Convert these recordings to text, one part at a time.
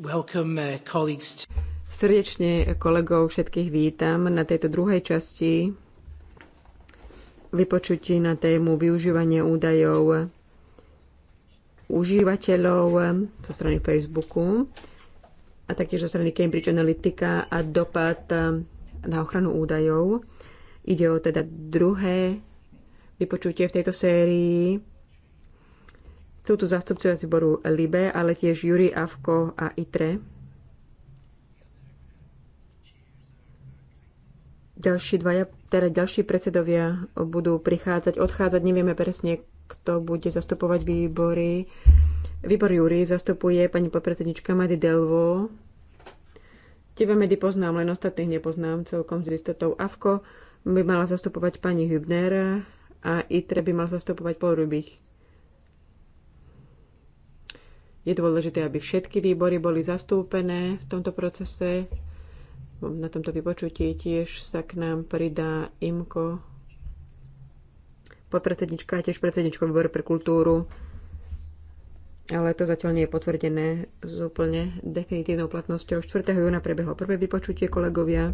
Uh, Srdečne kolegov všetkých vítam na tejto druhej časti vypočutí na tému využívanie údajov užívateľov zo strany Facebooku a taktiež zo strany Cambridge Analytica a dopad eh, na ochranu údajov. Ide o teda druhé vypočutie v tejto sérii sú tu zástupcovia zboru LIBE, ale tiež Juri, Avko a ITRE. Ďalší dvaja, teda ďalší predsedovia budú prichádzať, odchádzať. Nevieme presne, kto bude zastupovať výbory. Výbor Júri zastupuje pani podpredsednička Madi Delvo. Teba Medy poznám, len ostatných nepoznám celkom s istotou. Avko by mala zastupovať pani Hübner a ITRE by mal zastupovať Paul Rubich. Je dôležité, aby všetky výbory boli zastúpené v tomto procese. Na tomto vypočutí tiež sa k nám pridá IMKO, podpredsednička a tiež predsednička výboru pre kultúru. Ale to zatiaľ nie je potvrdené s úplne definitívnou platnosťou. 4. júna prebehlo prvé vypočutie kolegovia.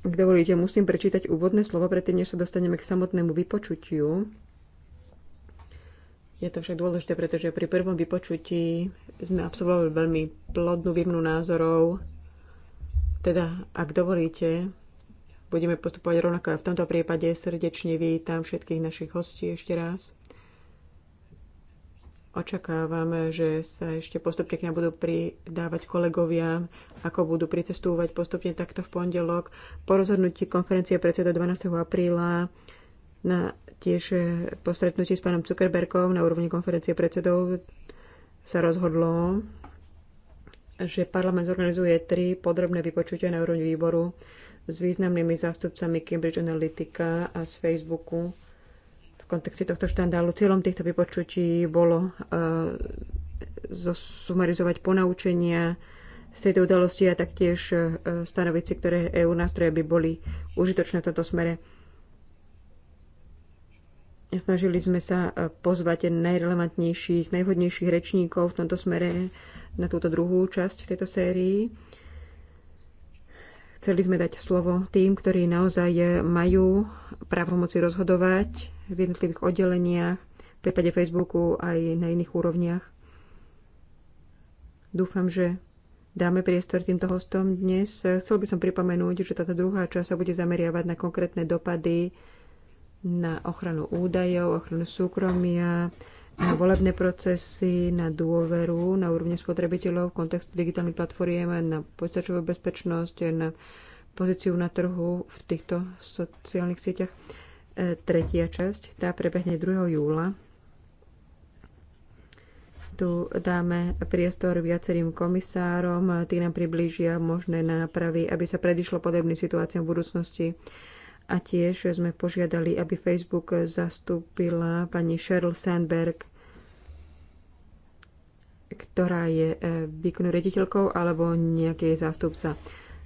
Ak dovolíte, musím prečítať úvodné slovo, predtým než sa dostaneme k samotnému vypočutiu. Je to však dôležité, pretože pri prvom vypočutí sme absolvovali veľmi plodnú výmnu názorov. Teda, ak dovolíte, budeme postupovať rovnako aj v tomto prípade. Srdečne vítam všetkých našich hostí ešte raz. Očakávame, že sa ešte postupne k nám budú pridávať kolegovia, ako budú pricestúvať postupne takto v pondelok. Po rozhodnutí konferencie predseda 12. apríla na tiež e, po stretnutí s pánom Zuckerbergom na úrovni konferencie predsedov sa rozhodlo, že parlament zorganizuje tri podrobné vypočutia na úrovni výboru s významnými zástupcami Cambridge Analytica a z Facebooku v kontexte tohto štandálu. Cieľom týchto vypočutí bolo uh, zosumarizovať ponaučenia z tejto udalosti a taktiež uh, stanoviť si, ktoré EU nástroje by boli užitočné v tomto smere. Snažili sme sa e, pozvať najrelevantnejších, najvhodnejších rečníkov v tomto smere na túto druhú časť v tejto sérii. Chceli sme dať slovo tým, ktorí naozaj majú právomoci rozhodovať v jednotlivých oddeleniach, v prípade Facebooku aj na iných úrovniach. Dúfam, že dáme priestor týmto hostom dnes. Chcel by som pripomenúť, že táto druhá časť sa bude zameriavať na konkrétne dopady na ochranu údajov, ochranu súkromia, na volebné procesy, na dôveru na úrovni spotrebiteľov v kontexte digitálnych platform, na počítačovú bezpečnosť, na pozíciu na trhu v týchto sociálnych sieťach. E, tretia časť, tá prebehne 2. júla. Tu dáme priestor viacerým komisárom, tí nám priblížia možné nápravy, aby sa predišlo podobným situáciám v budúcnosti a tiež sme požiadali, aby Facebook zastúpila pani Sheryl Sandberg, ktorá je e, výkonnou rediteľkou alebo nejaký jej zástupca.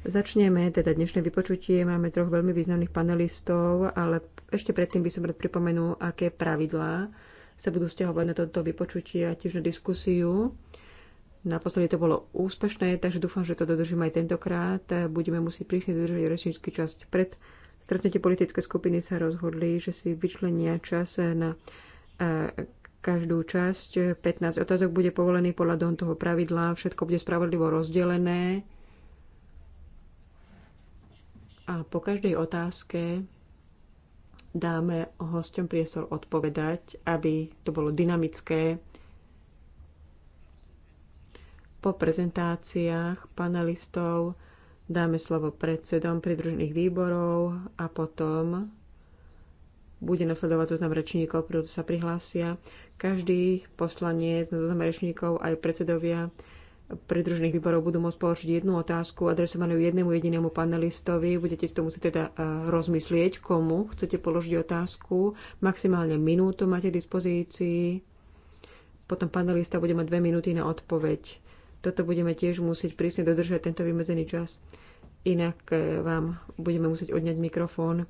Začneme teda dnešné vypočutie. Máme troch veľmi významných panelistov, ale ešte predtým by som rád pripomenul, aké pravidlá sa budú stiahovať na toto vypočutie a tiež na diskusiu. Naposledy to bolo úspešné, takže dúfam, že to dodržím aj tentokrát. Budeme musieť prísne dodržať rečnícky časť pred stretnutie politické skupiny sa rozhodli, že si vyčlenia čas na e, každú časť. 15 otázok bude povolený podľa toho pravidla. Všetko bude spravodlivo rozdelené. A po každej otázke dáme hosťom priestor odpovedať, aby to bolo dynamické. Po prezentáciách panelistov Dáme slovo predsedom pridružených výborov a potom bude nasledovať zoznam rečníkov, preto sa prihlásia. Každý poslanec na zoznam rečníkov aj predsedovia pridružených výborov budú môcť položiť jednu otázku adresovanú jednému jedinému panelistovi. Budete si to musieť teda e, rozmyslieť, komu chcete položiť otázku. Maximálne minútu máte k dispozícii. Potom panelista bude mať dve minúty na odpoveď. Toto budeme tiež musieť prísne dodržať, tento vymedzený čas. Inak e, vám budeme musieť odňať mikrofón.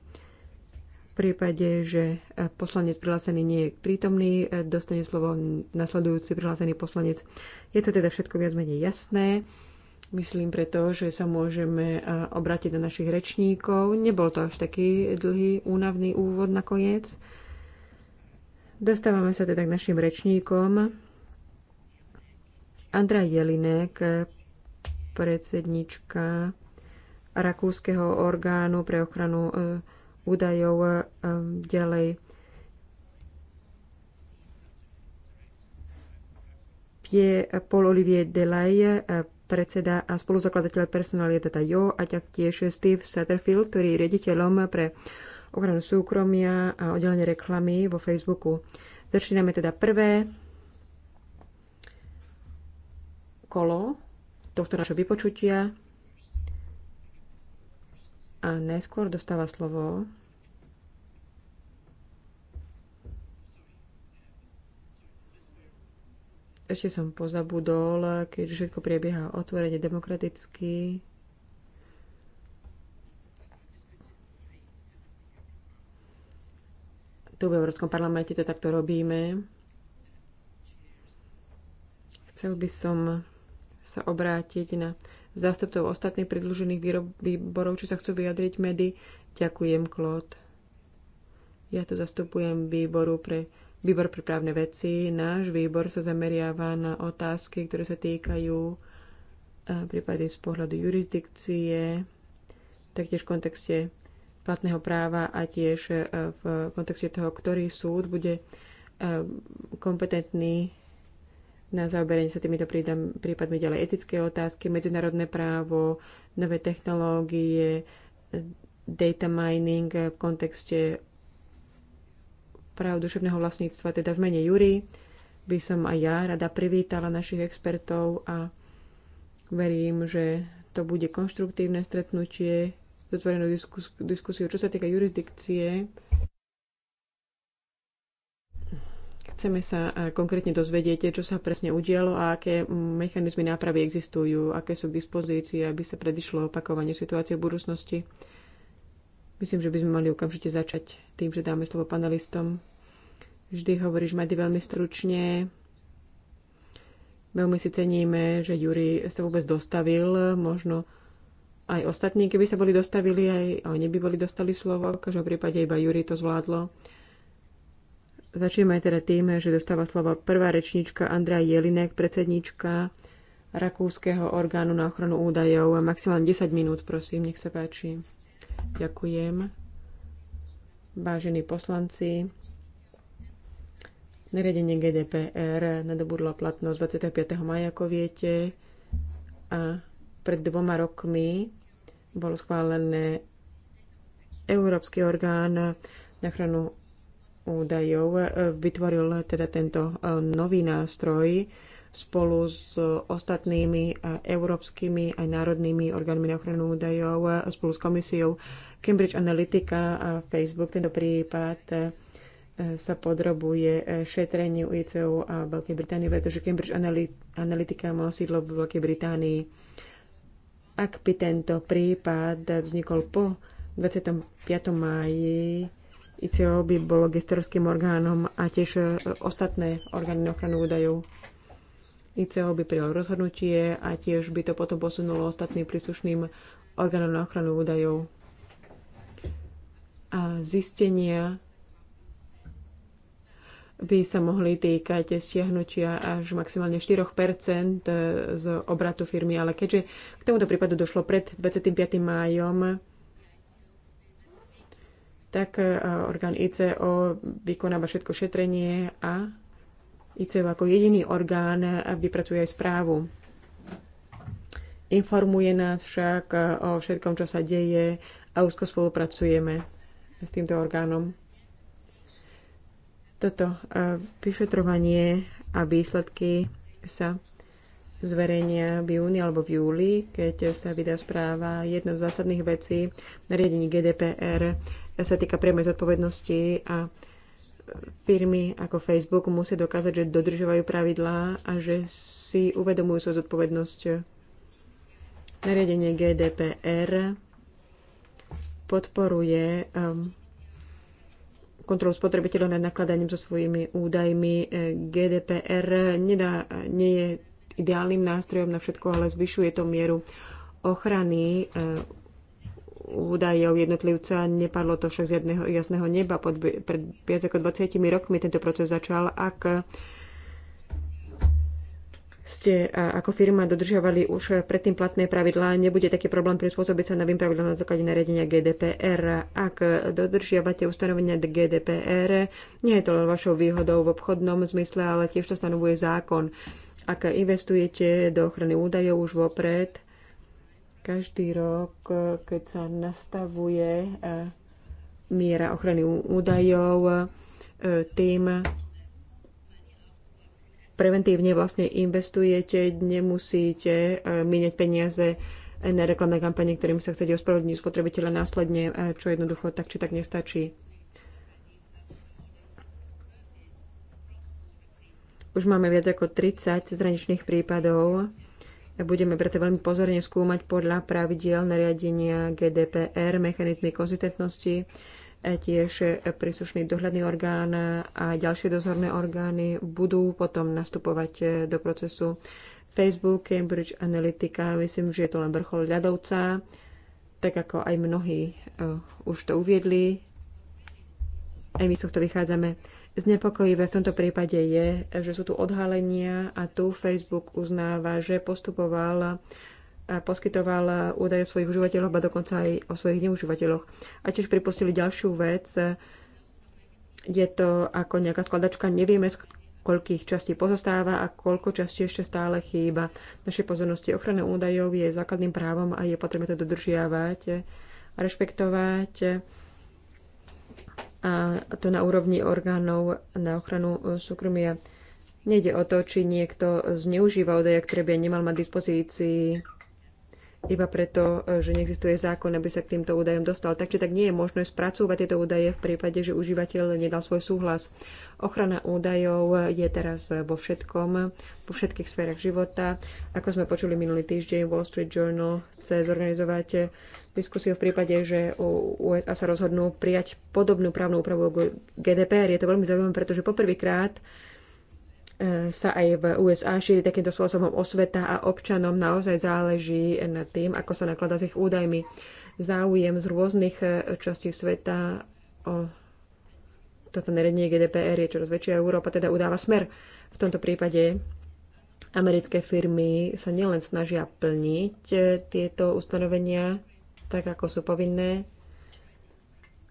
V prípade, že e, poslanec prihlásený nie je prítomný, e, dostane slovo nasledujúci prihlásený poslanec. Je to teda všetko viac menej jasné. Myslím preto, že sa môžeme obrátiť na našich rečníkov. Nebol to až taký dlhý, únavný úvod nakoniec. Dostávame sa teda k našim rečníkom. Andra Jelinek, predsednička Rakúskeho orgánu pre ochranu e, údajov e, ďalej. Pie Paul Olivier Delay, e, predseda a spoluzakladateľ personálie Data Jo a taktiež Steve Satterfield, ktorý je riaditeľom pre ochranu súkromia a oddelenie reklamy vo Facebooku. Začíname teda prvé kolo tohto našho vypočutia a najskôr dostáva slovo ešte som pozabudol, keď všetko priebieha otvorene demokraticky. Tu v Európskom parlamente to takto robíme. Chcel by som sa obrátiť na zástupcov ostatných pridružených výborov, či sa chcú vyjadriť medy. Ďakujem, klot. Ja tu zastupujem výboru pre, výbor pre právne veci. Náš výbor sa zameriava na otázky, ktoré sa týkajú eh, prípady z pohľadu jurisdikcie, taktiež v kontexte platného práva a tiež eh, v kontexte toho, ktorý súd bude eh, kompetentný na zaoberanie sa týmito prípadmi ďalej etické otázky, medzinárodné právo, nové technológie, data mining v kontexte práv duševného vlastníctva, teda v mene jury, by som aj ja rada privítala našich expertov a verím, že to bude konštruktívne stretnutie, zotvorenú diskus- diskusiu, čo sa týka jurisdikcie Chceme sa e, konkrétne dozvedieť, čo sa presne udialo a aké mechanizmy nápravy existujú, aké sú k dispozícii, aby sa predišlo opakovanie situácie v budúcnosti. Myslím, že by sme mali okamžite začať tým, že dáme slovo panelistom. Vždy hovoríš, Madi, veľmi stručne. Veľmi si ceníme, že Juri sa vôbec dostavil. Možno aj ostatní, keby sa boli dostavili, aj oni by boli dostali slovo. V každom prípade iba Juri to zvládlo. Začneme aj teda tým, že dostáva slovo prvá rečníčka Andrea Jelinek, predsedníčka Rakúskeho orgánu na ochranu údajov. Maximálne 10 minút, prosím, nech sa páči. Ďakujem. Vážení poslanci, nariadenie GDPR nadobudlo platnosť 25. maja, ako viete, a pred dvoma rokmi bolo schválené Európsky orgán na ochranu údajov e, vytvoril teda tento e, nový nástroj spolu s ostatnými e, európskymi aj národnými orgánmi na ochranu údajov, spolu s komisiou Cambridge Analytica a Facebook. Tento prípad sa podrobuje šetreniu ICU a Veľkej Británii, pretože Cambridge Analytica má sídlo v Veľkej Británii. Ak by tento prípad vznikol po 25. máji ICO by bolo gestorským orgánom a tiež e, ostatné orgány na ochranu údajov. ICO by prijal rozhodnutie a tiež by to potom posunulo ostatným príslušným orgánom na ochranu údajov. A zistenia by sa mohli týkať stiahnutia až maximálne 4 e, z obratu firmy, ale keďže k tomuto prípadu došlo pred 25. májom, tak e, orgán ICO vykonáva všetko šetrenie a ICO ako jediný orgán e, vypracuje aj správu. Informuje nás však e, o všetkom, čo sa deje a úzko spolupracujeme s týmto orgánom. Toto vyšetrovanie a výsledky sa zverejnia v júni alebo v júli, keď sa vydá správa. Jedna z zásadných vecí nariadení GDPR sa týka priamej zodpovednosti a firmy ako Facebook musia dokázať, že dodržovajú pravidlá a že si uvedomujú svoju zodpovednosť. Nariadenie GDPR podporuje um, kontrolu spotrebiteľov nad nakladaním so svojimi údajmi. GDPR nedá, nie je ideálnym nástrojom na všetko, ale zvyšuje to mieru ochrany údajov jednotlivca. Nepadlo to však z jedného jasného neba. Pod, pred viac ako 20 rokmi tento proces začal. Ak ste ako firma dodržiavali už predtým platné pravidlá, nebude taký problém prispôsobiť sa novým pravidlám na základe nariadenia GDPR. Ak dodržiavate ustanovenia GDPR, nie je to len vašou výhodou v obchodnom zmysle, ale tiež to stanovuje zákon. Ak investujete do ochrany údajov už vopred, každý rok, eh, keď sa nastavuje eh, miera ochrany údajov, eh, tým preventívne vlastne investujete, nemusíte míňať peniaze na reklamné kampanie, ktorým sa chcete ospravedlniť spotrebiteľa následne, čo jednoducho tak či tak nestačí. Už máme viac ako 30 zraničných prípadov Budeme preto veľmi pozorne skúmať podľa pravidiel nariadenia GDPR, mechanizmy konzistentnosti, e, tiež príslušný dohľadný orgán a ďalšie dozorné orgány budú potom nastupovať e, do procesu Facebook, Cambridge Analytica. Myslím, že je to len vrchol ľadovca, tak ako aj mnohí e, už to uviedli. Aj my z tohto vychádzame Znepokojivé v tomto prípade je, že sú tu odhalenia a tu Facebook uznáva, že postupoval a poskytoval údaje o svojich užívateľoch, a dokonca aj o svojich neužívateľoch. A tiež pripustili ďalšiu vec. Je to ako nejaká skladačka, nevieme, z koľkých častí pozostáva a koľko častí ešte stále chýba. Našej pozornosti ochrana údajov je základným právom a je potrebné to dodržiavať a rešpektovať a to na úrovni orgánov na ochranu e, súkromia. Nejde o to, či niekto zneužíva údaje, ktoré by nemal mať dispozícii iba preto, e, že neexistuje zákon, aby sa k týmto údajom dostal. Takže tak nie je možné spracúvať tieto údaje v prípade, že užívateľ nedal svoj súhlas. Ochrana údajov je teraz vo všetkom, vo všetkých sférach života. Ako sme počuli minulý týždeň, Wall Street Journal chce zorganizovať diskusiu v prípade, že USA sa rozhodnú prijať podobnú právnu úpravu GDPR. Je to veľmi zaujímavé, pretože poprvýkrát E, sa aj v USA šíri takýmto spôsobom osveta a občanom naozaj záleží na tým, ako sa nakladá s ich údajmi. Záujem z rôznych e, častí sveta o toto nariadenie GDPR je čoraz väčšia Európa, teda udáva smer. V tomto prípade americké firmy sa nielen snažia plniť e, tieto ustanovenia tak, ako sú povinné,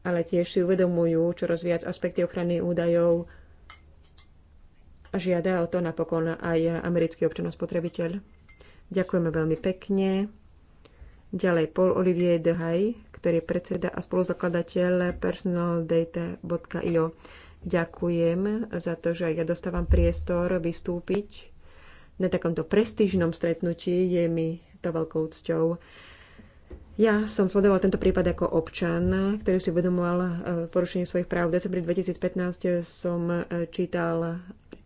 ale tiež si uvedomujú čoraz viac aspekty ochrany údajov, Žiada o to napokon aj americký občan spotrebiteľ. Ďakujeme veľmi pekne. Ďalej Paul Olivier de Hay, ktorý je predseda a spoluzakladateľ personaldata.io. Ďakujem za to, že aj ja dostávam priestor vystúpiť na takomto prestížnom stretnutí. Je mi to veľkou cťou. Ja som sledoval tento prípad ako občan, ktorý si uvedomoval eh, porušenie svojich práv. V decembri 2015 som eh, čítal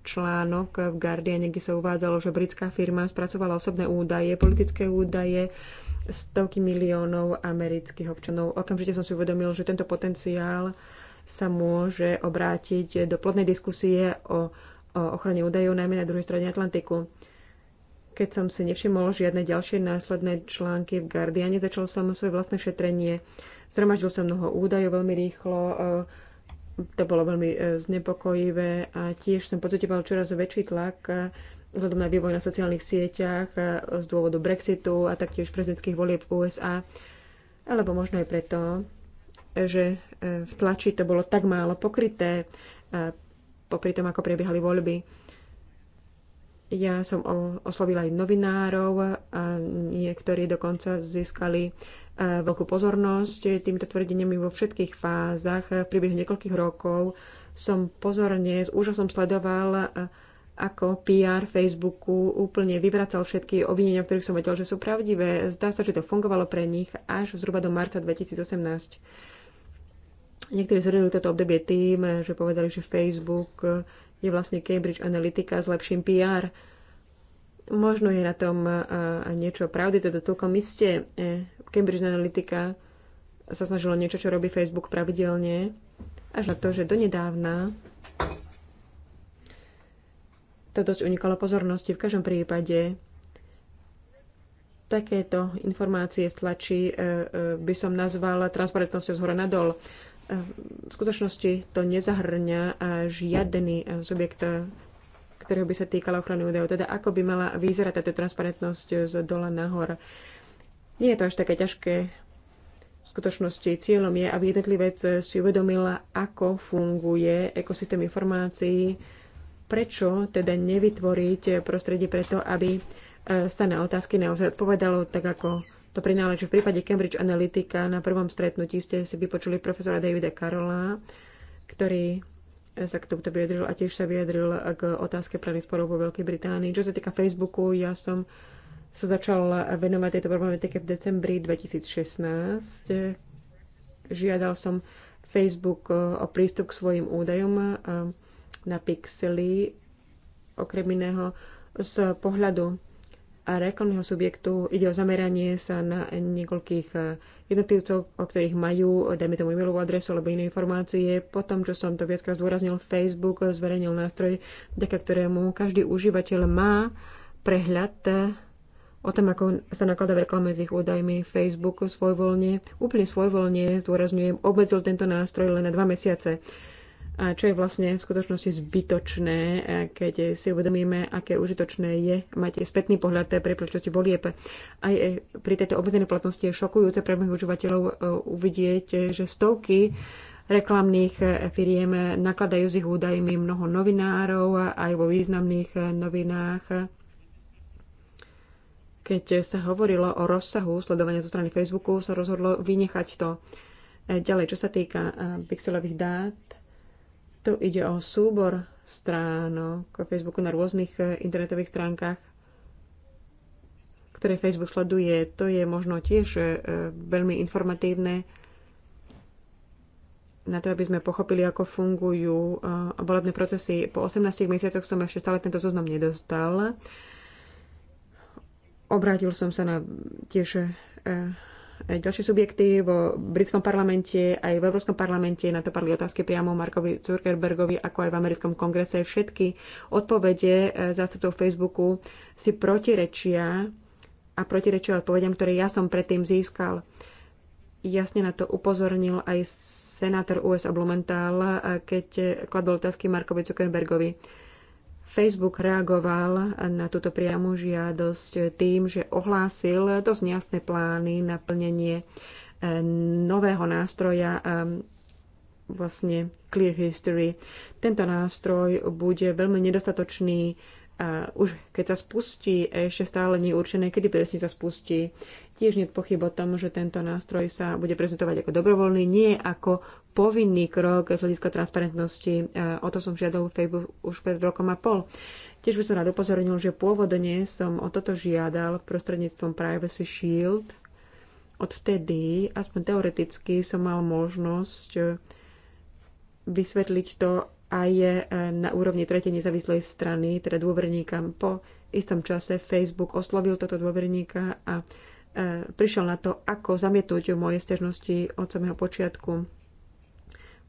článok v Guardiane, kde sa uvádzalo, že britská firma spracovala osobné údaje, politické údaje stovky miliónov amerických občanov. Okamžite som si uvedomil, že tento potenciál sa môže obrátiť do plodnej diskusie o, o ochrane údajov, najmä na druhej strane Atlantiku. Keď som si nevšimol žiadne ďalšie následné články v Guardiane, začal som svoje vlastné šetrenie. Zhromaždil som mnoho údajov veľmi rýchlo, e, to bolo veľmi e, znepokojivé a tiež som pocitoval čoraz väčší tlak e, vzhľadom na vývoj na sociálnych sieťach e, z dôvodu Brexitu a taktiež prezidentských volieb v USA, alebo možno aj preto, že v tlači to bolo tak málo pokryté popri tom, ako prebiehali voľby. Ja som oslovila aj novinárov a niektorí dokonca získali veľkú pozornosť týmto tvrdeniami vo všetkých fázach. V priebehu niekoľkých rokov som pozorne, s úžasom sledoval, ako PR Facebooku úplne vyvracal všetky obvinenia, ktorých som vedel, že sú pravdivé. Zdá sa, že to fungovalo pre nich až zhruba do marca 2018. Niektorí zhrnuli toto obdobie tým, že povedali, že Facebook je vlastne Cambridge Analytica s lepším PR. Uh, Možno je na tom e, e, niečo pravdy, teda celkom iste. E, Cambridge Analytica sa snažilo niečo, čo robí Facebook pravidelne, až na to, že donedávna to dosť unikalo pozornosti. V každom prípade takéto informácie v tlači by som nazval transparentnosťou z hora nadol. V skutočnosti to nezahrňa žiadny subjekt ktorého by sa týkala ochrany údajov, teda ako by mala vyzerať táto transparentnosť z dola nahor. Nie je to až také ťažké v skutočnosti. Cieľom je, aby jednotlivec si uvedomila, ako funguje ekosystém informácií, prečo teda nevytvoriť prostredie preto, aby e, sa na otázky naozaj odpovedalo tak, ako to prináleží. V prípade Cambridge Analytica na prvom stretnutí ste si vypočuli profesora Davida Karola, ktorý sa k tomuto vyjadril a tiež sa vyjadril k otázke právnych sporov vo Veľkej Británii. Čo sa týka Facebooku, ja som sa začal venovať tejto problematike v decembri 2016. Žiadal som Facebook eh, o prístup k svojim údajom eh, na pixely, okrem iného z pohľadu reklamného subjektu ide o zameranie sa na niekoľkých eh, jednotlivcov, o ktorých majú, dajme tomu e-mailovú adresu alebo iné informácie. Potom, čo som to viackrát zdôraznil, Facebook zverejnil nástroj, vďaka ktorému každý užívateľ má prehľad o tom, ako sa nakladá v reklame s ich údajmi. Facebook svojvoľne, úplne svojvoľne, zdôrazňujem, obmedzil tento nástroj len na dva mesiace a čo je vlastne v skutočnosti zbytočné, keď si uvedomíme, aké užitočné je mať spätný pohľad pri prečosti volieb. Aj e, pri tejto obmedzenej platnosti je šokujúce pre mnohých užívateľov e, uvidieť, že stovky reklamných e, firiem nakladajú s ich údajmi mnoho novinárov aj vo významných novinách. Keď sa hovorilo o rozsahu sledovania zo strany Facebooku, sa rozhodlo vynechať to. Ďalej, čo sa týka pixelových dát, tu ide o súbor stránok Facebooku na rôznych eh, internetových stránkach, ktoré Facebook sleduje. To je možno tiež eh, veľmi informatívne na to, aby sme pochopili, ako fungujú eh, volebné procesy. Po 18 mesiacoch som ešte stále tento zoznam nedostal. Obrátil som sa na tiež aj ďalšie subjekty vo britskom parlamente, aj v Európskom parlamente na to padli otázky priamo Markovi Zuckerbergovi, ako aj v americkom kongrese. Všetky odpovede e, zástupcov Facebooku si protirečia a protirečia odpovediam, ktoré ja som predtým získal. Jasne na to upozornil aj senátor USA Blumenthal, e, keď e, kladol otázky Markovi Zuckerbergovi Facebook reagoval na túto priamu žiadosť tým, že ohlásil dosť nejasné plány na plnenie eh, nového nástroja ehm, vlastne Clear History. Tento nástroj bude veľmi nedostatočný a už keď sa spustí, ešte stále nie je určené, kedy presne sa spustí. Tiež nie pochyb o tom, že tento nástroj sa bude prezentovať ako dobrovoľný, nie ako povinný krok z hľadiska transparentnosti. O to som žiadal Facebook už pred rokom a pol. Tiež by som rád upozornil, že pôvodne som o toto žiadal prostredníctvom Privacy Shield. Odvtedy, aspoň teoreticky, som mal možnosť vysvetliť to, a je e, na úrovni tretej nezávislej strany, teda dôverníka. Po istom čase Facebook oslovil toto dôverníka a e, prišiel na to, ako zamietnúť moje stežnosti od samého počiatku.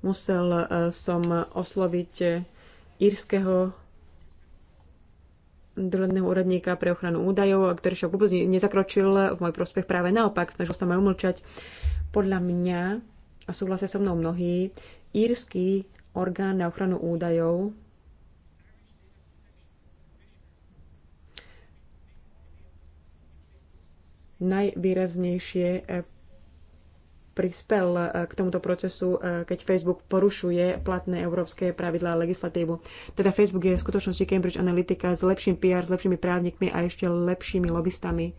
Musel e, som osloviť írskeho dôledného úradníka pre ochranu údajov, ktorý však vôbec nezakročil v môj prospech. Práve naopak, snažil sa ma umlčať. Podľa mňa, a súhlasia so mnou mnohí, írsky orgán na ochranu údajov najvýraznejšie eh, prispel eh, k tomuto procesu, eh, keď Facebook porušuje platné európske pravidlá a legislatívu. Teda Facebook je v skutočnosti Cambridge Analytica s lepším PR, s lepšími právnikmi a ešte lepšími lobbystami.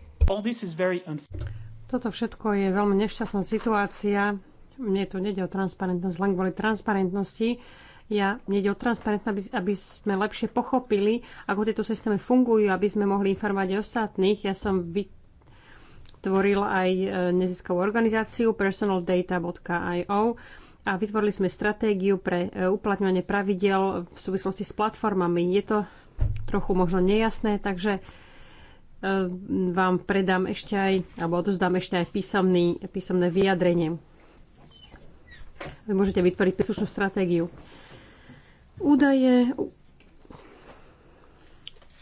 Toto všetko je veľmi nešťastná situácia mne tu nede o transparentnosť, len kvôli transparentnosti. Ja nede o transparentnosť, aby, aby sme lepšie pochopili, ako tieto systémy fungujú, aby sme mohli informovať aj ostatných. Ja som vytvoril aj e, neziskovú organizáciu personaldata.io a vytvorili sme stratégiu pre e, uplatňovanie pravidel v súvislosti s platformami. Je to trochu možno nejasné, takže e, vám predám ešte aj, alebo odozdám ešte aj písomný, písomné vyjadrenie môžete vytvoriť príslušnú stratégiu. Údaje,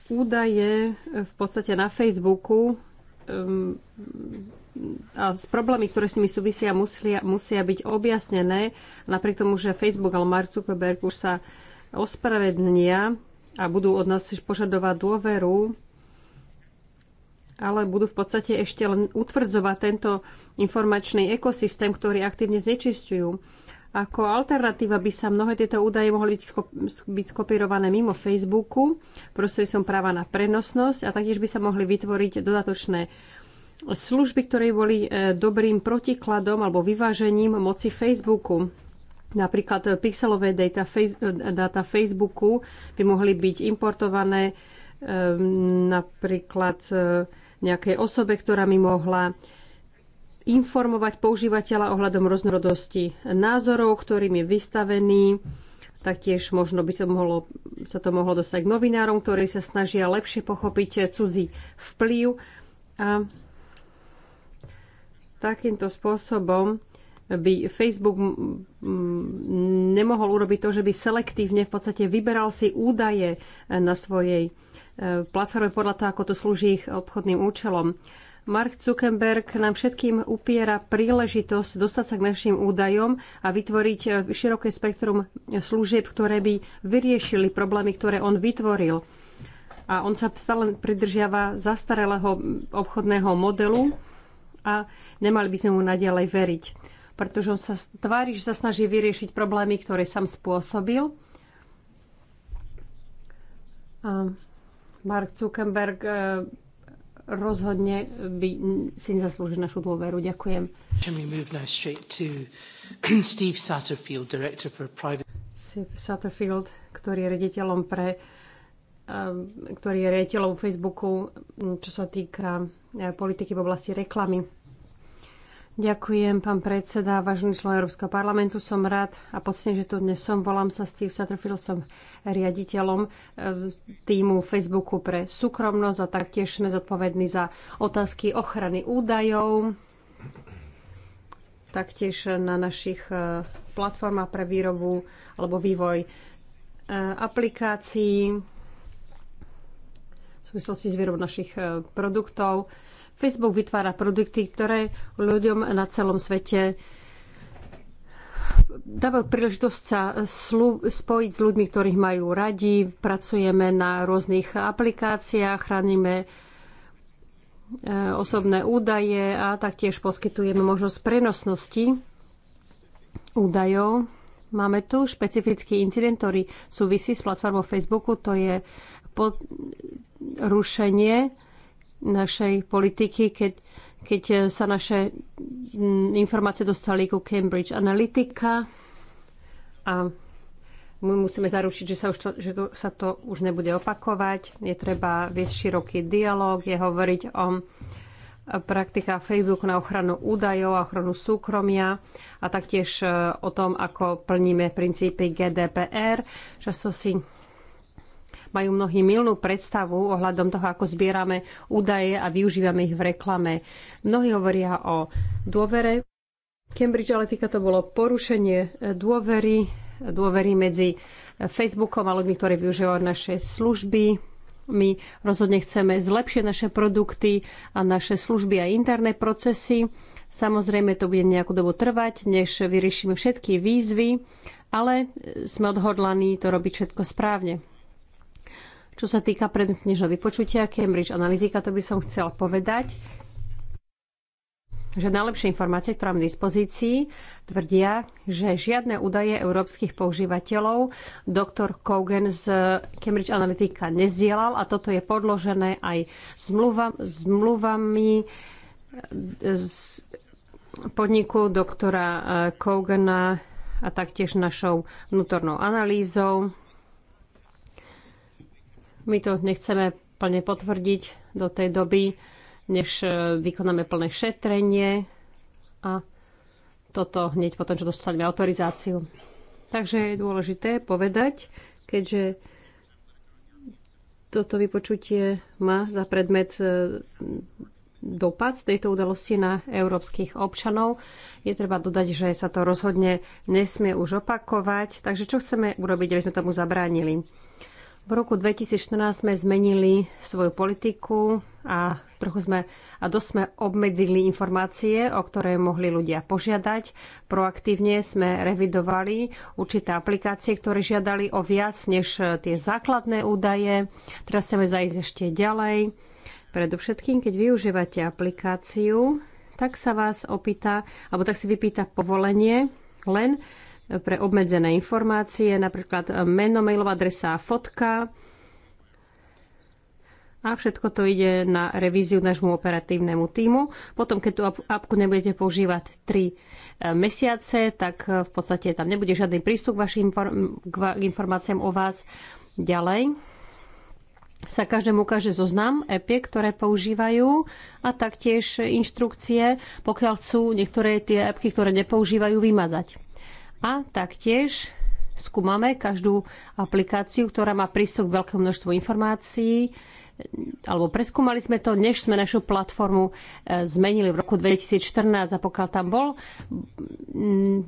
údaje v podstate na Facebooku ehm, a s problémy, ktoré s nimi súvisia, musia, musia byť objasnené. Napriek tomu, že Facebook alebo Mark Zuckerberg už sa ospravedlnia a budú od nás požadovať dôveru, ale budú v podstate ešte len utvrdzovať tento informačný ekosystém, ktorý aktívne znečisťujú. Ako alternatíva by sa mnohé tieto údaje mohli byť skopírované mimo Facebooku, som práva na prenosnosť a taktiež by sa mohli vytvoriť dodatočné služby, ktoré boli e, dobrým protikladom alebo vyvážením moci Facebooku. Napríklad e, pixelové data, face, e, data Facebooku by mohli byť importované napríklad nejakej osobe, ktorá mi mohla informovať používateľa ohľadom rôznorodosti názorov, ktorým je vystavený. Taktiež možno by sa, mohlo, sa to mohlo dostať k novinárom, ktorí sa snažia lepšie pochopiť cudzí vplyv. A takýmto spôsobom by Facebook nemohol urobiť to, že by selektívne v podstate vyberal si údaje na svojej e, platforme podľa toho, ako to slúži ich obchodným účelom. Mark Zuckerberg nám všetkým upiera príležitosť dostať sa k našim údajom a vytvoriť eh, široké spektrum služieb, ktoré by vyriešili problémy, ktoré on vytvoril. A on sa stále pridržiava zastarelého obchodného modelu a nemali by sme mu naďalej veriť, pretože on sa tvári, že sa snaží vyriešiť problémy, ktoré sám spôsobil. A Mark Zuckerberg eh, rozhodne by si nezaslúži našu dôveru. Ďakujem. Steve Satterfield, private... Satterfield, ktorý je rediteľom pre um, ktorý je riaditeľom Facebooku, čo sa týka eh, politiky v oblasti reklamy. Ďakujem, pán predseda, vážený člen Európskeho parlamentu. Som rád a pocne, že tu dnes som. Volám sa Steve Satterfield, som riaditeľom e, týmu Facebooku pre súkromnosť a taktiež sme zodpovední za otázky ochrany údajov. Taktiež na našich e, platformách pre výrobu alebo vývoj e, aplikácií v súvislosti s výrobou našich produktov. Facebook vytvára produkty, ktoré ľuďom na celom svete dávajú príležitosť sa spojiť s ľuďmi, ktorých majú radi. Pracujeme na rôznych aplikáciách, chránime e, osobné údaje a taktiež poskytujeme možnosť prenosnosti údajov. Máme tu špecifický incident, ktorý súvisí s platformou Facebooku, to je porušenie našej politiky, keď, keď eh, sa naše mm, informácie dostali ku Cambridge Analytica a my musíme zaručiť, že sa, už to, že to, sa to už nebude opakovať. Je treba viesť široký dialog, je hovoriť o eh, praktikách Facebooku na ochranu údajov a ochranu súkromia a taktiež eh, o tom, ako plníme princípy GDPR. Často si majú mnohí milnú predstavu ohľadom toho, ako zbierame údaje a využívame ich v reklame. Mnohí hovoria o dôvere. Cambridge Analytica to bolo porušenie dôvery, dôvery medzi Facebookom a ľuďmi, ktorí využívajú naše služby. My rozhodne chceme zlepšiť naše produkty a naše služby a interné procesy. Samozrejme, to bude nejakú dobu trvať, než vyriešime všetky výzvy, ale sme odhodlaní to robiť všetko správne. Čo sa týka predmetu vypočutia Cambridge Analytica, to by som chcela povedať, že najlepšie informácie, ktoré mám v dispozícii, tvrdia, že žiadne údaje európskych používateľov doktor Kogan z Cambridge Analytica nezdielal a toto je podložené aj zmluvami eh, z podniku doktora eh, Kogana a taktiež našou vnútornou analýzou. My to nechceme plne potvrdiť do tej doby, než e, vykonáme plné šetrenie a toto hneď potom, čo dostaneme autorizáciu. Takže je dôležité povedať, keďže toto vypočutie má za predmet e, dopad z tejto udalosti na európskych občanov. Je treba dodať, že sa to rozhodne nesmie už opakovať. Takže čo chceme urobiť, aby sme tomu zabránili? V roku 2014 sme zmenili svoju politiku a trochu sme a dosť sme obmedzili informácie, o ktoré mohli ľudia požiadať. Proaktívne sme revidovali určité aplikácie, ktoré žiadali o viac než eh, tie základné údaje. Teraz chceme zajsť ešte ďalej. Predovšetkým, keď využívate aplikáciu, tak sa vás opýta, alebo tak si vypýta povolenie len pre obmedzené informácie, napríklad eh, meno, mailová adresa a fotka. A všetko to ide na revíziu nášmu operatívnemu týmu. Potom, keď tú apku nebudete používať 3 eh, mesiace, tak eh, v podstate tam nebude žiadny prístup k vašim k informáciám o vás. Ďalej sa každému ukáže zoznam EPI, ktoré používajú a taktiež inštrukcie, pokiaľ chcú niektoré tie EPky, ktoré nepoužívajú, vymazať. A taktiež skúmame každú aplikáciu, ktorá má prístup k veľkému množstvu informácií, alebo preskúmali sme to, než sme našu platformu e, zmenili v roku 2014 a pokiaľ tam bol,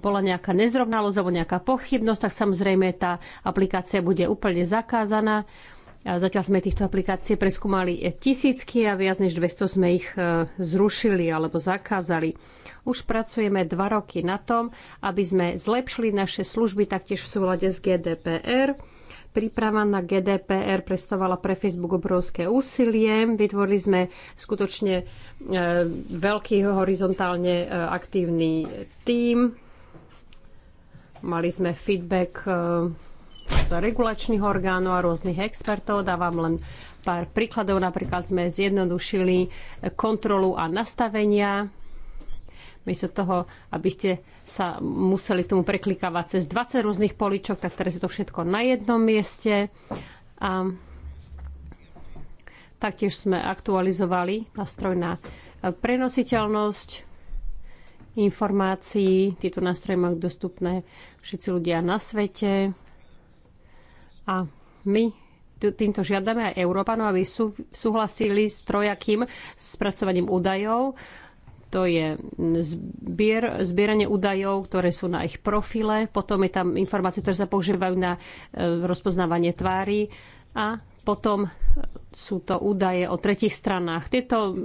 bola nejaká nezrovnalosť alebo nejaká pochybnosť, tak samozrejme tá aplikácia bude úplne zakázaná. Zatiaľ sme týchto aplikácií preskúmali tisícky a viac než 200 sme ich e, zrušili alebo zakázali. Už pracujeme dva roky na tom, aby sme zlepšili naše služby taktiež v súlade s GDPR. Príprava na GDPR prestovala pre Facebook obrovské úsilie. Vytvorili sme skutočne e, veľký horizontálne e, aktívny tím. Mali sme feedback regulačných orgánov a rôznych expertov. Dávam len pár príkladov. Napríklad sme zjednodušili kontrolu a nastavenia miesto toho, aby ste sa museli tomu preklikávať cez 20 rôznych políčok, tak teraz je to všetko na jednom mieste. A taktiež sme aktualizovali nástroj na prenositeľnosť informácií. Tieto nástroje majú dostupné všetci ľudia na svete. A my týmto žiadame aj Európanov, aby sú, súhlasili s trojakým spracovaním údajov. To je zbier, zbieranie údajov, ktoré sú na ich profile. Potom je tam informácie, ktoré sa používajú na e, rozpoznávanie tvári. A potom sú to údaje o tretich stranách. Tieto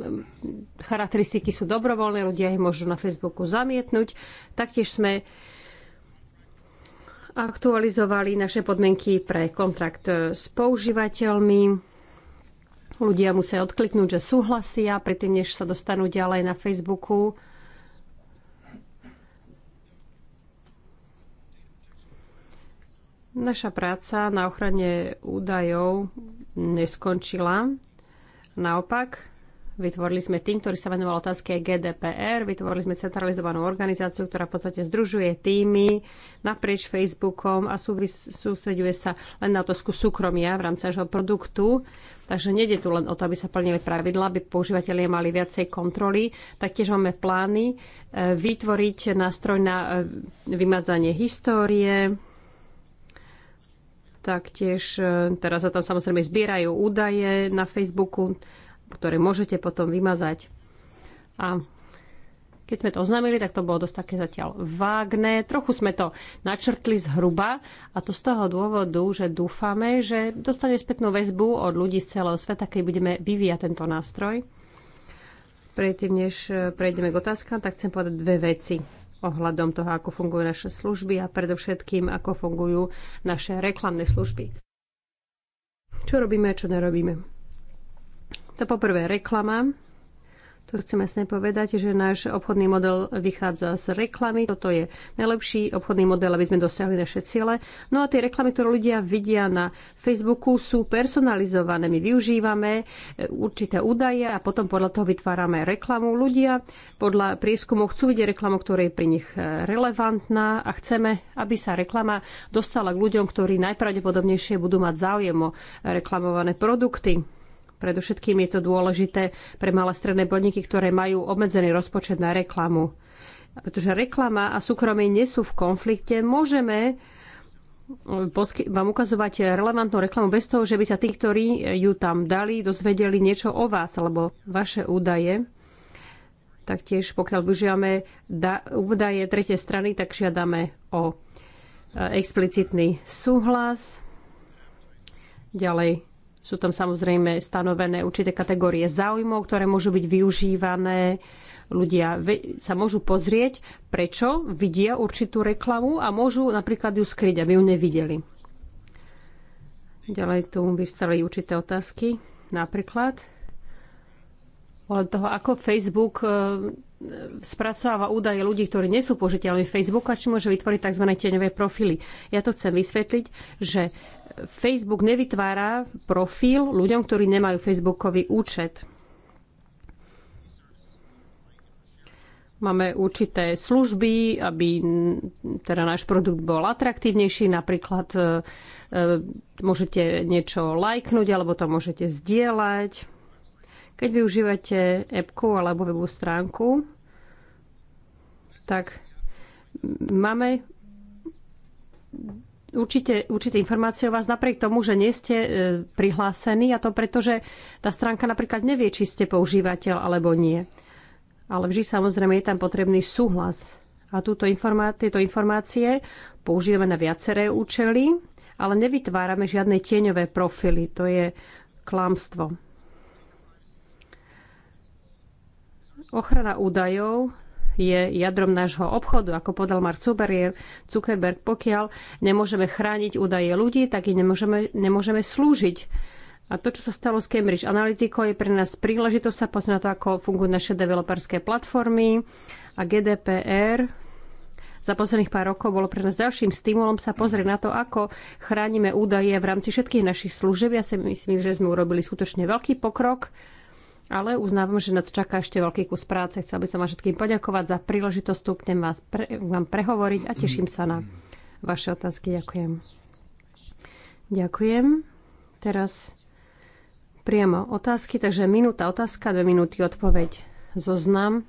charakteristiky sú dobrovoľné, ľudia ich môžu na Facebooku zamietnúť. Taktiež sme aktualizovali naše podmienky pre kontrakt s používateľmi. Ľudia musia odkliknúť, že súhlasia, predtým než sa dostanú ďalej na Facebooku. Naša práca na ochrane údajov neskončila. Naopak, Vytvorili sme tým, ktorý sa venoval otázke GDPR, vytvorili sme centralizovanú organizáciu, ktorá v podstate združuje týmy naprieč Facebookom a sústreďuje sa len na otázku súkromia v rámci nášho produktu. Takže nejde tu len o to, aby sa plnili pravidla, aby používateľe mali viacej kontroly. Taktiež máme plány e, vytvoriť nástroj na e, vymazanie histórie, taktiež e, teraz sa tam samozrejme zbierajú údaje na Facebooku, ktoré môžete potom vymazať. A keď sme to oznámili, tak to bolo dosť také zatiaľ vágne. Trochu sme to načrtli zhruba a to z toho dôvodu, že dúfame, že dostane spätnú väzbu od ľudí z celého sveta, keď budeme vyvíjať tento nástroj. Predtým, než prejdeme k otázkam, tak chcem povedať dve veci ohľadom toho, ako fungujú naše služby a predovšetkým, ako fungujú naše reklamné služby. Čo robíme a čo nerobíme. To poprvé reklama. Tu chcem jasne povedať, že náš obchodný model vychádza z reklamy. Toto je najlepší obchodný model, aby sme dosiahli naše ciele. No a tie reklamy, ktoré ľudia vidia na Facebooku, sú personalizované. My využívame e, určité údaje a potom podľa toho vytvárame reklamu. Ľudia podľa prieskumu chcú vidieť reklamu, ktorá je pri nich e, relevantná a chceme, aby sa reklama dostala k ľuďom, ktorí najpravdepodobnejšie budú mať záujem o reklamované produkty. Predovšetkým je to dôležité pre malé stredné podniky, ktoré majú obmedzený rozpočet na reklamu. Pretože reklama a súkromie nie sú v konflikte, môžeme eh, vám ukazovať relevantnú reklamu bez toho, že by sa tí, ktorí ju tam dali, dozvedeli niečo o vás alebo vaše údaje. Taktiež pokiaľ využívame údaje tretej strany, tak žiadame o eh, explicitný súhlas. Ďalej sú tam samozrejme stanovené určité kategórie záujmov, ktoré môžu byť využívané. Ľudia sa môžu pozrieť, prečo vidia určitú reklamu a môžu napríklad ju skryť, aby ju nevideli. Ďalej tu vyvstali určité otázky. Napríklad ale toho, ako Facebook e, spracováva údaje ľudí, ktorí nie sú požiteľmi Facebooka, či môže vytvoriť tzv. tieňové profily. Ja to chcem vysvetliť, že Facebook nevytvára profil ľuďom, ktorí nemajú Facebookový účet. Máme určité služby, aby teda náš produkt bol atraktívnejší. Napríklad e, e, môžete niečo lajknúť alebo to môžete zdieľať. Keď využívate appku alebo webovú stránku, tak máme určite, určité informácie o vás napriek tomu, že nie ste e, prihlásení a to preto, že tá stránka napríklad nevie, či ste používateľ alebo nie. Ale vždy samozrejme je tam potrebný súhlas. A túto informá- tieto informácie používame na viaceré účely, ale nevytvárame žiadne tieňové profily. To je klamstvo. Ochrana údajov je jadrom nášho obchodu. Ako podal Mark Zuckerberg, pokiaľ nemôžeme chrániť údaje ľudí, tak ich nemôžeme, nemôžeme slúžiť. A to, čo sa stalo s Cambridge Analytico, je pre nás príležitosť sa pozrieť na to, ako fungujú naše developerské platformy a GDPR. Za posledných pár rokov bolo pre nás ďalším stimulom sa pozrieť na to, ako chránime údaje v rámci všetkých našich služieb. Ja si myslím, že sme urobili skutočne veľký pokrok ale uznávam, že nás čaká ešte veľký kus práce. Chcel by som vám všetkým poďakovať za príležitosť tu vás pre, vám prehovoriť a teším sa na vaše otázky. Ďakujem. Ďakujem. Teraz priamo otázky, takže minúta otázka, dve minúty odpoveď. Zoznam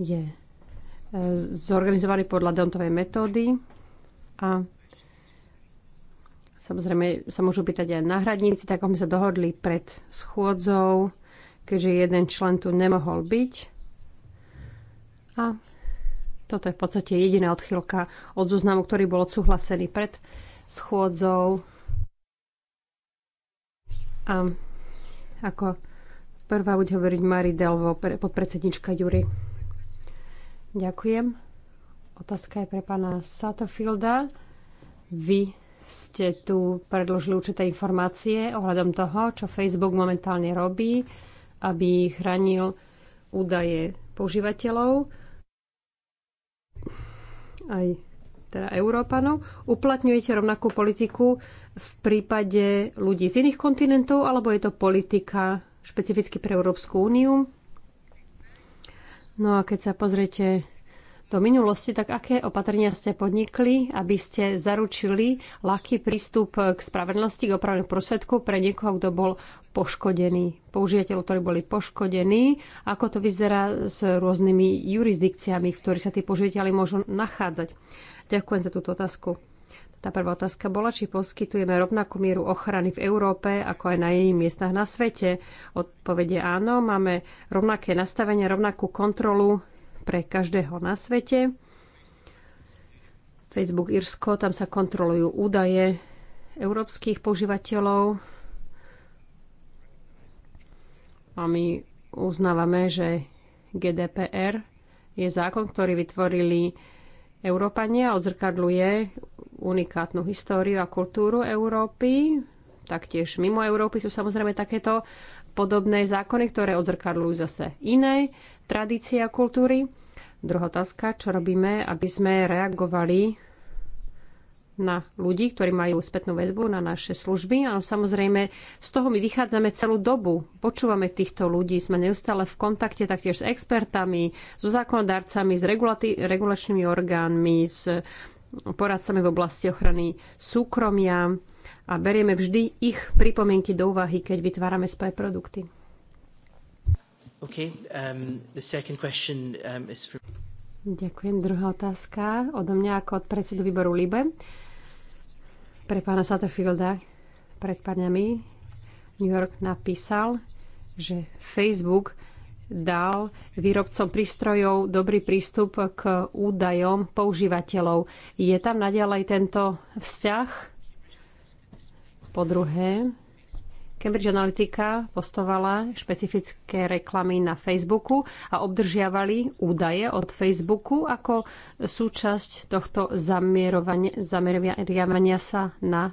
je e, zorganizovaný podľa Dontovej metódy a Samozrejme sa môžu pýtať aj náhradníci, tak ako sme sa dohodli pred schôdzou keďže jeden člen tu nemohol byť. A toto je v podstate jediná odchylka od zoznamu, ktorý bol odsúhlasený pred schôdzou. A ako prvá bude hovoriť Mari Delvo, podpredsednička Jury. Ďakujem. Otázka je pre pána Satterfielda. Vy ste tu predložili určité informácie ohľadom toho, čo Facebook momentálne robí aby chránil údaje používateľov aj teda Európanov. Uplatňujete rovnakú politiku v prípade ľudí z iných kontinentov, alebo je to politika špecificky pre Európsku úniu? No a keď sa pozriete do minulosti, tak aké opatrenia ste podnikli, aby ste zaručili ľahký prístup k spravedlnosti, k opravnému prosvedku pre niekoho, kto bol poškodený, použiteľov, ktorí boli poškodení, ako to vyzerá s rôznymi jurisdikciami, v ktorých sa tí použiteľi môžu nachádzať. Ďakujem za túto otázku. Tá prvá otázka bola, či poskytujeme rovnakú mieru ochrany v Európe, ako aj na iných miestach na svete. Odpovede áno, máme rovnaké nastavenie, rovnakú kontrolu pre každého na svete. Facebook Irsko, tam sa kontrolujú údaje európskych používateľov a my uznávame, že GDPR je zákon, ktorý vytvorili Európania, odzrkadluje unikátnu históriu a kultúru Európy. Taktiež mimo Európy sú samozrejme takéto podobné zákony, ktoré odzrkadľujú zase iné tradície a kultúry. Druhá otázka, čo robíme, aby sme reagovali na ľudí, ktorí majú spätnú väzbu na naše služby. Áno, samozrejme, z toho my vychádzame celú dobu. Počúvame týchto ľudí, sme neustále v kontakte taktiež s expertami, so zákonodárcami, s regulačnými orgánmi, s poradcami v oblasti ochrany súkromia a berieme vždy ich pripomienky do úvahy, keď vytvárame svoje produkty. Okay, um, the second question, um, is for... Ďakujem. Druhá otázka odo mňa ako od predsedu výboru LIBE pre pána Satterfielda pred pár dňami New York napísal, že Facebook dal výrobcom prístrojov dobrý prístup k údajom používateľov. Je tam naďalej tento vzťah po druhé, Cambridge Analytica postovala špecifické reklamy na Facebooku a obdržiavali údaje od Facebooku ako súčasť tohto zamierovania sa na e,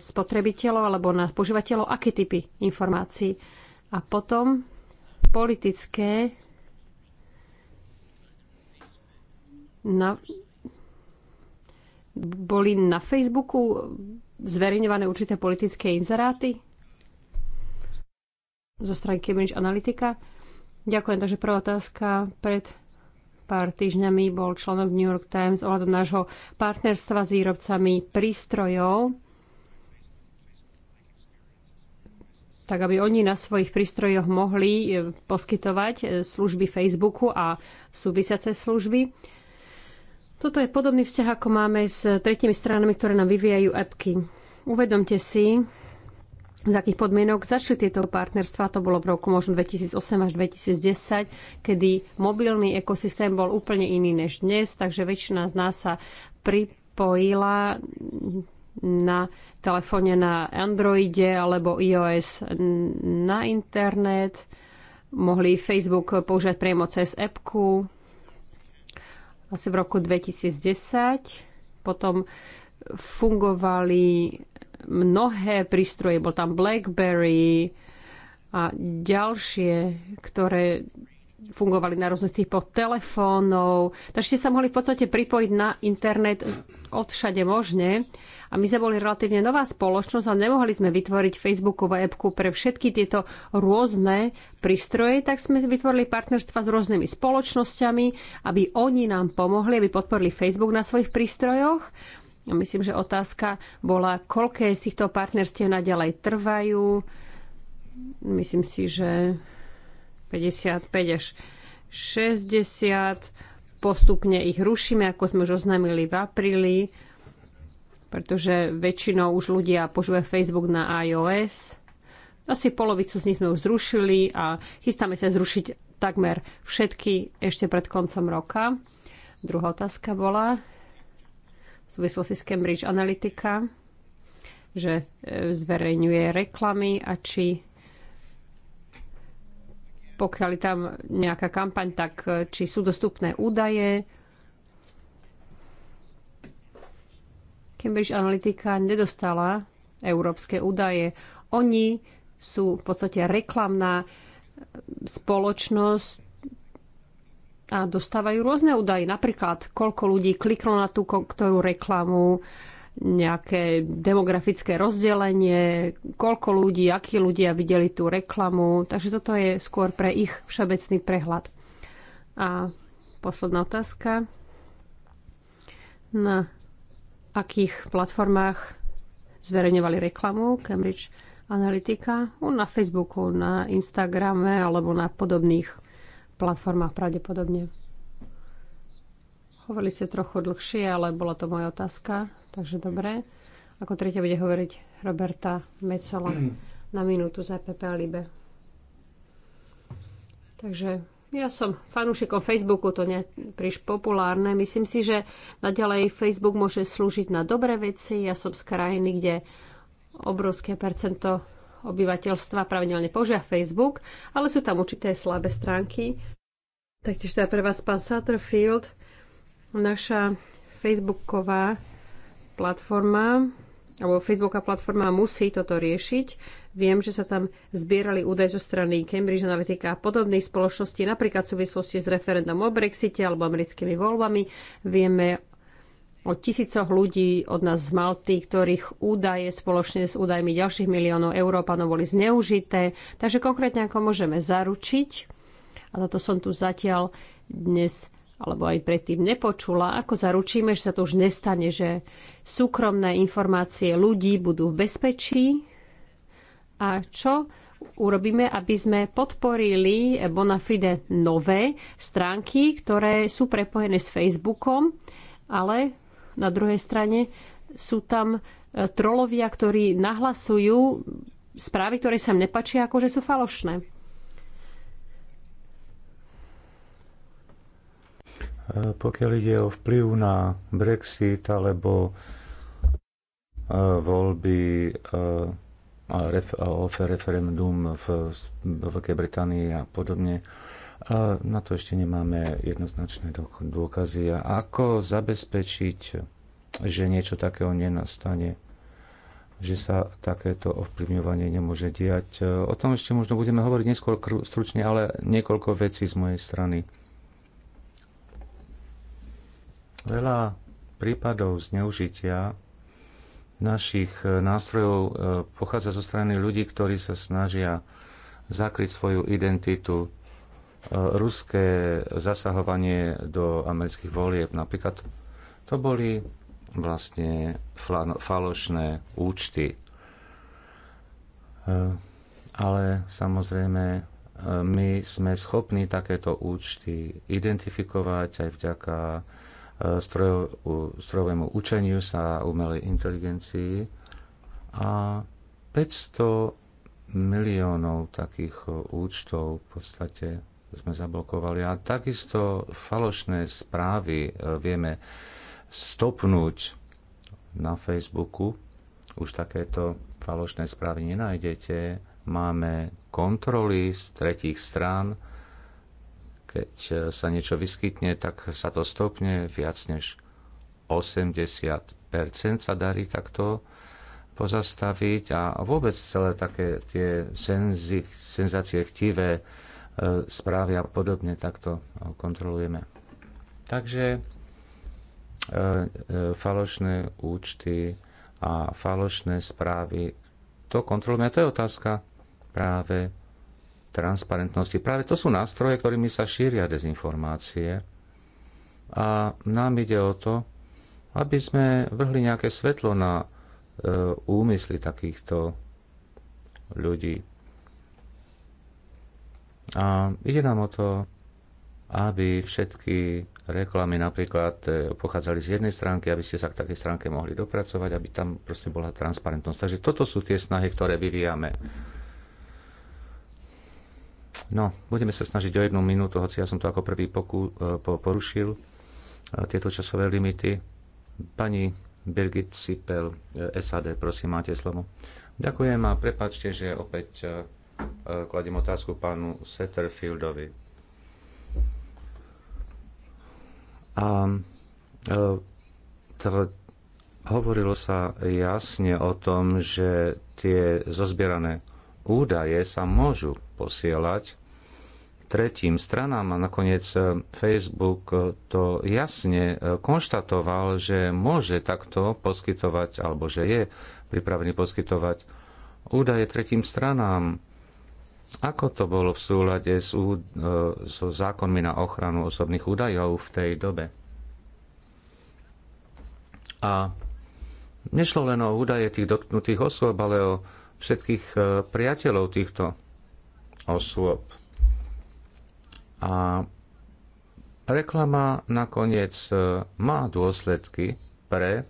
spotrebiteľov alebo na požívateľov, aké typy informácií. A potom politické na, boli na Facebooku zverejňované určité politické inzeráty zo strany Cambridge Analytica. Ďakujem, takže prvá otázka. Pred pár týždňami bol článok New York Times ohľadom nášho partnerstva s výrobcami prístrojov, tak aby oni na svojich prístrojoch mohli eh, poskytovať eh, služby Facebooku a súvisiace služby. Toto je podobný vzťah, ako máme s tretimi stranami, ktoré nám vyvíjajú appky. Uvedomte si, z akých podmienok začali tieto partnerstva, to bolo v roku možno 2008 až 2010, kedy mobilný ekosystém bol úplne iný než dnes, takže väčšina z nás sa pripojila na telefóne na Androide alebo iOS na internet, mohli Facebook používať priamo cez appku, asi v roku 2010. Potom fungovali mnohé prístroje, bol tam BlackBerry a ďalšie, ktoré fungovali na rôznych typoch telefónov, takže ste sa mohli v podstate pripojiť na internet od všade možne. A my sme boli relatívne nová spoločnosť a nemohli sme vytvoriť Facebookovú appku pre všetky tieto rôzne prístroje, tak sme vytvorili partnerstva s rôznymi spoločnosťami, aby oni nám pomohli, aby podporili Facebook na svojich prístrojoch. A myslím, že otázka bola, koľké z týchto partnerstiev naďalej trvajú. Myslím si, že 55 až 60. Postupne ich rušíme, ako sme už oznámili v apríli, pretože väčšinou už ľudia požívajú Facebook na iOS. Asi polovicu z nich sme už zrušili a chystáme sa zrušiť takmer všetky ešte pred koncom roka. Druhá otázka bola v súvislosti s Cambridge Analytica, že e, zverejňuje reklamy a či pokiaľ je tam nejaká kampaň, tak e, či sú dostupné údaje. Cambridge Analytica nedostala európske údaje. Oni sú v podstate reklamná e, spoločnosť a dostávajú rôzne údaje. Napríklad, koľko ľudí kliklo na tú ktorú reklamu, nejaké demografické rozdelenie, koľko ľudí, akí ľudia videli tú reklamu. Takže toto je skôr pre ich všeobecný prehľad. A posledná otázka. Na akých platformách zverejňovali reklamu Cambridge Analytica? Na Facebooku, na Instagrame alebo na podobných platformách pravdepodobne. Hovorili ste trochu dlhšie, ale bola to moja otázka, takže dobre. Ako tretia bude hovoriť Roberta Mecola na minútu za PP Libe. Takže ja som fanúšikom Facebooku, to nie je príliš populárne. Myslím si, že naďalej Facebook môže slúžiť na dobré veci. Ja som z krajiny, kde obrovské percento obyvateľstva pravidelne požia Facebook, ale sú tam určité slabé stránky. Taktiež teda pre vás pán Sutterfield Naša Facebooková platforma alebo Facebooková platforma musí toto riešiť. Viem, že sa tam zbierali údaje zo strany Cambridge Analytica a podobných spoločností, napríklad v súvislosti s referendum o Brexite alebo americkými voľbami. Vieme o tisícoch ľudí od nás z Malty, ktorých údaje spoločne s údajmi ďalších miliónov Európanov boli zneužité. Takže konkrétne ako môžeme zaručiť, a toto som tu zatiaľ dnes alebo aj predtým nepočula, ako zaručíme, že sa to už nestane, že súkromné informácie ľudí budú v bezpečí a čo urobíme, aby sme podporili bona fide nové stránky, ktoré sú prepojené s Facebookom, ale na druhej strane sú tam e, trolovia, ktorí nahlasujú správy, ktoré sa nepačia, ako že sú falošné. E, pokiaľ ide o vplyv na Brexit alebo e, voľby e, a ref, referendum v, v Veľkej Británii a podobne, na to ešte nemáme jednoznačné dôkazy. A ako zabezpečiť, že niečo takého nenastane? že sa takéto ovplyvňovanie nemôže diať. O tom ešte možno budeme hovoriť neskôr stručne, ale niekoľko vecí z mojej strany. Veľa prípadov zneužitia našich nástrojov e, pochádza zo strany ľudí, ktorí sa snažia zakryť svoju identitu. E, ruské zasahovanie do amerických volieb napríklad, to boli vlastne falošné účty. E, ale samozrejme, my sme schopní takéto účty identifikovať aj vďaka strojovému učeniu sa umelej inteligencii a 500 miliónov takých e, účtov v podstate sme zablokovali. A takisto falošné správy e, vieme stopnúť na Facebooku. Už takéto falošné správy nenájdete. Máme kontroly z tretích strán, keď e, sa niečo vyskytne, tak sa to stopne viac než 80% sa darí takto pozastaviť a vôbec celé také tie senzi, senzácie chtivé e, správy a podobne takto e, kontrolujeme. Takže falošné účty a falošné správy, to kontrolujeme. A to je otázka práve transparentnosti. Práve to sú nástroje, ktorými sa šíria dezinformácie. A nám ide o to, aby sme vrhli nejaké svetlo na e, úmysly takýchto ľudí. A ide nám o to, aby všetky reklamy napríklad e, pochádzali z jednej stránky, aby ste sa k takej stránke mohli dopracovať, aby tam proste bola transparentnosť. Takže toto sú tie snahy, ktoré vyvíjame. No, budeme sa snažiť o jednu minútu, hoci ja som to ako prvý poku, e, po, porušil, e, tieto časové limity. Pani Birgit Sipel, e, SAD, prosím, máte slovo. Ďakujem a prepačte, že opäť kladím otázku pánu Setterfieldovi. A hovorilo sa jasne o tom, že tie zozbierané údaje sa môžu posielať tretím stranám. A nakoniec e, Facebook e, to jasne e, konštatoval, že môže takto poskytovať, alebo že je pripravený poskytovať údaje tretím stranám. Ako to bolo v súlade s, ú, so zákonmi na ochranu osobných údajov v tej dobe? A nešlo len o údaje tých dotknutých osôb, ale o všetkých priateľov týchto osôb. A reklama nakoniec e, má dôsledky pre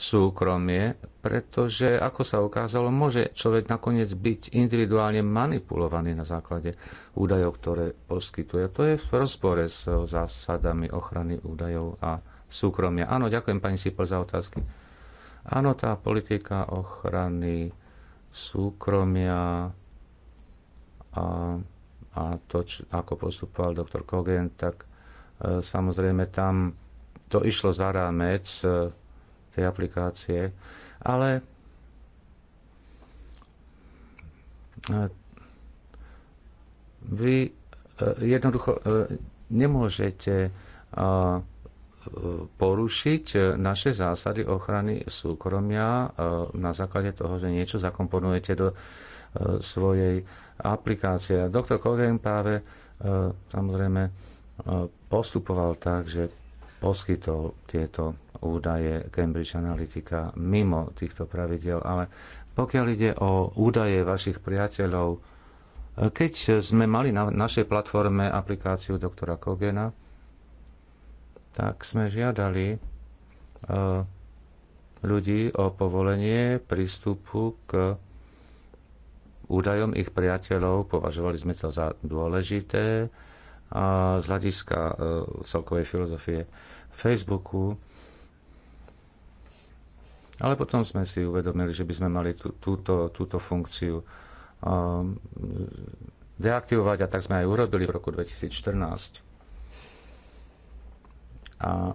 súkromie, pretože, ako sa ukázalo, môže človek nakoniec byť individuálne manipulovaný na základe údajov, ktoré poskytuje. To je v rozpore s e, zásadami ochrany údajov a súkromia. Áno, ďakujem pani Sipol za otázky. Áno, tá politika ochrany súkromia a, a to, č, ako postupoval doktor Kogen, tak e, samozrejme tam to išlo za rámec e, tej aplikácie, ale e, vy e, jednoducho e, nemôžete e, porušiť naše zásady ochrany súkromia e, na základe toho, že niečo zakomponujete do e, svojej aplikácie. Doktor Kogen práve e, samozrejme e, postupoval tak, že poskytol tieto údaje Cambridge Analytica mimo týchto pravidel, ale pokiaľ ide o údaje vašich priateľov, e, keď sme mali na našej platforme aplikáciu doktora Kogena, tak sme žiadali ľudí o povolenie prístupu k údajom ich priateľov. Považovali sme to za dôležité a z hľadiska e, celkovej filozofie Facebooku. Ale potom sme si uvedomili, že by sme mali tú, túto, túto funkciu um, deaktivovať a tak sme aj urobili v roku 2014. A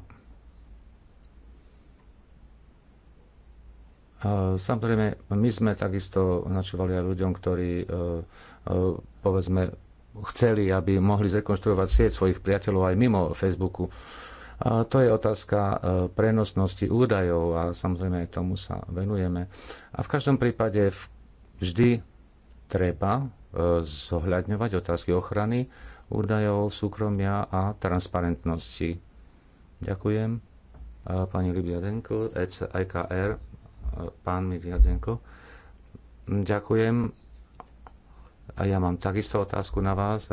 Samozrejme, my sme takisto načúvali aj ľuďom, ktorí e, e, povedzme chceli, aby mohli zrekonštruovať sieť svojich priateľov aj mimo Facebooku. A to je otázka e, prenosnosti údajov a samozrejme aj tomu sa venujeme. A v každom prípade vždy treba zohľadňovať otázky ochrany údajov, súkromia a transparentnosti. Ďakujem. Pani Libia Denko, EKR pán Miliadenko. Ďakujem. A ja mám takisto otázku na vás.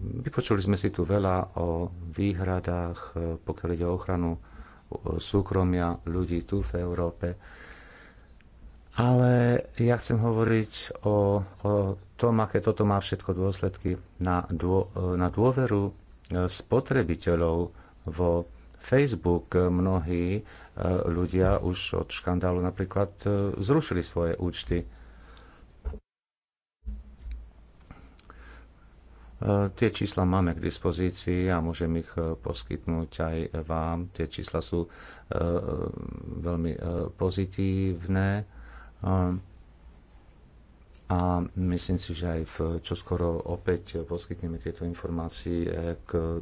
Vypočuli sme si tu veľa o výhradách, pokiaľ ide o ochranu súkromia ľudí tu v Európe. Ale ja chcem hovoriť o, o tom, aké toto má všetko dôsledky na, dô, na dôveru spotrebiteľov vo Facebook eh, mnohí eh, ľudia už od škandálu napríklad eh, zrušili svoje účty. Tie čísla máme k dispozícii a môžem ich poskytnúť aj vám. Tie čísla sú veľmi pozitívne ehm, a myslím si, že aj v čoskoro opäť poskytneme tieto informácie k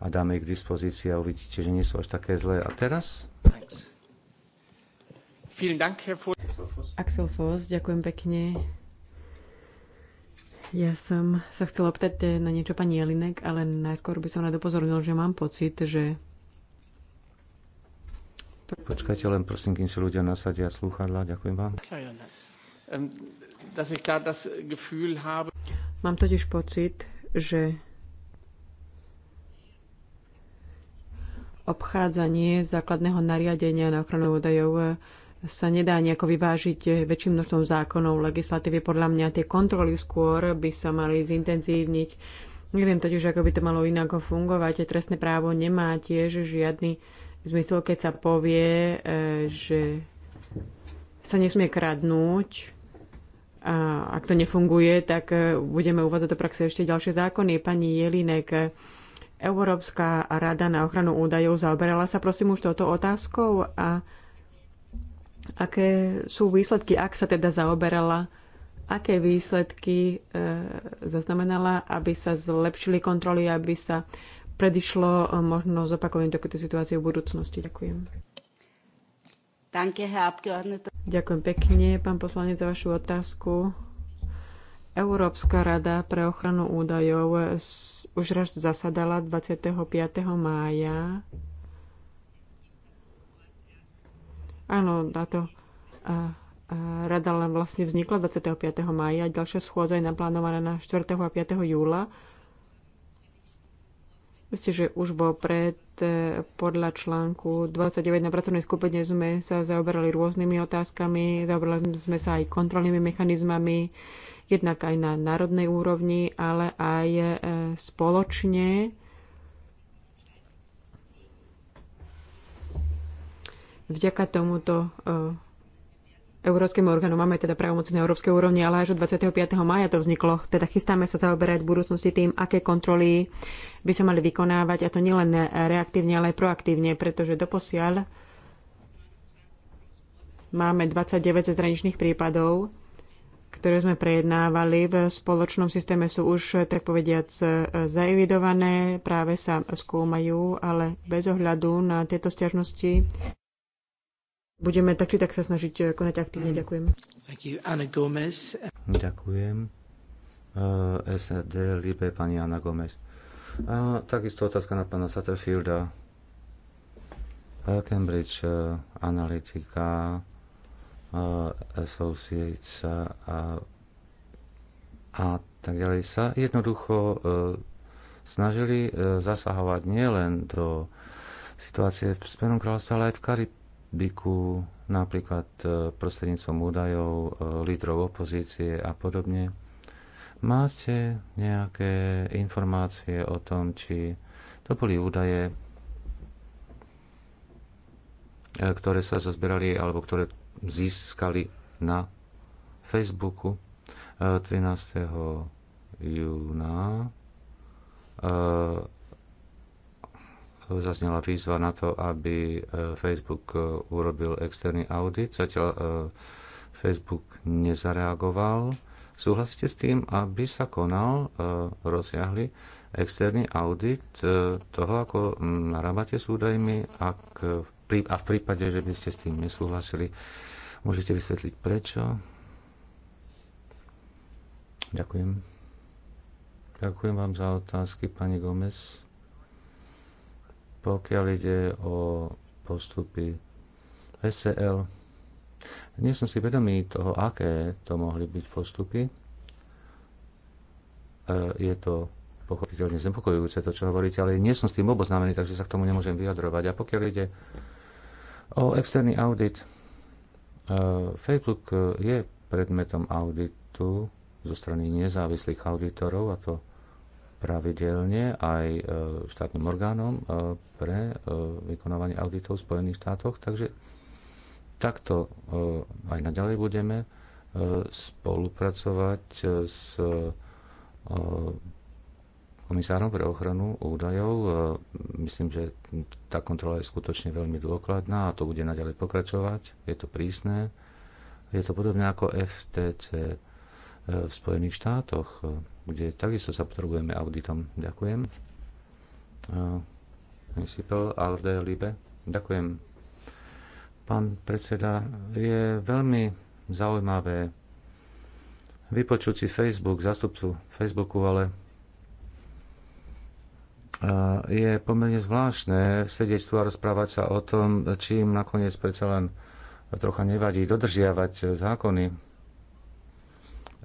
a dáme ich k dispozícii a uvidíte, že nie sú až také zlé. A teraz? Axel Foss, ďakujem pekne. Ja som sa chcela opýtať eh, na niečo pani Jelinek, ale najskôr by som rada upozornil, že mám pocit, že... Počkajte len prosím, kým si ľudia nasadia slúchadla. Ďakujem vám. Um, mám totiž pocit, že obchádzanie základného nariadenia na ochranu údajov sa nedá nejako vyvážiť väčším množstvom zákonov, legislatívy. Podľa mňa tie kontroly skôr by sa mali zintenzívniť. Neviem totiž, ako by to malo inak fungovať. Trestné právo nemá tiež žiadny zmysel, keď sa povie, e, že sa nesmie kradnúť. A ak to nefunguje, tak e, budeme uvádzať do praxe ešte ďalšie zákony. Pani Jelinek, Európska rada na ochranu údajov zaoberala sa prosím už touto otázkou a aké sú výsledky, ak sa teda zaoberala, aké výsledky e, zaznamenala, aby sa zlepšili kontroly, aby sa predišlo e, možno zopakovanie takéto situácie v budúcnosti. Ďakujem. Ďakujem pekne, pán poslanec, za vašu otázku. Európska rada pre ochranu údajov už raz zasadala 25. mája. Áno, táto rada len vlastne vznikla 25. mája. Ďalšia schôdza je naplánovaná na 4. a 5. júla. Ste, že už vopred e, podľa článku 29 na pracovnej skupine sme sa zaoberali rôznymi otázkami, zaoberali sme sa aj kontrolnými mechanizmami, jednak aj na národnej úrovni, ale aj e, spoločne. Vďaka tomuto e, európskemu orgánu. Máme teda právomoci na európskej úrovni, ale až od 25. maja to vzniklo. Teda chystáme sa zaoberať v budúcnosti tým, aké kontroly by sa mali vykonávať, a to nielen reaktívne, ale aj proaktívne, pretože doposiaľ máme 29 zahraničných prípadov ktoré sme prejednávali v spoločnom systéme, sú už, tak povediac, zaevidované, práve sa skúmajú, ale bez ohľadu na tieto stiažnosti budeme tak či tak sa snažiť konať aktívne. Mm. Ďakujem. Ďakujem. Eh, SD, Libe, pani Ana Gomez. Eh, takisto otázka na pána Satterfielda. Eh, Cambridge Analytica Uh, associates a, a tak ďalej sa jednoducho uh, snažili uh, zasahovať nielen do situácie v Spojenom kráľovstve, ale aj v Karibiku, napríklad prostredníctvom údajov lídrov opozície a podobne. Máte nejaké informácie o tom, či to boli údaje, ktoré sa zozbierali alebo ktoré získali na Facebooku 13. E, júna e, zaznela výzva na to, aby e, Facebook urobil externý audit. Zatiaľ Facebook nezareagoval. Súhlasíte s tým, aby sa konal rozsiahly externý audit toho, ako narábate s údajmi ak, a v prípade, že by ste s tým nesúhlasili, Môžete vysvetliť prečo? Ďakujem. Ďakujem vám za otázky, pani Gomez. Pokiaľ ide o postupy SCL, e nie som si vedomý toho, aké to mohli byť postupy. E, je to pochopiteľne znepokojujúce to, čo hovoríte, ale nie som s tým oboznámený, takže sa k tomu nemôžem vyjadrovať. A pokiaľ ide o externý audit, E, Facebook e, je predmetom auditu zo strany nezávislých auditorov a to pravidelne aj e, štátnym orgánom pre vykonávanie auditov v Spojených štátoch. Takže takto aj naďalej budeme spolupracovať s komisárom pre ochranu údajov. E, myslím, že tá kontrola je skutočne veľmi dôkladná a to bude naďalej pokračovať. Je to prísne. Je to podobne ako FTC e, v Spojených štátoch, e, kde takisto sa potrebujeme auditom. Ďakujem. Principal Alde Libe. Ďakujem. Pán predseda, je veľmi zaujímavé vypočuť si Facebook, zastupcu Facebooku, ale je pomerne zvláštne sedieť tu a rozprávať sa o tom, či im nakoniec predsa len trocha nevadí dodržiavať zákony.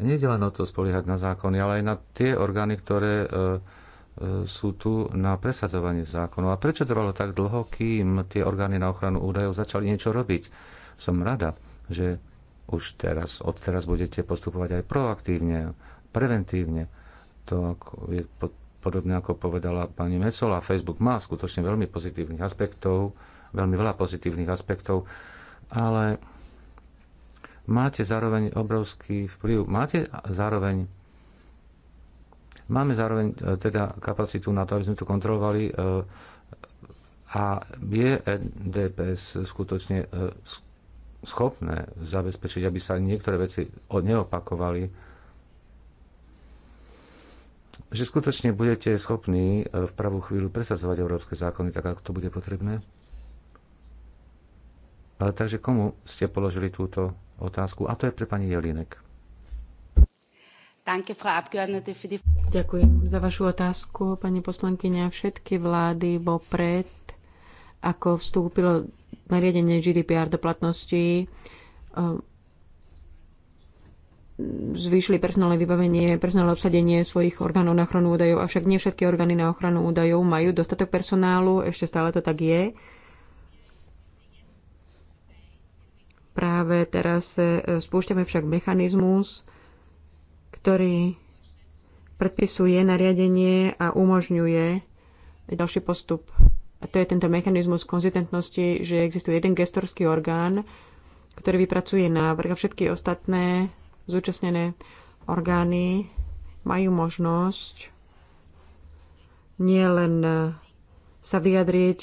Nede len o to spoliehať na zákony, ale aj na tie orgány, ktoré e, e, sú tu na presadzovanie zákonov. A prečo trvalo tak dlho, kým tie orgány na ochranu údajov začali niečo robiť? Som rada, že už teraz, od teraz budete postupovať aj proaktívne, preventívne. To je pod Podobne ako povedala pani Mecola, Facebook má skutočne veľmi pozitívnych aspektov, veľmi veľa pozitívnych aspektov, ale máte zároveň obrovský vplyv. Máte zároveň Máme zároveň e, teda kapacitu na to, aby sme to kontrolovali e, a je DPS skutočne e, schopné zabezpečiť, aby sa niektoré veci neopakovali že skutočne budete schopní e, v pravú chvíľu presadzovať európske zákony tak, ako to bude potrebné? Ale takže komu ste položili túto otázku? A to je pre pani Jelinek. Ďakujem za vašu otázku, pani poslankyňa. Všetky vlády vopred, ako vstúpilo nariadenie GDPR do platnosti, e, zvýšili personálne vybavenie, personálne obsadenie svojich orgánov na ochranu údajov, avšak nie všetky orgány na ochranu údajov majú dostatok personálu, ešte stále to tak je. Práve teraz e, spúšťame však mechanizmus, ktorý predpisuje nariadenie a umožňuje ďalší postup. A to je tento mechanizmus konzistentnosti, že existuje jeden gestorský orgán, ktorý vypracuje návrh a všetky ostatné zúčastnené orgány majú možnosť nielen sa vyjadriť,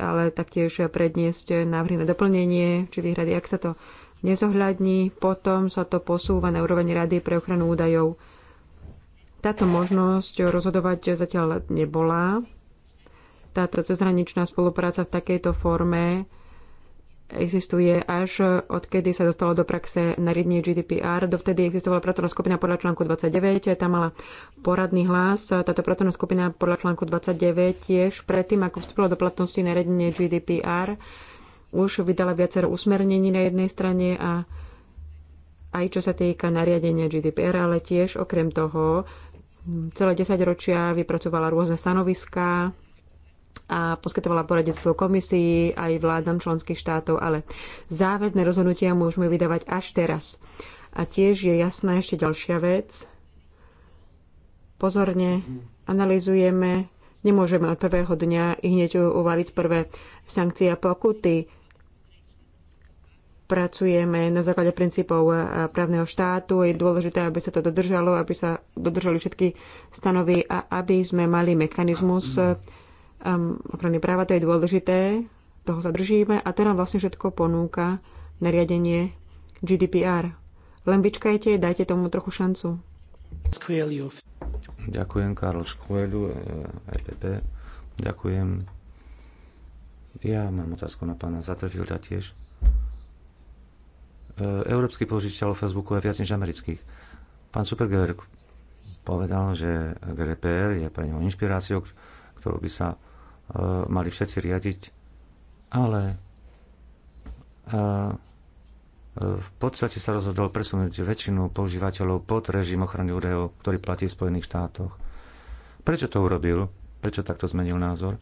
ale taktiež predniesť návrhy na doplnenie či výhrady. Ak sa to nezohľadní, potom sa to posúva na úroveň Rady pre ochranu údajov. Táto možnosť rozhodovať zatiaľ nebola. Táto cezhraničná spolupráca v takejto forme existuje až odkedy sa dostalo do praxe nariadenie GDPR. Dovtedy existovala pracovná skupina podľa článku 29, tam mala poradný hlas. Táto pracovná skupina podľa článku 29 tiež predtým, ako vstúpila do platnosti nariadenie GDPR, už vydala viacero usmernení na jednej strane a aj čo sa týka nariadenia GDPR, ale tiež okrem toho celé 10 ročia vypracovala rôzne stanoviská, a poskytovala poradenstvo komisii aj vládam členských štátov, ale záväzné rozhodnutia môžeme vydávať až teraz. A tiež je jasná ešte ďalšia vec. Pozorne analizujeme, nemôžeme od prvého dňa i hneď uvaliť prvé sankcie a pokuty. Pracujeme na základe princípov e, právneho štátu. Je dôležité, aby sa to dodržalo, aby sa dodržali všetky stanovy a aby sme mali mechanizmus, e, um, ochrany práva, to je dôležité, toho sa držíme a to nám vlastne všetko ponúka nariadenie GDPR. Len vyčkajte, dajte tomu trochu šancu. Ďakujem, Karol Škvelu, EPP. E Ďakujem. Ja mám otázku na pána Zatrfilda tiež. E, európsky požičiteľ Facebooku je viac než amerických. Pán Superger povedal, že GDPR je pre neho inšpiráciou, ktorou by sa eh, mali všetci riadiť, ale eh, v podstate sa rozhodol presunúť väčšinu používateľov pod režim ochrany údajov, ktorý platí v Spojených štátoch. Prečo to urobil? Prečo takto zmenil názor?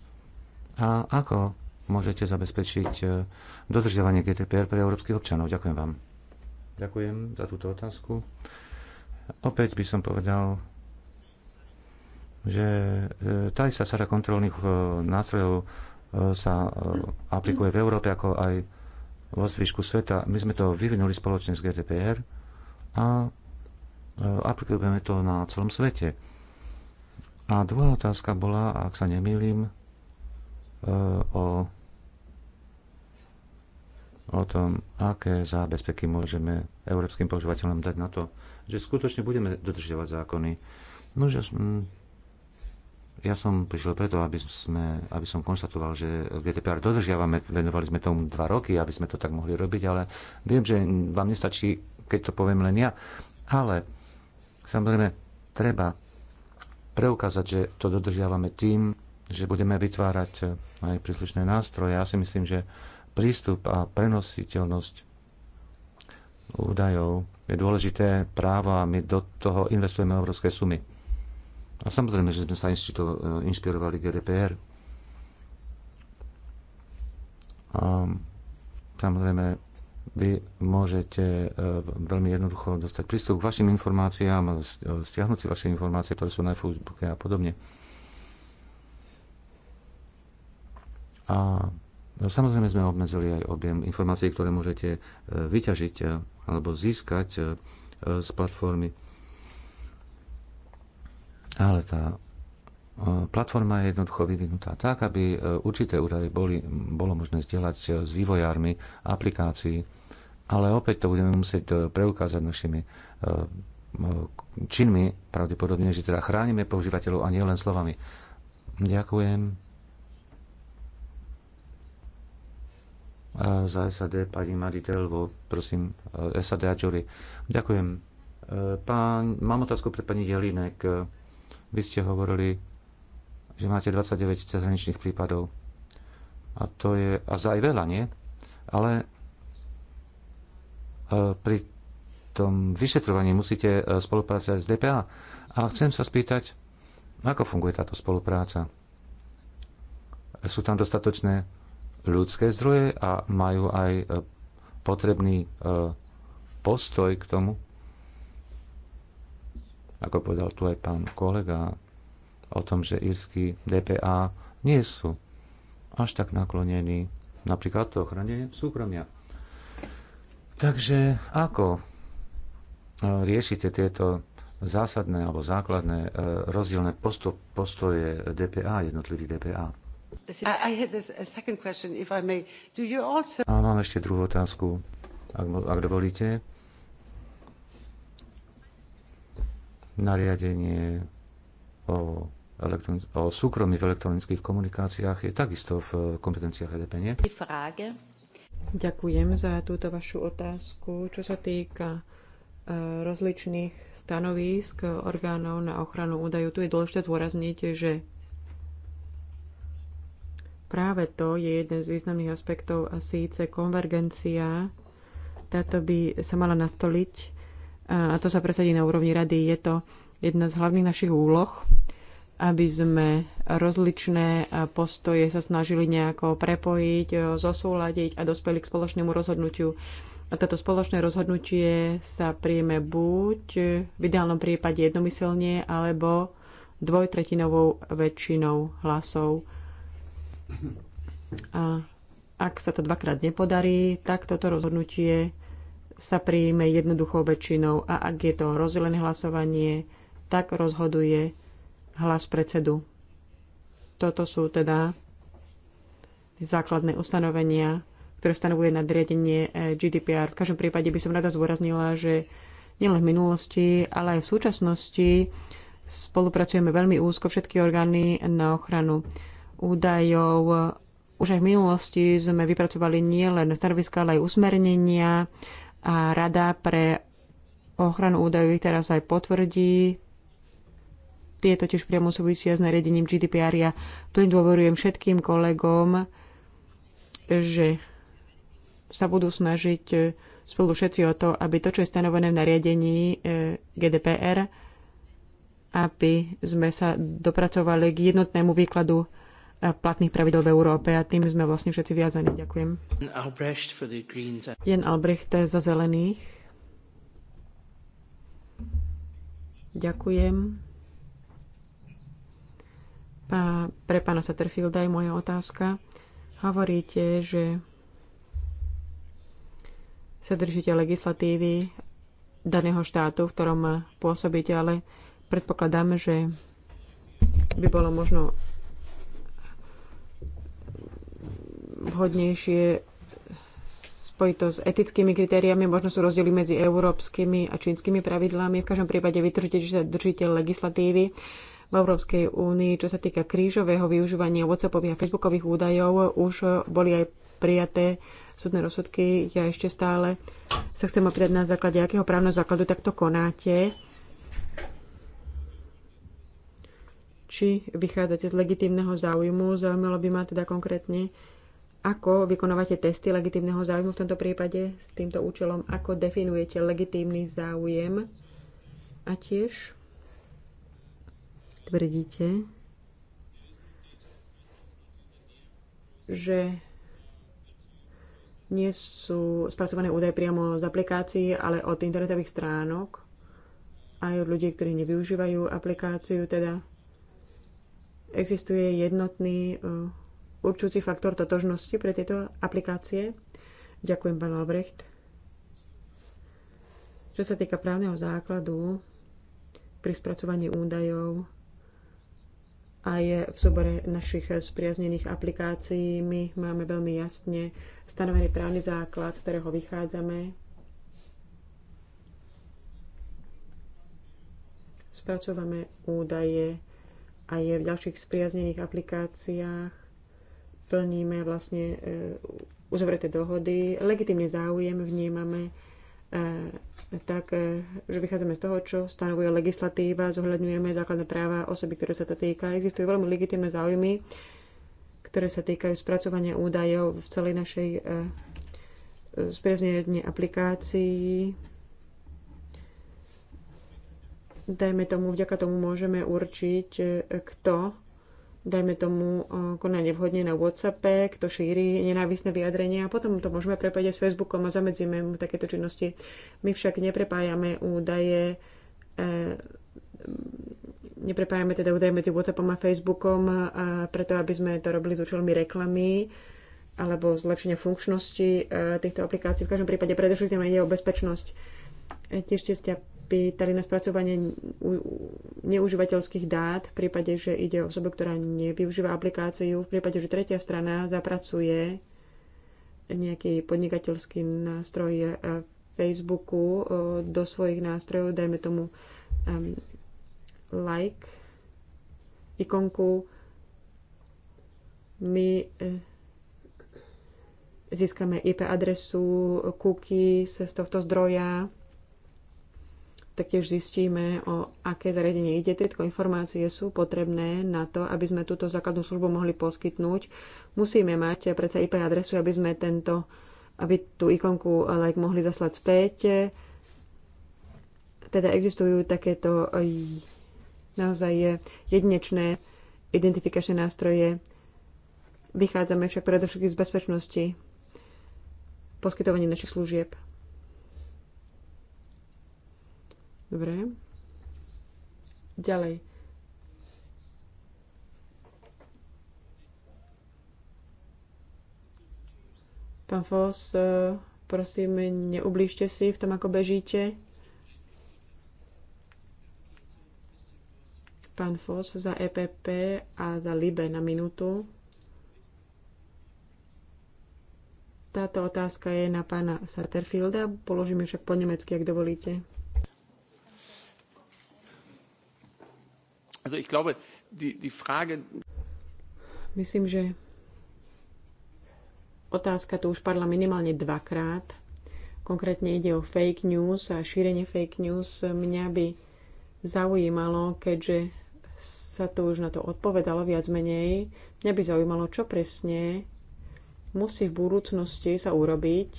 A ako môžete zabezpečiť eh, dodržiavanie GDPR pre európskych občanov? Ďakujem vám. Ďakujem za túto otázku. Opäť by som povedal, že e, tá istá sada kontrolných e, nástrojov e, sa aplikuje v Európe ako aj vo zvyšku sveta. My sme to vyvinuli spoločne s GDPR a aplikujeme to na celom svete. A druhá otázka bola, ak sa nemýlim, o, o tom, aké zábezpeky môžeme európskym používateľom dať na to, že skutočne budeme dodržiavať zákony. No, že, mm, ja som prišiel preto, aby, sme, aby som konštatoval, že GDPR dodržiavame, venovali sme tomu dva roky, aby sme to tak mohli robiť, ale viem, že vám nestačí, keď to poviem len ja. Ale samozrejme, treba preukázať, že to dodržiavame tým, že budeme vytvárať aj príslušné nástroje. Ja si myslím, že prístup a prenositeľnosť údajov je dôležité právo a my do toho investujeme obrovské sumy. A samozrejme, že sme sa e, inšpirovali GDPR. A samozrejme, vy môžete e, veľmi jednoducho dostať prístup k vašim informáciám, e, stiahnuť si vaše informácie, ktoré sú na Facebooke a podobne. A samozrejme sme obmedzili aj objem informácií, ktoré môžete vyťažiť alebo získať z platformy. Ale tá e, platforma je jednoducho vyvinutá tak, aby e, určité údaje boli, bolo možné zdieľať e, s vývojármi aplikácií, ale opäť to budeme musieť preukázať našimi činmi, pravdepodobne, že teda chránime používateľov a nie len slovami. Ďakujem. Za SAD pani Maritelvo, prosím, SAD a Jury. Ďakujem. Pán, mám otázku pre pani Jelinek vy ste hovorili, že máte 29 zahraničných prípadov. A to je, a za aj veľa, nie? Ale e, pri tom vyšetrovaní musíte e, spolupracovať s DPA. A chcem sa spýtať, ako funguje táto spolupráca? Sú tam dostatočné ľudské zdroje a majú aj e, potrebný postoj k tomu? ako povedal tu aj pán kolega, o tom, že írsky DPA nie sú až tak naklonení napríklad to ochrane súkromia. Takže ako e, riešite tieto zásadné alebo základné e, rozdielne postup, postoje DPA, jednotlivých DPA? A mám ešte druhú otázku, ak, ak dovolíte. nariadenie o, elektron- o súkromí v elektronických komunikáciách je takisto v kompetenciách EDP, nie? Ďakujem za túto vašu otázku. Čo sa týka e, rozličných stanovísk orgánov na ochranu údajov, tu je dôležité zdôrazniť, že práve to je jeden z významných aspektov a síce konvergencia. Táto by sa mala nastoliť a to sa presadí na úrovni rady. Je to jedna z hlavných našich úloh, aby sme rozličné postoje sa snažili nejako prepojiť, zosúľadiť a dospeli k spoločnému rozhodnutiu. A toto spoločné rozhodnutie sa príjme buď e, v ideálnom prípade jednomyselne, alebo dvojtretinovou väčšinou hlasov. A ak sa to dvakrát nepodarí, tak toto rozhodnutie sa príjme jednoduchou väčšinou a ak je to rozdelené hlasovanie, tak rozhoduje hlas predsedu. Toto sú teda základné ustanovenia, ktoré stanovuje nadriadenie eh, GDPR. V každom prípade by som rada zdôraznila, že nielen v minulosti, ale aj v súčasnosti spolupracujeme veľmi úzko všetky orgány na ochranu údajov. Už aj v minulosti sme vypracovali nielen stanoviska, ale aj usmernenia a Rada pre ochranu údajov ich teraz aj potvrdí. Tie totiž priamo súvisia s nariadením GDPR. Ja plne dôverujem všetkým kolegom, že sa budú snažiť spolu všetci o to, aby to, čo je stanovené v nariadení e, GDPR, aby sme sa dopracovali k jednotnému výkladu platných pravidel v Európe a tým sme vlastne všetci viazaní. Ďakujem. Jen Albrecht za zelených. Ďakujem. Pá, pre pána Satterfielda je moja otázka. Hovoríte, že sa držíte legislatívy daného štátu, v ktorom pôsobíte, ale predpokladám, že by bolo možno vhodnejšie spojiť to s etickými kritériami, možno sú rozdiely medzi európskymi a čínskymi pravidlami. V každom prípade vytržite, že sa držíte legislatívy v Európskej únii, čo sa týka krížového využívania WhatsAppových a Facebookových údajov, už boli aj prijaté súdne rozsudky. Ja ešte stále sa chcem opýtať na základe akého právneho základu takto konáte. Či vychádzate z legitímneho záujmu, zaujímalo by ma teda konkrétne, ako vykonávate testy legitímneho záujmu v tomto prípade s týmto účelom? Ako definujete legitímny záujem? A tiež tvrdíte, že nie sú spracované údaje priamo z aplikácií, ale od internetových stránok aj od ľudí, ktorí nevyužívajú aplikáciu. Teda existuje jednotný eh, určujúci faktor totožnosti pre tieto aplikácie. Ďakujem, pán Albrecht. Čo sa týka právneho základu pri spracovaní údajov a je v súbore našich spriaznených aplikácií, my máme veľmi jasne stanovený právny základ, z ktorého vychádzame. Spracovame údaje a je v ďalších spriaznených aplikáciách plníme vlastne e, uzavreté dohody. Legitímny záujem vnímame e, tak, e, že vychádzame z toho, čo stanovuje legislatíva, zohľadňujeme základné práva osoby, ktoré sa to týka. Existujú veľmi legitimné záujmy, ktoré sa týkajú spracovania údajov v celej našej spriaznenie aplikácií. Dajme tomu, vďaka tomu môžeme určiť, kto dajme tomu, e, koná nevhodne na WhatsAppe, kto šíri nenávisné vyjadrenie a potom to môžeme prepájať aj s Facebookom a zamedzíme mu takéto činnosti. My však neprepájame údaje, e, neprepájame teda údaje medzi WhatsAppom a Facebookom a e, preto, aby sme to robili s účelmi reklamy alebo zlepšenia funkčnosti týchto aplikácií. V každom prípade predovšetkým ide o bezpečnosť. Tiež ste pýtali na spracovanie neužívateľských dát v prípade, že ide o osobu, ktorá nevyužíva aplikáciu, v prípade, že tretia strana zapracuje nejaký podnikateľský nástroj eh, Facebooku eh, do svojich nástrojov, dajme tomu um, like, ikonku, my eh, získame IP adresu, cookies z tohto zdroja taktiež zistíme, o aké zariadenie ide. Tieto informácie sú potrebné na to, aby sme túto základnú službu mohli poskytnúť. Musíme mať predsa IP adresu, aby sme tento, aby tú ikonku like mohli zaslať späť. Teda existujú takéto naozaj jedinečné identifikačné nástroje. Vychádzame však predovšetkým z bezpečnosti poskytovanie našich služieb. Dobre. Ďalej. Pán Foss, e, prosím, neublížte si v tom, ako bežíte. Pán Foss za EPP a za Libe na minútu. Táto otázka je na pána Satterfielda, položím ju však po nemecky, ak dovolíte. Also ich glaube, die, die Frage... Myslím, že otázka tu už padla minimálne dvakrát. Konkrétne ide o fake news a šírenie fake news. Mňa by zaujímalo, keďže sa tu už na to odpovedalo viac menej, mňa by zaujímalo, čo presne musí v budúcnosti sa urobiť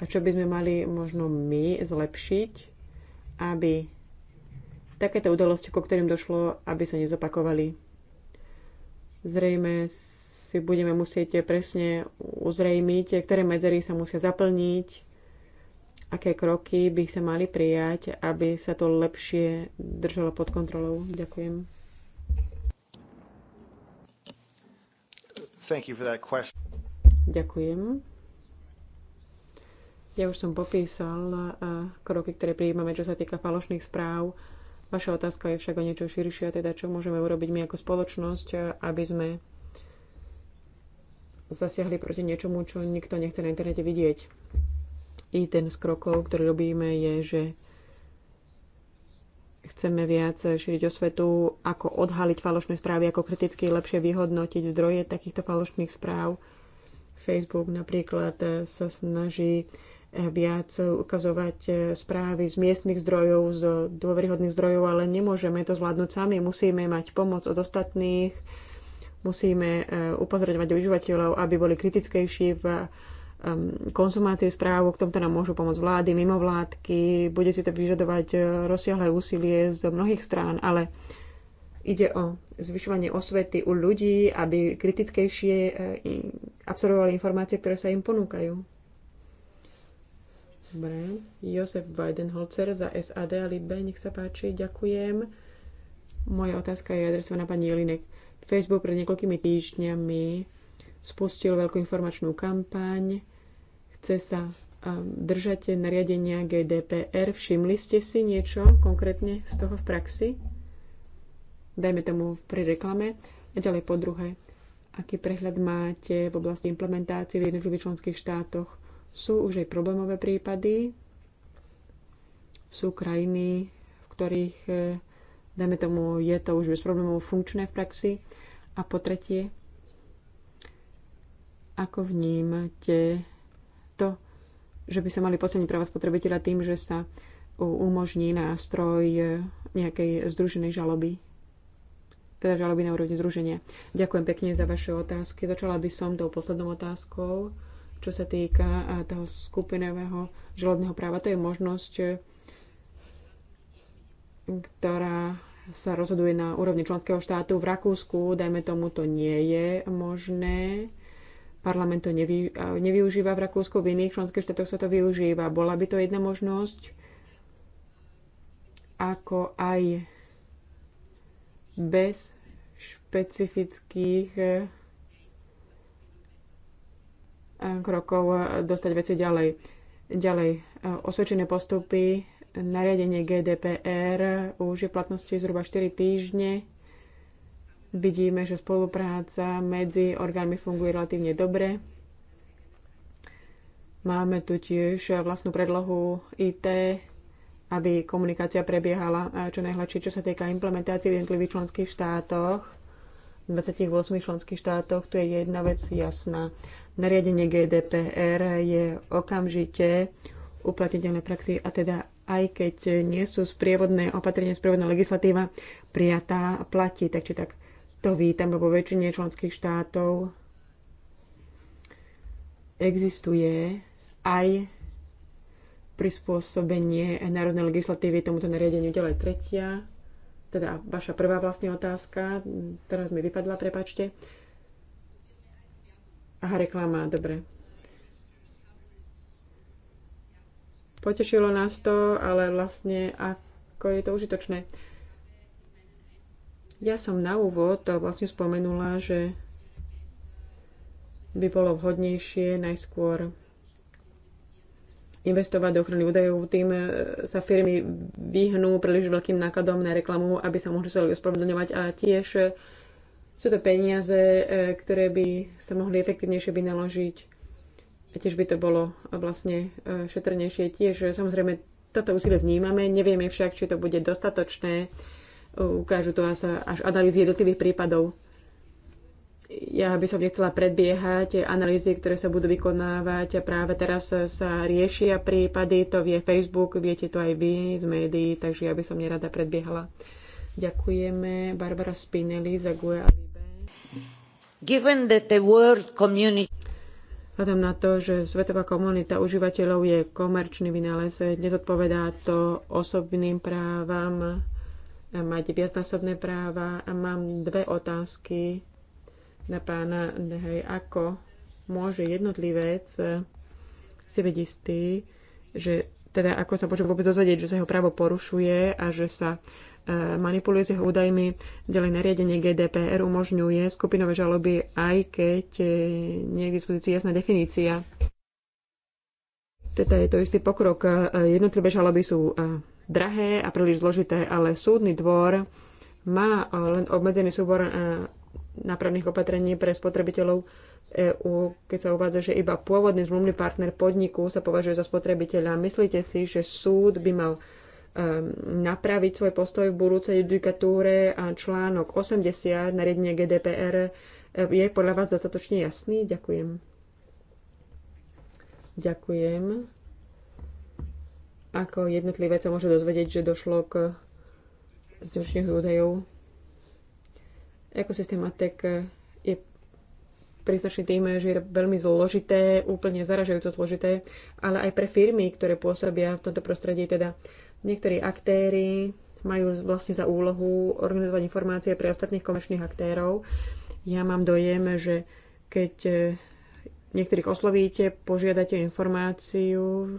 a čo by sme mali možno my zlepšiť, aby takéto udalosti, ku ktorým došlo, aby sa nezopakovali. Zrejme si budeme musieť presne uzrejmiť, ktoré medzery sa musia zaplniť, aké kroky by sa mali prijať, aby sa to lepšie držalo pod kontrolou. Ďakujem. Thank you for that question. Ďakujem. Ja už som popísal eh, kroky, ktoré prijímame, čo sa týka falošných správ. Vaša otázka je však o niečo širšia, teda čo môžeme urobiť my ako spoločnosť, aby sme zasiahli proti niečomu, čo nikto nechce na internete vidieť. I ten z krokov, ktorý robíme, je, že chceme viac šíriť osvetu, ako odhaliť falošné správy, ako kriticky lepšie vyhodnotiť zdroje takýchto falošných správ. Facebook napríklad sa snaží viac ukazovať eh, správy z miestnych zdrojov, z dôveryhodných zdrojov, ale nemôžeme to zvládnuť sami. Musíme mať pomoc od ostatných, musíme eh, upozorňovať užívateľov, aby boli kritickejší v konzumácii správ, k tomto nám môžu pomôcť vlády, mimovládky, bude si to vyžadovať eh, rozsiahle úsilie z mnohých strán, ale ide o zvyšovanie osvety u ľudí, aby kritickejšie absorbovali informácie, ktoré sa im ponúkajú. Dobre. Josef Weidenholzer za SAD a Libe, nech sa páči, ďakujem. Moja otázka je adresovaná pani Jelinek. Facebook pred niekoľkými týždňami spustil veľkú informačnú kampaň. Chce sa um, držať nariadenia GDPR. Všimli ste si niečo konkrétne z toho v praxi? Dajme tomu pri reklame. A ďalej po druhé, aký prehľad máte v oblasti implementácie v jednotlivých členských štátoch sú už aj problémové prípady. Sú krajiny, v ktorých, e, dajme tomu, je to už bez problémov funkčné v praxi. A po tretie, ako vnímate to, že by sa mali posilniť práva spotrebiteľa tým, že sa umožní nástroj e, nejakej združenej žaloby, teda žaloby na úrovni združenia. Ďakujem pekne za vaše otázky. Začala by som tou poslednou otázkou čo sa týka toho skupinového žalobného práva. To je možnosť, e, ktorá sa rozhoduje na úrovni členského štátu. V Rakúsku, dajme tomu, to nie je možné. Parlament to nevy, e, nevyužíva v Rakúsku, v iných členských štátoch sa to využíva. Bola by to jedna možnosť, ako aj bez špecifických e, krokov eh, dostať veci ďalej. Ďalej, eh, osvedčené postupy, nariadenie GDPR už je v platnosti zhruba 4 týždne. Vidíme, že spolupráca medzi orgánmi funguje relatívne dobre. Máme tu tiež vlastnú predlohu IT, aby komunikácia prebiehala eh, čo najhladšie, čo sa týka implementácie v jednotlivých členských štátoch. V 28 členských štátoch tu je jedna vec jasná nariadenie GDPR je okamžite uplatniteľné praxi a teda aj keď nie sú sprievodné opatrenia, sprievodná legislatíva prijatá a platí, tak či tak to vítam, lebo väčšine členských štátov existuje aj prispôsobenie národnej legislatívy tomuto nariadeniu. Ďalej tretia, teda vaša prvá vlastne otázka, teraz mi vypadla, prepačte. Aha, reklama, dobre. Potešilo nás to, ale vlastne ako je to užitočné. Ja som na úvod vlastne spomenula, že by bolo vhodnejšie najskôr investovať do ochrany údajov, tým e, sa firmy vyhnú príliš veľkým nákladom na reklamu, aby sa mohli ospravedlňovať a tiež sú to peniaze, e, ktoré by sa mohli efektívnejšie vynaložiť. A tiež by to bolo vlastne e, šetrnejšie. Tiež samozrejme toto úsilie vnímame, nevieme však, či to bude dostatočné. Ukážu to až, až analýzy jednotlivých prípadov. Ja by som nechcela predbiehať analýzy, ktoré sa budú vykonávať a práve teraz sa riešia prípady, to vie Facebook, viete to aj vy z médií, takže ja by som nerada predbiehala. Ďakujeme Barbara Spinelli za GUE a Libe. Given that the world community Vzhľadom na to, že svetová komunita užívateľov je komerčný vynález, nezodpovedá to osobným právam, máte viacnásobné práva. A mám dve otázky na pána Dehej. ako môže jednotlivec si byť istý, že teda ako sa môže vôbec dozvedieť, že sa jeho právo porušuje a že sa Eh, manipuluje s jeho údajmi. Ďalej nariadenie GDPR umožňuje skupinové žaloby, aj keď eh, nie je k dispozícii jasná definícia. Teda je to istý pokrok. Eh, jednotlivé žaloby sú drahé a príliš zložité, ale súdny dvor má len obmedzený súbor nápravných opatrení pre spotrebiteľov EU, keď sa uvádza, že iba pôvodný zmluvný partner podniku sa považuje za spotrebiteľa. Myslíte si, že súd by mal Um, napraviť svoj postoj v budúcej judikatúre a článok 80 nariadenia GDPR um, je podľa vás dostatočne jasný? Ďakujem. Ďakujem. Ako jednotlivé sa môže dozvedieť, že došlo k zručných údajov. Ekosystém ATEC uh, je príznačný tým, že je to veľmi zložité, úplne zaražajúco zložité, ale aj pre firmy, ktoré pôsobia v tomto prostredí, teda uh, Niektorí aktéry majú vlastne za úlohu organizovať informácie pre ostatných komerčných aktérov. Ja mám dojem, že keď eh, niektorých oslovíte, požiadate informáciu,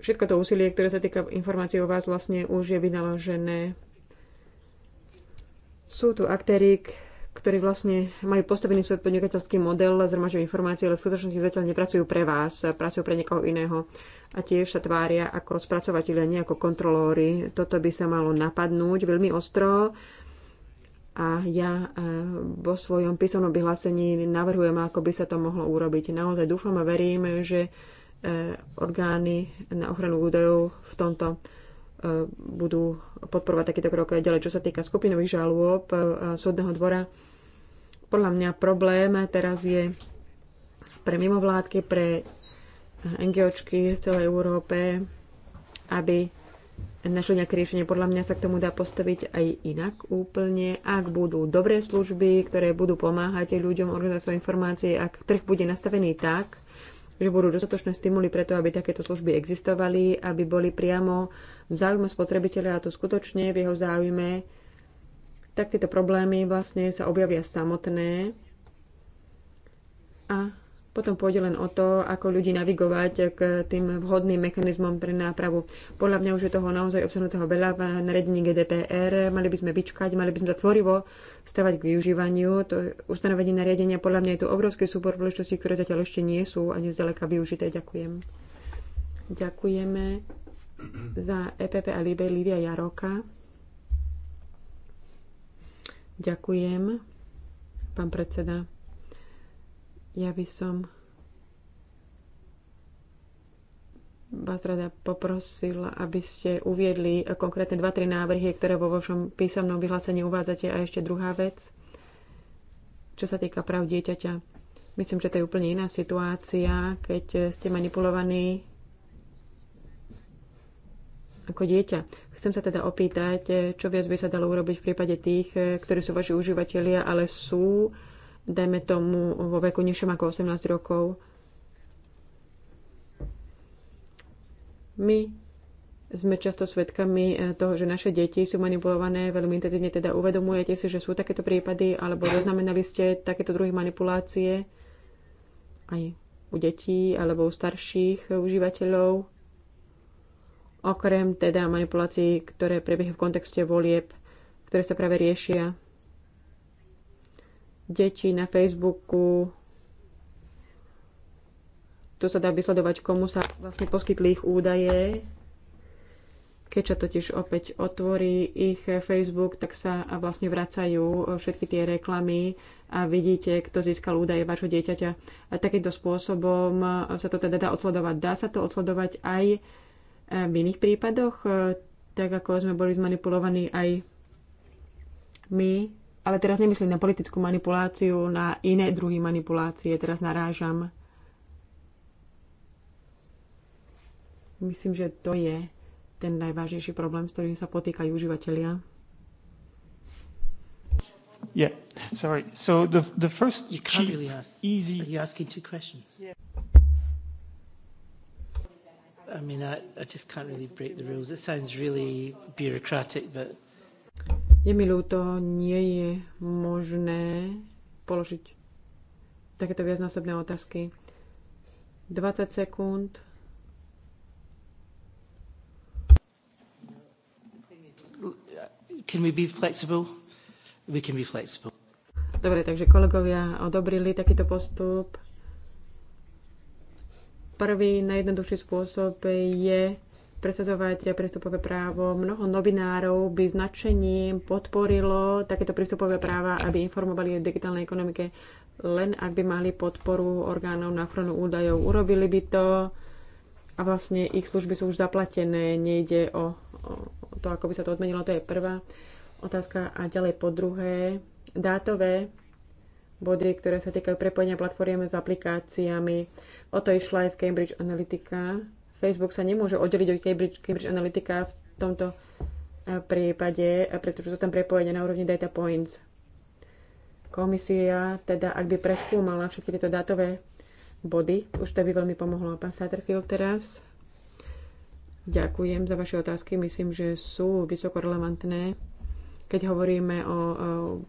všetko to úsilie, ktoré sa týka informácií o vás, vlastne už je vynaložené. Sú tu aktéry, ktorí vlastne majú postavený svoj podnikateľský model, zhromažujú informácie, ale v skutočnosti zatiaľ nepracujú pre vás, pracujú pre niekoho iného a tiež sa tvária ako spracovateľia, nie ako kontrolóri. Toto by sa malo napadnúť veľmi ostro a ja e, vo svojom písomnom vyhlásení navrhujem, ako by sa to mohlo urobiť. Naozaj dúfam a verím, že e, orgány na ochranu údajov v tomto E, budú podporovať takýto krok aj ďalej. Čo sa týka skupinových žalôb e, súdneho dvora, podľa mňa problém teraz je pre mimovládky, pre NGOčky z celej Európe, aby našli nejaké riešenie. Podľa mňa sa k tomu dá postaviť aj inak úplne. Ak budú dobré služby, ktoré budú pomáhať ľuďom organizovať svoje informácie, ak trh bude nastavený tak, že budú dostatočné stimuly preto, aby takéto služby existovali, aby boli priamo v záujme spotrebiteľa a to skutočne v jeho záujme, tak tieto problémy vlastne sa objavia samotné a potom pôjde len o to, ako ľudí navigovať k tým vhodným mechanizmom pre nápravu. Podľa mňa už je toho naozaj obsahnutého veľa v naredení GDPR. Mali by sme vyčkať, mali by sme to tvorivo stavať k využívaniu. To ustanovenie nariadenia podľa mňa je tu obrovský súbor príležitostí, ktoré zatiaľ ešte nie sú ani zďaleka využité. Ďakujem. Ďakujeme za EPP a Libe Livia Jaroka. Ďakujem, pán predseda. Ja by som vás rada poprosila, aby ste uviedli konkrétne 2-3 návrhy, ktoré vo vašom písomnom vyhlásení uvádzate. A ešte druhá vec, čo sa týka práv dieťaťa. Myslím, že to je úplne iná situácia, keď ste manipulovaní ako dieťa. Chcem sa teda opýtať, čo viac by sa dalo urobiť v prípade tých, ktorí sú vaši užívateľia, ale sú dajme tomu vo veku nižšom ako 18 rokov. My sme často svedkami eh, toho, že naše deti sú manipulované veľmi intenzívne, teda uvedomujete si, že sú takéto prípady, alebo zaznamenali ste takéto druhy manipulácie aj u detí alebo u starších užívateľov, okrem teda manipulácií, ktoré prebiehajú v kontexte volieb, ktoré sa práve riešia. Deti na Facebooku. To sa dá vysledovať, komu sa vlastne poskytli ich údaje. Keď sa totiž opäť otvorí ich Facebook, tak sa vlastne vracajú e, všetky tie reklamy a vidíte, kto získal údaje vašho dieťaťa. A takýmto spôsobom e, sa to teda dá odsledovať. Dá sa to odsledovať aj e, v iných prípadoch, tak ako sme boli zmanipulovaní aj my ale teraz nemyslím na politickú manipuláciu, na iné druhy manipulácie. Teraz narážam. Myslím, že to je ten najvážnejší problém, s ktorým sa potýkajú užívateľia. Yeah, sorry. So the, the first you can't really ask, easy... Are you asking two questions? Yeah. I mean, I, I just can't really break the rules. It sounds really bureaucratic, but je mi ľúto, nie je možné položiť takéto viacnásobné otázky. 20 sekúnd. Can we be flexible? We can be flexible. Dobre, takže kolegovia odobrili takýto postup. Prvý najjednoduchší spôsob je presadzovať prístupové právo. Mnoho novinárov by značením podporilo takéto prístupové práva, aby informovali o digitálnej ekonomike, len ak by mali podporu orgánov na ochranu údajov. Urobili by to a vlastne ich služby sú už zaplatené, nejde o, o to, ako by sa to odmenilo, to je prvá otázka. A ďalej po druhé, dátové body, ktoré sa týkajú prepojenia platformy s aplikáciami. O to išla aj v Cambridge Analytica, Facebook sa nemôže oddeliť od Cambridge, Cambridge Analytica v tomto e, prípade, e, pretože sú tam prepojenia na úrovni data points. Komisia teda, ak by preskúmala všetky tieto dátové body, už to by veľmi pomohlo. Pán Satterfield teraz. Ďakujem za vaše otázky. Myslím, že sú vysoko relevantné, keď hovoríme o, o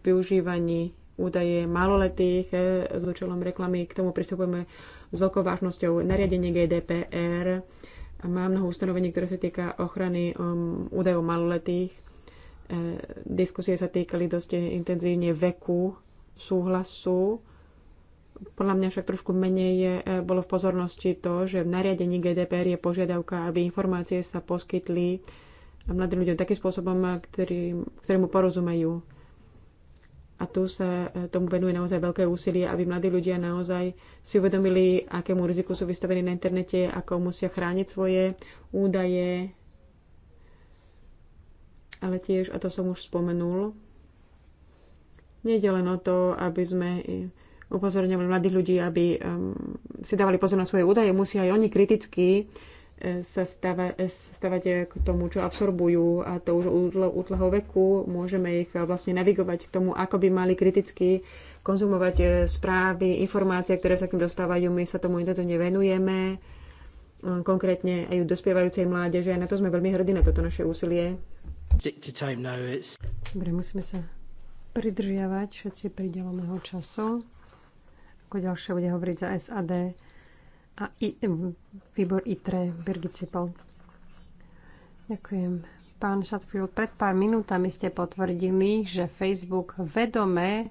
využívaní údaje maloletých e, s účelom reklamy. K tomu pristupujeme s veľkou vážnosťou nariadenie GDPR má mnoho ustanovení, ktoré sa týka ochrany um, údajov maloletých. E, diskusie sa týkali dosť intenzívne veku, súhlasu. Podľa mňa však trošku menej je, e, bolo v pozornosti to, že v nariadení GDPR je požiadavka, aby informácie sa poskytli mladým ľuďom takým spôsobom, ktorý, ktorému porozumejú. A tu sa e, tomu venuje naozaj veľké úsilie, aby mladí ľudia naozaj si uvedomili, akému riziku sú vystavení na internete, ako musia chrániť svoje údaje. Ale tiež, a to som už spomenul, nejde len o to, aby sme e, upozorňovali mladých ľudí, aby um, si dávali pozor na svoje údaje, musia aj oni kriticky sa stava, k tomu, čo absorbujú a to už útleho veku môžeme ich e, vlastne navigovať k tomu, ako by mali kriticky konzumovať e, správy, informácie, ktoré sa k ním dostávajú. My sa tomu intenzívne venujeme, e, konkrétne aj u dospievajúcej mládeže. Na to sme veľmi hrdí, na toto naše úsilie. Dobre, musíme sa pridržiavať všetci pridelomého času. Ako ďalšie bude hovoriť za SAD a I, výbor ITRE Birgit Ďakujem. Pán Satfield, pred pár minútami ste potvrdili, že Facebook vedome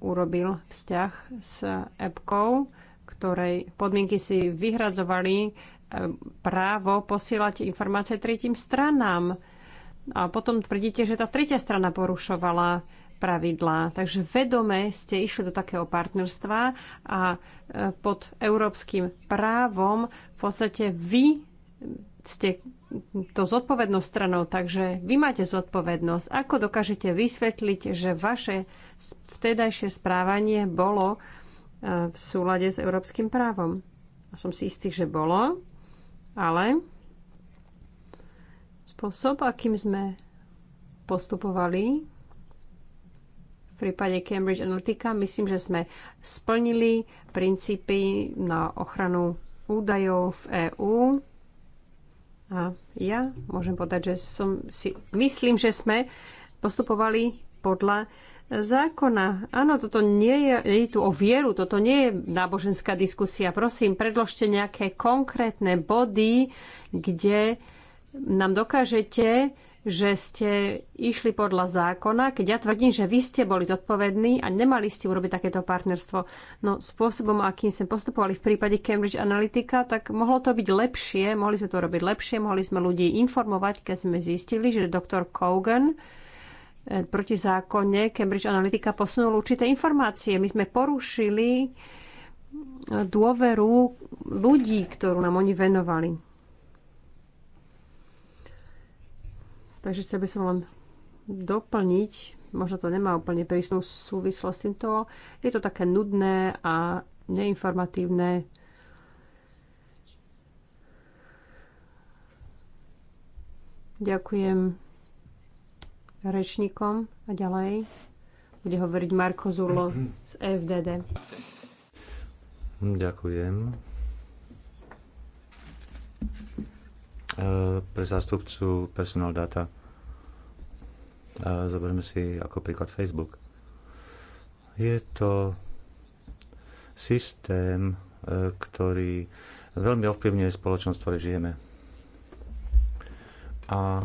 urobil vzťah s appkou, ktorej podmienky si vyhradzovali právo posielať informácie tretím stranám. A potom tvrdíte, že tá tretia strana porušovala pravidlá. Takže vedome ste išli do takého partnerstva a e, pod európskym právom v podstate vy ste to zodpovednou stranou, takže vy máte zodpovednosť. Ako dokážete vysvetliť, že vaše vtedajšie správanie bolo e, v súlade s európskym právom? A som si istý, že bolo, ale spôsob, akým sme postupovali v prípade Cambridge Analytica myslím, že sme splnili princípy na ochranu údajov v EÚ. A ja môžem povedať, že som si, myslím, že sme postupovali podľa zákona. Áno, toto nie je, je tu o vieru, toto nie je náboženská diskusia. Prosím, predložte nejaké konkrétne body, kde nám dokážete že ste išli podľa zákona, keď ja tvrdím, že vy ste boli zodpovední a nemali ste urobiť takéto partnerstvo. No spôsobom, akým sme postupovali v prípade Cambridge Analytica, tak mohlo to byť lepšie, mohli sme to robiť lepšie, mohli sme ľudí informovať, keď sme zistili, že doktor Kogan eh, proti zákone Cambridge Analytica posunul určité informácie. My sme porušili eh, dôveru ľudí, ktorú nám oni venovali. Takže chcel by som len doplniť, možno to nemá úplne prísnu súvislosť s týmto, je to také nudné a neinformatívne. Ďakujem rečníkom a ďalej bude hovoriť Marko Zulo z FDD. Ďakujem. Eh, pre zástupcu personal data. Zoberme si ako príklad Facebook. Je to systém, eh, ktorý veľmi ovplyvňuje spoločnosť, v ktorej žijeme. A eh,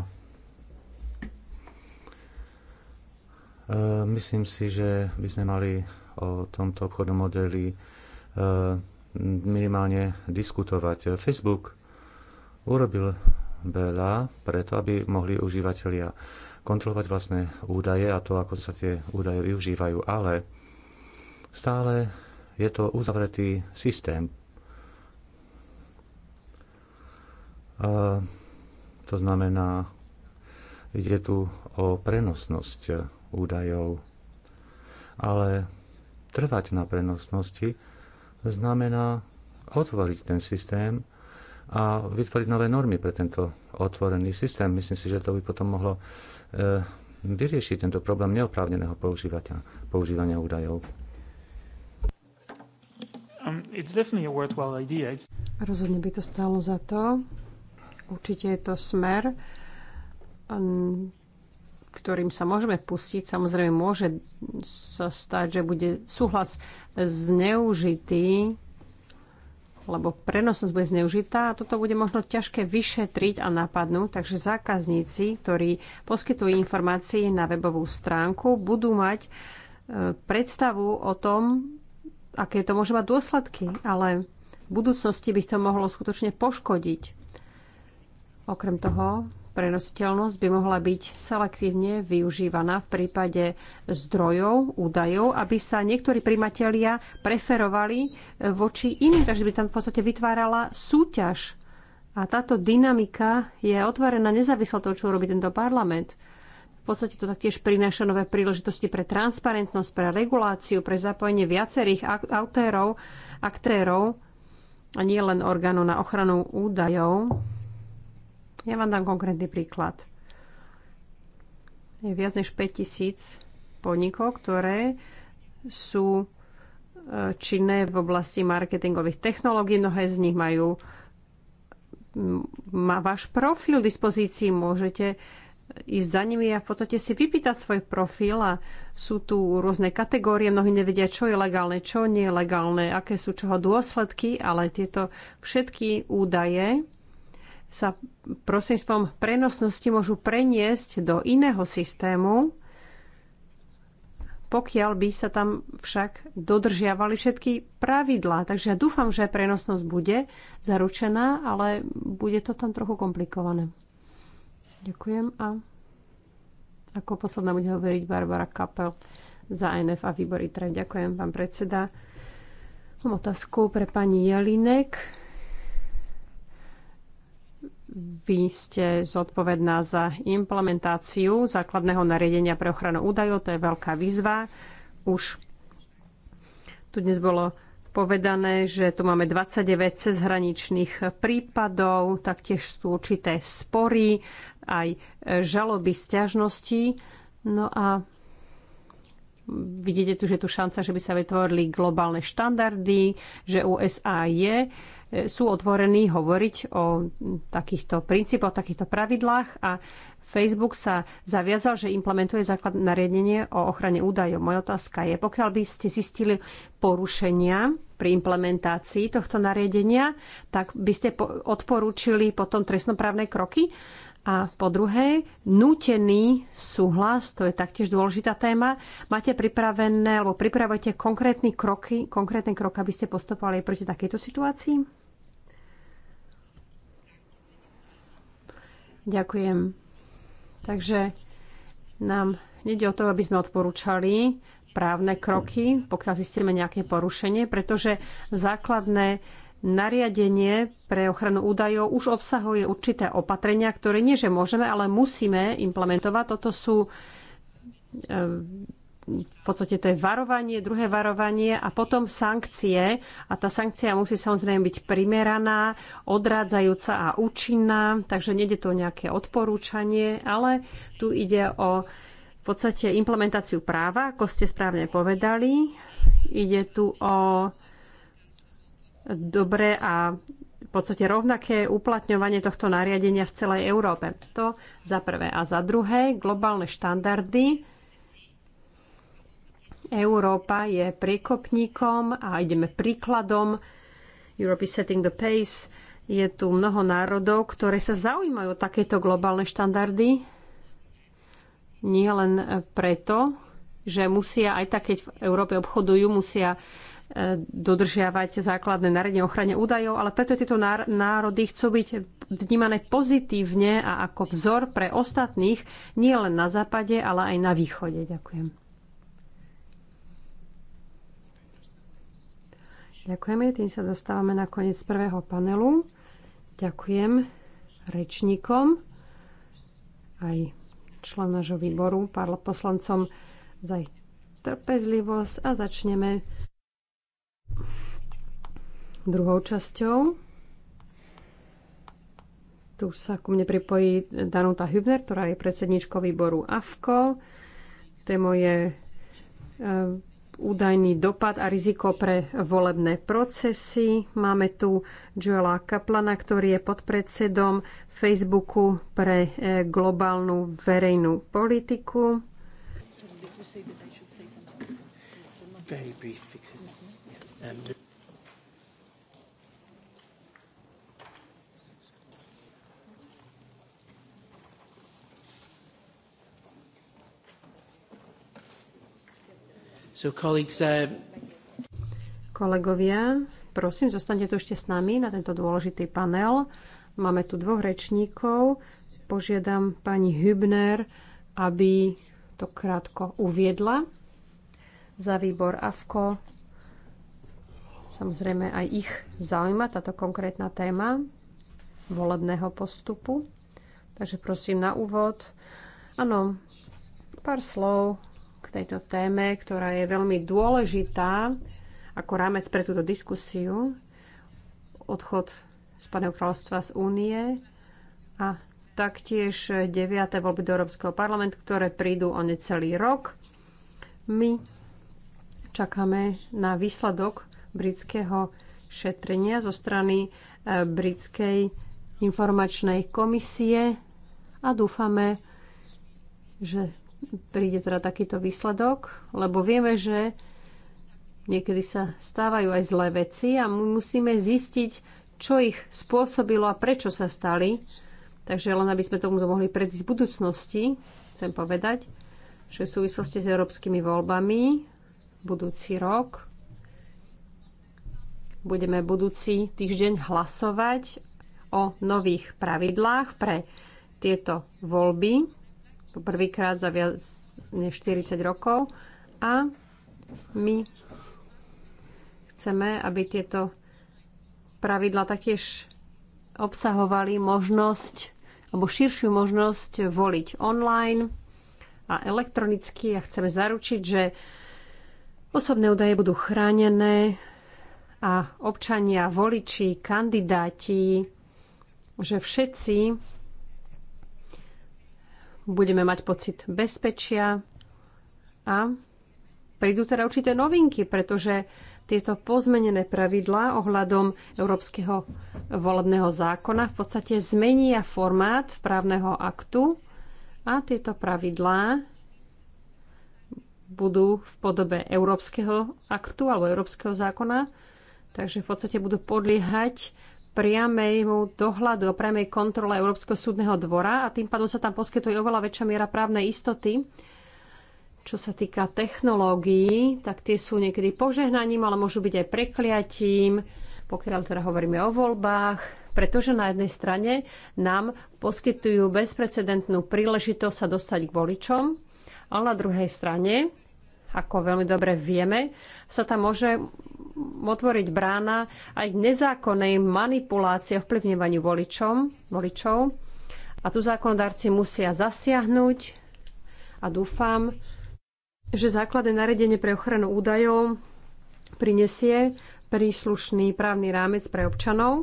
myslím si, že by sme mali o tomto obchodnom modeli minimálne diskutovať. Facebook urobil veľa preto, aby mohli užívateľia kontrolovať vlastné údaje a to, ako sa tie údaje využívajú, ale stále je to uzavretý systém. A to znamená, ide tu o prenosnosť údajov, ale trvať na prenosnosti znamená otvoriť ten systém a vytvoriť nové normy pre tento otvorený systém. Myslím si, že to by potom mohlo e, vyriešiť tento problém neoprávneného používania, údajov. Um, Rozhodne by to stalo za to. Určite je to smer, um, ktorým sa môžeme pustiť. Samozrejme, môže sa stať, že bude súhlas zneužitý lebo prenosnosť bude zneužitá a toto bude možno ťažké vyšetriť a napadnúť, takže zákazníci, ktorí poskytujú informácie na webovú stránku, budú mať e, predstavu o tom, aké to môže mať dôsledky, ale v budúcnosti by to mohlo skutočne poškodiť. Okrem toho, Prenositeľnosť by mohla byť selektívne využívaná v prípade zdrojov, údajov, aby sa niektorí primatelia preferovali eh, voči iným, takže by tam v podstate vytvárala súťaž. A táto dynamika je otvorená nezávisle toho, čo robí tento parlament. V podstate to taktiež prináša nové príležitosti pre transparentnosť, pre reguláciu, pre zapojenie viacerých autérov, aktérov a nie len orgánov na ochranu údajov. Ja vám dám konkrétny príklad. Je viac než 5000 podnikov, ktoré sú e, činné v oblasti marketingových technológií. Mnohé z nich majú má váš profil v dispozícii, môžete e, ísť za nimi a v podstate si vypýtať svoj profil a sú tu rôzne kategórie, mnohí nevedia, čo je legálne, čo nie je legálne, aké sú čoho dôsledky, ale tieto všetky údaje sa prostredstvom prenosnosti môžu preniesť do iného systému, pokiaľ by sa tam však dodržiavali všetky pravidlá. Takže ja dúfam, že prenosnosť bude zaručená, ale bude to tam trochu komplikované. Ďakujem a ako posledná bude hovoriť Barbara Kapel za NF a výbory 3. E. Ďakujem, pán predseda. Mám otázku pre pani Jelinek vy ste zodpovedná za implementáciu základného nariadenia pre ochranu údajov. To je veľká výzva. Už tu dnes bolo povedané, že tu máme 29 cezhraničných prípadov, taktiež sú určité spory, aj e, žaloby, stiažnosti. No a vidíte tu, že je tu šanca, že by sa vytvorili globálne štandardy, že USA je sú otvorení hovoriť o takýchto princípoch, takýchto pravidlách a Facebook sa zaviazal, že implementuje základ nariadenie o ochrane údajov. Moja otázka je, pokiaľ by ste zistili porušenia pri implementácii tohto nariadenia, tak by ste odporúčili potom trestnoprávne kroky? A po druhé, nútený súhlas, to je taktiež dôležitá téma. Máte pripravené, alebo pripravujete konkrétne kroky, konkrétne kroky, aby ste postupovali proti takejto situácii? Ďakujem. Takže nám nejde o to, aby sme odporúčali právne kroky, pokiaľ zistíme nejaké porušenie, pretože základné nariadenie pre ochranu údajov už obsahuje určité opatrenia, ktoré nie, že môžeme, ale musíme implementovať. Toto sú v podstate to je varovanie, druhé varovanie a potom sankcie. A tá sankcia musí samozrejme byť primeraná, odrádzajúca a účinná, takže nejde to o nejaké odporúčanie, ale tu ide o v podstate implementáciu práva, ako ste správne povedali. Ide tu o dobré a v podstate rovnaké uplatňovanie tohto nariadenia v celej Európe. To za prvé. A za druhé, globálne štandardy Európa je príkopníkom a ideme príkladom. Europe is setting the pace. Je tu mnoho národov, ktoré sa zaujímajú o takéto globálne štandardy. Nie len preto, že musia, aj tak keď v Európe obchodujú, musia e, dodržiavať základné nariadenie ochrane údajov, ale preto tieto národy chcú byť vnímané pozitívne a ako vzor pre ostatných, nie len na západe, ale aj na východe. Ďakujem. Ďakujeme, tým sa dostávame na koniec prvého panelu. Ďakujem rečníkom aj člen nášho výboru, pár poslancom za ich trpezlivosť a začneme druhou časťou. Tu sa ku mne pripojí Danuta Hübner, ktorá je predsedničkou výboru AFKO. Témou je e, údajný dopad a riziko pre volebné procesy. Máme tu Joela Kaplana, ktorý je podpredsedom Facebooku pre e, globálnu verejnú politiku. Very brief because, um, Uh, Kolegovia, prosím, zostaňte tu ešte s nami na tento dôležitý panel. Máme tu dvoch rečníkov. Požiadam pani Hübner, aby to krátko uviedla za výbor AFKO. Samozrejme aj ich zaujíma táto konkrétna téma volebného postupu. Takže prosím na úvod. Áno, pár slov k tejto téme, ktorá je veľmi dôležitá ako rámec pre túto diskusiu. Odchod Spojeného kráľovstva z únie a taktiež 9. voľby do Európskeho parlamentu, ktoré prídu o necelý rok. My čakáme na výsledok britského šetrenia zo strany e, britskej informačnej komisie a dúfame, že príde teda takýto výsledok, lebo vieme, že niekedy sa stávajú aj zlé veci a my musíme zistiť, čo ich spôsobilo a prečo sa stali. Takže len aby sme tomu mohli predísť v budúcnosti, chcem povedať, že v súvislosti s európskymi voľbami budúci rok budeme budúci týždeň hlasovať o nových pravidlách pre tieto voľby. Prvýkrát za viac než 40 rokov a my chceme, aby tieto pravidla taktiež obsahovali možnosť alebo širšiu možnosť voliť online a elektronicky a chceme zaručiť, že osobné údaje budú chránené a občania, voliči, kandidáti, že všetci budeme mať pocit bezpečia a prídu teda určité novinky, pretože tieto pozmenené pravidlá ohľadom Európskeho volebného zákona v podstate zmenia formát právneho aktu a tieto pravidlá budú v podobe Európskeho aktu alebo Európskeho zákona, takže v podstate budú podliehať priamému dohľadu, o priamej kontrole Európskeho súdneho dvora a tým pádom sa tam poskytuje oveľa väčšia miera právnej istoty. Čo sa týka technológií, tak tie sú niekedy požehnaním, ale môžu byť aj prekliatím, pokiaľ teda hovoríme o voľbách, pretože na jednej strane nám poskytujú bezprecedentnú príležitosť sa dostať k voličom, ale na druhej strane, ako veľmi dobre vieme, sa tam môže otvoriť brána aj k nezákonnej manipulácii a vplyvňovaniu voličom, voličov. A tu zákonodárci musia zasiahnuť a dúfam, že základné naredenie pre ochranu údajov prinesie príslušný právny rámec pre občanov,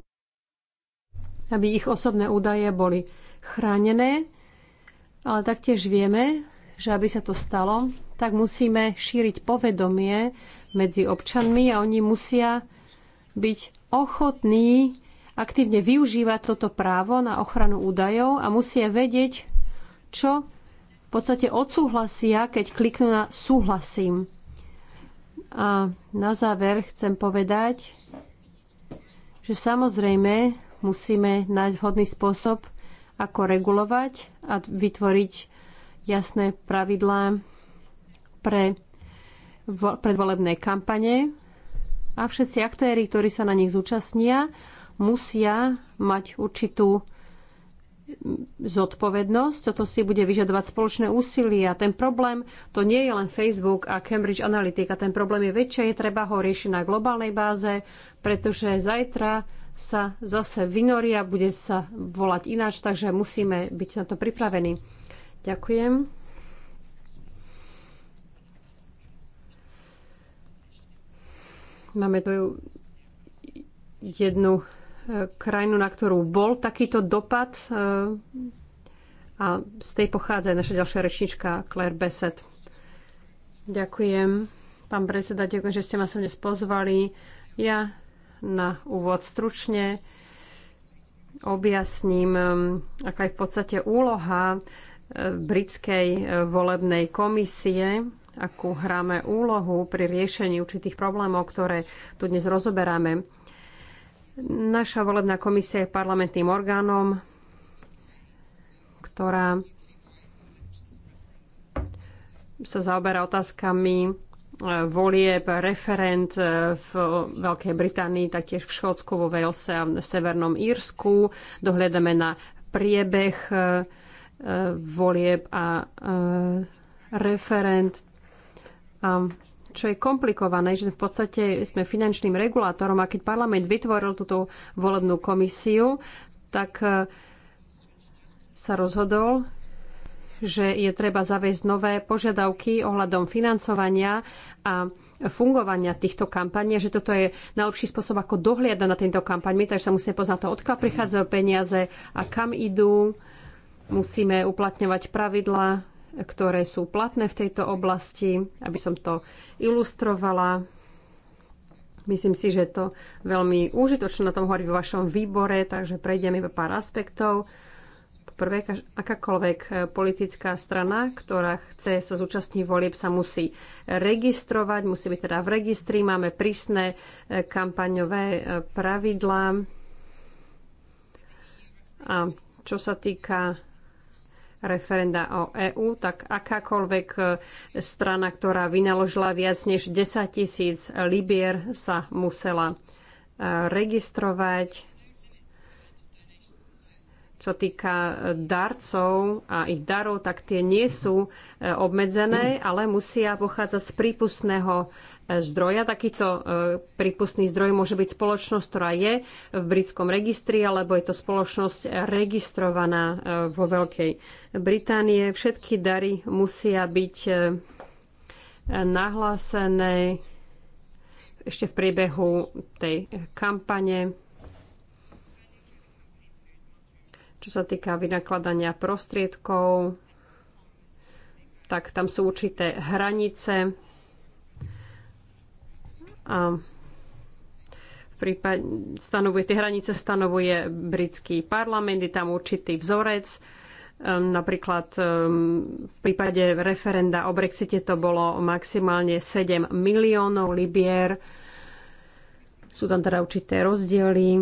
aby ich osobné údaje boli chránené, ale taktiež vieme, že aby sa to stalo, tak musíme šíriť povedomie medzi občanmi a oni musia byť ochotní aktívne využívať toto právo na ochranu údajov a musia vedieť, čo v podstate odsúhlasia, keď kliknú na súhlasím. A na záver chcem povedať, že samozrejme musíme nájsť vhodný spôsob, ako regulovať a vytvoriť jasné pravidlá pre predvolebné kampane a všetci aktéry, ktorí sa na nich zúčastnia, musia mať určitú zodpovednosť. Toto si bude vyžadovať spoločné úsilie. A ten problém to nie je len Facebook a Cambridge Analytica. Ten problém je väčší, je treba ho riešiť na globálnej báze, pretože zajtra sa zase vynoria, bude sa volať ináč, takže musíme byť na to pripravení. Ďakujem. Máme tu jednu e, krajinu, na ktorú bol takýto dopad e, a z tej pochádza aj naša ďalšia rečnička Claire Besset. Ďakujem. Pán predseda, ďakujem, že ste ma sa dnes pozvali. Ja na úvod stručne objasním, e, aká je v podstate úloha britskej e, volebnej komisie, akú hráme úlohu pri riešení určitých problémov, ktoré tu dnes rozoberáme. Naša volebná komisia je parlamentným orgánom, ktorá sa zaoberá otázkami e, volieb, referent e, v Veľkej Británii, taktiež v Škótsku, vo Walese a v Severnom Írsku. Dohľadáme na priebeh volieb a e, referent. A čo je komplikované, že v podstate sme finančným regulátorom a keď parlament vytvoril túto volebnú komisiu, tak e, sa rozhodol, že je treba zaviesť nové požiadavky ohľadom financovania a fungovania týchto kampaní, že toto je najlepší spôsob, ako dohliadať na týmto kampaň, takže sa musíme poznať to, odkiaľ prichádzajú peniaze a kam idú musíme uplatňovať pravidlá, ktoré sú platné v tejto oblasti, aby som to ilustrovala. Myslím si, že to veľmi užitočné na tom hovorí vo vašom výbore, takže prejdeme iba pár aspektov. Prvé, akákoľvek e, politická strana, ktorá chce sa zúčastniť volieb, sa musí registrovať, musí byť teda v registri, máme prísne e, kampaňové e, pravidlá. A čo sa týka referenda o EÚ, tak akákoľvek e, strana, ktorá vynaložila viac než 10 tisíc libier, sa musela e, registrovať. Čo týka e, darcov a ich darov, tak tie nie sú obmedzené, ale musia pochádzať z prípustného zdroja. Takýto e, prípustný zdroj môže byť spoločnosť, ktorá je v britskom registri, alebo je to spoločnosť registrovaná e, vo Veľkej Británie. Všetky dary musia byť e, nahlásené ešte v priebehu tej kampane. Čo sa týka vynakladania prostriedkov, tak tam sú určité hranice a v prípade, stanovuje, tie hranice stanovuje britský parlament, je tam určitý vzorec. Ehm, napríklad ehm, v prípade referenda o Brexite to bolo maximálne 7 miliónov libier. Sú tam teda určité rozdiely.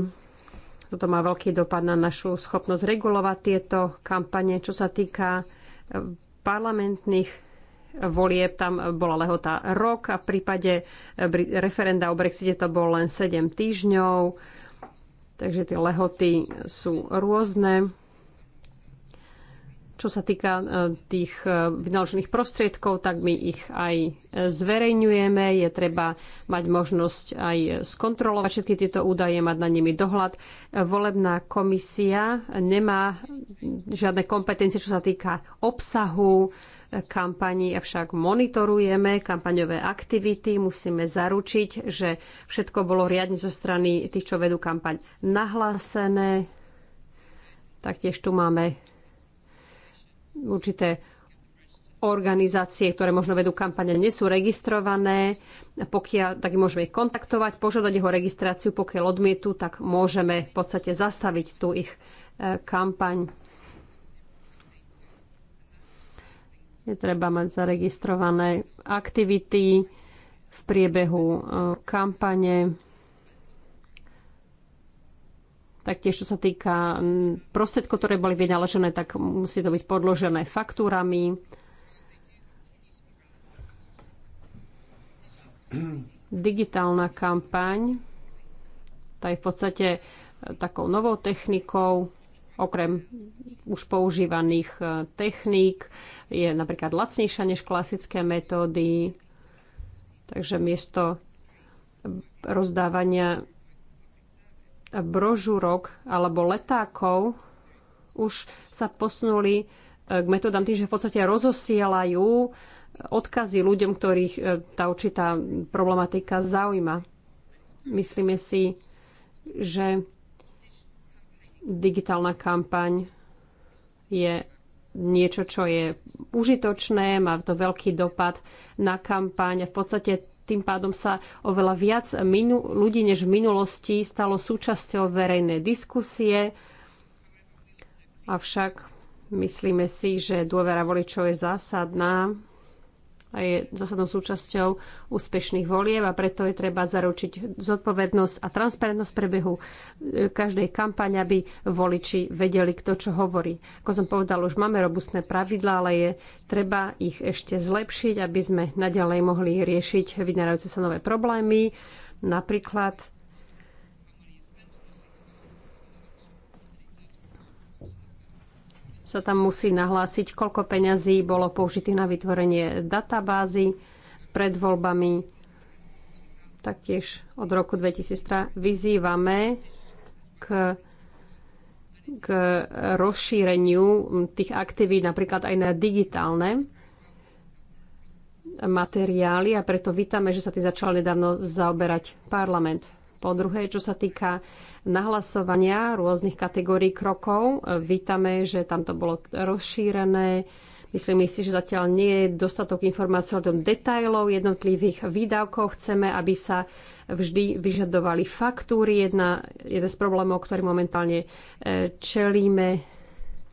Toto má veľký dopad na našu schopnosť regulovať tieto kampane. Čo sa týka ehm, parlamentných volieb tam bola lehota rok a v prípade eh, referenda o Brexite to bol len 7 týždňov. Takže tie lehoty sú rôzne. Čo sa týka eh, tých eh, vynaložených prostriedkov, tak my ich aj zverejňujeme. Je treba mať možnosť aj skontrolovať všetky tieto údaje, mať na nimi dohľad. Volebná komisia nemá žiadne kompetencie, čo sa týka obsahu kampani, však monitorujeme kampaňové aktivity, musíme zaručiť, že všetko bolo riadne zo strany tých, čo vedú kampaň nahlásené. Taktiež tu máme určité organizácie, ktoré možno vedú kampane, nie sú registrované. Pokiaľ, tak môžeme ich kontaktovať, požiadať jeho registráciu. Pokiaľ odmietu, tak môžeme v podstate zastaviť tú ich eh, kampaň. je treba mať zaregistrované aktivity v priebehu e, kampane. Taktiež, čo sa týka prostriedkov, ktoré boli vynaložené, tak musí to byť podložené faktúrami. Digitálna kampaň, tá je v podstate e, takou novou technikou, Okrem už používaných e, techník je napríklad lacnejšia než klasické metódy. Takže miesto rozdávania brožúrok alebo letákov už sa posunuli e, k metodám tým, že v podstate rozosielajú e, odkazy ľuďom, ktorých tá určitá problematika zaujíma. Myslíme si, že Digitálna kampaň je niečo, čo je užitočné, má to veľký dopad na kampaň a v podstate tým pádom sa oveľa viac minu- ľudí než v minulosti stalo súčasťou verejnej diskusie. Avšak myslíme si, že dôvera voličov je zásadná a je zásadnou súčasťou úspešných volieb a preto je treba zaručiť zodpovednosť a transparentnosť prebehu e, každej kampane, aby voliči vedeli, kto čo hovorí. Ako som povedal, už máme robustné pravidlá, ale je treba ich ešte zlepšiť, aby sme naďalej mohli riešiť vynárajúce sa nové problémy, napríklad sa tam musí nahlásiť, koľko peňazí bolo použitých na vytvorenie databázy pred voľbami. Taktiež od roku 2003 vyzývame k, k rozšíreniu tých aktivít napríklad aj na digitálne materiály a preto vítame, že sa tým začal nedávno zaoberať parlament. Po druhé, čo sa týka nahlasovania rôznych kategórií krokov, vítame, že tam to bolo rozšírené. Myslím si, že zatiaľ nie je dostatok informácií o tom detajlov jednotlivých výdavkov. Chceme, aby sa vždy vyžadovali faktúry. Jedna, jeden z problémov, ktorý momentálne e, čelíme,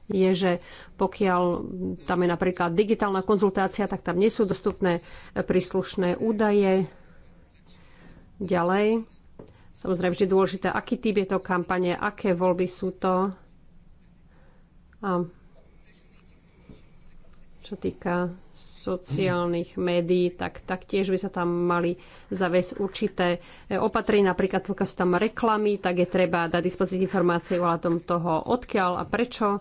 je, že pokiaľ tam je napríklad digitálna konzultácia, tak tam nie sú dostupné e, príslušné údaje. Ďalej Samozrejme, vždy dôležité, aký typ je to kampane, aké voľby sú to. A čo týka sociálnych médií, tak taktiež by sa tam mali zaviesť určité e, opatrenia. Napríklad, pokiaľ sú tam reklamy, tak je treba dať dispozícii informácie o tom toho, odkiaľ a prečo e,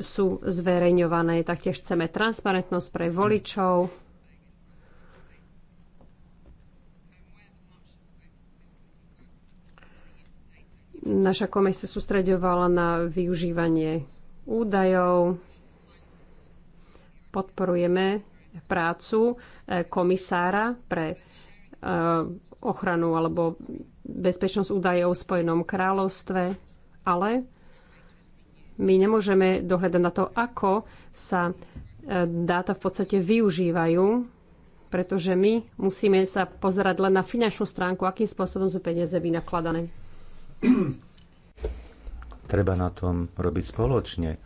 sú zverejňované. Taktiež chceme transparentnosť pre voličov Naša komisia sústreďovala na využívanie údajov. Podporujeme prácu eh, komisára pre eh, ochranu alebo bezpečnosť údajov v Spojenom kráľovstve, ale my nemôžeme dohľadať na to, ako sa eh, dáta v podstate využívajú, pretože my musíme sa pozerať len na finančnú stránku, akým spôsobom sú peniaze vynakladané. Treba na tom robiť spoločne. E,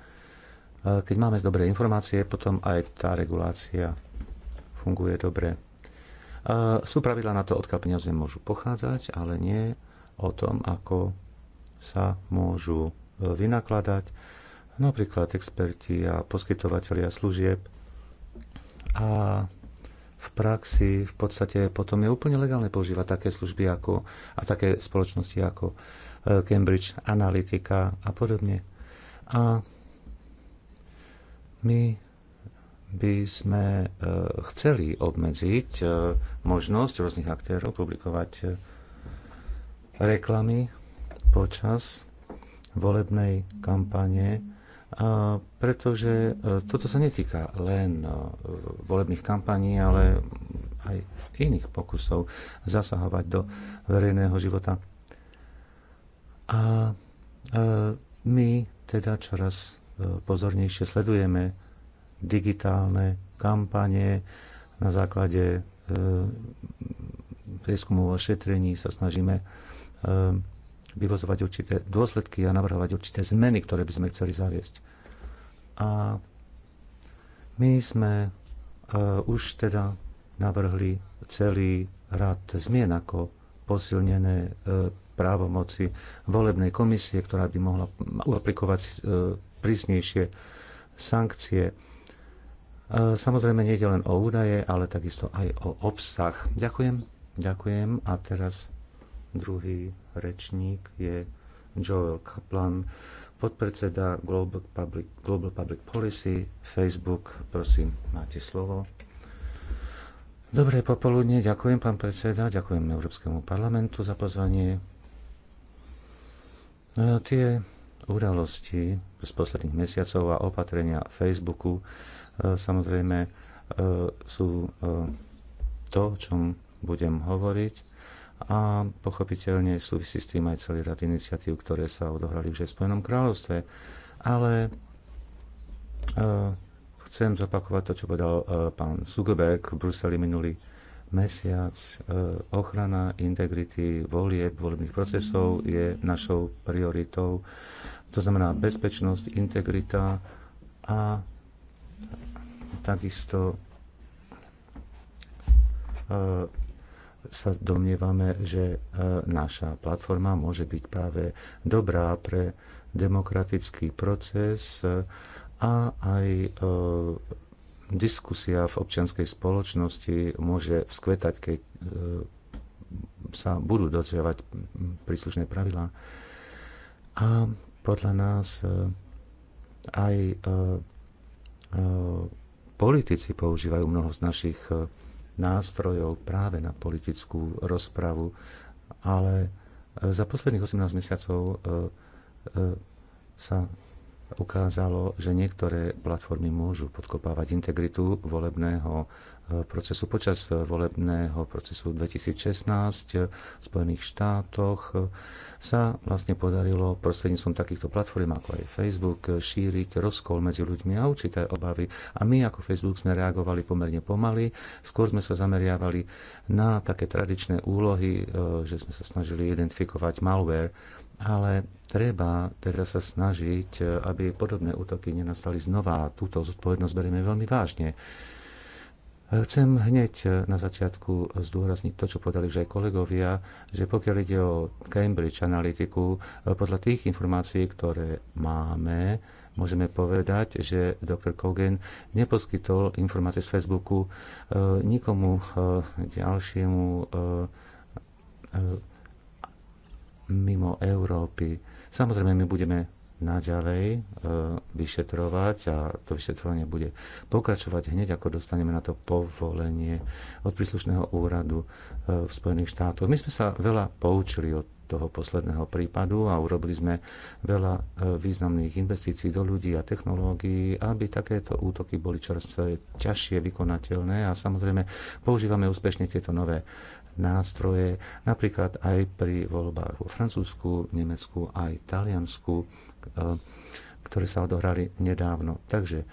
keď máme dobré informácie, potom aj tá regulácia funguje dobre. E, sú pravidla na to, odkiaľ peniaze môžu pochádzať, ale nie o tom, ako sa môžu e, vynakladať. Napríklad experti a poskytovateľia služieb. A v praxi v podstate potom je úplne legálne používať také služby ako, a také spoločnosti ako E, Cambridge Analytica a podobne. A my by sme e, chceli obmedziť e, možnosť rôznych aktérov publikovať reklamy počas volebnej kampane, pretože toto sa netýka len volebných kampaní, ale aj iných pokusov zasahovať do verejného života a e, my teda čoraz e, pozornejšie sledujeme digitálne kampanie na základe e, prieskumov a šetrení sa snažíme vyvozovať určité dôsledky a navrhovať určité zmeny, ktoré by sme chceli zaviesť. A my sme už teda navrhli celý rad zmien ako posilnené právomoci volebnej komisie, ktorá by mohla aplikovať e, prísnejšie sankcie. E, samozrejme, nejde len o údaje, ale takisto aj o obsah. Ďakujem. Ďakujem. A teraz druhý rečník je Joel Kaplan, podpredseda Global Public, Global Public Policy, Facebook. Prosím, máte slovo. Dobré popoludne, ďakujem pán predseda, ďakujem Európskemu parlamentu za pozvanie No, tie udalosti z posledných mesiacov a opatrenia Facebooku e, samozrejme e, sú e, to, o čom budem hovoriť a pochopiteľne súvisí s tým aj celý rad iniciatív, ktoré sa odohrali už v Spojenom kráľovstve. Ale chcem zopakovať to, čo povedal pán Zuckerberg v Bruseli minulý mesiac e, ochrana integrity volieb, volebných procesov je našou prioritou. To znamená bezpečnosť, integrita a takisto e, sa domnievame, že e, naša platforma môže byť práve dobrá pre demokratický proces a aj diskusia v občianskej spoločnosti môže vzkvetať, keď e, sa budú dodržiavať príslušné pravidlá. A podľa nás e, aj e, politici používajú mnoho z našich nástrojov práve na politickú rozpravu, ale za posledných 18 mesiacov sa ukázalo, že niektoré platformy môžu podkopávať integritu volebného e, procesu. Počas e, volebného procesu 2016 e, v Spojených štátoch sa vlastne podarilo prostredníctvom takýchto platform ako aj Facebook šíriť rozkol medzi ľuďmi a určité obavy. A my ako Facebook sme reagovali pomerne pomaly, skôr sme sa zameriavali na také tradičné úlohy, že sme sa snažili identifikovať malware, ale treba teraz sa snažiť, aby podobné útoky nenastali znova. Túto zodpovednosť berieme veľmi vážne. Chcem hneď na začiatku zdôrazniť to, čo povedali že aj kolegovia, že pokiaľ ide o Cambridge analytiku, podľa tých informácií, ktoré máme, môžeme povedať, že dr. Kogen neposkytol informácie z Facebooku e, nikomu e, ďalšiemu e, mimo Európy. Samozrejme, my budeme naďalej e, vyšetrovať a to vyšetrovanie bude pokračovať hneď, ako dostaneme na to povolenie od príslušného úradu e, v Spojených štátoch. My sme sa veľa poučili od toho posledného prípadu a urobili sme veľa e, významných investícií do ľudí a technológií, aby takéto útoky boli čoraz ťažšie vykonateľné a samozrejme používame úspešne tieto nové nástroje, napríklad aj pri voľbách vo Francúzsku, Nemecku a Taliansku, eh, ktoré sa odohrali nedávno. Takže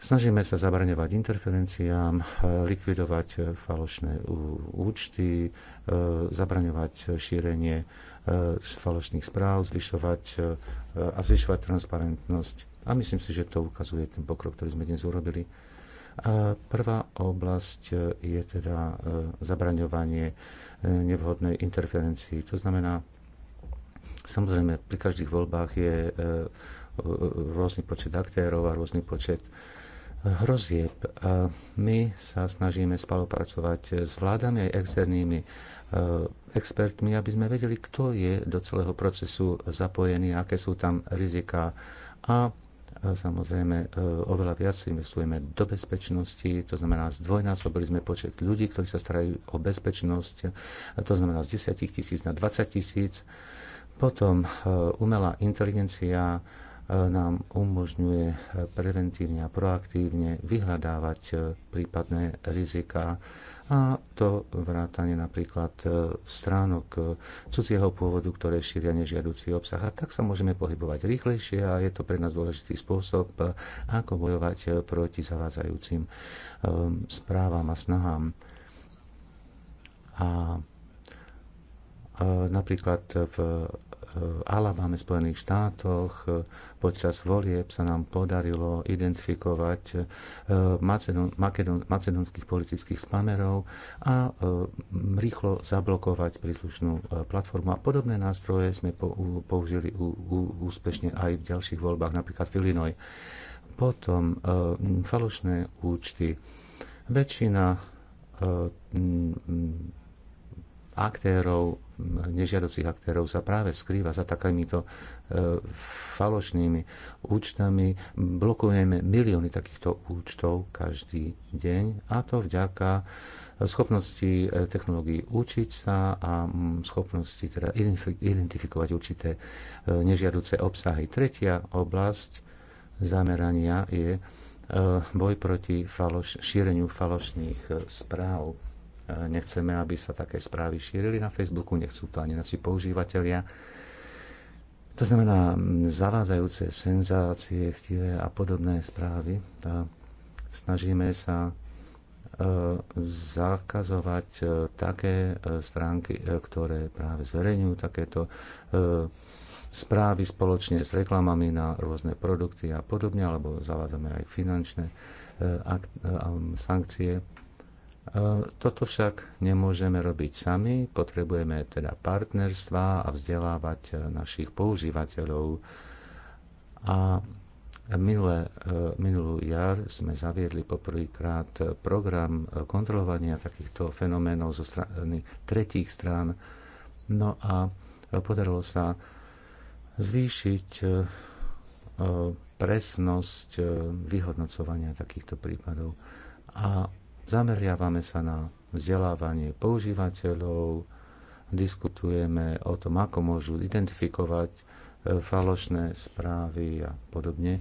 snažíme sa zabraňovať interferenciám, eh, likvidovať eh, falošné účty, zabraňovať šírenie falošných správ, zvyšovať a zvyšovať transparentnosť. A myslím si, že to ukazuje ten pokrok, ktorý sme dnes urobili. A prvá oblasť e, je teda e, zabraňovanie e, nevhodnej interferencii. To znamená, samozrejme, pri každých voľbách je rôzny počet aktérov a rôzny počet hrozieb. A my sa snažíme spolupracovať s vládami aj externými expertmi, aby sme vedeli, kto je do celého procesu zapojený, aké sú tam rizika a Samozrejme, e, oveľa viac investujeme do bezpečnosti, to znamená zdvojnásobili sme počet ľudí, ktorí sa starajú o bezpečnosť, to znamená z 10 tisíc na 20 tisíc. Potom e, umelá inteligencia e, nám umožňuje preventívne a proaktívne vyhľadávať prípadné rizika a to vrátanie napríklad e, stránok e, cudzieho pôvodu, ktoré šíria nežiaducí obsah. A tak sa môžeme pohybovať rýchlejšie a je to pre nás dôležitý spôsob, e, ako bojovať proti zavádzajúcim správam a snahám. A napríklad v Eh, Alabame, Spojených štátoch eh, počas volieb sa nám podarilo identifikovať eh, macedónskych politických spamerov a rýchlo zablokovať príslušnú platformu. A podobné nástroje sme použili úspešne aj v ďalších voľbách, napríklad v Illinois. Potom falošné účty. Väčšina aktérov, nežiaducich aktérov sa práve skrýva za takýmito e, falošnými účtami. Blokujeme milióny takýchto účtov každý deň a to vďaka schopnosti e, technológií učiť sa a mm, schopnosti teda identifikovať určité e, nežiaduce obsahy. Tretia oblasť zamerania je boj proti faloš- šíreniu falošných správ Nechceme, aby sa také správy šírili na Facebooku, nechcú to ani naši používateľia. To znamená zavádzajúce senzácie, chtivé a podobné správy. A snažíme sa e, zakazovať e, také e, stránky, ktoré práve zverejňujú takéto správy spoločne s reklamami na rôzne produkty a podobne, alebo zavádzame aj finančné sankcie toto však nemôžeme robiť sami, potrebujeme teda partnerstva a vzdelávať e, našich používateľov. A minulé, e, minulú jar sme zaviedli poprvýkrát program kontrolovania takýchto fenoménov zo strany tretích strán. No a podarilo sa zvýšiť e, presnosť vyhodnocovania takýchto prípadov. A Zameriavame sa na vzdelávanie používateľov, diskutujeme o tom, ako môžu identifikovať e, falošné správy a podobne.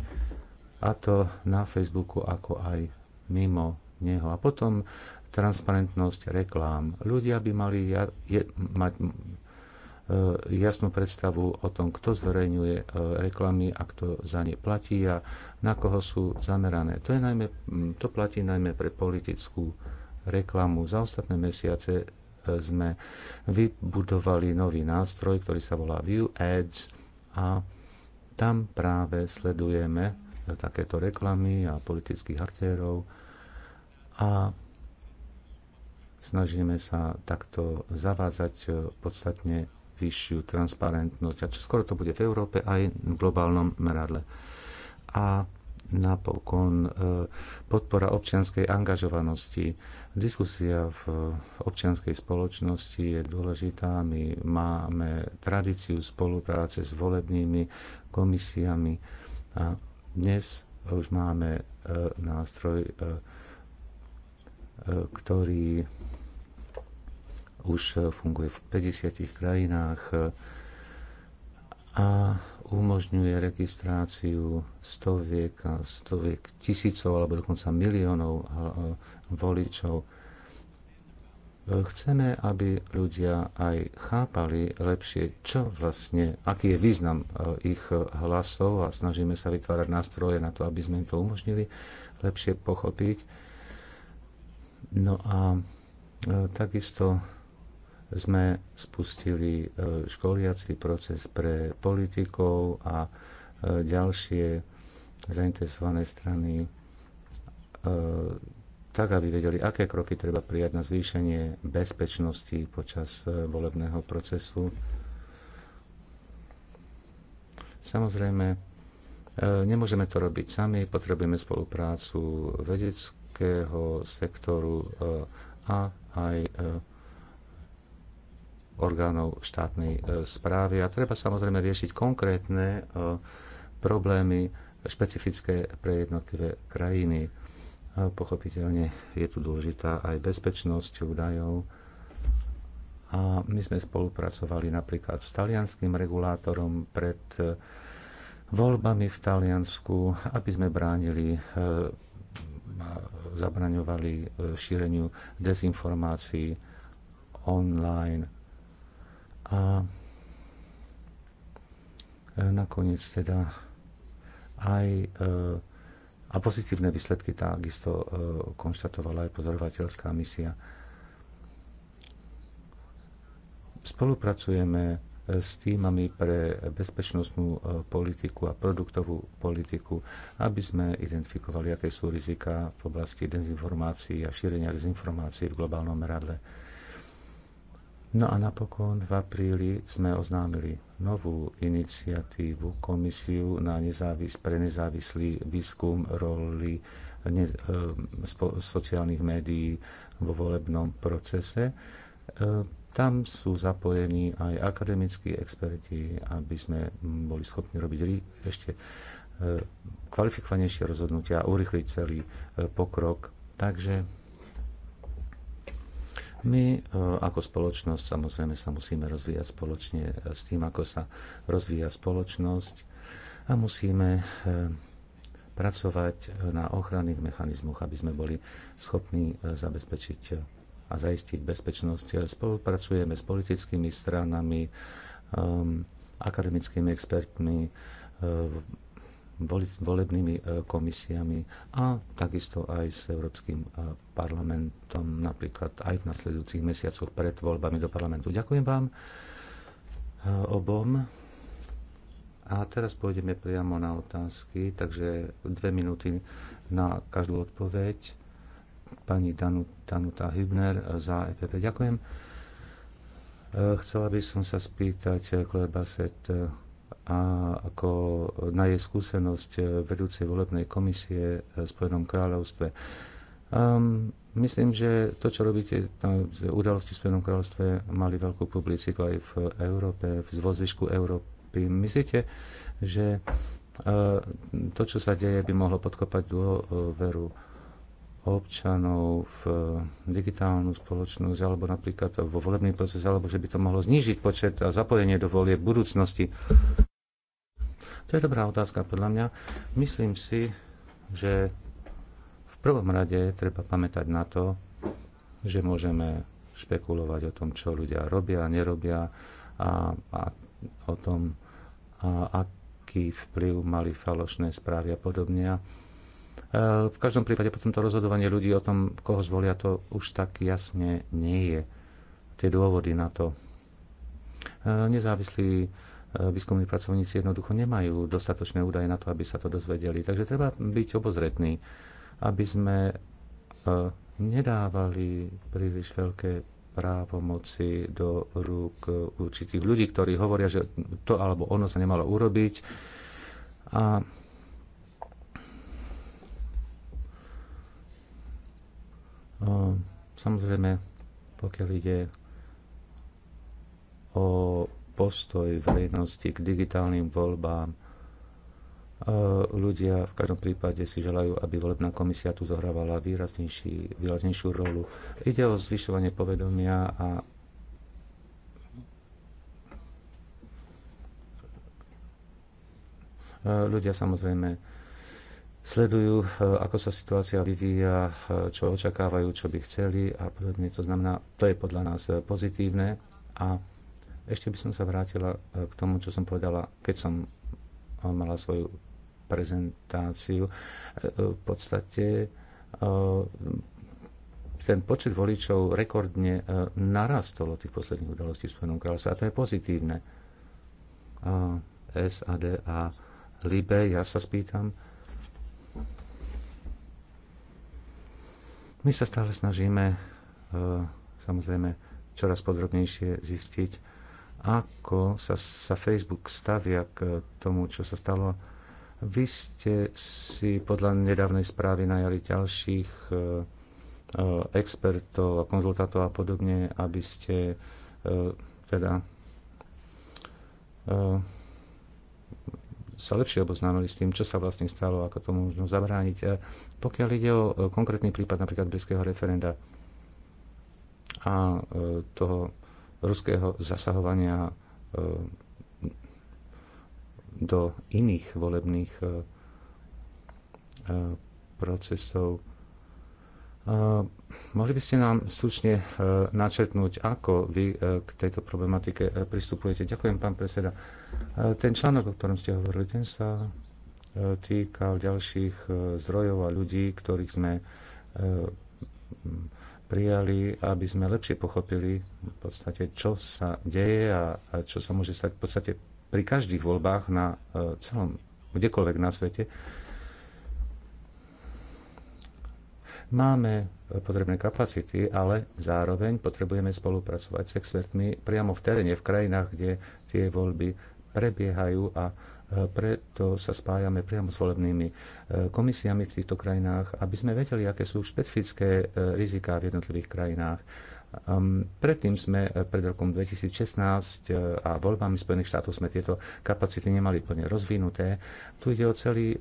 A to na Facebooku, ako aj mimo neho. A potom transparentnosť reklám. Ľudia by mali ja, je, mať E, jasnú predstavu o tom, kto zverejňuje e, reklamy a kto za ne platí a na koho sú zamerané. To, je najmä, to platí najmä pre politickú reklamu. Za ostatné mesiace e, sme vybudovali nový nástroj, ktorý sa volá View Ads a tam práve sledujeme takéto reklamy a politických aktérov a snažíme sa takto zavádzať podstatne vyššiu transparentnosť. A čo skoro to bude v Európe aj v globálnom meradle. A napokon e, podpora občianskej angažovanosti. Diskusia v občianskej spoločnosti je dôležitá. My máme tradíciu spolupráce s volebnými komisiami a dnes už máme e, nástroj, e, ktorý už eh, funguje v 50 krajinách eh, a umožňuje registráciu stoviek a stoviek tisícov alebo dokonca miliónov eh, voličov. Chceme, aby ľudia aj chápali lepšie, čo vlastne, aký je význam ich hlasov a snažíme sa vytvárať nástroje na to, aby sme im to umožnili lepšie pochopiť. No a takisto sme spustili e, školiaci proces pre politikov a e, ďalšie zainteresované strany e, tak, aby vedeli, aké kroky treba prijať na zvýšenie bezpečnosti počas volebného procesu. Samozrejme, nemôžeme to robiť sami, potrebujeme spoluprácu vedeckého sektoru a aj orgánov štátnej e, správy. A treba samozrejme riešiť konkrétne e, problémy špecifické pre jednotlivé krajiny. E, pochopiteľne je tu dôležitá aj bezpečnosť údajov. A my sme spolupracovali napríklad s talianským regulátorom pred voľbami v Taliansku, aby sme bránili zabraňovali šíreniu dezinformácií online. A e, nakoniec teda aj e, a pozitívne výsledky takisto e, konštatovala aj pozorovateľská misia. Spolupracujeme s týmami pre bezpečnostnú politiku a produktovú politiku, aby sme identifikovali, aké sú rizika v oblasti dezinformácií a šírenia dezinformácií v globálnom meradle. No a napokon v apríli sme oznámili novú iniciatívu Komisiu na nezávis, pre nezávislý výskum roli ne, eh, spo, sociálnych médií vo volebnom procese. E, tam sú zapojení aj akademickí experti, aby sme boli schopní robiť ešte e, kvalifikovanejšie rozhodnutia a urychliť celý e, pokrok. Takže my e, ako spoločnosť samozrejme sa musíme rozvíjať spoločne s tým, ako sa rozvíja spoločnosť a musíme e, pracovať na ochranných mechanizmoch, aby sme boli schopní e, zabezpečiť a zaistiť bezpečnosť. Spolupracujeme s politickými stranami, akademickými expertmi, volebnými e, komisiami a takisto aj s Európskym e, parlamentom, napríklad aj v nasledujúcich mesiacoch pred voľbami do parlamentu. Ďakujem vám e, obom. A teraz pôjdeme priamo na otázky, takže dve minúty na každú odpoveď. Pani Danuta Hübner za EPP. Ďakujem. Chcela by som sa spýtať, Claire a ako na jej skúsenosť eh, vedúcej volebnej komisie eh, v Spojenom kráľovstve. Um, myslím, že to, čo robíte na udalosti v Spojenom kráľovstve, mali veľkú publicitu aj v Európe, v zvozvišku Európy. Myslíte, že eh, to, čo sa deje, by mohlo podkopať dôveru občanov v digitálnu spoločnosť alebo napríklad vo volebný proces, alebo že by to mohlo znížiť počet a zapojenie do volie v budúcnosti. To je dobrá otázka podľa mňa. Myslím si, že v prvom rade treba pamätať na to, že môžeme špekulovať o tom, čo ľudia robia, nerobia a, a o tom, a, aký vplyv mali falošné správy a podobne. A, v každom prípade potom to rozhodovanie ľudí o tom, koho zvolia, to už tak jasne nie je. Tie dôvody na to. E, nezávislí E, výskumní pracovníci jednoducho nemajú dostatočné údaje na to, aby sa to dozvedeli. Takže treba byť obozretný, aby sme e, nedávali príliš veľké právomoci do rúk určitých ľudí, ktorí hovoria, že to alebo ono sa nemalo urobiť. A e, samozrejme, pokiaľ ide o postoj verejnosti k digitálnym voľbám. E, ľudia v každom prípade si želajú, aby volebná komisia tu zohrávala výraznejšiu rolu. Ide o zvyšovanie povedomia a e, ľudia samozrejme sledujú, e, ako sa situácia vyvíja, čo očakávajú, čo by chceli a podobne. To znamená, to je podľa nás pozitívne a ešte by som sa vrátila e, k tomu, čo som povedala, keď som e, mala svoju prezentáciu. E, v podstate ten počet voličov rekordne narastol od tých posledných udalostí v Spojenom kráľovstve a to je pozitívne. SAD a Libe, ja sa spýtam, My sa stále snažíme samozrejme čoraz podrobnejšie zistiť, ako sa, sa Facebook stavia k tomu, čo sa stalo. Vy ste si podľa nedávnej správy najali ďalších e, e, expertov a konzultátov a podobne, aby ste e, teda sa lepšie oboznámili s tým, čo sa vlastne stalo, ako tomu možno zabrániť. Pokiaľ ide o konkrétny prípad napríklad britského referenda a toho ruského zasahovania e, do iných volebných e, e, procesov. Mohli by ste nám slušne načetnúť, ako vy k tejto problematike pristupujete. Ďakujem, pán predseda. Ten článok, o ktorom ste hovorili, ten sa týkal ďalších zdrojov a ľudí, ktorých sme prijali, aby sme lepšie pochopili v podstate, čo sa deje a, a čo sa môže stať v podstate pri každých voľbách na e, celom, kdekoľvek na svete. Máme e, potrebné kapacity, ale zároveň potrebujeme spolupracovať s expertmi priamo v teréne, v krajinách, kde tie voľby prebiehajú a preto sa spájame priamo s volebnými e, komisiami v týchto krajinách, aby sme vedeli, aké sú špecifické e, riziká v jednotlivých krajinách. Predtým sme, e, pred rokom 2016 a voľbami Spojených štátov sme tieto kapacity nemali plne rozvinuté. Tu ide o celý,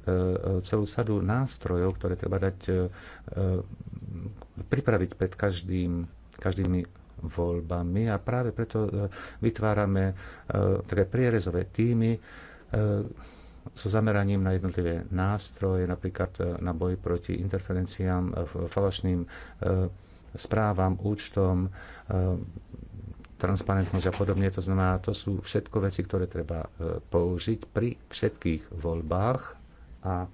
celú sadu nástrojov, ktoré treba dať, pripraviť pred každým, každými voľbami a práve preto vytvárame také prierezové týmy, E, so zameraním na jednotlivé nástroje, napríklad e, na boj proti interferenciám, e, falošným správam, účtom, transparentnosť a podobne. To znamená, to sú všetko veci, ktoré treba použiť pri všetkých voľbách a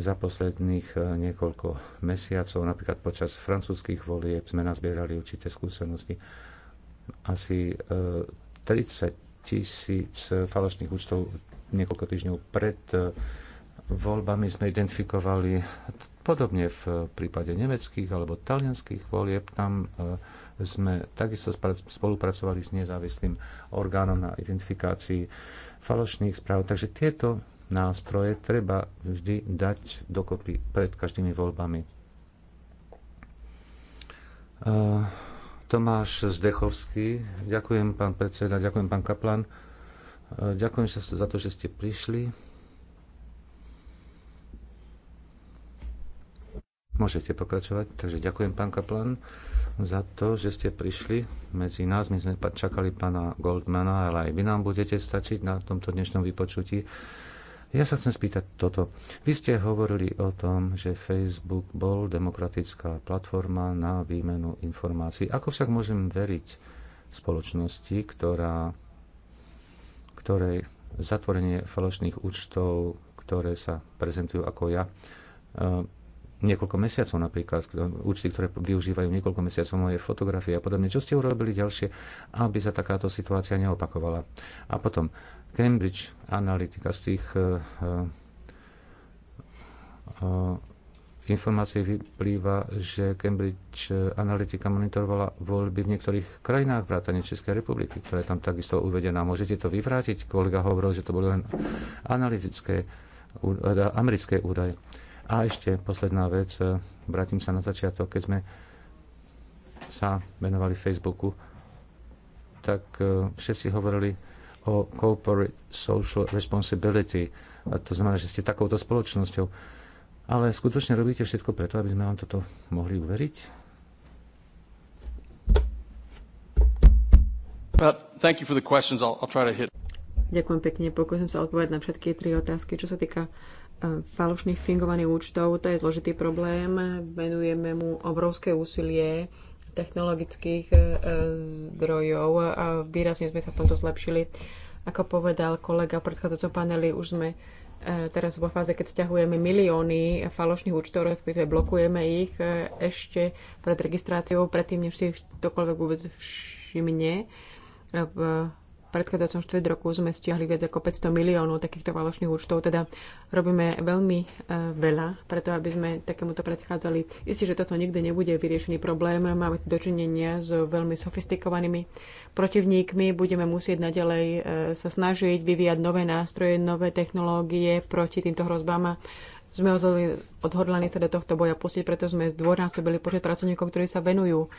za posledných niekoľko mesiacov, napríklad počas francúzských volieb, sme nazbierali určité skúsenosti. Asi 30 tisíc falošných účtov niekoľko týždňov pred e, voľbami sme identifikovali podobne v prípade nemeckých alebo talianských volieb. Tam e, sme takisto spolupracovali s nezávislým orgánom na identifikácii falošných správ. Takže tieto nástroje treba vždy dať dokopy pred každými voľbami. E, Tomáš Zdechovský. Ďakujem, pán predseda, ďakujem, pán Kaplan. Ďakujem za to, že ste prišli. Môžete pokračovať. Takže ďakujem, pán Kaplan, za to, že ste prišli medzi nás. My sme čakali pána Goldmana, ale aj vy nám budete stačiť na tomto dnešnom vypočutí. Ja sa chcem spýtať toto. Vy ste hovorili o tom, že Facebook bol demokratická platforma na výmenu informácií. Ako však môžem veriť spoločnosti, ktorá, ktorej zatvorenie falošných účtov, ktoré sa prezentujú ako ja, eh, niekoľko mesiacov napríklad, účty, ktoré využívajú niekoľko mesiacov moje fotografie a podobne. Čo ste urobili ďalšie, aby sa takáto situácia neopakovala? A potom, Cambridge Analytica z tých eh, eh, eh, informácií vyplýva, že Cambridge Analytica monitorovala voľby v niektorých krajinách vrátane Českej republiky, ktorá je tam takisto uvedená. Môžete to vyvrátiť? Kolega hovoril, že to boli len analytické, americké údaje. A ešte posledná vec, vrátim sa na začiatok, keď sme sa venovali Facebooku, tak všetci hovorili, o corporate social responsibility. A to znamená, že ste takouto spoločnosťou. Ale skutočne robíte všetko preto, aby sme vám toto mohli uveriť? Uh, Ďakujem pekne. Pokúsim sa odpovedať na všetky tri otázky. Čo sa týka uh, falošných fingovaných účtov, to je zložitý problém. Venujeme mu obrovské úsilie technologických e, e, zdrojov a výrazne sme sa v tomto zlepšili. Ako povedal kolega v predchádzajúcom paneli, už sme e, teraz vo fáze, keď stiahujeme milióny falošných účtov, respektíve blokujeme ich ešte pred registráciou, predtým, než si ktokoľvek vôbec všimne predchádzajúcom štvrt roku sme stiahli viac ako 500 miliónov takýchto falošných účtov, teda robíme veľmi e, veľa, preto aby sme takémuto predchádzali. Isté, že toto nikdy nebude vyriešený problém, máme dočinenia s veľmi sofistikovanými protivníkmi, budeme musieť naďalej e, sa snažiť vyvíjať nové nástroje, nové technológie proti týmto hrozbám sme odhodlani sa do tohto boja pustiť, preto sme zdôrnásobili počet pracovníkov, ktorí sa venujú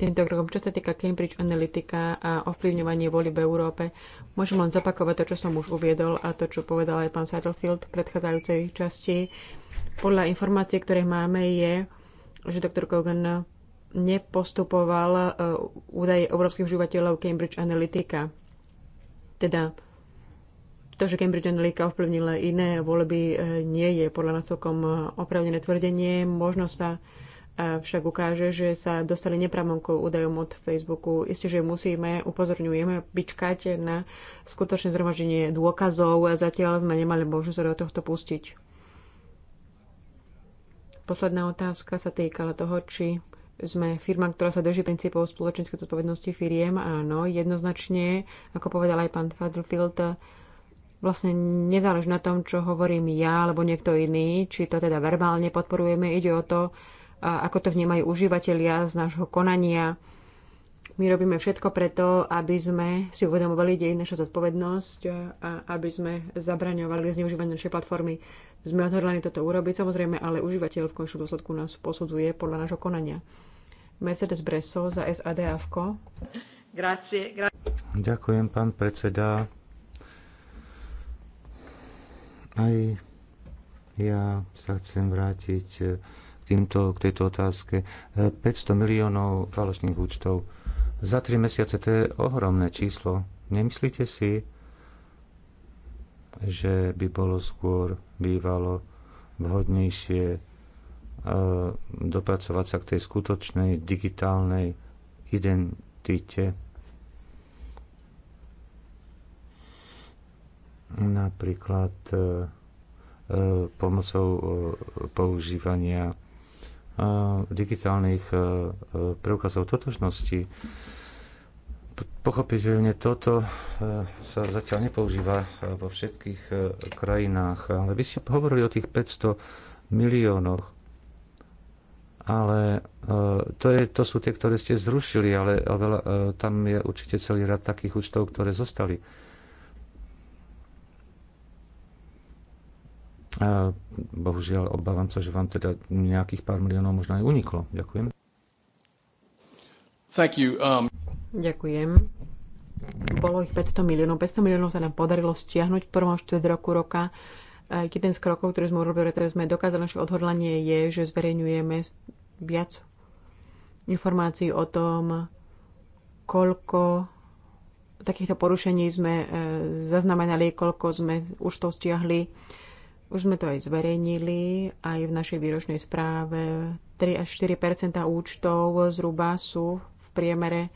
týmto krokom. Čo sa týka Cambridge Analytica a ovplyvňovanie voli v Európe, môžem len zapakovať to, čo som už uviedol a to, čo povedal aj pán Sattelfield v predchádzajúcej časti. Podľa informácie, ktoré máme, je, že doktor Kogan nepostupoval e, údaje európskych užívateľov Cambridge Analytica. Teda to, že Cambridge Analytica ovplyvnila iné voľby, e, nie je podľa nás celkom e, opravnené tvrdenie. Možno sa však ukáže, že sa dostali nepravomkou údajom od Facebooku. Isté, že musíme, upozorňujeme, vyčkať na skutočné zhromaždenie dôkazov a zatiaľ sme nemali možnosť sa do tohto pustiť. Posledná otázka sa týkala toho, či sme firma, ktorá sa drží princípov spoločenskej zodpovednosti firiem. Áno, jednoznačne, ako povedal aj pán Fadlfield, vlastne nezáleží na tom, čo hovorím ja alebo niekto iný, či to teda verbálne podporujeme, ide o to, a ako to vnímajú užívateľia z nášho konania. My robíme všetko preto, aby sme si uvedomovali, dej naša zodpovednosť a aby sme zabraňovali zneužívanie našej platformy. Sme odhodlani toto urobiť, samozrejme, ale užívateľ v končnom dôsledku nás posudzuje podľa nášho konania. Mercedes Bresso za SAD AVKO. Grazie, gra- Ďakujem, pán predseda. Aj ja sa chcem vrátiť k, týmto, k tejto otázke. 500 e, miliónov falošných účtov. Za 3 mesiace to je ohromné číslo. Nemyslíte si, že by bolo skôr bývalo vhodnejšie e, dopracovať sa k tej skutočnej digitálnej identite? Napríklad e, pomocou používania digitálnych e, e, preukazov totožnosti. Pochopiteľne toto e, sa zatiaľ nepoužíva vo všetkých krajinách, ale vy ste hovorili o tých 500 miliónoch, ale to, je, to sú tie, ktoré ste zrušili, ale tam je určite celý rad takých účtov, ktoré zostali bohužiaľ obávam sa, že vám teda nejakých pár miliónov možno aj uniklo. Ďakujem. Thank you. Um... Ďakujem. Bolo ich 500 miliónov. 500 miliónov sa nám podarilo stiahnuť v prvom štvrt roku roka. jeden z krokov, ktorý sme urobili, ktorý sme dokázali naše odhodlanie, je, že zverejňujeme viac informácií o tom, koľko takýchto porušení sme e, zaznamenali, koľko sme už to stiahli už sme to aj zverejnili, aj v našej výročnej správe 3 až 4 účtov zhruba sú v priemere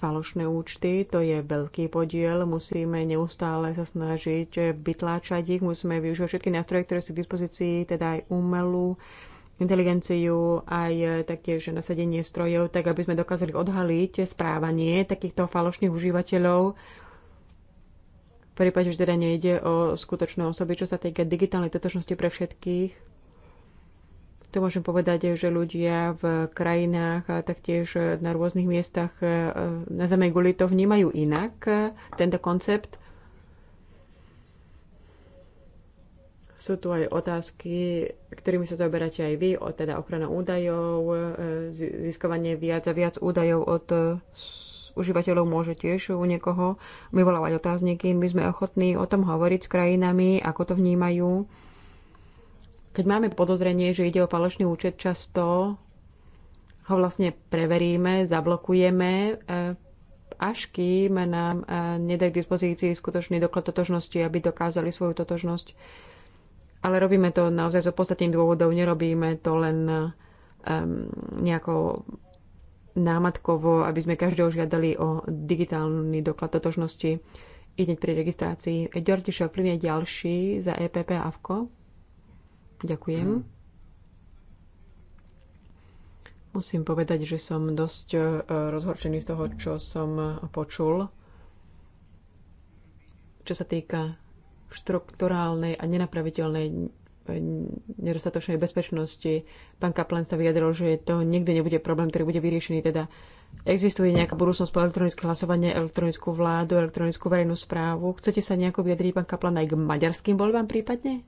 falošné účty, to je veľký podiel, musíme neustále sa snažiť vytláčať ich, musíme využívať všetky nástroje, ktoré sú k dispozícii, teda aj umelú inteligenciu, aj taktiež nasadenie strojov, tak aby sme dokázali odhaliť správanie takýchto falošných užívateľov v prípade, že teda nejde o skutočné osoby, čo sa týka digitálnej totožnosti pre všetkých, to môžem povedať, že ľudia v krajinách a taktiež na rôznych miestach e, na Zemej guli to vnímajú inak, e, tento koncept. Sú tu aj otázky, ktorými sa zaoberáte aj vy, teda ochrana údajov, e, získavanie viac a viac údajov od užívateľov môže tiež u niekoho vyvolávať otázniky. My sme ochotní o tom hovoriť s krajinami, ako to vnímajú. Keď máme podozrenie, že ide o falošný účet, často ho vlastne preveríme, zablokujeme, eh, až kým nám eh, nedá k dispozícii skutočný doklad totožnosti, aby dokázali svoju totožnosť. Ale robíme to naozaj zo so podstatných dôvodov, nerobíme to len um, námatkovo, aby sme každého žiadali o digitálny doklad totožnosti i hneď pri registrácii. Ďordi Šoplin je ďalší za EPP AVKO. Ďakujem. Mhm. Musím povedať, že som dosť e, rozhorčený z toho, čo som počul. Čo sa týka štrukturálnej a nenapraviteľnej nedostatočnej bezpečnosti. Pán Kaplan sa vyjadril, že to nikdy nebude problém, ktorý bude vyriešený. Teda existuje nejaká budúcnosť po elektronické hlasovanie, elektronickú vládu, elektronickú verejnú správu. Chcete sa nejako vyjadriť, pán Kaplan, aj k maďarským voľbám prípadne?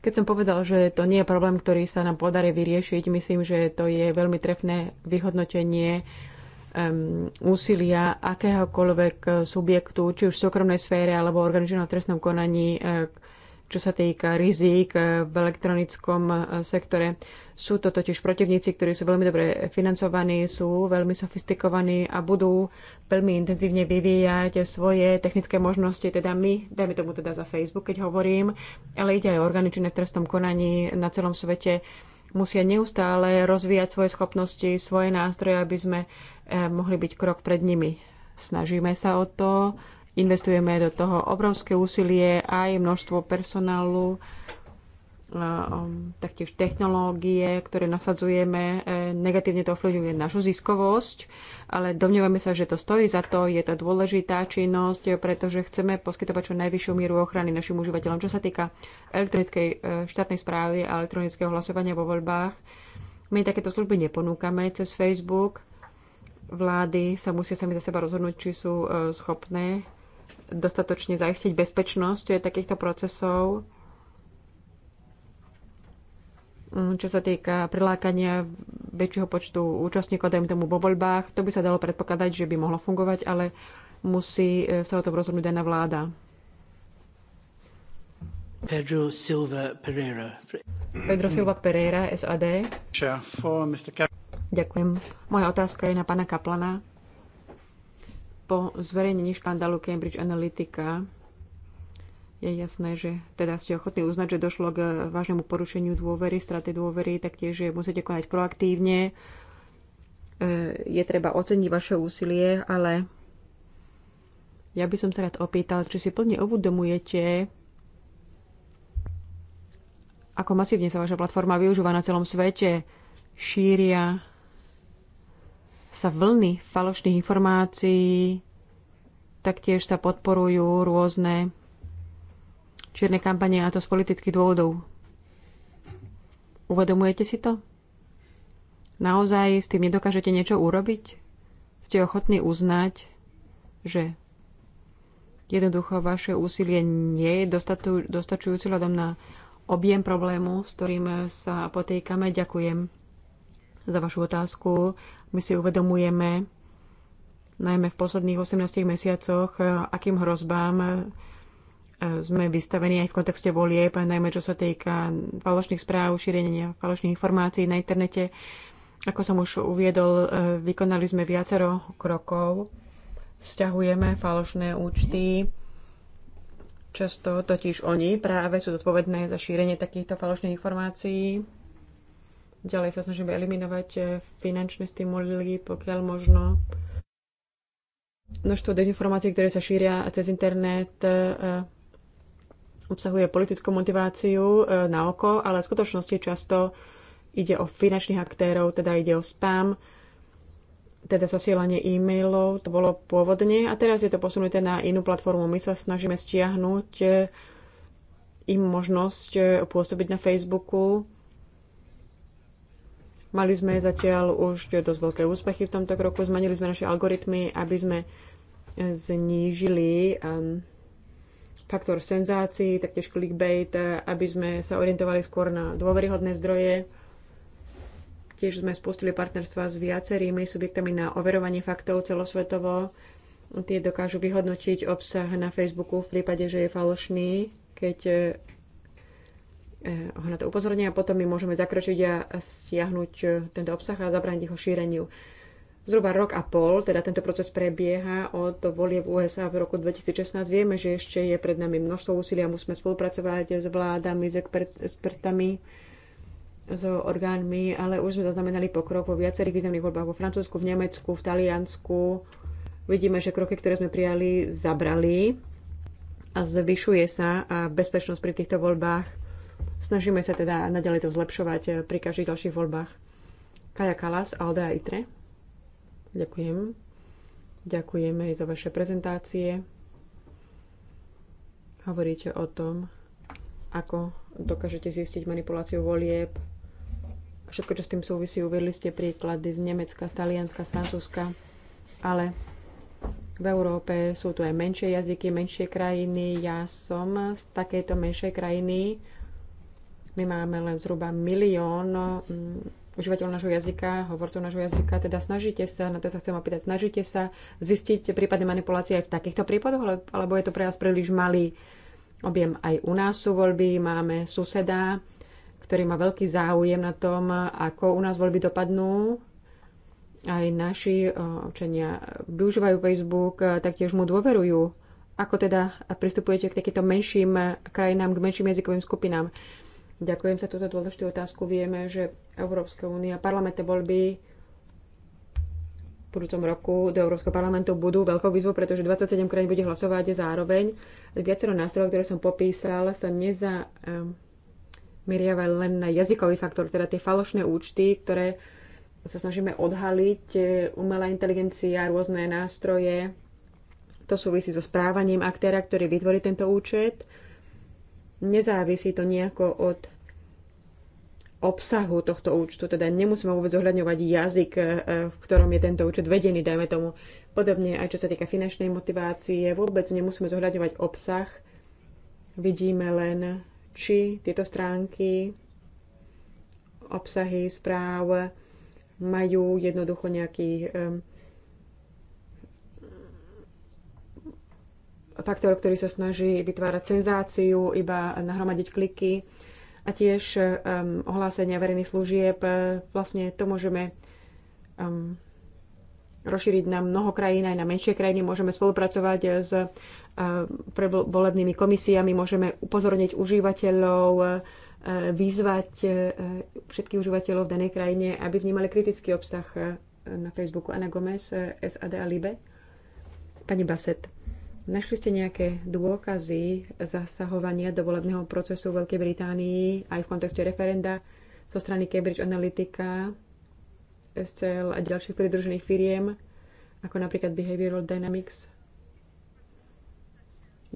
Keď som povedal, že to nie je problém, ktorý sa nám podarí vyriešiť, myslím, že to je veľmi trefné vyhodnotenie um, úsilia akéhokoľvek subjektu, či už v súkromnej sfére alebo organizovanom trestnom konaní, eh, čo sa týka rizík eh, v elektronickom eh, sektore. Sú to totiž protivníci, ktorí sú veľmi dobre financovaní, sú veľmi sofistikovaní a budú veľmi intenzívne vyvíjať svoje technické možnosti. Teda my, dajme tomu teda za Facebook, keď hovorím, ale ide aj organičné v trestnom konaní na celom svete, musia neustále rozvíjať svoje schopnosti, svoje nástroje, aby sme E, mohli byť krok pred nimi. Snažíme sa o to, investujeme do toho obrovské úsilie, aj množstvo personálu, e, taktiež technológie, ktoré nasadzujeme, e, negatívne to ovplyvňuje našu ziskovosť, ale domnievame sa, že to stojí za to, je to dôležitá činnosť, pretože chceme poskytovať čo najvyššiu mieru ochrany našim užívateľom. Čo sa týka elektronickej štátnej správy a elektronického hlasovania vo voľbách, my takéto služby neponúkame cez Facebook, Vlády sa musia sami za seba rozhodnúť, či sú e, schopné dostatočne zaistiť bezpečnosť e, takýchto procesov. Mm, čo sa týka prilákania väčšieho počtu účastníkov, dajme tomu vo voľbách, to by sa dalo predpokladať, že by mohlo fungovať, ale musí e, sa o tom rozhodnúť na vláda. Pedro Silva Pereira. Pedro Silva Pereira, SAD. Ďakujem. Moja otázka je na pána Kaplana. Po zverejnení škandálu Cambridge Analytica je jasné, že teda ste ochotní uznať, že došlo k vážnemu porušeniu dôvery, straty dôvery, taktiež musíte konať proaktívne. E, je treba oceniť vaše úsilie, ale ja by som sa rád opýtal, či si plne uvedomujete, ako masívne sa vaša platforma využíva na celom svete, šíria sa vlny falošných informácií, taktiež sa podporujú rôzne čierne kampanie a to z politických dôvodov. Uvedomujete si to? Naozaj s tým nedokážete niečo urobiť? Ste ochotní uznať, že jednoducho vaše úsilie nie je dostačujúce hľadom na objem problému, s ktorým sa potýkame. Ďakujem za vašu otázku my si uvedomujeme, najmä v posledných 18 mesiacoch, akým hrozbám e, sme vystavení aj v kontexte volieb, najmä čo sa týka falošných správ, šírenia falošných informácií na internete. Ako som už uviedol, e, vykonali sme viacero krokov. Sťahujeme falošné účty. Často totiž oni práve sú zodpovedné za šírenie takýchto falošných informácií. Ďalej sa snažíme eliminovať eh, finančné stimuly, pokiaľ možno. Množstvo dezinformácií, ktoré sa šíria cez internet, eh, obsahuje politickú motiváciu eh, na oko, ale v skutočnosti často ide o finančných aktérov, teda ide o spam, teda zasielanie e-mailov, to bolo pôvodne a teraz je to posunuté na inú platformu. My sa snažíme stiahnuť im možnosť pôsobiť na Facebooku, Mali sme zatiaľ už dosť veľké úspechy v tomto kroku. Zmenili sme naše algoritmy, aby sme e, znížili um, faktor senzácií, taktiež clickbait, e, aby sme sa orientovali skôr na dôveryhodné zdroje. Tiež sme spustili partnerstva s viacerými subjektami na overovanie faktov celosvetovo. Tie dokážu vyhodnotiť obsah na Facebooku v prípade, že je falošný, keď e, Eh, ho na to upozornia a potom my môžeme zakročiť a stiahnuť eh, tento obsah a zabrániť jeho šíreniu. Zhruba rok a pol, teda tento proces prebieha od volie v USA v roku 2016. Vieme, že ešte je pred nami množstvo úsilia, musíme spolupracovať s vládami, s expertami, s orgánmi, ale už sme zaznamenali pokrok vo viacerých významných voľbách vo Francúzsku, v Nemecku, v Taliansku. Vidíme, že kroky, ktoré sme prijali, zabrali a zvyšuje sa eh, bezpečnosť pri týchto voľbách Snažíme sa teda naďalej to zlepšovať eh, pri každých ďalších voľbách. Kaja Kalas, Alda a Itre. Ďakujem. Ďakujeme aj za vaše prezentácie. Hovoríte o tom, ako dokážete zistiť manipuláciu volieb, všetko, čo s tým súvisí, uviedli ste príklady z Nemecka, z Talianska, z Francúzska, ale v Európe sú tu aj menšie jazyky, menšie krajiny. Ja som z takejto menšej krajiny, my máme len zhruba milión mm, užívateľov nášho jazyka, hovorcov nášho jazyka, teda snažíte sa, na to sa chcem opýtať, snažíte sa zistiť prípadne manipulácie aj v takýchto prípadoch, alebo je to pre vás príliš malý objem? Aj u nás sú voľby, máme suseda, ktorý má veľký záujem na tom, ako u nás voľby dopadnú. Aj naši eh, občania využívajú Facebook, eh, taktiež mu dôverujú. Ako teda pristupujete k takýmto menším eh, krajinám, k menším jazykovým skupinám? Ďakujem za túto dôležitú otázku. Vieme, že Európska únia, parlamentné voľby v budúcom roku do Európskeho parlamentu budú veľkou výzvou, pretože 27 krajín bude hlasovať zároveň. Viacero nástrojov, ktoré som popísal, sa nezameriava len na jazykový faktor, teda tie falošné účty, ktoré sa snažíme odhaliť, e, umelá inteligencia, rôzne nástroje. To súvisí so správaním aktéra, ktorý vytvorí tento účet Nezávisí to nejako od obsahu tohto účtu, teda nemusíme vôbec zohľadňovať jazyk, e, v ktorom je tento účet vedený, dajme tomu. Podobne aj čo sa týka finančnej motivácie, vôbec nemusíme zohľadňovať obsah. Vidíme len, či tieto stránky, obsahy správ majú jednoducho nejaký um, faktor, ktorý sa snaží vytvárať senzáciu, iba nahromadiť kliky a tiež um, ohlásenia verejných služieb. E, vlastne to môžeme um, rozšíriť na mnoho krajín, aj na menšie krajiny. Môžeme spolupracovať s uh, e, prevolebnými komisiami, môžeme upozorniť užívateľov, uh, vyzvať uh, všetkých užívateľov v danej krajine, aby vnímali kritický obsah na Facebooku Ana Gomez, SAD a Libe. Pani Basset. Našli ste nejaké dôkazy zasahovania do volebného procesu v Veľkej Británii aj v kontexte referenda zo strany Cambridge Analytica, SCL a ďalších pridružených firiem, ako napríklad Behavioral Dynamics?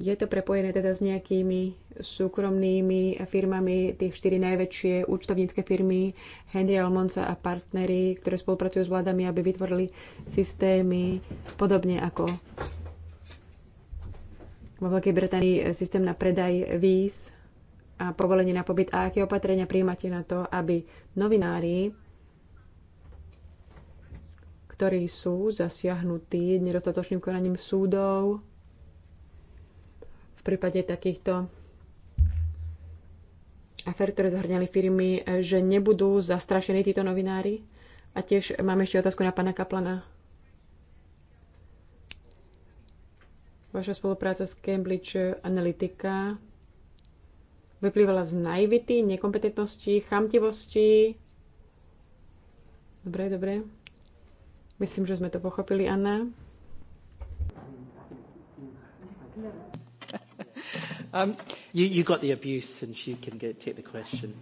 Je to prepojené teda s nejakými súkromnými firmami, tie štyri najväčšie účtovnícke firmy, Henry Almonsa a partnery, ktoré spolupracujú s vládami, aby vytvorili systémy podobne ako vo Veľkej Británii e, systém na predaj víz a povolenie na pobyt a aké opatrenia príjmate na to, aby novinári, ktorí sú zasiahnutí nedostatočným konaním súdov, v prípade takýchto afer, ktoré zahrňali firmy, e, že nebudú zastrašení títo novinári? A tiež mám ešte otázku na pána Kaplana. Vaša spolupráca s Cambridge Analytica vyplývala z naivity, nekompetentnosti, chamtivosti. Dobre, dobre. Myslím, že sme to pochopili, Anna. Um, you, you got the abuse and can get, take the question.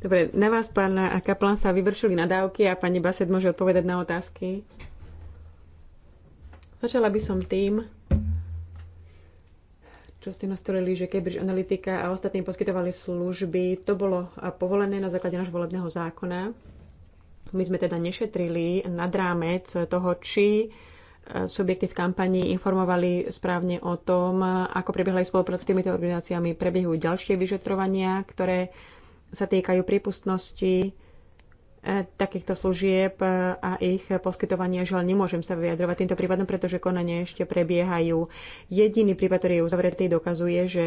Dobre, na vás, pán Kaplan, sa vyvršili nadávky a pani Baset môže odpovedať na otázky. Začala by som tým, čo ste nastolili, že Cambridge Analytica a ostatní poskytovali služby. To bolo povolené na základe nášho volebného zákona. My sme teda nešetrili nad rámec toho, či e, subjekty v kampani informovali správne o tom, ako prebiehla aj spolupráca s týmito organizáciami. Prebiehajú ďalšie vyšetrovania, ktoré sa týkajú prípustnosti E, takýchto služieb e, a ich poskytovania. Žiaľ, nemôžem sa vyjadrovať týmto prípadom, pretože konanie ešte prebiehajú. Jediný prípad, ktorý je uzavretý, dokazuje, že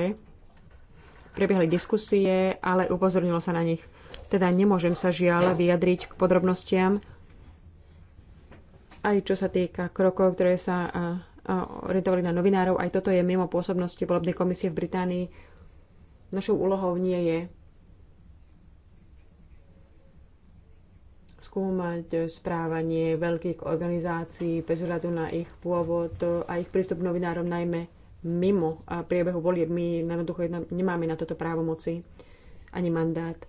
prebiehali diskusie, ale upozornilo sa na nich. Teda nemôžem sa žiaľ vyjadriť k podrobnostiam, aj čo sa týka krokov, ktoré sa e, orientovali na novinárov, aj toto je mimo pôsobnosti volebnej komisie v Británii. Našou úlohou nie je skúmať správanie veľkých organizácií bez hľadu na ich pôvod a ich prístup novinárom najmä mimo priebehu volieb. My jednoducho nemáme na toto právomoci ani mandát.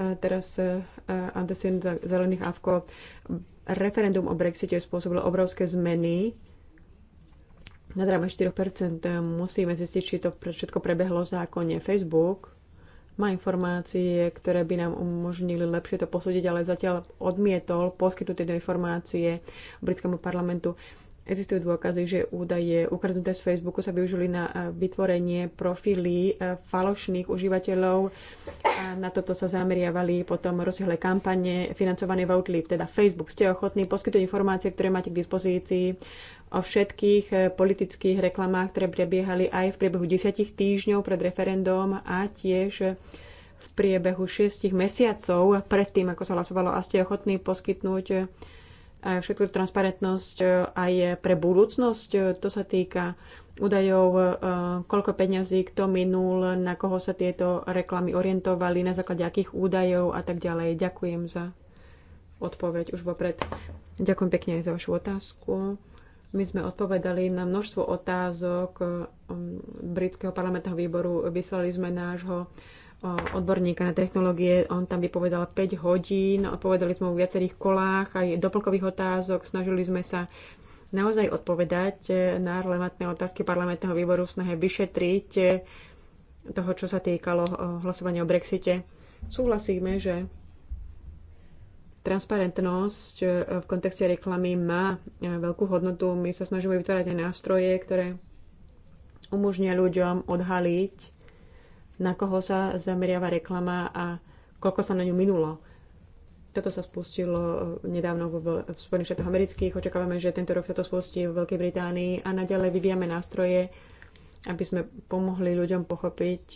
A teraz e, Andersen Zelených Avko. Referendum o Brexite spôsobilo obrovské zmeny nad rámec 4%. Musíme zistiť, či to všetko prebehlo zákonne. Facebook má informácie, ktoré by nám umožnili lepšie to posúdiť, ale zatiaľ odmietol poskytnúť tieto informácie britskému parlamentu. Existujú dôkazy, že údaje ukradnuté z Facebooku sa využili na eh, vytvorenie profilí eh, falošných užívateľov. A na toto sa zameriavali potom rozsiahle kampane financované v Outlive, Teda Facebook, ste ochotní poskytnúť informácie, ktoré máte k dispozícii o všetkých eh, politických reklamách, ktoré prebiehali aj v priebehu desiatich týždňov pred referendum a tiež v priebehu šiestich mesiacov predtým, ako sa hlasovalo a ste ochotní poskytnúť eh, všetku transparentnosť eh, aj pre budúcnosť. To sa týka údajov, koľko peňazí kto minul, na koho sa tieto reklamy orientovali, na základe akých údajov a tak ďalej. Ďakujem za odpoveď už vopred. Ďakujem pekne aj za vašu otázku. My sme odpovedali na množstvo otázok um, britského parlamentného výboru. Vyslali sme nášho odborníka na technológie. On tam vypovedal 5 hodín, odpovedali sme mu v viacerých kolách, aj doplkových otázok. Snažili sme sa naozaj odpovedať e, na relevantné otázky parlamentného výboru v snahe vyšetriť e, toho, čo sa týkalo hlasovania o Brexite. Súhlasíme, že Transparentnosť e, v kontexte reklamy má e, veľkú hodnotu. My sa snažíme vytvárať aj nástroje, ktoré umožnia ľuďom odhaliť, na koho sa zameriava reklama a koľko sa na ňu minulo. Toto sa spustilo e, nedávno v Spojených štátoch amerických. Očakávame, že tento rok sa to spustí v Veľkej Británii a naďalej vyvíjame nástroje, aby sme pomohli ľuďom pochopiť,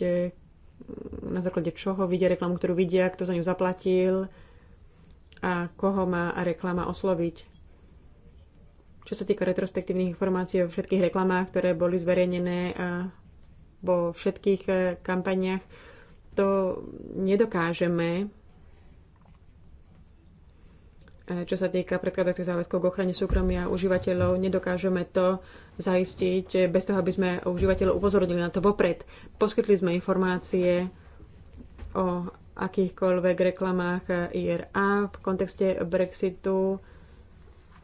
na základe čoho vidia reklamu, ktorú vidia, kto za ňu zaplatil, a koho má reklama osloviť. Čo sa týka retrospektívnych informácií o všetkých reklamách, ktoré boli zverejnené e, vo všetkých e, kampaniach, to nedokážeme e, čo sa týka predkladacích záväzkov k ochrane súkromia užívateľov, nedokážeme to zaistiť bez toho, aby sme užívateľov upozornili na to vopred. Poskytli sme informácie o akýchkoľvek reklamách IRA. V kontexte Brexitu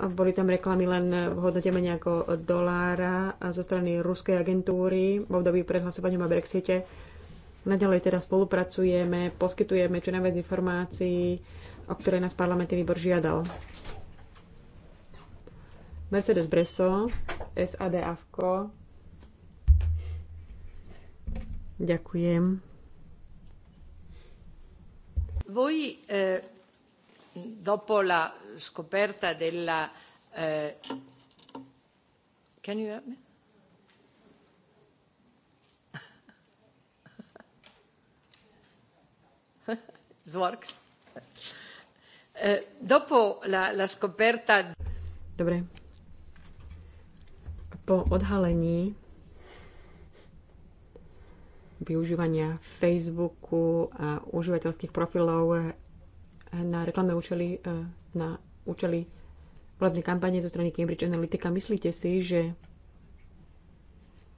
boli tam reklamy len v hodnote menej ako dolára zo strany ruskej agentúry v období pred hlasovaním o Brexite. Naďalej teda spolupracujeme, poskytujeme čo najviac informácií, o ktoré nás parlamentný výbor žiadal. Mercedes Bresso, SAD Avko. Ďakujem. Voi, eh, dopo la scoperta della... Eh, can you help me? Eh, dopo la, la scoperta... Dobre. Po odhalení využívania Facebooku a užívateľských profilov na reklamné účely, e, na účely volebnej kampane zo strany Cambridge Analytica. Myslíte si, že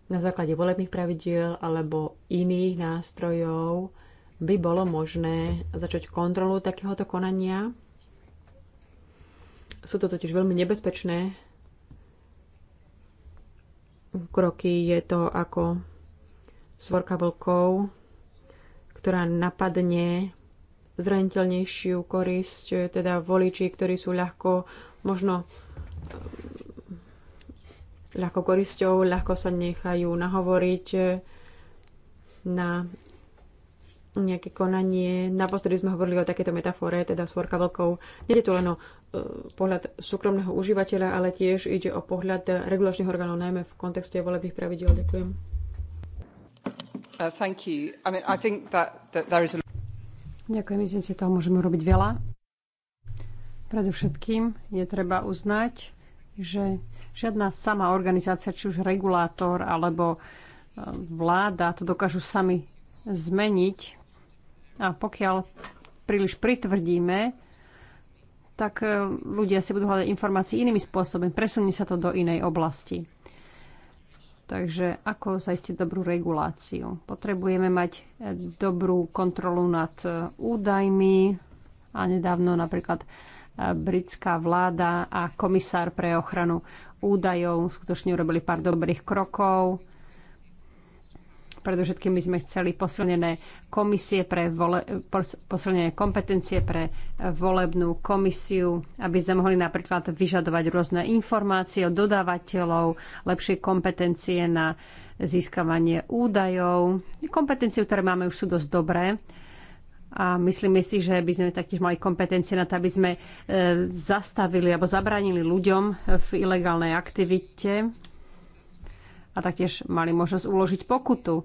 na základe volebných pravidiel alebo iných nástrojov by bolo možné začať kontrolu takéhoto konania. Sú to totiž veľmi nebezpečné kroky. Je to ako svorka vlkov, ktorá napadne zraniteľnejšiu korisť, teda voliči, ktorí sú ľahko, možno eh, ľahko korisťou, ľahko sa nechajú nahovoriť eh, na nejaké konanie. Naposledy sme hovorili o takéto metafore, teda svorka vlkov. Nede tu len o eh, pohľad súkromného užívateľa, ale tiež ide o pohľad regulačných orgánov, najmä v kontexte volebných pravidel. Ďakujem. Uh, Ďakujem, myslím si, toho môžeme robiť veľa. Predovšetkým je treba uznať, že žiadna sama organizácia, či už regulátor alebo uh, vláda, to dokážu sami zmeniť. A pokiaľ príliš pritvrdíme, tak uh, ľudia si budú hľadať informácie inými spôsobmi. Presunie sa to do inej oblasti. Takže ako zaistiť dobrú reguláciu? Potrebujeme mať e, dobrú kontrolu nad e, údajmi a nedávno napríklad e, britská vláda a komisár pre ochranu údajov skutočne urobili pár dobrých krokov. Predovšetkým by sme chceli posilnené komisie pre vole, posilnené kompetencie pre volebnú komisiu, aby sme mohli napríklad vyžadovať rôzne informácie od dodávateľov, lepšie kompetencie na získavanie údajov. Kompetencie, ktoré máme, už sú dosť dobré a myslíme si, že by sme taktiež mali kompetencie na to, aby sme e, zastavili alebo zabránili ľuďom v ilegálnej aktivite a taktiež mali možnosť uložiť pokutu.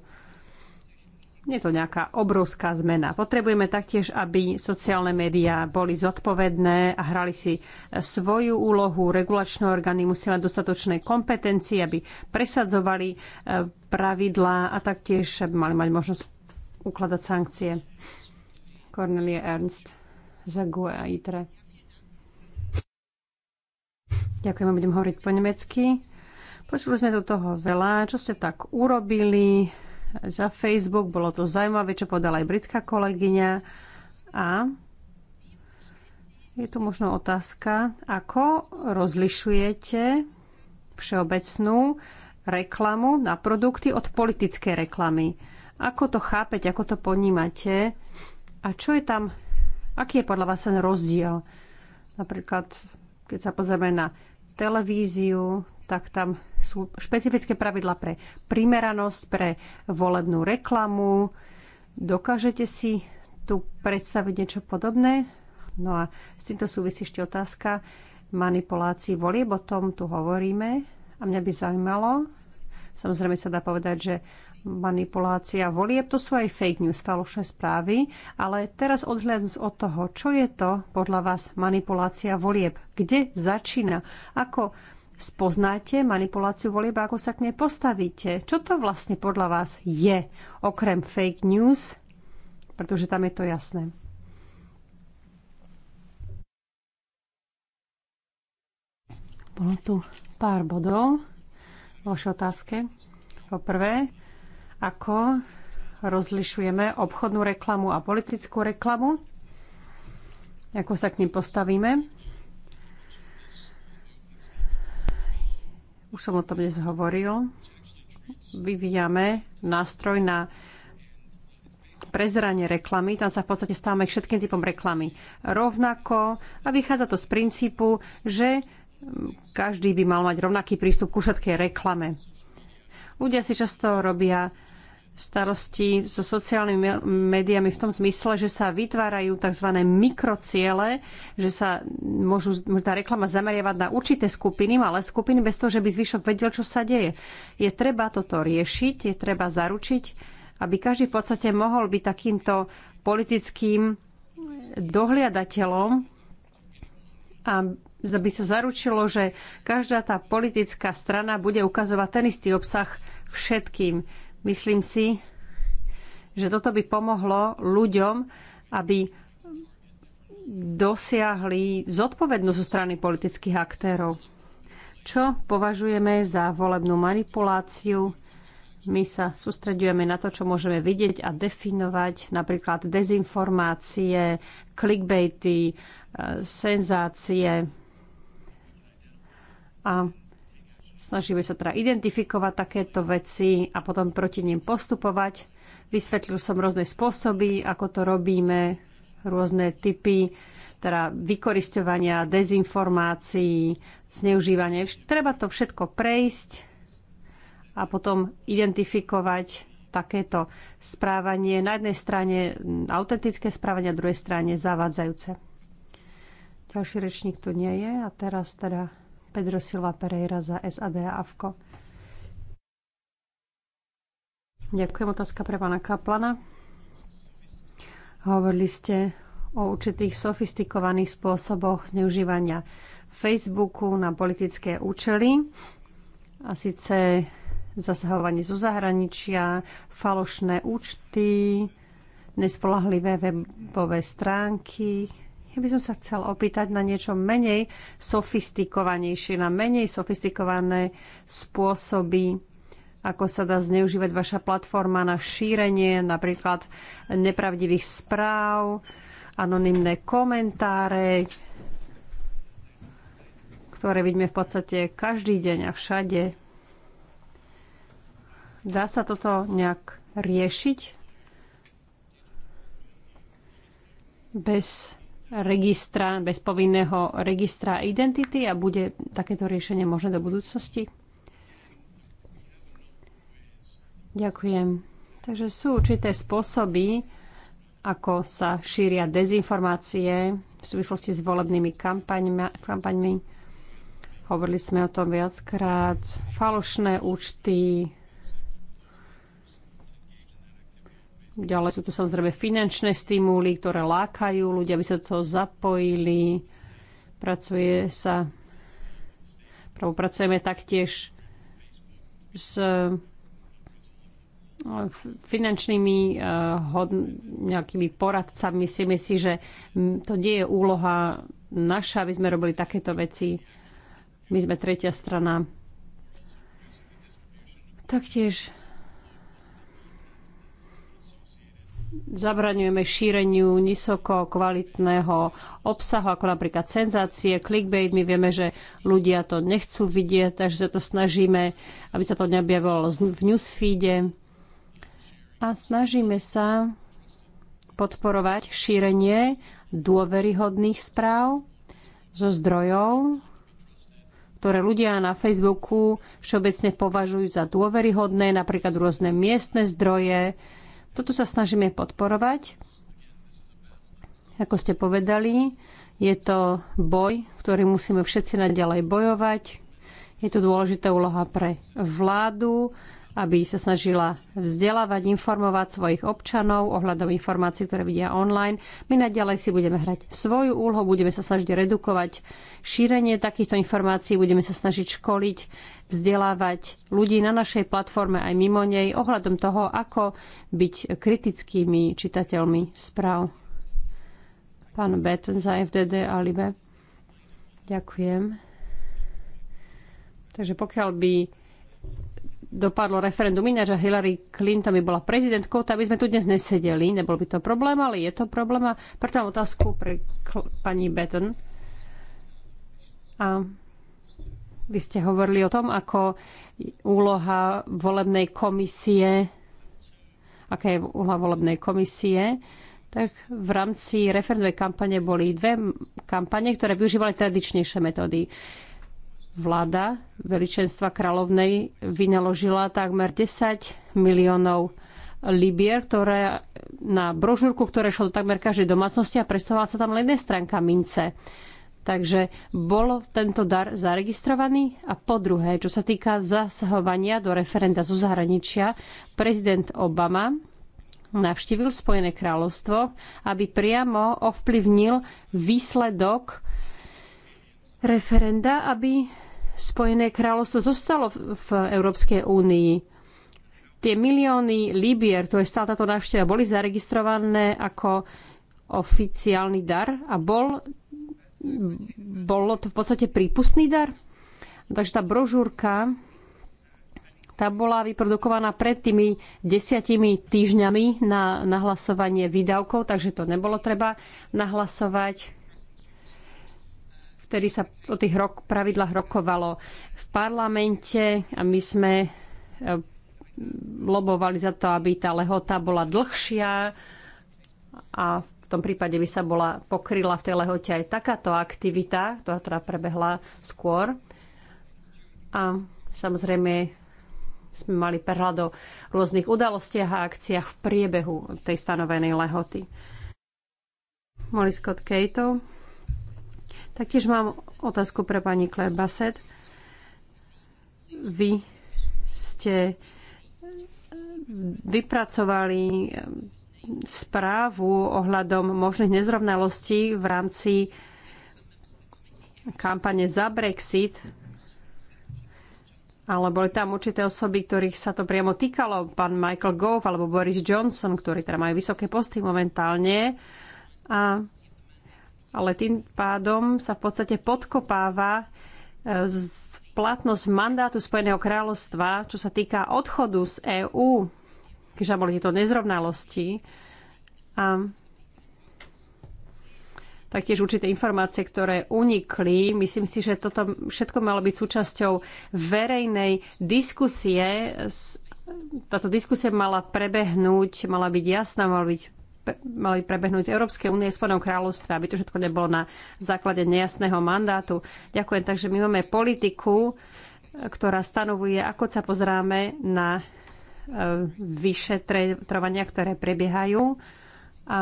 Nie je to nejaká obrovská zmena. Potrebujeme taktiež, aby sociálne médiá boli zodpovedné a hrali si svoju úlohu. Regulačné orgány musia mať dostatočné kompetencie, aby presadzovali e, pravidlá a taktiež, aby mali mať možnosť ukladať sankcie. Cornelia Ernst, Zague a Itre. Ďakujem, budem hovoriť po nemecky. Počuli sme tu toho veľa. Čo ste tak urobili za Facebook? Bolo to zaujímavé, čo podala aj britská kolegyňa. A je tu možno otázka, ako rozlišujete všeobecnú reklamu na produkty od politickej reklamy. Ako to chápeť, ako to ponímate a čo je tam, aký je podľa vás ten rozdiel? Napríklad, keď sa pozrieme na televíziu, tak tam sú špecifické pravidla pre primeranosť, pre volebnú reklamu. Dokážete si tu predstaviť niečo podobné? No a s týmto súvisí ešte otázka manipulácií volieb, o tom tu hovoríme. A mňa by zaujímalo, samozrejme sa dá povedať, že manipulácia volieb, to sú aj fake news, falošné správy, ale teraz odhľadnúť od toho, čo je to podľa vás manipulácia volieb, kde začína, ako spoznáte manipuláciu volieb a ako sa k nej postavíte. Čo to vlastne podľa vás je, okrem fake news, pretože tam je to jasné. Bolo tu pár bodov v vašej otázke. Po prvé, ako rozlišujeme obchodnú reklamu a politickú reklamu, ako sa k ním postavíme. už som o tom dnes hovoril, vyvíjame nástroj na prezranie reklamy, tam sa v podstate stávame k všetkým typom reklamy rovnako a vychádza to z princípu, že každý by mal mať rovnaký prístup ku všetkej reklame. Ľudia si často robia starosti so sociálnymi médiami v tom zmysle, že sa vytvárajú tzv. mikrociele, že sa môžu, tá reklama zameriavať na určité skupiny, ale skupiny bez toho, že by zvyšok vedel, čo sa deje. Je treba toto riešiť, je treba zaručiť, aby každý v podstate mohol byť takýmto politickým dohliadateľom a aby sa zaručilo, že každá tá politická strana bude ukazovať ten istý obsah všetkým Myslím si, že toto by pomohlo ľuďom, aby dosiahli zodpovednosť zo strany politických aktérov. Čo považujeme za volebnú manipuláciu? My sa sústredujeme na to, čo môžeme vidieť a definovať, napríklad dezinformácie, clickbaity, eh, senzácie. A Snažíme sa teda identifikovať takéto veci a potom proti nim postupovať. Vysvetlil som rôzne spôsoby, ako to robíme, rôzne typy teda vykoristovania, dezinformácií, zneužívanie. Treba to všetko prejsť a potom identifikovať takéto správanie. Na jednej strane autentické správanie, na druhej strane zavádzajúce. Ďalší rečník tu nie je a teraz teda Pedro Silva Pereira za SAD a AVKO. Ďakujem. Otázka pre pána Kaplana. Hovorili ste o určitých sofistikovaných spôsoboch zneužívania Facebooku na politické účely a síce zasahovanie zo zahraničia, falošné účty, nespolahlivé webové stránky, ja by som sa chcel opýtať na niečo menej sofistikovanejšie, na menej sofistikované spôsoby, ako sa dá zneužívať vaša platforma na šírenie napríklad nepravdivých správ, anonimné komentáre, ktoré vidíme v podstate každý deň a všade. Dá sa toto nejak riešiť bez registra, bez povinného registra identity a bude takéto riešenie možné do budúcnosti? Ďakujem. Takže sú určité spôsoby, ako sa šíria dezinformácie v súvislosti s volebnými kampaňmi. kampaňmi. Hovorili sme o tom viackrát. Falošné účty, Ďalej sú tu samozrejme finančné stimuly, ktoré lákajú ľudia, aby sa do toho zapojili. Pracuje sa, pracujeme taktiež s e, finančnými e, hod, nejakými poradcami. Myslíme si, že to nie je úloha naša, aby sme robili takéto veci. My sme tretia strana. Taktiež zabraňujeme šíreniu nisoko kvalitného obsahu, ako napríklad senzácie, clickbait. My vieme, že ľudia to nechcú vidieť, takže sa to snažíme, aby sa to neobjavilo v newsfeede. A snažíme sa podporovať šírenie dôveryhodných správ zo zdrojov, ktoré ľudia na Facebooku všeobecne považujú za dôveryhodné, napríklad rôzne miestne zdroje, toto sa snažíme podporovať. Ako ste povedali, je to boj, ktorý musíme všetci naďalej bojovať. Je to dôležitá úloha pre vládu, aby sa snažila vzdelávať, informovať svojich občanov ohľadom informácií, ktoré vidia online. My naďalej si budeme hrať svoju úlohu, budeme sa snažiť redukovať šírenie takýchto informácií, budeme sa snažiť školiť, vzdelávať ľudí na našej platforme aj mimo nej ohľadom toho, ako byť kritickými čitateľmi správ. Pán Betten za FDD a Libe. Ďakujem. Takže pokiaľ by dopadlo referendum iné, a Hillary Clinton by bola prezidentkou, tak by sme tu dnes nesedeli. Nebol by to problém, ale je to problém. A preto mám otázku pre pani Betten. A vy ste hovorili o tom, ako úloha volebnej komisie, aká je úloha volebnej komisie, tak v rámci referendovej kampane boli dve kampane, ktoré využívali tradičnejšie metódy vláda veličenstva kráľovnej vynaložila takmer 10 miliónov libier, ktoré na brožúrku, ktoré šlo do takmer každej domácnosti a predstavovala sa tam len jedna stránka mince. Takže bol tento dar zaregistrovaný a po druhé, čo sa týka zasahovania do referenda zo zahraničia, prezident Obama navštívil Spojené kráľovstvo, aby priamo ovplyvnil výsledok referenda, aby Spojené kráľovstvo zostalo v Európskej únii. Tie milióny Libier, ktoré stála táto návšteva, boli zaregistrované ako oficiálny dar a bol, bolo to v podstate prípustný dar. Takže tá brožúrka, tá bola vyprodukovaná pred tými desiatimi týždňami na nahlasovanie výdavkov, takže to nebolo treba nahlasovať vtedy sa o tých rok, pravidlách rokovalo v parlamente a my sme e, lobovali za to, aby tá lehota bola dlhšia a v tom prípade by sa bola pokryla v tej lehote aj takáto aktivita, ktorá teda prebehla skôr. A samozrejme sme mali prehľad o rôznych udalostiach a akciách v priebehu tej stanovenej lehoty. Molly Scott Cato. Taktiež mám otázku pre pani Claire Bassett. Vy ste vypracovali správu ohľadom možných nezrovnalostí v rámci kampane za Brexit, ale boli tam určité osoby, ktorých sa to priamo týkalo, pán Michael Gove alebo Boris Johnson, ktorí teda majú vysoké posty momentálne. A ale tým pádom sa v podstate podkopáva e, platnosť mandátu Spojeného kráľovstva, čo sa týka odchodu z EÚ, keďže boli tieto nezrovnalosti. A taktiež určité informácie, ktoré unikli. Myslím si, že toto všetko malo byť súčasťou verejnej diskusie. Táto diskusia mala prebehnúť, mala byť jasná, mala byť mali prebehnúť v Európskej únie Spodnom kráľovstve, aby to všetko nebolo na základe nejasného mandátu. Ďakujem. Takže my máme politiku, e, ktorá stanovuje, ako sa pozráme, na e, vyšetrovania, ktoré prebiehajú. A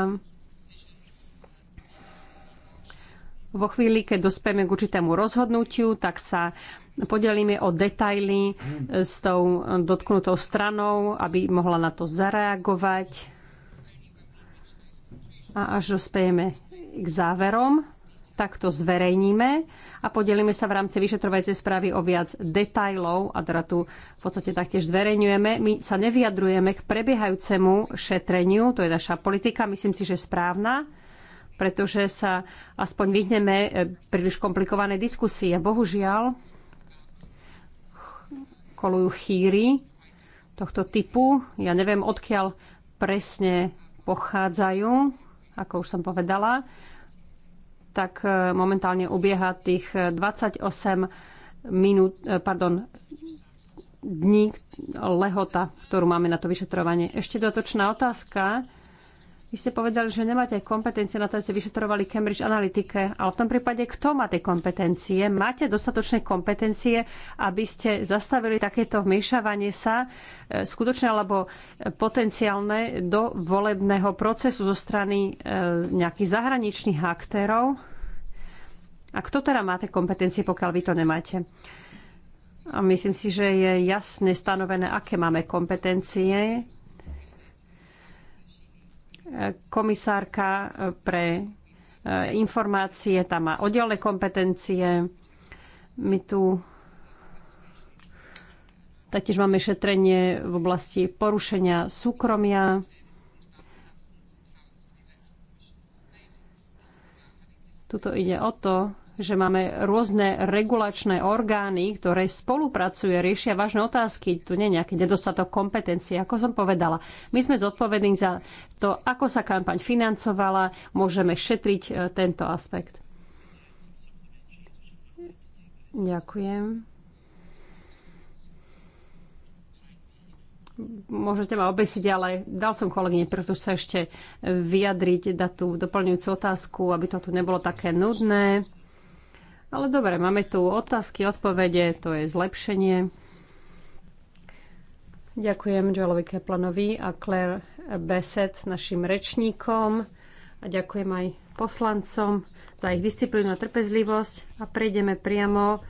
vo chvíli, keď dospieme k určitému rozhodnutiu, tak sa podelíme o detaily s tou dotknutou stranou, aby mohla na to zareagovať a až dospejeme k záverom, tak to zverejníme a podelíme sa v rámci vyšetrovacej správy o viac detajlov a teda tu v podstate taktiež zverejňujeme. My sa nevyjadrujeme k prebiehajúcemu šetreniu, to je naša politika, myslím si, že správna, pretože sa aspoň vyhneme e, príliš komplikované diskusie. Bohužiaľ, kolujú chýry tohto typu. Ja neviem, odkiaľ presne pochádzajú ako už som povedala, tak e, momentálne ubieha tých 28 e, minút, e, pardon, dní lehota, ktorú máme na to vyšetrovanie. Ešte dotočná otázka. Vy ste povedali, že nemáte kompetencie na to, aby ste vyšetrovali Cambridge Analytica, ale v tom prípade, kto má tie kompetencie? Máte dostatočné kompetencie, aby ste zastavili takéto vmiešavanie sa e, skutočne alebo potenciálne do volebného procesu zo strany e, nejakých zahraničných aktérov? A kto teda má tie kompetencie, pokiaľ vy to nemáte? A myslím si, že je jasne stanovené, aké máme kompetencie komisárka e, pre e, informácie, tam má oddelné kompetencie. My tu taktiež máme šetrenie v oblasti porušenia súkromia. Tuto ide o to, že máme rôzne regulačné orgány, ktoré spolupracujú, riešia vážne otázky. Tu nie je nejaký nedostatok kompetencií, ako som povedala. My sme zodpovední za to, ako sa kampaň financovala. Môžeme šetriť e, tento aspekt. Ďakujem. Môžete ma obesiť, ale dal som kolegyne, pretože sa ešte vyjadriť, dať tú doplňujúcu otázku, aby to tu nebolo také nudné. Ale dobre, máme tu otázky, odpovede, to je zlepšenie. Ďakujem Joelovi Keplanovi a Claire Besset, našim rečníkom. A ďakujem aj poslancom za ich disciplínu a trpezlivosť. A prejdeme priamo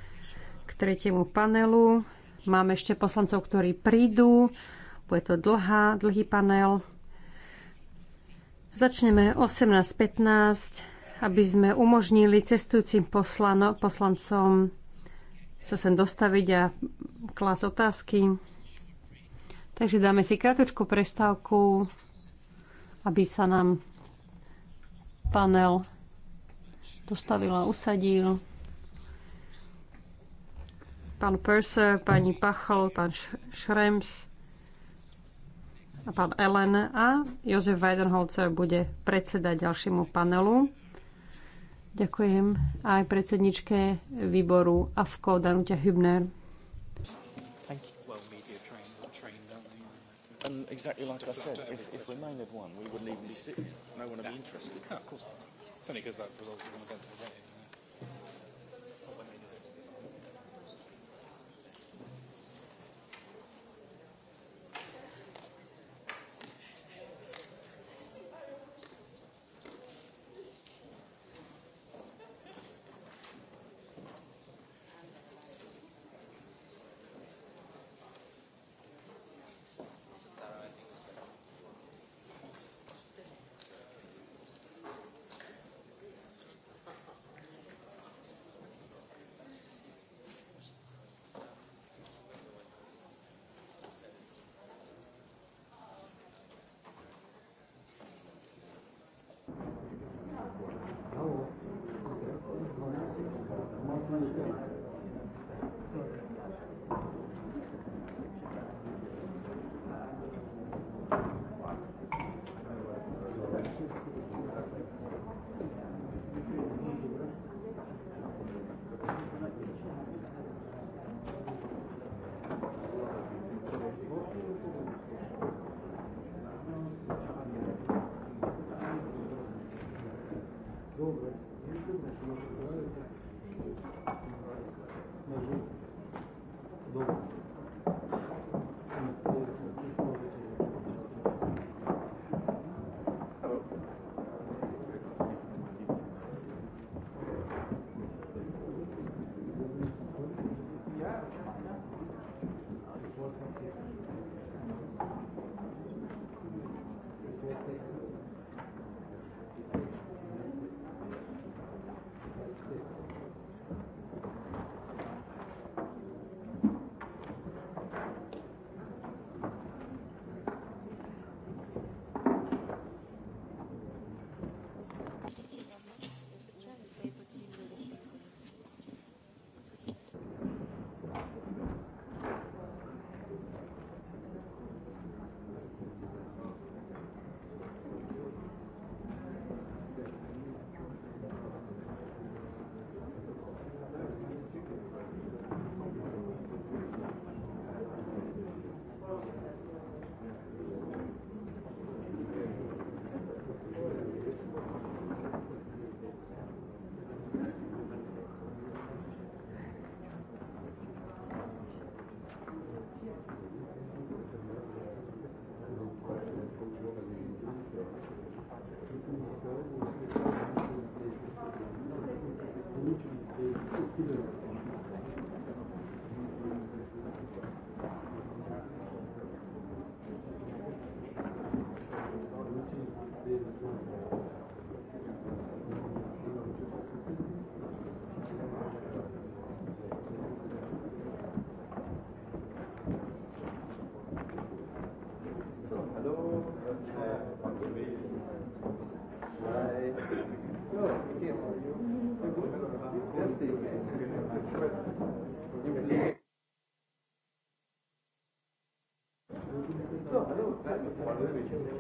k tretiemu panelu. Máme ešte poslancov, ktorí prídu. Bude to dlhá, dlhý panel. Začneme 18.15 aby sme umožnili cestujúcim poslano, poslancom sa sem dostaviť a klas otázky. Takže dáme si krátku prestávku, aby sa nám panel dostavil a usadil. Pán Purser, pani Pachol, pán Schrems a pán Ellen a Jozef Weidenholzer bude predsedať ďalšiemu panelu. Ďakujem aj predsedničke výboru AFKO Danuťa Hübner. And exactly like I said, if, if Remain had won, we wouldn't even be sitting here. No one would be interested. No, of course not. It's only because that was obviously going against the Remain. Paralel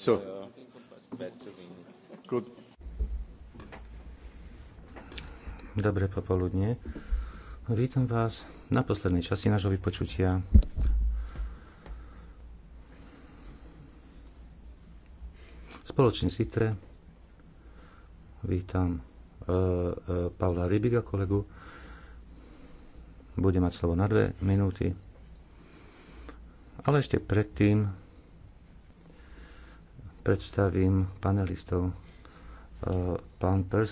So. Good. Dobré popoludne. Vítam vás na poslednej časti nášho vypočutia Spoločný sitre. Vítam e, e, Pavla Rybiga, kolegu. Bude mať slovo na dve minúty. Ale ešte predtým predstavím panelistov. E, pán e,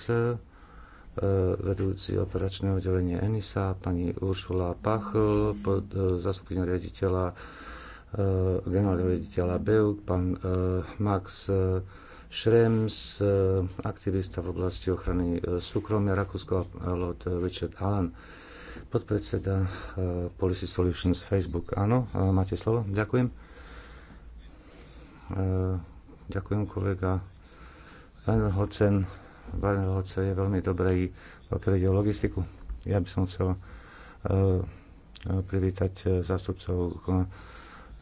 vedúci operačného oddelenia ENISA, pani Uršula Pachl, zastupňa riaditeľa E, generálneho riaditeľa BEUK, pán e, Max e, Schrems, aktivista v oblasti ochrany súkromia Rakúsko, Lord Richard Allen, podpredseda Policy Solutions Facebook. Áno, máte slovo. Ďakujem. Ďakujem, kolega Van Hocen. Van Hocen je veľmi dobrý, pokiaľ ide o logistiku. Ja by som chcel privítať zástupcov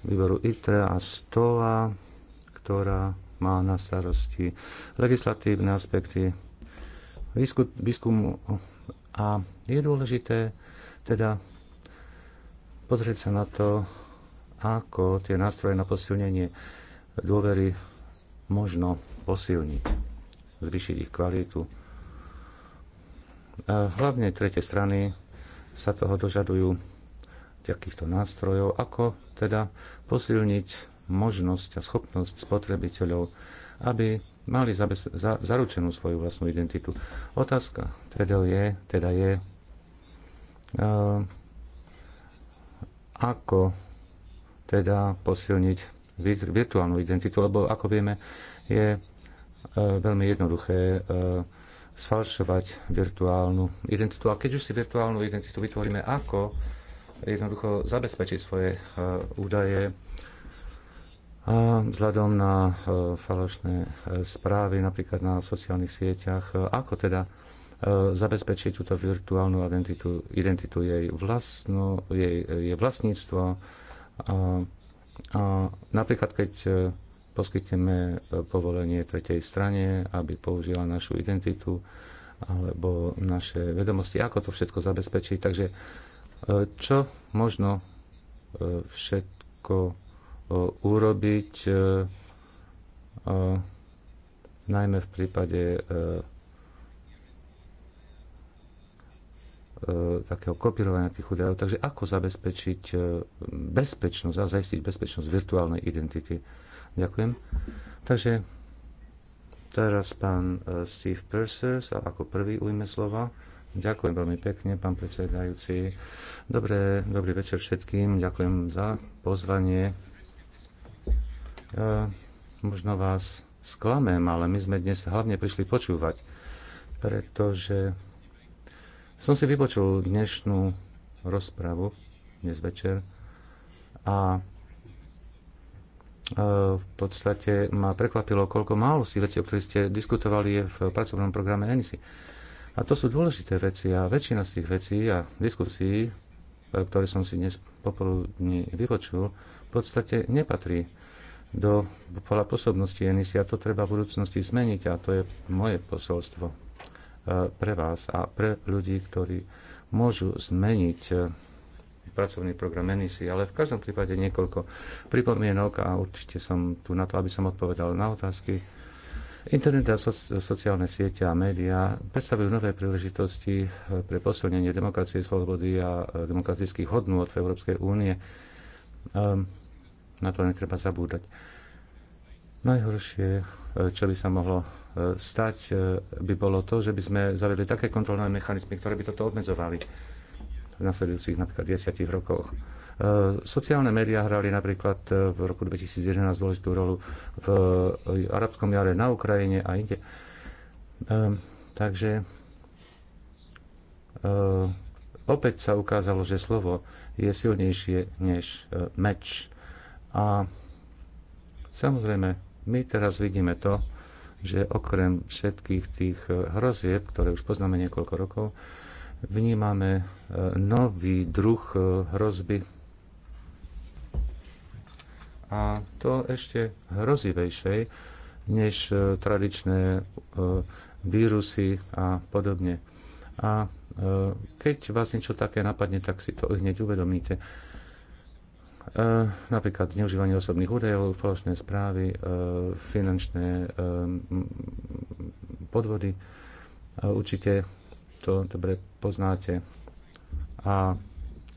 výboru ITRE a STOA, ktorá má na starosti legislatívne aspekty výskumu. A je dôležité teda pozrieť sa na to, ako tie nástroje na posilnenie dôvery možno posilniť, zvyšiť ich kvalitu. Hlavne tretie strany sa toho dožadujú takýchto nástrojov, ako teda posilniť možnosť a schopnosť spotrebiteľov, aby mali zabez, za, zaručenú svoju vlastnú identitu. Otázka teda je, teda je e, ako teda posilniť virtuálnu identitu, lebo ako vieme, je e, veľmi jednoduché e, sfalšovať virtuálnu identitu. A keď už si virtuálnu identitu vytvoríme, ako jednoducho zabezpečiť svoje eh, údaje a vzhľadom na eh, falošné eh, správy, napríklad na sociálnych sieťach, ako teda zabezpečiť túto virtuálnu identitu, identitu jej, vlastno, jej, jej vlastníctvo. A, a napríklad, keď poskytneme povolenie tretej strane, aby použila našu identitu alebo naše vedomosti, ako to všetko zabezpečiť. Takže E, čo možno e, všetko e, urobiť, najmä v prípade takého kopírovania tých údajov. Takže ako zabezpečiť bezpečnosť a zajistiť bezpečnosť virtuálnej identity. Ďakujem. Takže teraz pán Steve Purser sa ako prvý ujme slova. Ďakujem veľmi pekne, pán predsedajúci. Dobré, dobrý večer všetkým. Ďakujem za pozvanie. Ja, možno vás sklamem, ale my sme dnes hlavne prišli počúvať, pretože som si vypočul dnešnú rozpravu dnes večer a e, v podstate ma prekvapilo, koľko málo si veci, o ktorých ste diskutovali, je v pracovnom programe ENISY. A to sú dôležité veci a väčšina z tých vecí a diskusí, e, ktoré som si dnes popoludní vypočul, v podstate nepatrí do pola pôsobnosti a To treba v budúcnosti zmeniť a to je moje posolstvo e, pre vás a pre ľudí, ktorí môžu zmeniť e, pracovný program NISI, ale v každom prípade niekoľko pripomienok a určite som tu na to, aby som odpovedal na otázky Internet a sociálne siete a médiá predstavujú nové príležitosti eh, pre posilnenie demokracie, slobody a eh, demokratických hodnôt v Európskej únie. Ehm, na to netreba zabúdať. Najhoršie, eh, čo by sa mohlo stať, by bolo to, že by sme zavedli také kontrolné mechanizmy, ktoré by toto obmedzovali v nasledujúcich napríklad 10 rokoch. E, sociálne médiá hrali napríklad e, v roku 2011 dôležitú rolu v e, arabskom jare na Ukrajine a inde. Takže opäť sa ukázalo, že slovo je silnejšie než meč. A samozrejme, my teraz vidíme to, že okrem všetkých tých hrozieb, ktoré už poznáme niekoľko rokov, vnímame e, nový druh e, hrozby a to ešte hrozivejšej než e, tradičné vírusy a podobne. A keď vás niečo také napadne, tak si to hneď uvedomíte. Napríklad zneužívanie osobných údajov, falošné správy, finančné podvody. Určite to dobre poznáte. A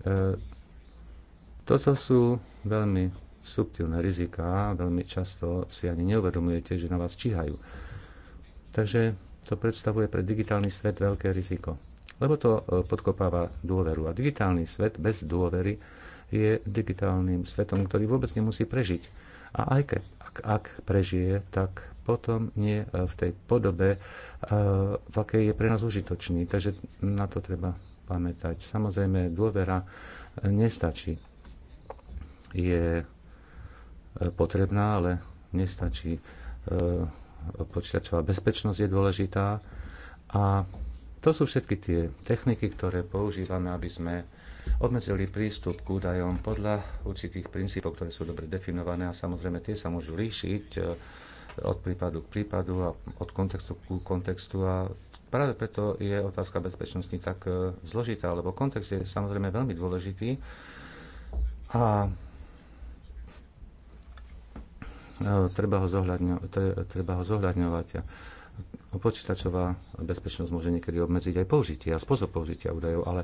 e, toto sú veľmi subtilné riziká, veľmi často si ani neuvedomujete, že na vás číhajú. Takže to predstavuje pre digitálny svet veľké riziko, lebo to e, podkopáva dôveru. A digitálny svet bez dôvery je digitálnym svetom, ktorý vôbec nemusí prežiť. A aj keď, ak, ak prežije, tak potom nie e, v tej podobe, e, v akej je pre nás užitočný. Takže na to treba pamätať. Samozrejme, dôvera e, nestačí. Je potrebná, ale nestačí počítačová bezpečnosť je dôležitá a to sú všetky tie techniky, ktoré používame, aby sme obmedzili prístup k údajom podľa určitých princípov, ktoré sú dobre definované a samozrejme tie sa môžu líšiť od prípadu k prípadu a od kontextu ku kontextu a práve preto je otázka bezpečnosti tak e, zložitá, lebo kontext je samozrejme veľmi dôležitý a e, treba ho, zohľadňo, treba ho zohľadňovať. Počítačová bezpečnosť môže niekedy obmedziť aj použitie a spôsob použitia údajov, ale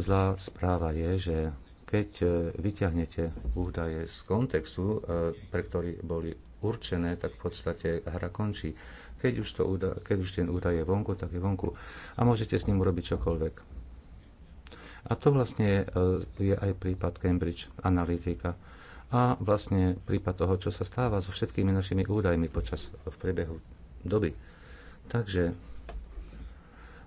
zlá správa je, že keď e, vyťahnete údaje z kontextu, pre ktorý boli určené, tak v podstate hra končí. Keď už, to keď už ten údaj je vonku, tak je vonku. A môžete s ním urobiť čokoľvek. A to vlastne e, je aj prípad Cambridge Analytica. A vlastne prípad toho, čo sa stáva so všetkými našimi údajmi počas v priebehu doby. Takže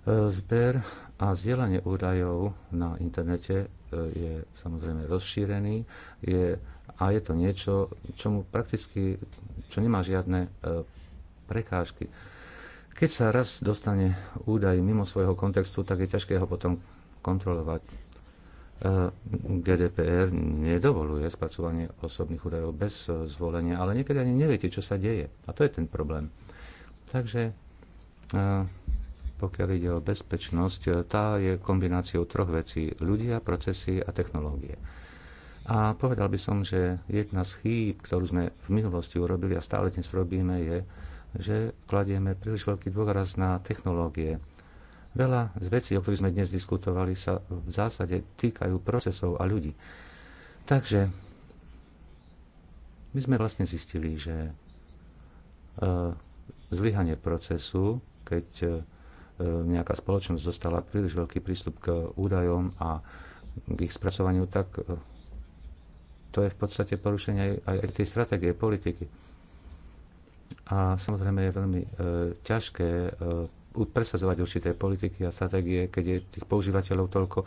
E, zber a zdieľanie údajov na internete e, je samozrejme rozšírený je, a je to niečo, čomu prakticky, čo nemá žiadne e, prekážky. Keď sa raz dostane údaj mimo svojho kontextu, tak je ťažké ho potom kontrolovať. GDPR nedovoluje spracovanie osobných údajov bez zvolenia, ale niekedy ani neviete, čo sa deje. A to je ten problém. Takže pokiaľ ide o bezpečnosť, e, tá je kombináciou troch vecí. Ľudia, procesy a technológie. A povedal by som, že jedna z chýb, ktorú sme v minulosti urobili a stále dnes robíme, je, že kladieme príliš veľký dôraz na technológie. Veľa z vecí, o ktorých sme dnes diskutovali, sa v zásade týkajú procesov a ľudí. Takže my sme vlastne zistili, že e, zlyhanie procesu, keď e, nejaká spoločnosť dostala príliš veľký prístup k údajom a k ich spracovaniu, tak e, to je v podstate porušenie aj, aj tej stratégie politiky. A samozrejme je veľmi e, ťažké e, presazovať určité politiky a stratégie, keď je tých používateľov toľko, e,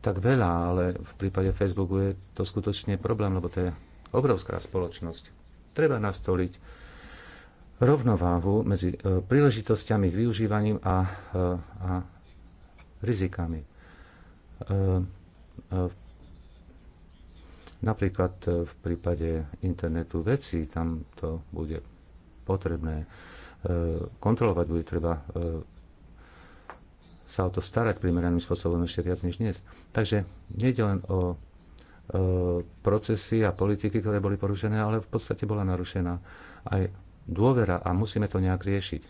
tak veľa, ale v prípade Facebooku je to skutočne problém, lebo to je obrovská spoločnosť. Treba nastoliť rovnováhu medzi e, príležitosťami k využívaním a, e, a rizikami. E, napríklad v prípade internetu vecí, tam to bude potrebné kontrolovať, bude treba sa o to starať primeraným spôsobom ešte viac než dnes. Takže nejde len o procesy a politiky, ktoré boli porušené, ale v podstate bola narušená aj dôvera a musíme to nejak riešiť.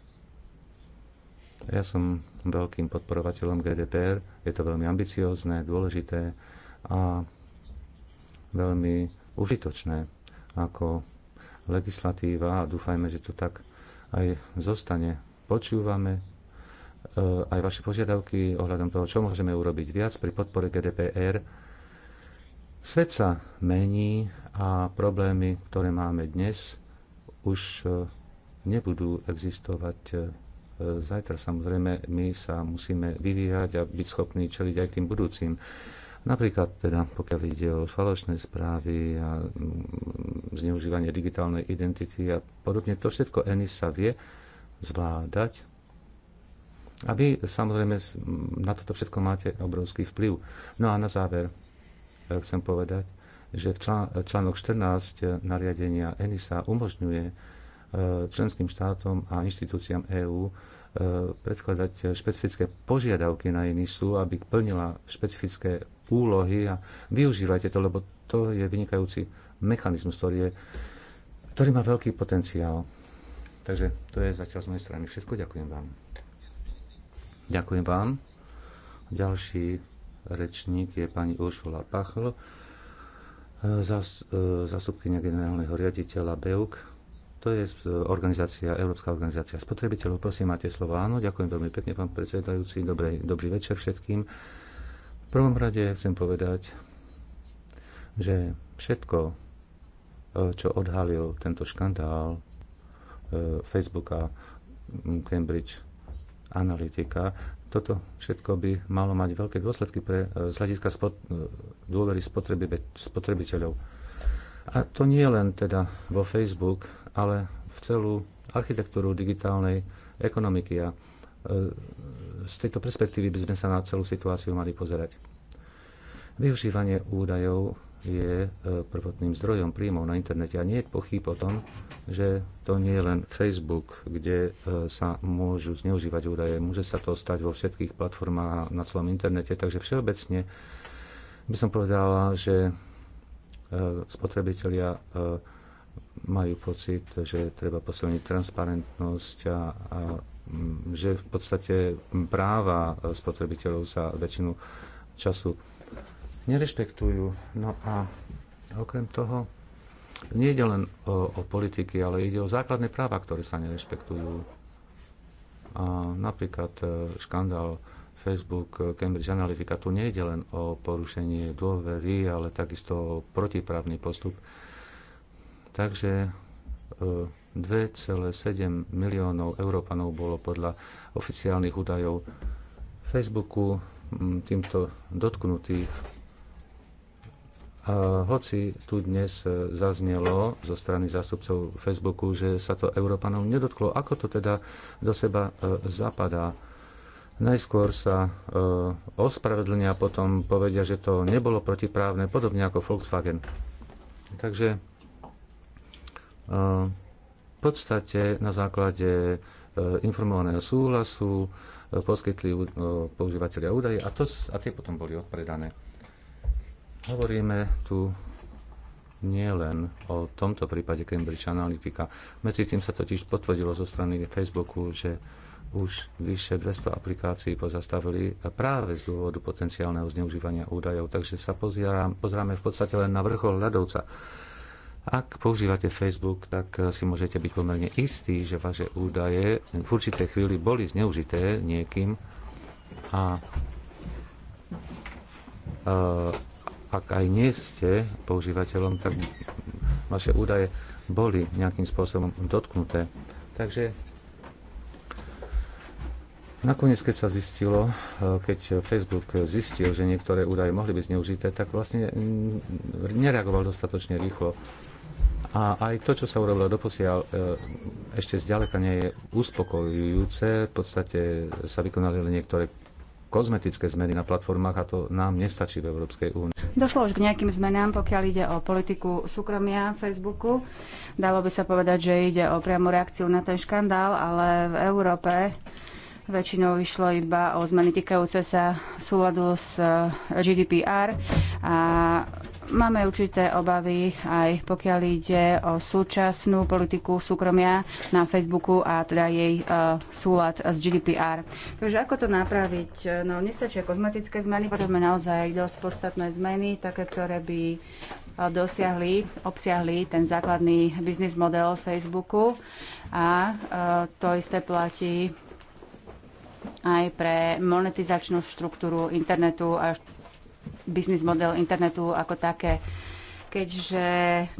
Ja som veľkým podporovateľom GDPR, je to veľmi ambiciózne, dôležité a veľmi užitočné ako legislatíva a dúfajme, že to tak aj zostane. Počúvame eh, aj vaše požiadavky ohľadom toho, čo môžeme urobiť viac pri podpore GDPR. Svet sa mení a problémy, ktoré máme dnes, už e, nebudú existovať e, zajtra. Samozrejme, my sa musíme vyvíjať a byť schopní čeliť aj tým budúcim. Napríklad teda, pokiaľ ide o falošné správy a mm, zneužívanie digitálnej identity a podobne, to všetko sa vie zvládať, A vy samozrejme na toto všetko máte obrovský vplyv. No a na záver e, chcem povedať, že článok 14 eh, nariadenia ENISA umožňuje eh, členským štátom a inštitúciám EÚ eh, predkladať špecifické požiadavky na ENISu, aby plnila špecifické úlohy a využívajte to, lebo to je vynikajúci mechanizmus, ktorý, je, ktorý má veľký potenciál. Takže to je zatiaľ z mojej strany všetko. Ďakujem vám. Ďakujem vám. Ďalší rečník je pani Uršula Pachl zas, e, zastupkynia generálneho riaditeľa BEUK. To je e, organizácia, Európska organizácia spotrebiteľov. Prosím, máte slovo. Áno, ďakujem veľmi pekne, pán predsedajúci. Dobrý, dobrý večer všetkým. V prvom rade chcem povedať, že všetko, e, čo odhalil tento škandál Facebooka Cambridge Analytica, toto všetko by malo mať veľké dôsledky pre, e, z hľadiska spod, e, dôvery spotreby, spotrebiteľov. A to nie len teda vo Facebook, ale v celú architektúru digitálnej ekonomiky. A e, z tejto perspektívy by sme sa na celú situáciu mali pozerať. Využívanie údajov je e, prvotným zdrojom príjmov na internete a nie je pochyb o tom, že to nie je len Facebook, kde e, sa môžu zneužívať údaje. Môže sa to stať vo všetkých platformách na celom internete, takže všeobecne by som povedala, že e, spotrebitelia majú pocit, že treba posilniť transparentnosť a, a že v podstate práva spotrebiteľov sa väčšinu času nerešpektujú. No a okrem toho nie ide len o, o politiky, ale ide o základné práva, ktoré sa nerešpektujú. A napríklad e, škandál Facebook, e, Cambridge Analytica, tu nejde len o porušenie dôvery, ale takisto o protiprávny postup. Takže 2,7 e, miliónov Európanov bolo podľa oficiálnych údajov Facebooku týmto dotknutých hoci tu dnes e, zaznelo zo strany zástupcov Facebooku, že sa to Európanov nedotklo, ako to teda do seba e, zapadá? Najskôr sa e, ospravedlnia, potom povedia, že to nebolo protiprávne, podobne ako Volkswagen. Takže v podstate na základe informovaného súhlasu poskytli používateľia údaje a, to, a tie potom boli odpredané. Hovoríme tu nielen o tomto prípade Cambridge Analytica. Medzi tým sa totiž potvrdilo zo strany Facebooku, že už vyše 200 aplikácií pozastavili práve z dôvodu potenciálneho zneužívania údajov, takže sa pozerám, pozeráme v podstate len na vrchol ľadovca. Ak používate Facebook, tak si môžete byť pomerne istí, že vaše údaje v určitej chvíli boli zneužité niekým a e, ak aj nie ste používateľom, tak vaše údaje boli nejakým spôsobom dotknuté. Takže Nakoniec, keď sa zistilo, keď Facebook zistil, že niektoré údaje mohli byť zneužité, tak vlastne nereagoval dostatočne rýchlo. A aj to, čo sa urobilo doposiaľ, e, ešte zďaleka nie je uspokojujúce. V podstate sa vykonali len niektoré kozmetické zmeny na platformách a to nám nestačí v Európskej únii. Došlo už k nejakým zmenám, pokiaľ ide o politiku súkromia Facebooku. Dalo by sa povedať, že ide o priamu reakciu na ten škandál, ale v Európe Väčšinou išlo iba o zmeny týkajúce sa súladu s eh, GDPR a máme určité obavy aj pokiaľ ide o súčasnú politiku súkromia na Facebooku a teda jej uh, súlad s GDPR. Takže ako to napraviť? No nestačia kozmetické zmeny, potrebujeme naozaj dosť podstatné zmeny, také, ktoré by eh, dosiahli, obsiahli ten základný biznis model Facebooku a uh, to isté platí aj pre monetizačnú štruktúru internetu a biznis model internetu ako také keďže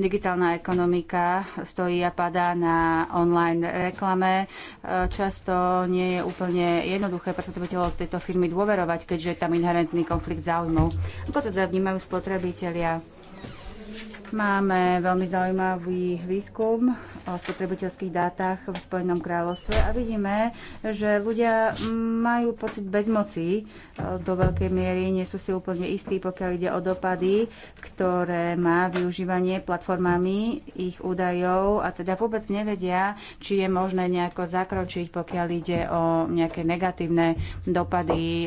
digitálna ekonomika stojí a padá na online reklame. E, často nie je úplne jednoduché predstaviteľov tejto firmy dôverovať, keďže je tam inherentný konflikt záujmov. Ako teda vnímajú spotrebitelia? Máme veľmi zaujímavý výskum o spotrebiteľských dátach v Spojenom kráľovstve a vidíme, že ľudia majú pocit bezmoci e, do veľkej miery, nie sú si úplne istí, pokiaľ ide o dopady, ktoré má využívanie platformami ich údajov a teda vôbec nevedia, či je možné nejako zakročiť, pokiaľ ide o nejaké negatívne dopady. E,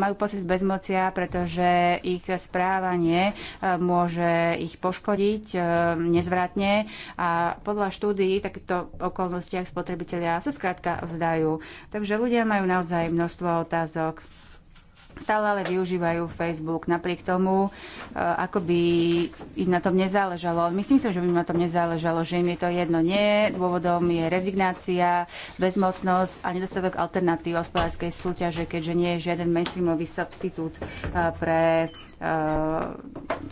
majú pocit bezmocia, pretože ich správanie e, môže ich poškodiť poškodiť e, nezvratne a podľa štúdií v takýchto okolnostiach spotrebitelia sa skrátka vzdajú. Takže ľudia majú naozaj množstvo otázok stále ale využívajú Facebook napriek tomu, e, ako by im na tom nezáležalo. Myslím si že by im na tom nezáležalo, že im je to jedno nie. Dôvodom je rezignácia, bezmocnosť a nedostatok alternatív hospodárskej súťaže, keďže nie je žiaden mainstreamový substitút e, pre e,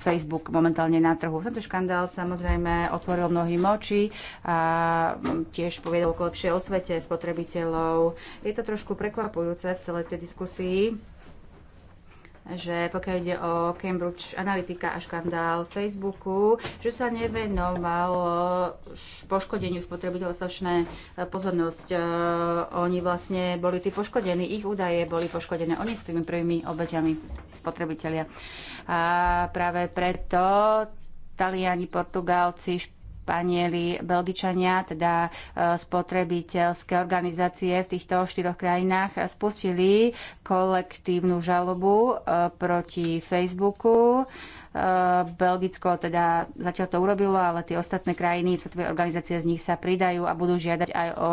Facebook momentálne na trhu. Tento škandál samozrejme otvoril mnohým oči a tiež povedal k lepšie osvete spotrebiteľov. Je to trošku prekvapujúce v celej tej diskusii, že pokiaľ ide o Cambridge Analytica a škandál Facebooku, že sa nevenovalo poškodeniu spotrebiteľa slušné e, pozornosť. E, oni vlastne boli tí poškodení, ich údaje boli poškodené, oni sú tými prvými obeťami spotrebitelia. A práve preto Taliani, Portugálci, Španieli, Belgičania, teda e, spotrebiteľské organizácie v týchto štyroch krajinách spustili kolektívnu žalobu e, proti Facebooku. E, Belgicko teda zatiaľ to urobilo, ale tie ostatné krajiny, svetové organizácie z nich sa pridajú a budú žiadať aj o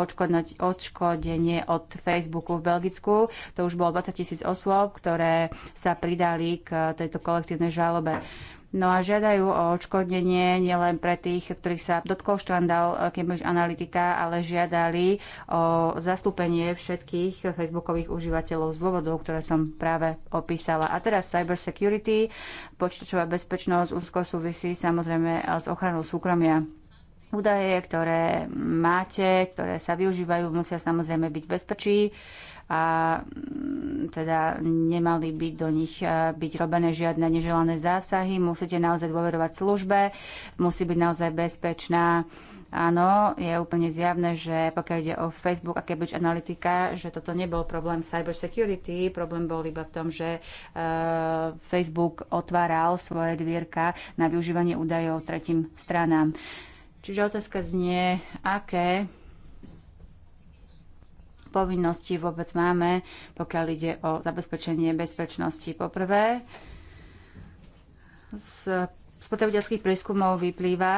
odškodenie od Facebooku v Belgicku. To už bolo 20 tisíc osôb, ktoré sa pridali k tejto kolektívnej žalobe. No a žiadajú o odškodnenie nielen pre tých, ktorých sa dotkol štandal eh, Cambridge Analytica, ale žiadali o zastúpenie všetkých facebookových užívateľov z dôvodov, ktoré som práve opísala. A teraz cyber security, počítačová bezpečnosť úzko súvisí samozrejme s ochranou súkromia údaje, ktoré máte, ktoré sa využívajú, musia samozrejme byť bezpečí a mm, teda nemali by do nich e, byť robené žiadne neželané zásahy. Musíte naozaj dôverovať službe, musí byť naozaj bezpečná. Áno, je úplne zjavné, že pokiaľ ide o Facebook a Cambridge Analytica, že toto nebol problém cyber security, problém bol iba v tom, že uh, Facebook otváral svoje dvierka na využívanie údajov tretím stranám. Čiže otázka znie, aké povinností vôbec máme, pokiaľ ide o zabezpečenie bezpečnosti. Poprvé, z spotrebiteľských prieskumov vyplýva,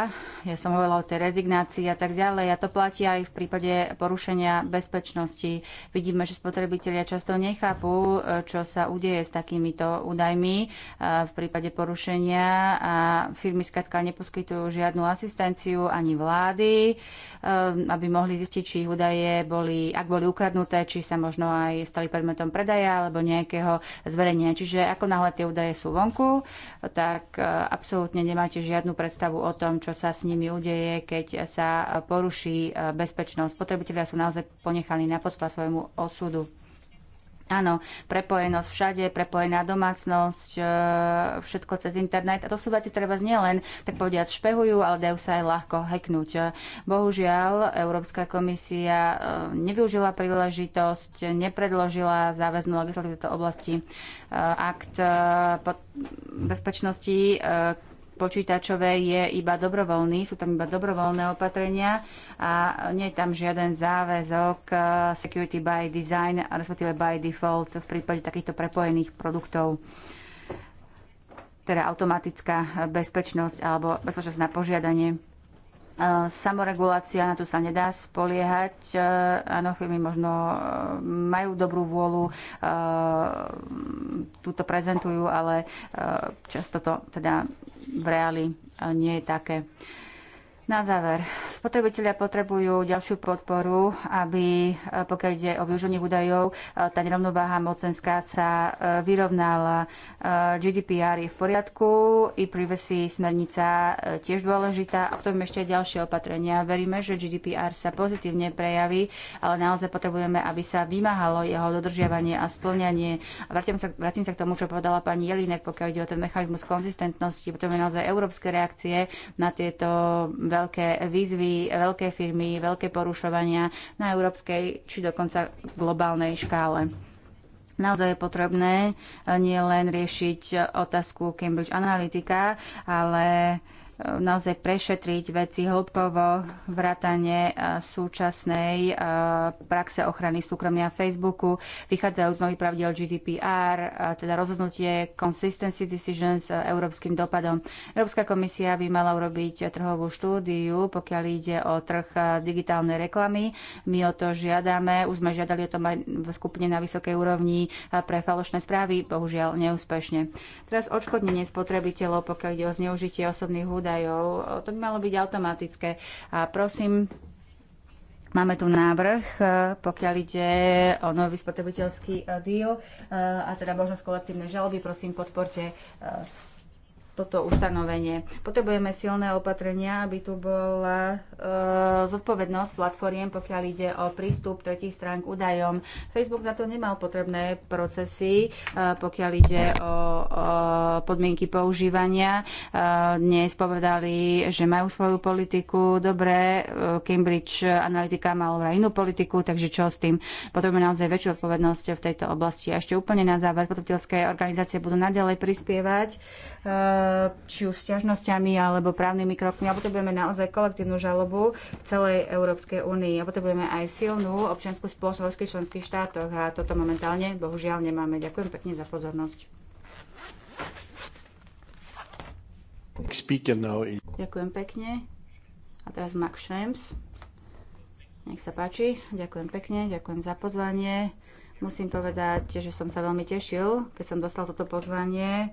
ja som hovorila o tej rezignácii a tak ďalej, a to platí aj v prípade porušenia bezpečnosti. Vidíme, že spotrebitelia často nechápu, čo sa udeje s takýmito údajmi v prípade porušenia a firmy skrátka neposkytujú žiadnu asistenciu ani vlády, um, aby mohli zistiť, či ich údaje boli, ak boli ukradnuté, či sa možno aj stali predmetom predaja alebo nejakého zverejnenia. Čiže ako náhle tie údaje sú vonku, tak uh, absolútne absolútne nemáte žiadnu predstavu o tom, čo sa s nimi udeje, keď sa poruší e, bezpečnosť. Spotrebitelia sú naozaj ponechaní na pospa svojmu osudu. Áno, prepojenosť všade, prepojená domácnosť, e, všetko cez internet. A to sú veci, ktoré vás nielen, tak povediať, špehujú, ale dajú sa aj ľahko heknúť. Bohužiaľ, Európska komisia e, nevyužila príležitosť, nepredložila záväznú legislatívu v tejto oblasti. Akt bezpečnosti, počítačové je iba dobrovoľný, sú tam iba dobrovoľné opatrenia a nie je tam žiaden záväzok eh, security by design, respektíve by default v prípade takýchto prepojených produktov teda automatická bezpečnosť alebo bezpečnosť na požiadanie. Eh, samoregulácia, na to sa nedá spoliehať. Eh, áno, firmy možno majú dobrú vôľu, túto prezentujú, ale často to teda v reáli nie je také. Na záver, spotrebitelia potrebujú ďalšiu podporu, aby e, pokiaľ ide o využívanie údajov, e, tá nerovnováha mocenská sa e, vyrovnala. GDPR je v poriadku, i privacy smernica tiež dôležitá a potom ešte aj ďalšie opatrenia. Veríme, že GDPR sa pozitívne prejaví, ale naozaj potrebujeme, aby sa vymáhalo jeho dodržiavanie a splňanie. Vrátim sa, vrátim sa k tomu, čo povedala pani Jelinek, pokiaľ ide o ten mechanizmus konzistentnosti. Potrebujeme naozaj európske reakcie na tieto veľmi veľké výzvy, veľké firmy, veľké porušovania na európskej či dokonca globálnej škále. Naozaj je potrebné eh, nielen riešiť otázku Cambridge Analytica, ale naozaj prešetriť veci hĺbkovo, vrátane e, súčasnej e, praxe ochrany súkromia Facebooku, vychádzajú z nových pravidel GDPR, e, teda rozhodnutie Consistency Decisions s európskym dopadom. Európska komisia by mala urobiť trhovú štúdiu, pokiaľ ide o trh digitálnej reklamy. My o to žiadame, už sme žiadali o tom aj v skupine na vysokej úrovni pre falošné správy, bohužiaľ neúspešne. Teraz odškodnenie spotrebiteľov, pokiaľ ide o zneužitie osobných údajov údajov. To by malo byť automatické. A prosím, Máme tu návrh, e, pokiaľ ide o nový spotrebiteľský e, deal e, a teda možnosť kolektívnej žaloby. Prosím, podporte toto ustanovenie. Potrebujeme silné opatrenia, aby tu bola e, zodpovednosť platformiem, pokiaľ ide o prístup tretich strán k údajom. Facebook na to nemal potrebné procesy, e, pokiaľ ide o, o podmienky používania. E, dnes povedali, že majú svoju politiku. Dobre, e, Cambridge Analytica mala inú politiku, takže čo s tým? Potrebujeme naozaj väčšiu odpovednosť v tejto oblasti. A ešte úplne na záver, potrebiteľské organizácie budú naďalej prispievať Eh, či už sťažnosťami alebo právnymi krokmi, a potrebujeme naozaj kolektívnu žalobu v celej Európskej únii. A potrebujeme aj silnú občianskú spoločnosť v členských štátoch. A toto momentálne bohužiaľ nemáme. Ďakujem pekne za pozornosť. Ďakujem pekne. A teraz Max Schrems. Nech sa páči. Ďakujem pekne, ďakujem za pozvanie. Musím povedať, že som sa veľmi tešil, keď som dostal toto pozvanie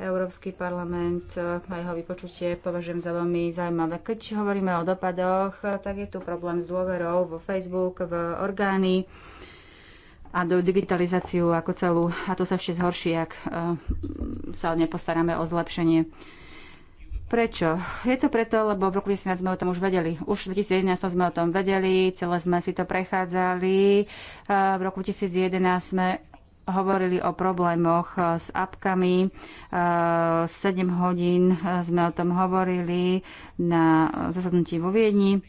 Európsky parlament e, a jeho vypočutie považujem za veľmi zaujímavé. Keď hovoríme o dopadoch, e, tak je tu problém s dôverou vo Facebook, v orgány a do digitalizáciu ako celú. A to sa ešte zhorší, ak e, sa nepostaráme o zlepšenie. Prečo? Je to preto, lebo v roku 2011 sme o tom už vedeli. Už v 2011 sme o tom vedeli, celé sme si to prechádzali. V roku 2011 sme hovorili o problémoch e, s apkami. 7 e, hodín e, sme o tom hovorili na zasadnutí vo Viedni.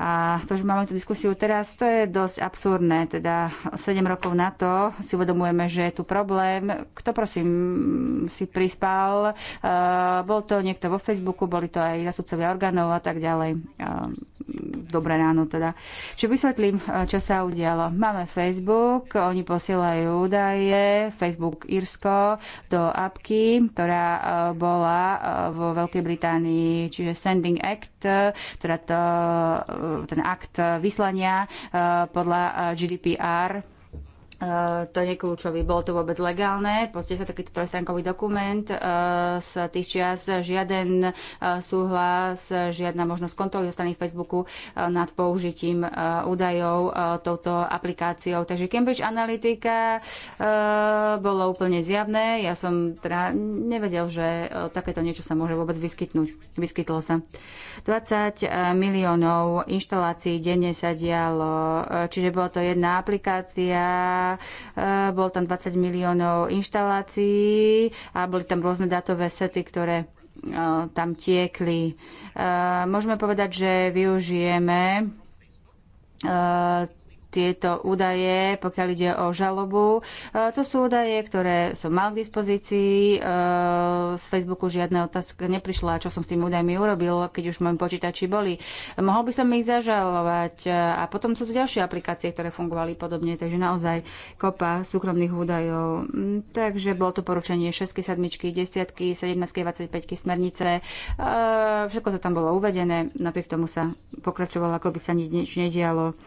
A to, že máme tú diskusiu teraz, to je dosť absurdné. Teda 7 rokov na to si uvedomujeme, že je tu problém. Kto prosím si prispal? E, bol to niekto vo Facebooku, boli to aj zastupcovia orgánov a tak ďalej. E, dobré ráno teda. Čiže vysvetlím, e, čo sa udialo. Máme Facebook, oni posielajú údaje, Facebook Irsko do apky, ktorá bola vo Veľkej Británii, čiže Sending Act, teda to ten akt vyslania eh, podľa eh, GDPR E, to je kľúčový. Bolo to vôbec legálne? Pozrite sa takýto trojstránkový dokument e, z tých čias. Žiaden e, súhlas, žiadna možnosť kontroly zo strany Facebooku nad použitím údajov touto aplikáciou. Takže Cambridge Analytica bolo úplne zjavné. Ja som teda nevedel, že takéto niečo sa môže vôbec vyskytnúť. Vyskytlo sa. 20 miliónov inštalácií denne sa dialo, čiže bola to jedna aplikácia E, bol tam 20 miliónov inštalácií a boli tam rôzne dátové sety, ktoré e, tam tiekli. E, môžeme povedať, že využijeme tieto údaje, pokiaľ ide o žalobu. E, to sú údaje, ktoré som mal k dispozícii. E, z Facebooku žiadna otázka neprišla, čo som s tými údajmi urobil, keď už v počítači boli. Mohol by som ich zažalovať. E, a potom sú tu ďalšie aplikácie, ktoré fungovali podobne, takže naozaj kopa súkromných údajov. Mm, takže bolo to poručenie 6, 7, 10, 17, 25 smernice. Všetko to tam bolo uvedené, napriek tomu sa pokračovalo, ako by sa nič, nič nedialo.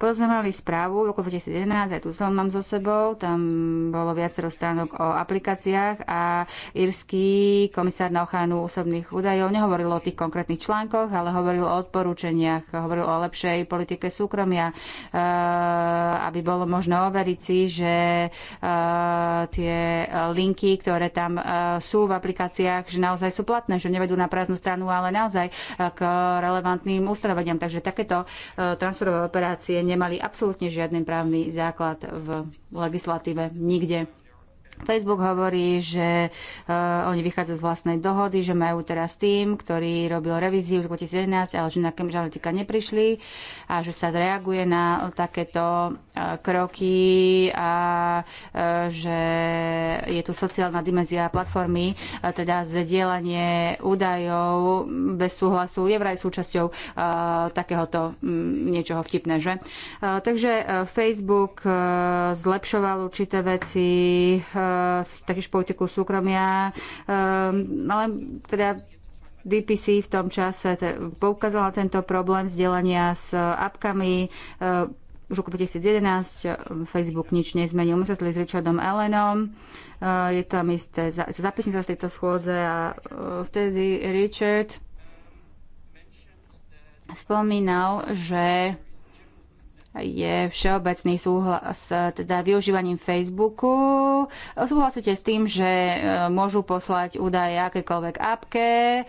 Potom sme mali správu v roku 2011, aj tu som mám so sebou, tam bolo viacero stránok o aplikáciách a írsky komisár na ochranu osobných údajov nehovoril o tých konkrétnych článkoch, ale hovoril o odporúčaniach, hovoril o lepšej politike súkromia, e, aby bolo možné overiť si, že e, tie linky, ktoré tam e, sú v aplikáciách, že naozaj sú platné, že nevedú na prázdnu stranu, ale naozaj k relevantným ustanoveniam. Takže takéto transferové operácie nemali absolútne žiadny právny základ v legislatíve nikde. Facebook hovorí, že uh, oni vychádzajú z vlastnej dohody, že majú teraz tým, ktorý robil revíziu v 2011, ale že na Kemžaletika neprišli a že sa reaguje na takéto uh, kroky a uh, že je tu sociálna dimenzia platformy, uh, teda zdieľanie údajov bez súhlasu je vraj súčasťou uh, takéhoto um, niečoho vtipné, že? Uh, takže uh, Facebook uh, zlepšoval určité veci, uh, taktiež politiku súkromia, ehm, ale teda DPC v tom čase poukázala tento problém vzdelania s e, apkami, e, v roku 2011 e, Facebook nič nezmenil. My sa stali s Richardom Ellenom, je tam isté zapisnica z tejto schôdze a vtedy Richard spomínal, že je všeobecný súhlas teda využívaním Facebooku. Súhlasíte s tým, že e, môžu poslať údaje akékoľvek apke, e,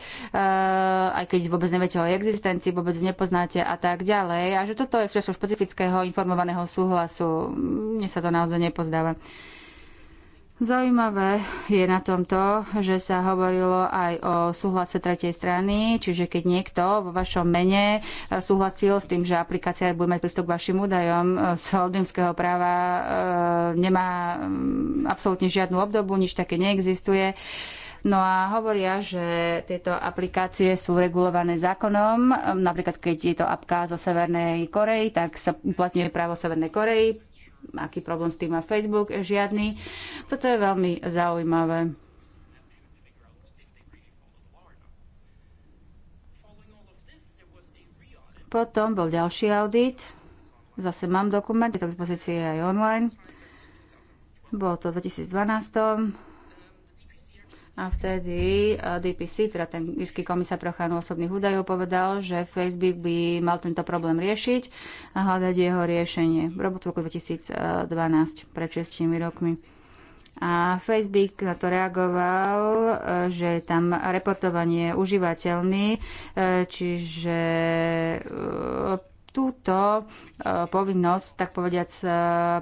aj keď vôbec neviete o existencii, vôbec nepoznáte a tak ďalej. A že toto je všetko špecifického informovaného súhlasu. Mne sa to naozaj nepozdáva. Zaujímavé je na tomto, že sa hovorilo aj o súhlase tretej strany, čiže keď niekto vo vašom mene eh, súhlasil s tým, že aplikácia bude mať prístup k vašim údajom eh, z holdingského práva e, nemá mm, absolútne žiadnu obdobu, nič také neexistuje. No a hovoria, že tieto aplikácie sú regulované zákonom. Napríklad, keď je to apka zo Severnej Korei, tak sa uplatňuje právo Severnej Korei aký problém s tým má Facebook, žiadny. Toto je veľmi zaujímavé. Potom bol ďalší audit. Zase mám dokument, je to k aj online. Bolo to v 2012. A vtedy eh, DPC, teda ten írsky komisár pre ochranu osobných údajov, povedal, že Facebook by mal tento problém riešiť a hľadať jeho riešenie. robot v roku 2012, pred 6 rokmi. A Facebook na to reagoval, eh, že je tam reportovanie užívateľmi, eh, čiže túto povinnosť, tak povediac,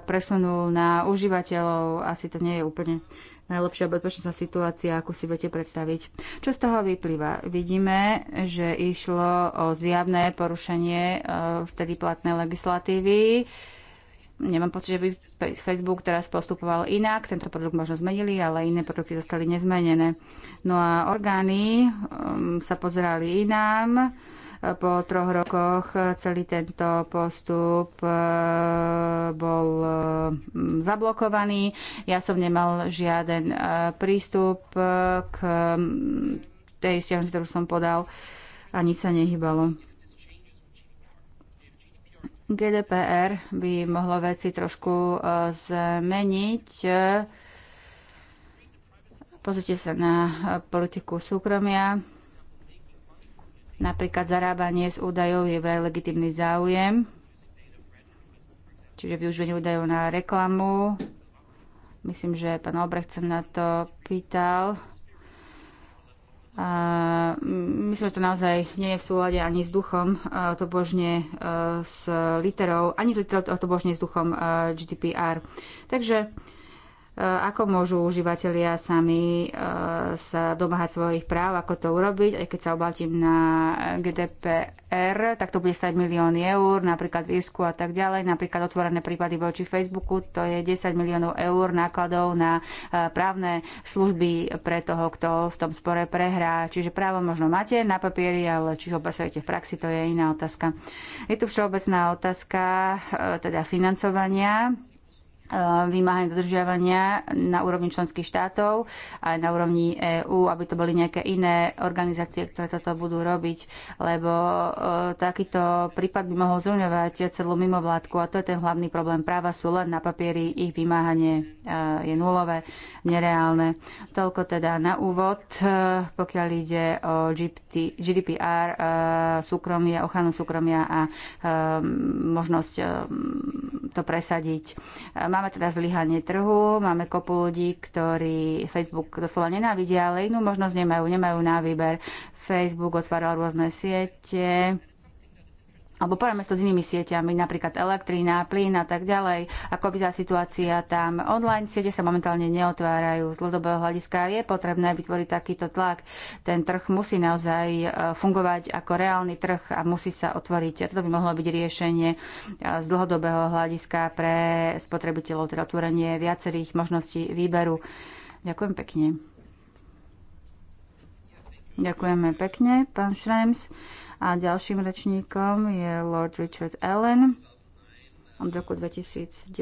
presunul na užívateľov. Asi to nie je úplne najlepšia bezpečnostná situácia, ako si viete predstaviť. Čo z toho vyplýva? Vidíme, že išlo o zjavné porušenie e, vtedy platnej legislatívy. Nemám pocit, že by Facebook teraz postupoval inak. Tento produkt možno zmenili, ale iné produkty zostali nezmenené. No a orgány um, sa pozerali inám. Po troch rokoch celý tento postup e, bol e, zablokovaný. Ja som nemal žiaden e, prístup k tej stiažnosti, ktorú som podal a nič sa nehybalo. GDPR by mohlo veci trošku zmeniť. Pozrite sa na politiku súkromia. Napríklad zarábanie z údajov je vraj legitimný záujem, čiže využívanie údajov na reklamu. Myslím, že pán Obrecht sa na to pýtal. A myslím, že to naozaj nie je v súlade ani s duchom, to božne e, s literou, ani s literou, to božne s duchom e, GDPR. Takže Eh, ako môžu užívateľia sami eh, sa domáhať svojich práv, ako to urobiť, aj keď sa obátim na GDPR, tak to bude stať milión eur, napríklad v Irsku a tak ďalej, napríklad otvorené prípady voči Facebooku, to je 10 miliónov eur nákladov na eh, právne služby pre toho, kto v tom spore prehrá. Čiže právo možno máte na papieri, ale či ho presvedčíte v praxi, to je iná otázka. Je tu všeobecná otázka, teda financovania vymáhania dodržiavania na úrovni členských štátov aj na úrovni EÚ, aby to boli nejaké iné organizácie, ktoré toto budú robiť, lebo e, takýto prípad by mohol zruňovať celú mimovládku a to je ten hlavný problém. Práva sú len na papieri, ich vymáhanie e, je nulové, nereálne. Toľko teda na úvod, e, pokiaľ ide o GDPR, súkromie, ochranu súkromia a možnosť to presadiť. Mám Máme teda zlyhanie trhu, máme kopu ľudí, ktorí Facebook doslova nenávidia, ale inú možnosť nemajú, nemajú na výber. Facebook otváral rôzne siete, alebo poradme sa s inými sieťami, napríklad elektrina, plyn a tak ďalej, ako by za situácia tam. Online siete sa momentálne neotvárajú. Z dlhodobého hľadiska je potrebné vytvoriť takýto tlak. Ten trh musí naozaj e, fungovať ako reálny trh a musí sa otvoriť. A toto by mohlo byť riešenie e, z dlhodobého hľadiska pre spotrebiteľov, teda otvorenie viacerých možností výberu. Ďakujem pekne. Ďakujeme pekne, pán Šrems. A ďalším rečníkom je Lord Richard Allen. Od roku 2009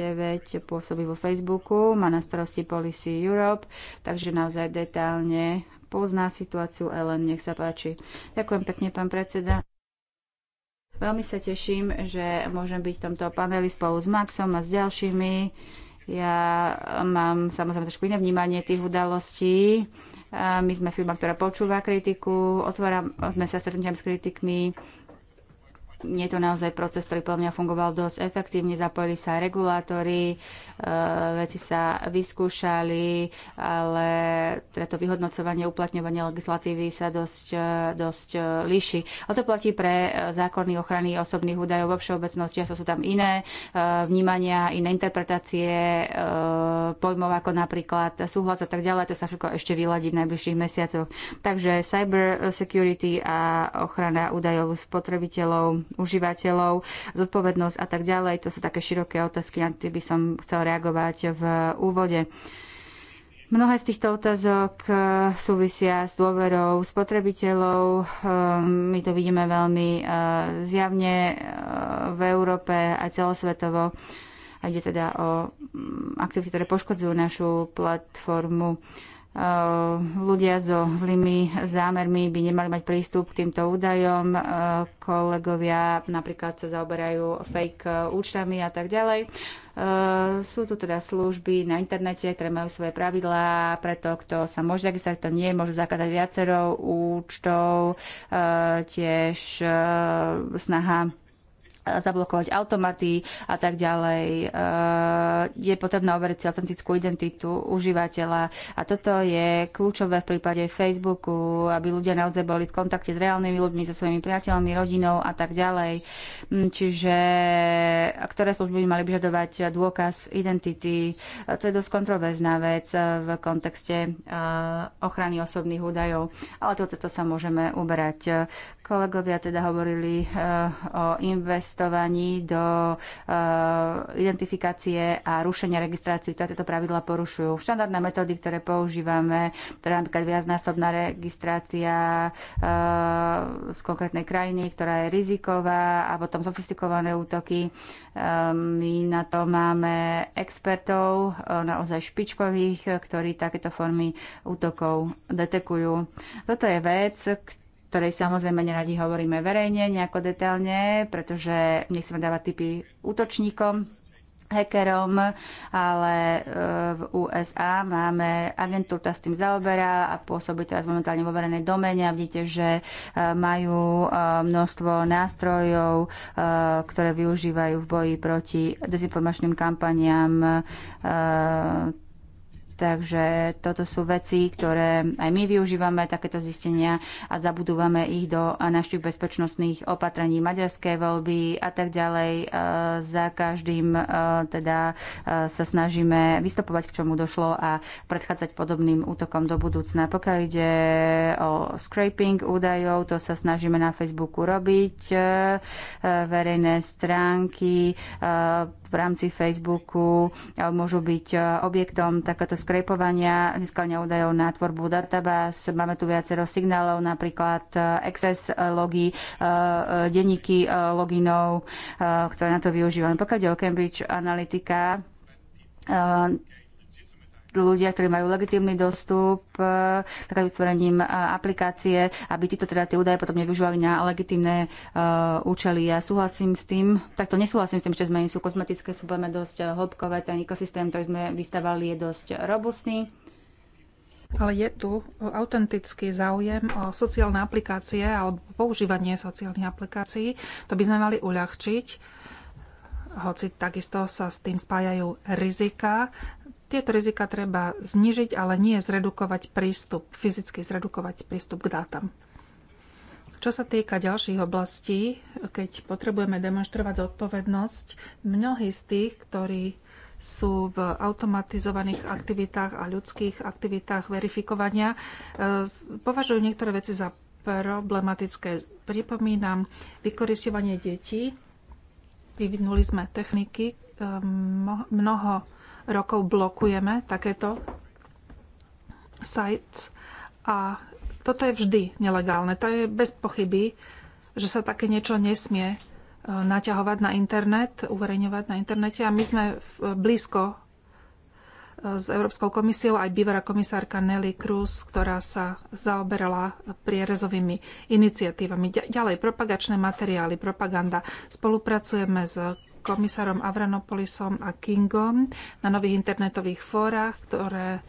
pôsobí vo Facebooku, má na starosti Policy Europe, takže naozaj detálne pozná situáciu Ellen, nech sa páči. Ďakujem pekne, pán predseda. Veľmi sa teším, že môžem byť v tomto paneli spolu s Maxom a s ďalšími. Ja mám samozrejme trošku iné vnímanie tých udalostí, my sme firma, ktorá počúva kritiku, otvára, sme sa stretnutiam s kritikmi, nie je to naozaj proces, ktorý podľa mňa fungoval dosť efektívne. Zapojili sa aj regulátory, e, veci sa vyskúšali, ale teda to vyhodnocovanie, uplatňovanie legislatívy sa dosť, e, dosť e, líši. A to platí pre zákony ochrany osobných údajov vo všeobecnosti. sú tam iné vnímania, iné interpretácie pojmov ako napríklad súhlas a tak ďalej. To sa všetko ešte vyladí v najbližších mesiacoch. Takže cyber security a ochrana údajov spotrebiteľov užívateľov, zodpovednosť a tak ďalej. To sú také široké otázky, na tie by som chcel reagovať v úvode. Mnohé z týchto otázok e, súvisia s dôverou spotrebiteľov. E, my to vidíme veľmi e, zjavne v Európe aj celosvetovo. A ide teda o aktivity, ktoré poškodzujú našu platformu. Ehm, ľudia so zlými zámermi by nemali mať prístup k týmto údajom. Ehm, kolegovia napríklad sa zaoberajú fake eh, účtami a tak ďalej. Ehm, sú tu teda služby na internete, ktoré majú svoje pravidlá, preto kto sa môže registrovať, to nie, môžu zakladať viacero účtov, tiež eh, snaha zablokovať automaty a tak ďalej. Eh, je potrebné overiť si autentickú identitu užívateľa a toto je kľúčové v prípade Facebooku, aby ľudia naozaj boli v kontakte s reálnymi ľuďmi, so svojimi priateľmi, rodinou a tak ďalej. Mm, čiže eh, ktoré služby by mali vyžadovať dôkaz identity, eh, to je dosť kontroverzná vec v kontexte ochrany osobných údajov, ale toto sa môžeme uberať. Kolegovia teda hovorili o invest testovaní, do uh, identifikácie a rušenia registrácií, ktoré tieto pravidla porušujú. Štandardné metódy, ktoré používame, teda napríklad viacnásobná registrácia uh, z konkrétnej krajiny, ktorá je riziková a potom sofistikované útoky. Um, my na to máme expertov, naozaj špičkových, ktorí takéto formy útokov detekujú. Toto je vec, ktorá ktorej samozrejme neradi hovoríme verejne, nejako detailne, pretože nechceme dávať typy útočníkom, hackerom, ale e, v USA máme agentúru, ktorá s tým zaoberá a pôsobí teraz momentálne vo verejnej domene a vidíte, že e, majú e, množstvo nástrojov, ktoré využívajú v boji proti dezinformačným kampaniám Takže toto sú veci, ktoré aj my využívame, takéto zistenia a zabudúvame ich do našich bezpečnostných opatrení, maďarské voľby a tak ďalej. E, za každým e, teda e, sa snažíme vystupovať, k čomu došlo a predchádzať podobným útokom do budúcna. Pokiaľ ide o scraping údajov, to sa snažíme na Facebooku robiť, verejné stránky, v rámci Facebooku môžu byť e, objektom takéto skrepovania, získania údajov na tvorbu databáz. Máme tu viacero signálov, napríklad e, access e, logy, denníky loginov, ktoré na to využívame. Pokiaľ ide o Cambridge Analytica, ľudia, ktorí majú legitímny dostup, tak e, vytvorením e, aplikácie, aby títo teda tie údaje potom nevyužívali na legitímne e, účely. Ja súhlasím s tým, takto nesúhlasím s tým, že sme sú kozmetické, sú veľmi dosť hĺbkové, ten ekosystém, ktorý sme vystavali, je dosť robustný. Ale je tu autentický záujem o sociálne aplikácie alebo používanie sociálnych aplikácií. To by sme mali uľahčiť, hoci takisto sa s tým spájajú rizika tieto rizika treba znižiť, ale nie zredukovať prístup, fyzicky zredukovať prístup k dátam. Čo sa týka ďalších oblastí, keď potrebujeme demonstrovať zodpovednosť, mnohí z tých, ktorí sú v automatizovaných aktivitách a ľudských aktivitách verifikovania, e, považujú niektoré veci za problematické. Pripomínam vykoristovanie detí. Vyvinuli sme techniky, e, mnoho rokov blokujeme takéto sites a toto je vždy nelegálne. To je bez pochyby, že sa také niečo nesmie e, naťahovať na internet, uverejňovať na internete a my sme e, blízko e, s Európskou komisiou aj bývalá komisárka Nelly Cruz, ktorá sa zaoberala prierezovými iniciatívami. Ďalej, propagačné materiály, propaganda. Spolupracujeme s komisárom Avranopolisom a Kingom na nových internetových fórach, ktoré e,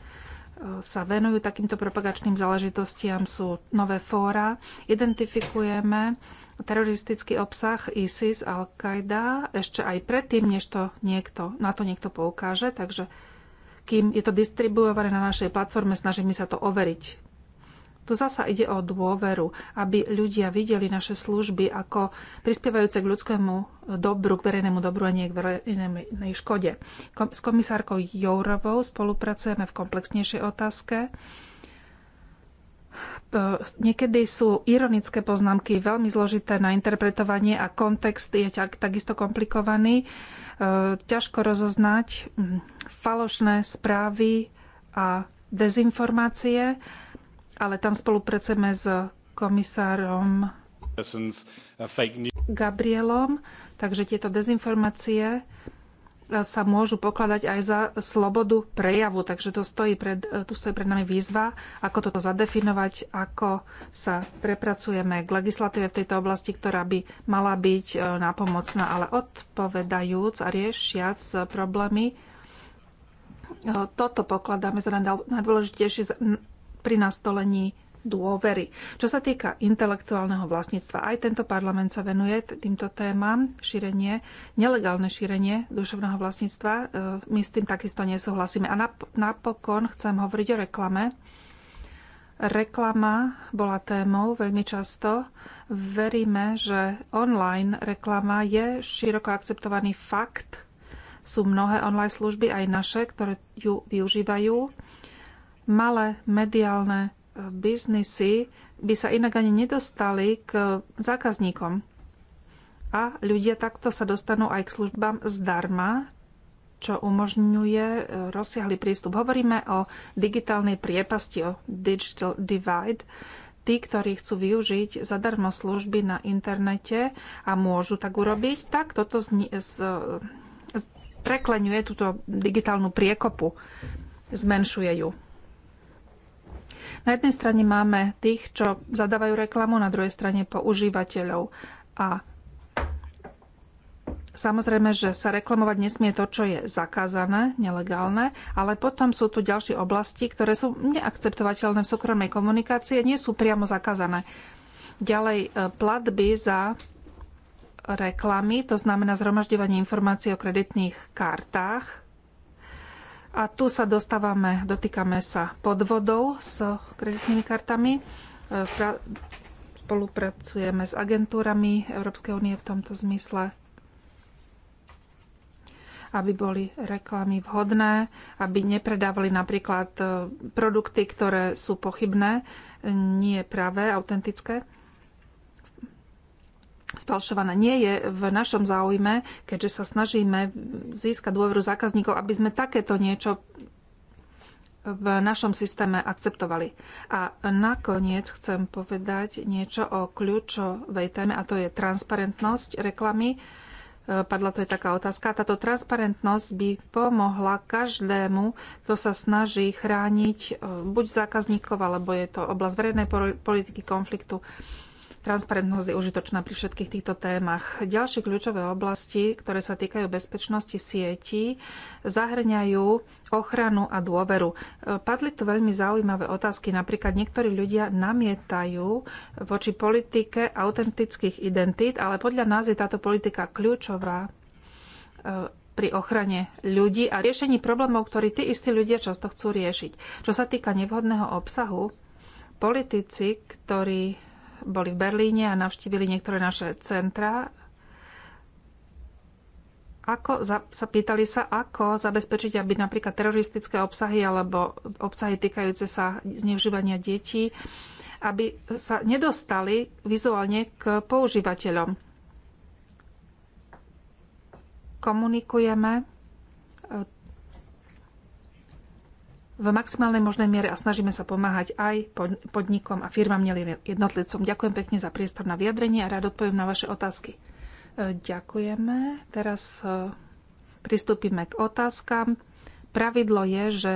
sa venujú takýmto propagačným záležitostiam, sú nové fóra. Identifikujeme teroristický obsah ISIS, Al-Qaida ešte aj predtým, než to niekto, na to niekto poukáže, takže kým je to distribuované na našej platforme, snažíme sa to overiť. Tu zasa ide o dôveru, aby ľudia videli naše služby ako prispievajúce k ľudskému dobru, k verejnému dobru a nie k verejnej škode. S komisárkou Jourovou spolupracujeme v komplexnejšej otázke. Niekedy sú ironické poznámky veľmi zložité na interpretovanie a kontext je tak, takisto komplikovaný. E, ťažko rozoznať falošné správy a dezinformácie ale tam spolupracujeme s komisárom Gabrielom, takže tieto dezinformácie e, sa môžu pokladať aj za slobodu prejavu. Takže to stojí pred, e, tu stojí pred nami výzva, ako toto zadefinovať, ako sa prepracujeme k legislatíve v tejto oblasti, ktorá by mala byť e, napomocná, ale odpovedajúc a riešiac problémy, toto pokladáme za najdôležitejšie pri nastolení dôvery. Čo sa týka intelektuálneho vlastníctva, aj tento parlament sa venuje týmto témam, šírenie, nelegálne šírenie duševného vlastníctva. E, my s tým takisto nesúhlasíme. A napokon chcem hovoriť o reklame. Reklama bola témou veľmi často. Veríme, že online reklama je široko akceptovaný fakt. Sú mnohé online služby, aj naše, ktoré ju využívajú malé mediálne e, biznisy by sa inak ani nedostali k zákazníkom. A ľudia takto sa dostanú aj k službám zdarma, čo umožňuje e, rozsiahly prístup. Hovoríme o digitálnej priepasti, o digital divide. Tí, ktorí chcú využiť zadarmo služby na internete a môžu tak urobiť, tak toto zni- z- z- preklenuje túto digitálnu priekopu, zmenšuje ju. Na jednej strane máme tých, čo zadávajú reklamu, na druhej strane používateľov. A Samozrejme, že sa reklamovať nesmie to, čo je zakázané, nelegálne, ale potom sú tu ďalšie oblasti, ktoré sú neakceptovateľné v súkromnej komunikácii nie sú priamo zakázané. Ďalej, e, platby za reklamy, to znamená zhromažďovanie informácií o kreditných kartách, a tu sa dostávame, dotýkame sa podvodov s kreditnými kartami. E, spolupracujeme s agentúrami Európskej únie v tomto zmysle, aby boli reklamy vhodné, aby nepredávali napríklad e, produkty, ktoré sú pochybné, nie práve, autentické spalšovaná. Nie je v našom záujme, keďže sa snažíme získať dôveru zákazníkov, aby sme takéto niečo v našom systéme akceptovali. A nakoniec chcem povedať niečo o kľúčovej téme, a to je transparentnosť reklamy. E, padla to je taká otázka. Táto transparentnosť by pomohla každému, kto sa snaží chrániť e, buď zákazníkov, alebo je to oblasť verejnej politiky konfliktu Transparentnosť je užitočná pri všetkých týchto témach. Ďalšie kľúčové oblasti, ktoré sa týkajú bezpečnosti sietí, zahrňajú ochranu a dôveru. Padli tu veľmi zaujímavé otázky. Napríklad niektorí ľudia namietajú voči politike autentických identít, ale podľa nás je táto politika kľúčová e, pri ochrane ľudí a riešení problémov, ktorí tí istí ľudia často chcú riešiť. Čo sa týka nevhodného obsahu, politici, ktorí boli v Berlíne a navštívili niektoré naše centra. Ako, za, sa pýtali sa, ako zabezpečiť, aby napríklad teroristické obsahy alebo obsahy týkajúce sa zneužívania detí, aby sa nedostali vizuálne k používateľom. Komunikujeme v maximálnej možnej miere a snažíme sa pomáhať aj podnikom a firmám, nielen jednotlivcom. Ďakujem pekne za priestor na vyjadrenie a rád odpoviem na vaše otázky. E, ďakujeme. Teraz e, pristúpime k otázkam. Pravidlo je, že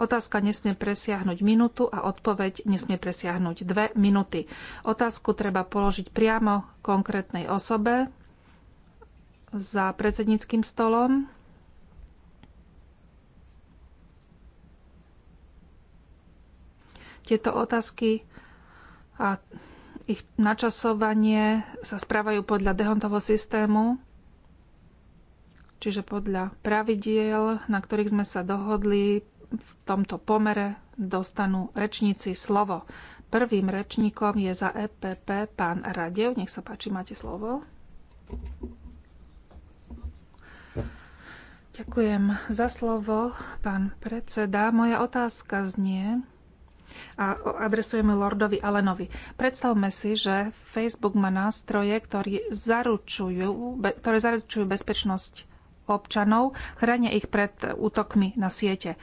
otázka nesmie presiahnuť minútu a odpoveď nesmie presiahnuť dve minúty. Otázku treba položiť priamo konkrétnej osobe za predsedníckým stolom tieto otázky a ich načasovanie sa správajú podľa dehontovho systému, čiže podľa pravidiel, na ktorých sme sa dohodli v tomto pomere dostanú rečníci slovo. Prvým rečníkom je za EPP pán Radev. Nech sa páči, máte slovo. Ďakujem za slovo, pán predseda. Moja otázka znie, a adresujeme Lordovi Alenovi. Predstavme si, že Facebook má nástroje, ktoré zaručujú, ktoré zaručujú bezpečnosť občanov, chránia ich pred útokmi na siete.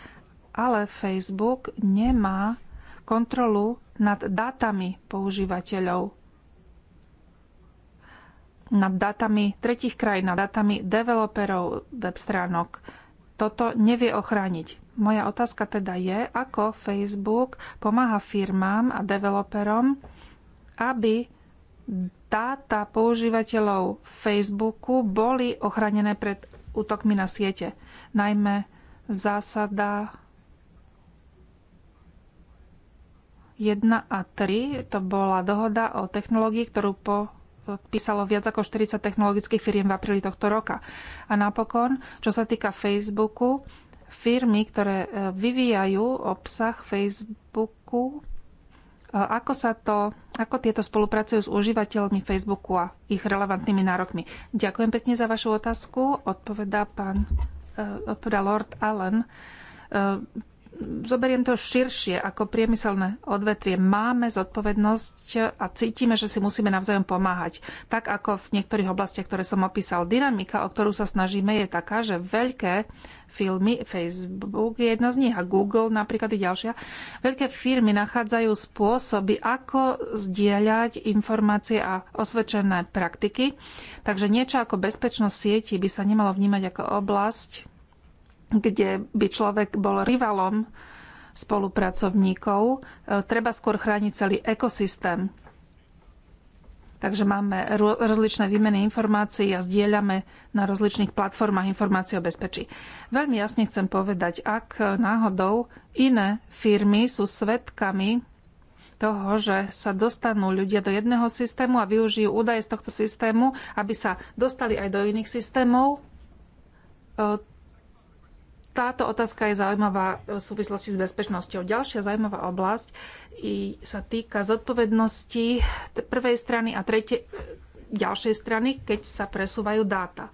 Ale Facebook nemá kontrolu nad dátami používateľov, nad dátami tretich krajín, nad dátami developerov web stránok. Toto nevie ochrániť. Moja otázka teda je, ako Facebook pomáha firmám a developerom, aby dáta používateľov Facebooku boli ochranené pred útokmi na siete. Najmä zásada 1 a 3, to bola dohoda o technológii, ktorú písalo viac ako 40 technologických firiem v apríli tohto roka. A napokon, čo sa týka Facebooku, firmy, ktoré e, vyvíjajú obsah Facebooku, e, ako, sa to, ako tieto spolupracujú s užívateľmi Facebooku a ich relevantnými nárokmi? Ďakujem pekne za vašu otázku. Odpovedá pán, e, odpovedá Lord Allen zoberiem to širšie ako priemyselné odvetvie. Máme zodpovednosť a cítime, že si musíme navzájom pomáhať. Tak ako v niektorých oblastiach, ktoré som opísal. Dynamika, o ktorú sa snažíme, je taká, že veľké filmy, Facebook je jedna z nich a Google napríklad i ďalšia, veľké firmy nachádzajú spôsoby, ako zdieľať informácie a osvedčené praktiky. Takže niečo ako bezpečnosť sieti by sa nemalo vnímať ako oblasť, kde by človek bol rivalom spolupracovníkov. E, treba skôr chrániť celý ekosystém. Takže máme rozličné výmeny informácií a zdieľame na rozličných platformách informácie o bezpečí. Veľmi jasne chcem povedať, ak náhodou iné firmy sú svetkami toho, že sa dostanú ľudia do jedného systému a využijú údaje z tohto systému, aby sa dostali aj do iných systémov, e, táto otázka je zaujímavá v súvislosti s bezpečnosťou. Ďalšia zaujímavá oblasť sa týka zodpovednosti prvej strany a tretie, ďalšej strany, keď sa presúvajú dáta.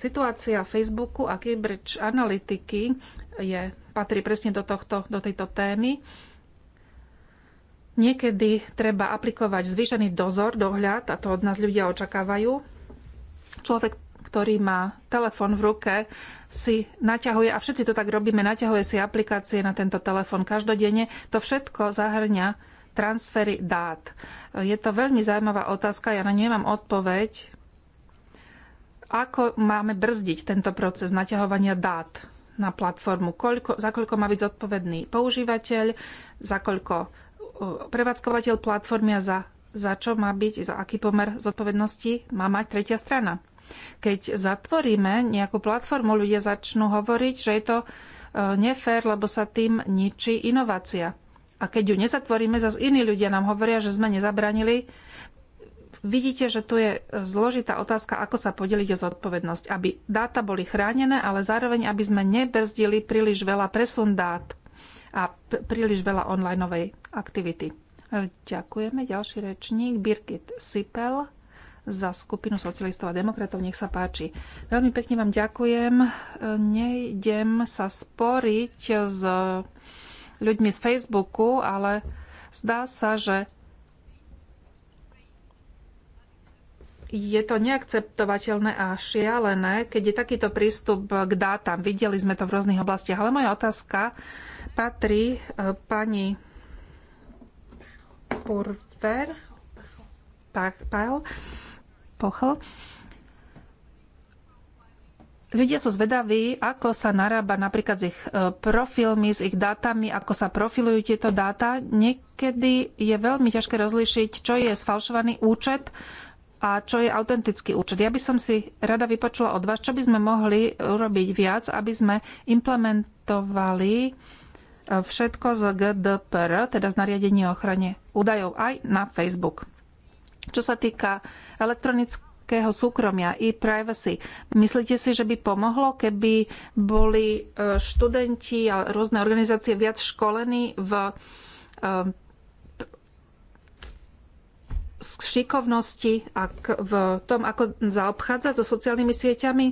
Situácia Facebooku a Cambridge Analytiky je, patrí presne do, tohto, do tejto témy. Niekedy treba aplikovať zvýšený dozor, dohľad, a to od nás ľudia očakávajú. Človek ktorý má telefón v ruke, si naťahuje, a všetci to tak robíme, naťahuje si aplikácie na tento telefón každodenne. To všetko zahrňa transfery dát. Je to veľmi zaujímavá otázka, ja na ňu nemám odpoveď. Ako máme brzdiť tento proces naťahovania dát na platformu? Koľko, za koľko má byť zodpovedný používateľ? Za koľko uh, prevádzkovateľ platformy a za za čo má byť, za aký pomer zodpovednosti má mať tretia strana. Keď zatvoríme nejakú platformu, ľudia začnú hovoriť, že je to e, nefér, lebo sa tým ničí inovácia. A keď ju nezatvoríme, zase iní ľudia nám hovoria, že sme nezabranili. Vidíte, že tu je e, zložitá otázka, ako sa podeliť o zodpovednosť, aby dáta boli chránené, ale zároveň, aby sme nebrzdili príliš veľa presun dát a príliš veľa onlineovej aktivity. E, ďakujeme. Ďalší rečník Birgit Sipel za skupinu socialistov a demokratov. Nech sa páči. Veľmi pekne vám ďakujem. Nejdem sa sporiť s ľuďmi z Facebooku, ale zdá sa, že je to neakceptovateľné a šialené, keď je takýto prístup k dátam. Videli sme to v rôznych oblastiach. Ale moja otázka patrí e, pani Purver Pachpal. Pochl. Ľudia sú zvedaví, ako sa narába napríklad s ich e, profilmi, s ich dátami, ako sa profilujú tieto dáta. Niekedy je veľmi ťažké rozlíšiť, čo je sfalšovaný účet a čo je autentický účet. Ja by som si rada vypočula od vás, čo by sme mohli urobiť viac, aby sme implementovali e, všetko z GDPR, teda z nariadenia o ochrane údajov aj na Facebook. Čo sa týka elektronického súkromia i privacy, myslíte si, že by pomohlo, keby boli e, študenti a rôzne organizácie viac školení v e, šikovnosti a v tom, ako zaobchádzať so sociálnymi sieťami?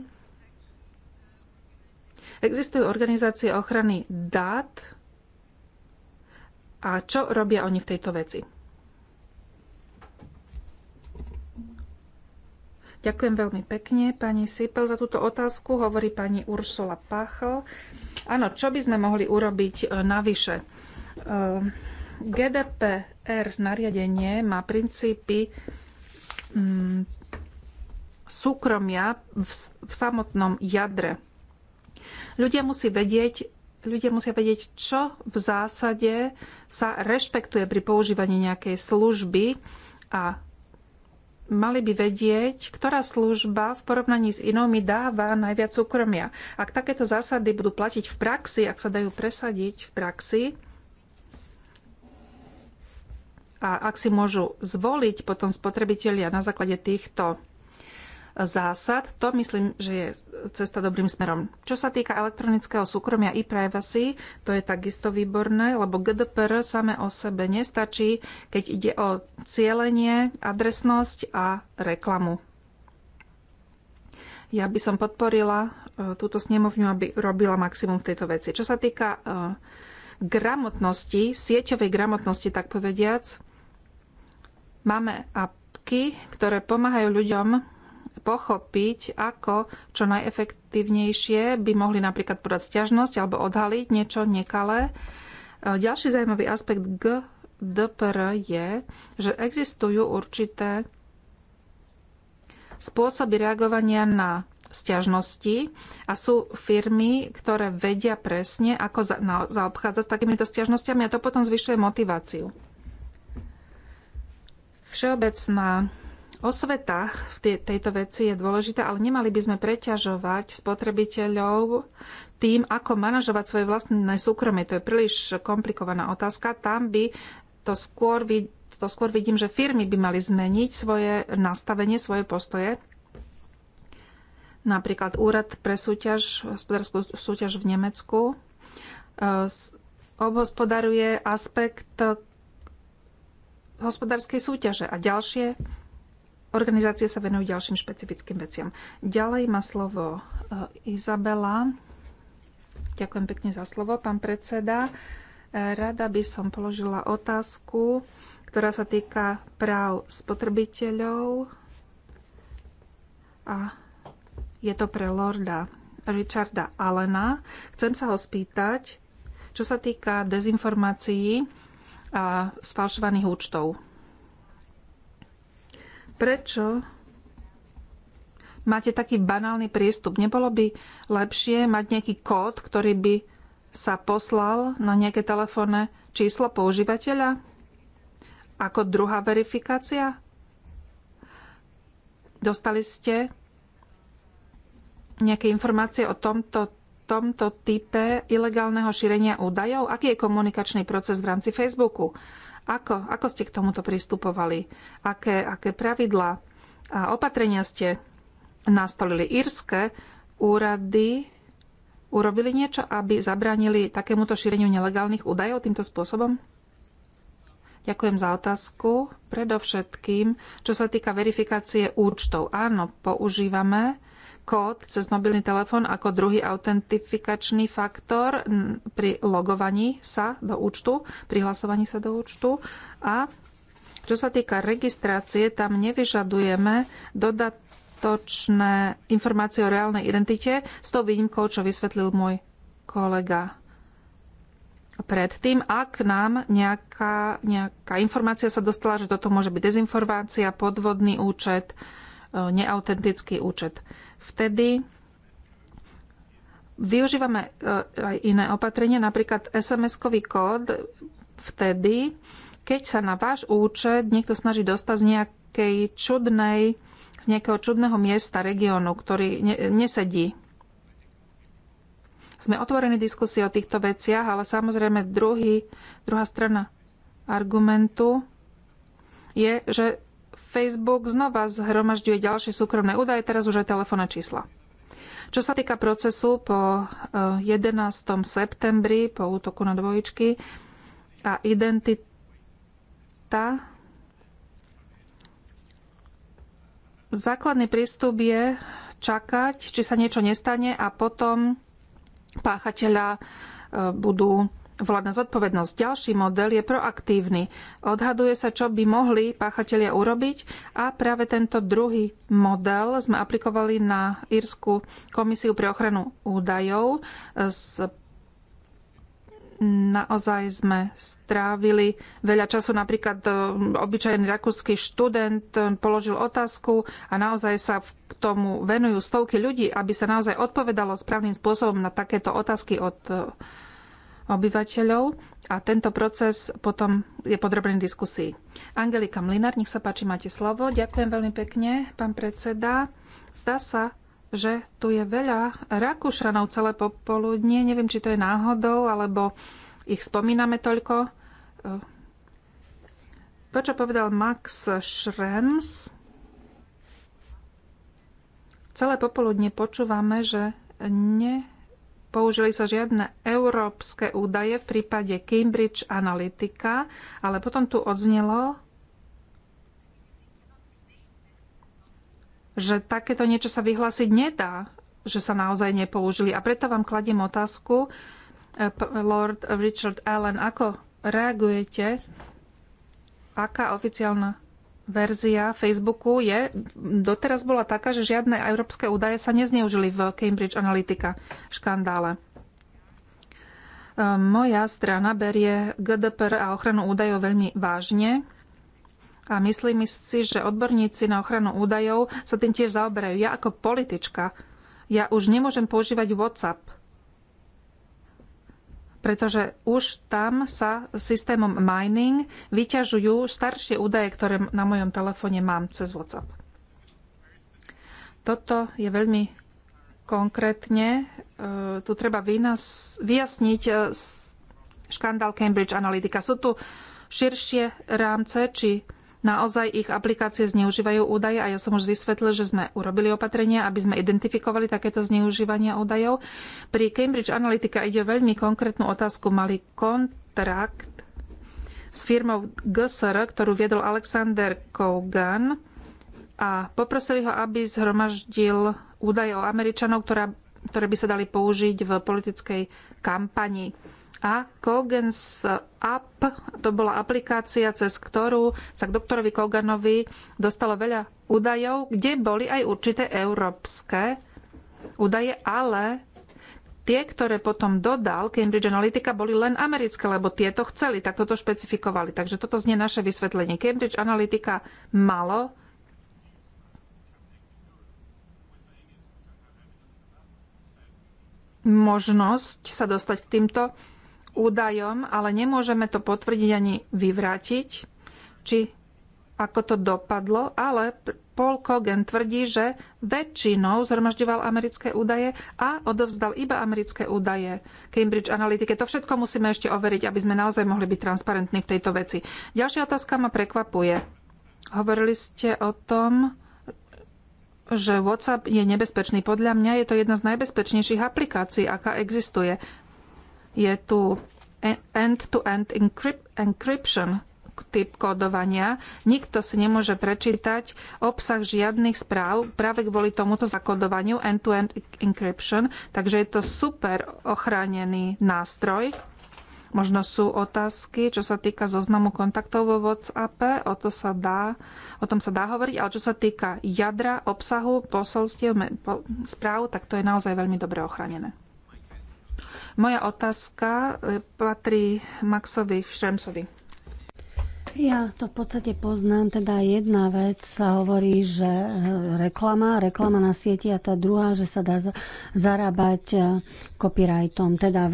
Existujú organizácie ochrany dát a čo robia oni v tejto veci? Ďakujem veľmi pekne, pani Sipel, za túto otázku. Hovorí pani Ursula Pachl. Áno, čo by sme mohli urobiť e, navyše? E, GDPR nariadenie má princípy mm, súkromia v samotnom jadre. Ľudia musí vedieť, ľudia musia vedieť, čo v zásade sa rešpektuje pri používaní nejakej služby a mali by vedieť, ktorá služba v porovnaní s inou mi dáva najviac súkromia. Ak takéto zásady budú platiť v praxi, ak sa dajú presadiť v praxi, a ak si môžu zvoliť potom spotrebitelia na základe týchto zásad. To myslím, že je cesta dobrým smerom. Čo sa týka elektronického súkromia i privacy, to je takisto výborné, lebo GDPR same o sebe nestačí, keď ide o cielenie, adresnosť a reklamu. Ja by som podporila e, túto snemovňu, aby robila maximum v tejto veci. Čo sa týka e, gramotnosti, sieťovej gramotnosti, tak povediac, máme apky, ktoré pomáhajú ľuďom pochopiť, ako čo najefektívnejšie by mohli napríklad podať stiažnosť alebo odhaliť niečo nekalé. E, ďalší zaujímavý aspekt GDPR je, že existujú určité spôsoby reagovania na sťažnosti a sú firmy, ktoré vedia presne, ako za, na, zaobchádzať s takýmito sťažnosťami a to potom zvyšuje motiváciu. Všeobecná Osveta v tejto veci je dôležitá, ale nemali by sme preťažovať spotrebiteľov tým, ako manažovať svoje vlastné súkromie. To je príliš komplikovaná otázka. Tam by to skôr, to skôr vidím, že firmy by mali zmeniť svoje nastavenie, svoje postoje. Napríklad úrad pre súťaž, hospodárskú súťaž v Nemecku e, obhospodaruje aspekt hospodárskej súťaže a ďalšie organizácie sa venujú ďalším špecifickým veciam. Ďalej má slovo eh, Izabela. Ďakujem pekne za slovo, pán predseda. Eh, rada by som položila otázku, ktorá sa týka práv spotrebiteľov a je to pre lorda Richarda Allena. Chcem sa ho spýtať, čo sa týka dezinformácií a sfalšovaných účtov. Prečo máte taký banálny prístup? Nebolo by lepšie mať nejaký kód, ktorý by sa poslal na nejaké telefónne číslo používateľa ako druhá verifikácia? Dostali ste nejaké informácie o tomto, tomto type ilegálneho šírenia údajov? Aký je komunikačný proces v rámci Facebooku? Ako, ako ste k tomuto pristupovali? Aké, aké pravidlá a opatrenia ste nastolili? Írske úrady urobili niečo, aby zabránili takémuto šíreniu nelegálnych údajov týmto spôsobom? Ďakujem za otázku. Predovšetkým, čo sa týka verifikácie účtov. Áno, používame kód cez mobilný telefón ako druhý autentifikačný faktor pri logovaní sa do účtu, pri hlasovaní sa do účtu. A čo sa týka registrácie, tam nevyžadujeme dodatočné informácie o reálnej identite s tou výnimkou, čo vysvetlil môj kolega predtým, ak nám nejaká, nejaká informácia sa dostala, že toto môže byť dezinformácia, podvodný účet, e, neautentický účet vtedy využívame e, aj iné opatrenia, napríklad SMS-kový kód vtedy, keď sa na váš účet niekto snaží dostať z nejakej čudnej, z nejakého čudného miesta, regiónu, ktorý ne, nesedí. Sme otvorení diskusie o týchto veciach, ale samozrejme druhý, druhá strana argumentu je, že Facebook znova zhromažďuje ďalšie súkromné údaje, teraz už aj telefónne čísla. Čo sa týka procesu po 11. Eh, septembri, po útoku na dvojičky a identita, základný prístup je čakať, či sa niečo nestane a potom páchateľa eh, budú vládna zodpovednosť. Ďalší model je proaktívny. Odhaduje sa, čo by mohli páchatelia urobiť a práve tento druhý model sme aplikovali na Írsku komisiu pre ochranu údajov. Naozaj sme strávili veľa času. Napríklad e, obyčajný rakúsky študent e, položil otázku a naozaj sa k tomu venujú stovky ľudí, aby sa naozaj odpovedalo správnym spôsobom na takéto otázky od e, obyvateľov a tento proces potom je podrobený diskusii. Angelika Mlinár, nech sa páči, máte slovo. Ďakujem veľmi pekne, pán predseda. Zdá sa, že tu je veľa Rakúšanov celé popoludnie. Neviem, či to je náhodou, alebo ich spomíname toľko. To, čo povedal Max Schrems, celé popoludne počúvame, že ne použili sa žiadne európske údaje v prípade Cambridge Analytica, ale potom tu odznelo, že takéto niečo sa vyhlásiť nedá, že sa naozaj nepoužili. A preto vám kladiem otázku, eh, Lord Richard Allen, ako reagujete, aká oficiálna verzia Facebooku je, doteraz bola taká, že žiadne európske údaje sa nezneužili v Cambridge Analytica škandále. Ehm, moja strana berie GDPR a ochranu údajov veľmi vážne a myslím si, že odborníci na ochranu údajov sa tým tiež zaoberajú. Ja ako politička, ja už nemôžem používať WhatsApp, pretože už tam sa systémom mining vyťažujú staršie údaje, ktoré na mojom telefóne mám cez WhatsApp. Toto je veľmi konkrétne. E, tu treba vyjasniť e, škandál Cambridge Analytica. Sú tu širšie rámce či naozaj ich aplikácie zneužívajú údaje a ja som už vysvetlil, že sme urobili opatrenia, aby sme identifikovali takéto zneužívania údajov. Pri Cambridge Analytica ide o veľmi konkrétnu otázku. Mali kontrakt s firmou GSR, ktorú viedol Alexander Kogan a poprosili ho, aby zhromaždil údaje o Američanov, ktorá, ktoré by sa dali použiť v politickej kampani a Kogens App, to bola aplikácia, cez ktorú sa k doktorovi Koganovi dostalo veľa údajov, kde boli aj určité európske údaje, ale tie, ktoré potom dodal Cambridge Analytica, boli len americké, lebo tieto chceli, tak toto špecifikovali. Takže toto znie naše vysvetlenie. Cambridge Analytica malo možnosť sa dostať k týmto údajom, ale nemôžeme to potvrdiť ani vyvrátiť, či ako to dopadlo, ale Paul Kogan tvrdí, že väčšinou zhromažďoval americké údaje a odovzdal iba americké údaje Cambridge Analytike. To všetko musíme ešte overiť, aby sme naozaj mohli byť transparentní v tejto veci. Ďalšia otázka ma prekvapuje. Hovorili ste o tom, že WhatsApp je nebezpečný. Podľa mňa je to jedna z najbezpečnejších aplikácií, aká existuje. Je tu end-to-end encryption typ kódovania. Nikto si nemôže prečítať obsah žiadnych správ práve kvôli tomuto zakodovaniu end-to-end encryption. Takže je to super ochránený nástroj. Možno sú otázky, čo sa týka zoznamu kontaktov vo WhatsApp, o, to sa dá, o tom sa dá hovoriť, ale čo sa týka jadra, obsahu, posolstiev, správ, tak to je naozaj veľmi dobre ochránené. Moja otázka e, patrí Maxovi Šremsovi. Ja to v podstate poznám, teda jedna vec sa hovorí, že e, reklama, reklama na sieti a tá druhá, že sa dá zarábať e, copyrightom, teda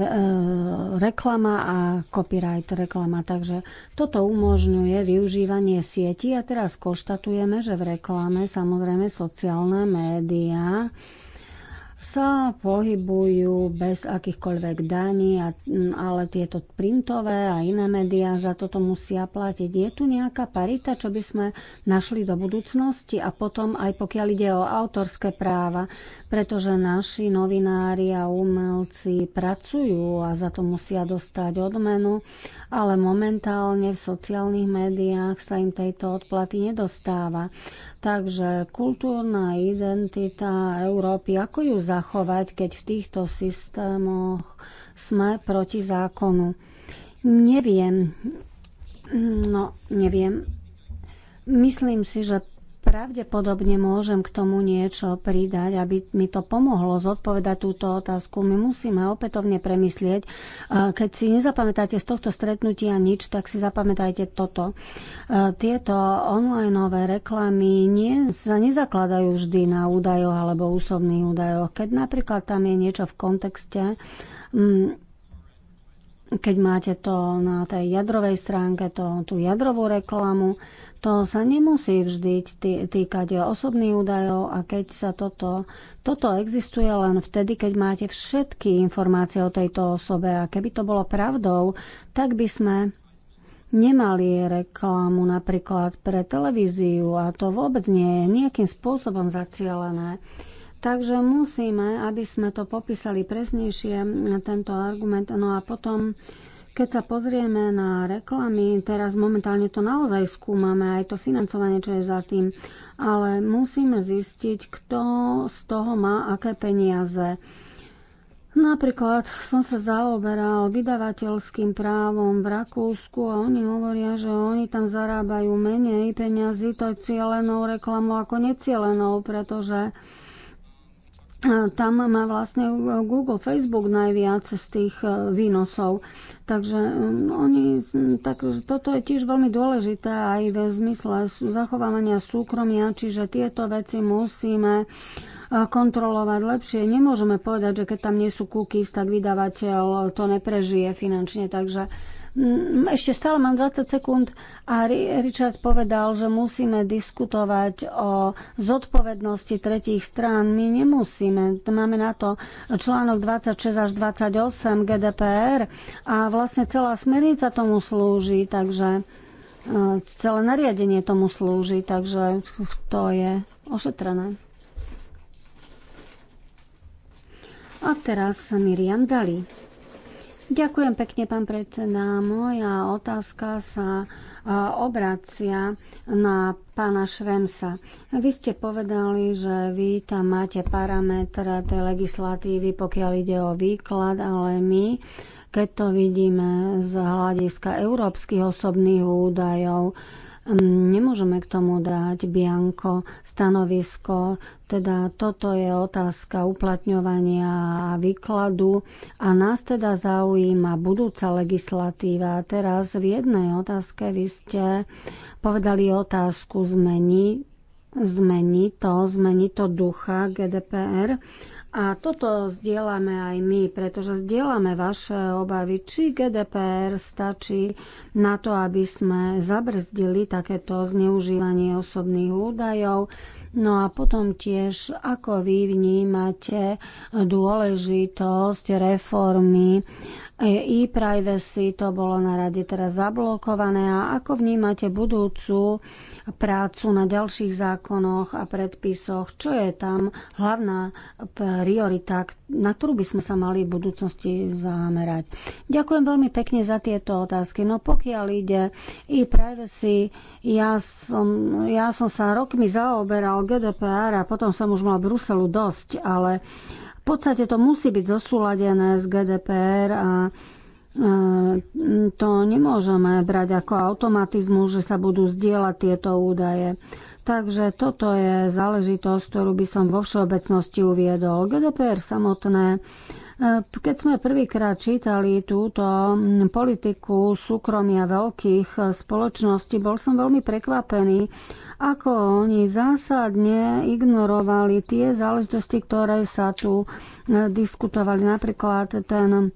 reklama a copyright reklama. Takže toto umožňuje využívanie sieti a teraz konštatujeme, že v reklame samozrejme sociálne médiá sa pohybujú bez akýchkoľvek daní, a, ale tieto printové a iné médiá za toto musia platiť. Je tu nejaká parita, čo by sme našli do budúcnosti? A potom aj pokiaľ ide o autorské práva, pretože naši novinári a umelci pracujú a za to musia dostať odmenu, ale momentálne v sociálnych médiách sa im tejto odplaty nedostáva. Takže kultúrna identita Európy, ako ju zachovať, keď v týchto systémoch sme proti zákonu? Neviem. No, neviem. Myslím si, že Pravdepodobne môžem k tomu niečo pridať, aby mi to pomohlo zodpovedať túto otázku. My musíme opätovne premyslieť. Keď si nezapamätáte z tohto stretnutia nič, tak si zapamätajte toto. Tieto onlineové reklamy nie, sa nezakladajú vždy na údajoch alebo úsobných údajoch. Keď napríklad tam je niečo v kontexte, mm, keď máte to na tej jadrovej stránke, to, tú jadrovú reklamu, to sa nemusí vždy týkať osobných údajov a keď sa toto, toto existuje len vtedy, keď máte všetky informácie o tejto osobe a keby to bolo pravdou, tak by sme nemali reklamu napríklad pre televíziu a to vôbec nie je nejakým spôsobom zacielené. Takže musíme, aby sme to popísali presnejšie, tento argument. No a potom keď sa pozrieme na reklamy, teraz momentálne to naozaj skúmame, aj to financovanie, čo je za tým, ale musíme zistiť, kto z toho má aké peniaze. Napríklad som sa zaoberal vydavateľským právom v Rakúsku a oni hovoria, že oni tam zarábajú menej peňazí to cielenou reklamou ako necielenou, pretože tam má vlastne e, Google, Facebook najviac z tých e, výnosov. Takže e, oni, tak, toto je tiež veľmi dôležité aj v zmysle zachovávania súkromia, čiže tieto veci musíme kontrolovať lepšie. Nemôžeme povedať, že keď tam nie sú cookies, tak vydavateľ to neprežije finančne. Takže Mm, ešte stále mám 20 sekúnd a Richard povedal, že musíme diskutovať o zodpovednosti tretích strán. My nemusíme. Máme na to článok 26 až 28 GDPR a vlastne celá smernica tomu slúži, takže e, celé nariadenie tomu slúži, takže to je ošetrené. A teraz Miriam Dali. Ďakujem pekne, pán predseda. Moja otázka sa e, obracia na pána Švensa. Vy ste povedali, že vy tam máte parametre tej legislatívy, pokiaľ ide o výklad, ale my keď to vidíme z hľadiska európskych osobných údajov, Hm, nemôžeme k tomu dať bianko stanovisko, teda toto je otázka uplatňovania a výkladu a nás teda zaujíma budúca legislatíva. Teraz v jednej otázke vy ste povedali otázku zmeni, zmeni to, zmeni to ducha GDPR a toto zdieľame aj my, pretože zdieľame vaše obavy, či GDPR stačí na to, aby sme zabrzdili takéto zneužívanie osobných údajov. No a potom tiež, ako vy vnímate dôležitosť reformy e-privacy, to bolo na rade teraz zablokované. A ako vnímate budúcu prácu na ďalších zákonoch a predpisoch? Čo je tam hlavná priorita, na ktorú by sme sa mali v budúcnosti zamerať? Ďakujem veľmi pekne za tieto otázky. No pokiaľ ide e-privacy, ja som, ja som sa rokmi zaoberal GDPR a potom som už mal Bruselu dosť, ale podstate to musí byť zosúladené s GDPR a to nemôžeme brať ako automatizmus, že sa budú zdieľať tieto údaje. Takže toto je záležitosť, ktorú by som vo všeobecnosti uviedol. GDPR samotné E, keď sme prvýkrát čítali túto politiku súkromia veľkých e, spoločností, bol som veľmi prekvapený, ako oni zásadne ignorovali tie záležitosti, ktoré sa tu e, diskutovali. Napríklad ten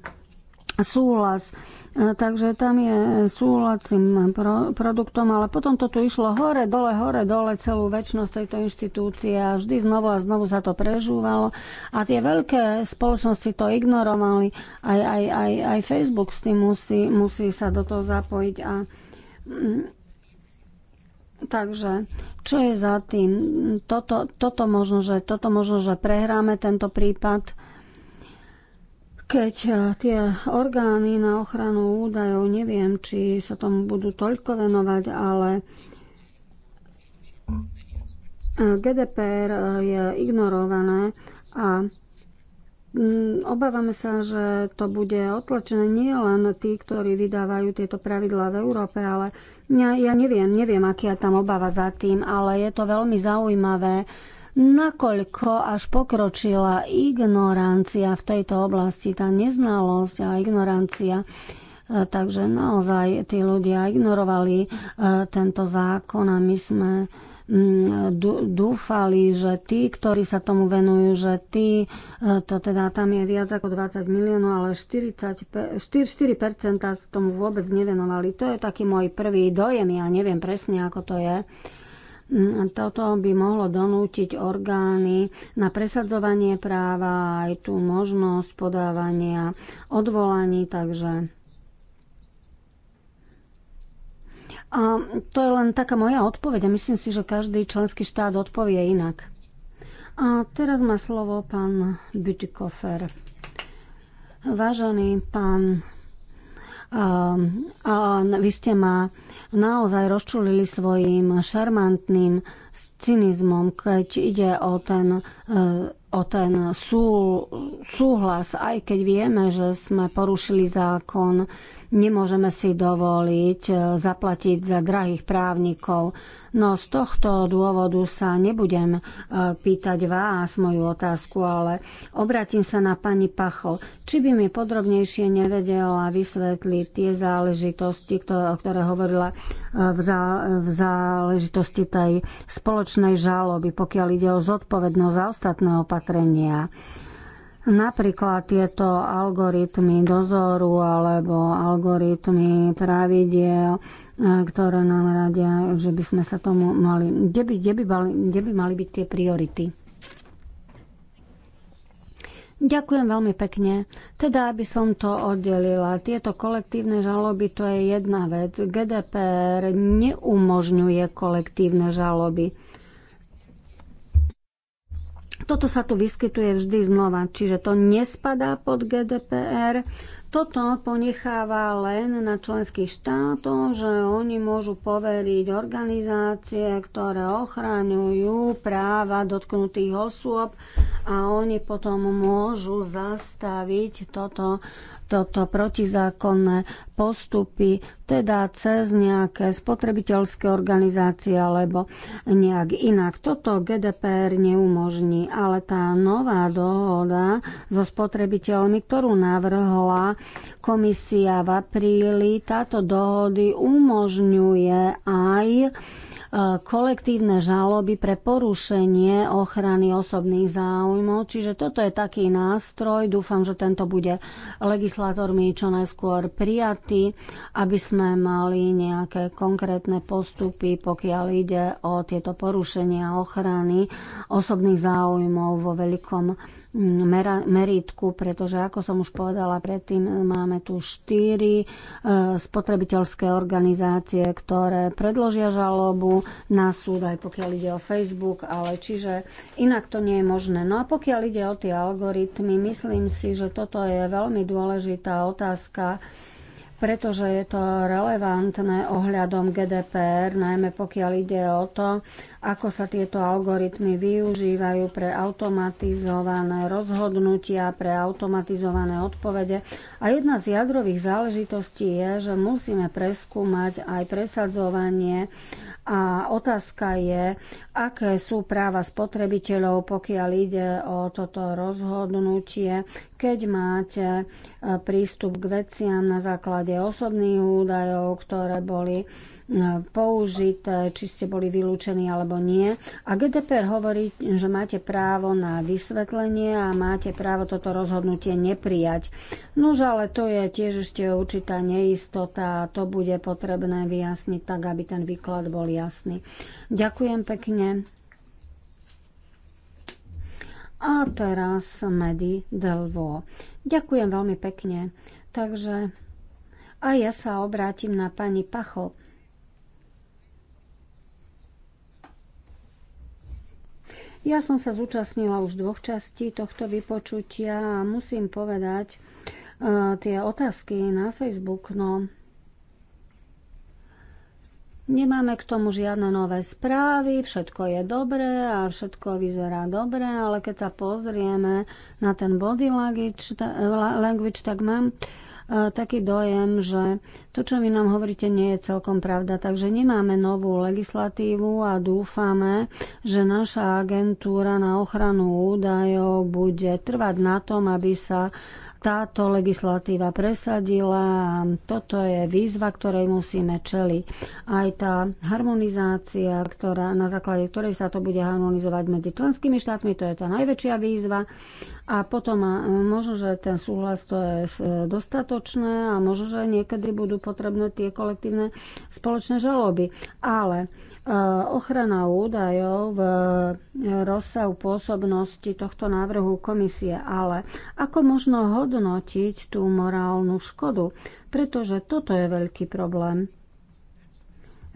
súhlas E, takže tam je súlad s tým pro, produktom, ale potom to tu išlo hore, dole, hore, dole celú väčšnosť tejto inštitúcie a vždy znovu a znovu sa to prežúvalo a tie veľké spoločnosti to ignorovali, aj, aj, aj, aj Facebook s tým musí, musí sa do toho zapojiť a mm, Takže, čo je za tým? Toto, toto, možno, že, toto možno, že prehráme tento prípad keď eh, tie orgány na ochranu údajov, neviem, či sa tomu budú toľko venovať, ale eh, GDPR eh, je ignorované a mm, Obávame sa, že to bude otlačené nie len tí, ktorí vydávajú tieto pravidlá v Európe, ale ja, ja neviem, neviem, aký je tam obava za tým, ale je to veľmi zaujímavé, nakoľko až pokročila ignorancia v tejto oblasti, tá neznalosť a ignorancia. E, takže naozaj tí ľudia ignorovali e, tento zákon a my sme mm, dúfali, že tí, ktorí sa tomu venujú, že tí, e, to teda tam je viac ako 20 miliónov, ale 40, 4, sa tomu vôbec nevenovali. To je taký môj prvý dojem, ja neviem presne, ako to je. Mm, toto by mohlo donútiť orgány na presadzovanie práva aj tú možnosť podávania odvolaní, takže A to je len taká moja odpoveď a myslím si, že každý členský štát odpovie inak. A teraz má slovo pán Bütikofer. Vážený pán Ehm, a vy ste ma naozaj rozčulili svojim šarmantným cynizmom, keď ide o ten, e, o ten sú, súhlas, aj keď vieme, že sme porušili zákon Nemôžeme si dovoliť e, zaplatiť za drahých právnikov. No z tohto dôvodu sa nebudem e, pýtať vás moju otázku, ale obratím sa na pani Pacho. Či by mi podrobnejšie nevedela vysvetliť tie záležitosti, ktoré hovorila e, v záležitosti tej spoločnej žaloby, pokiaľ ide o zodpovednosť za ostatné opatrenia. Napríklad tieto algoritmy dozoru alebo algoritmy pravidiel, e, ktoré nám radia, že by sme sa tomu mali... Kde by, kde by, mali, kde by mali byť tie priority? Ďakujem veľmi pekne. Teda, aby som to oddelila, tieto kolektívne žaloby to je jedna vec. GDPR neumožňuje kolektívne žaloby. Toto sa tu vyskytuje vždy znova, čiže to nespadá pod GDPR. Toto ponecháva len na členských štátoch, že oni môžu poveriť organizácie, ktoré ochraňujú práva dotknutých osôb a oni potom môžu zastaviť toto toto protizákonné postupy, teda cez nejaké spotrebiteľské organizácie alebo nejak inak. Toto GDPR neumožní, ale tá nová dohoda so spotrebiteľmi, ktorú navrhla komisia v apríli, táto dohody umožňuje aj kolektívne žaloby pre porušenie ochrany osobných záujmov. Čiže toto je taký nástroj. Dúfam, že tento bude legislátormi čo najskôr prijatý, aby sme mali nejaké konkrétne postupy, pokiaľ ide o tieto porušenia ochrany osobných záujmov vo veľkom mera, meritku, pretože ako som už povedala predtým, máme tu štyri e, spotrebiteľské organizácie, ktoré predložia žalobu na súd, aj pokiaľ ide o Facebook, ale čiže inak to nie je možné. No a pokiaľ ide o tie algoritmy, myslím si, že toto je veľmi dôležitá otázka, pretože je to relevantné ohľadom GDPR, najmä pokiaľ ide o to, ako sa tieto algoritmy využívajú pre automatizované rozhodnutia, pre automatizované odpovede. A jedna z jadrových záležitostí je, že musíme preskúmať aj presadzovanie a otázka je, aké sú práva spotrebiteľov, pokiaľ ide o toto rozhodnutie, keď máte e, prístup k veciam na základe osobných údajov, ktoré boli použité, eh, či ste boli vylúčení alebo nie. A GDPR hovorí, že máte právo na vysvetlenie a máte právo toto rozhodnutie neprijať. Nož ale to je tiež ešte určitá neistota a to bude potrebné vyjasniť tak, aby ten výklad bol jasný. Ďakujem pekne. A teraz Medi Delvo. Ďakujem veľmi pekne. Takže a ja sa obrátim na pani Pacho. Ja som sa zúčastnila už dvoch častí tohto vypočutia a musím povedať, uh, tie otázky na Facebook, no Nemáme k tomu žiadne nové správy, všetko je dobré a všetko vyzerá dobre, ale keď sa pozrieme na ten body language, language tak mám E, taký dojem, že to, čo vy nám hovoríte, nie je celkom pravda. Takže nemáme novú legislatívu a dúfame, že naša agentúra na ochranu údajov bude trvať na tom, aby sa táto legislatíva presadila. Toto je výzva, ktorej musíme čeliť. Aj tá harmonizácia, ktorá, na základe ktorej sa to bude harmonizovať medzi členskými štátmi, to je tá najväčšia výzva. A potom možno, že ten súhlas to je e, dostatočné a možno, že niekedy budú potrebné tie kolektívne spoločné žaloby. Ale Eh, ochrana údajov v eh, rozsahu pôsobnosti tohto návrhu komisie, ale ako možno hodnotiť tú morálnu škodu, pretože toto je veľký problém.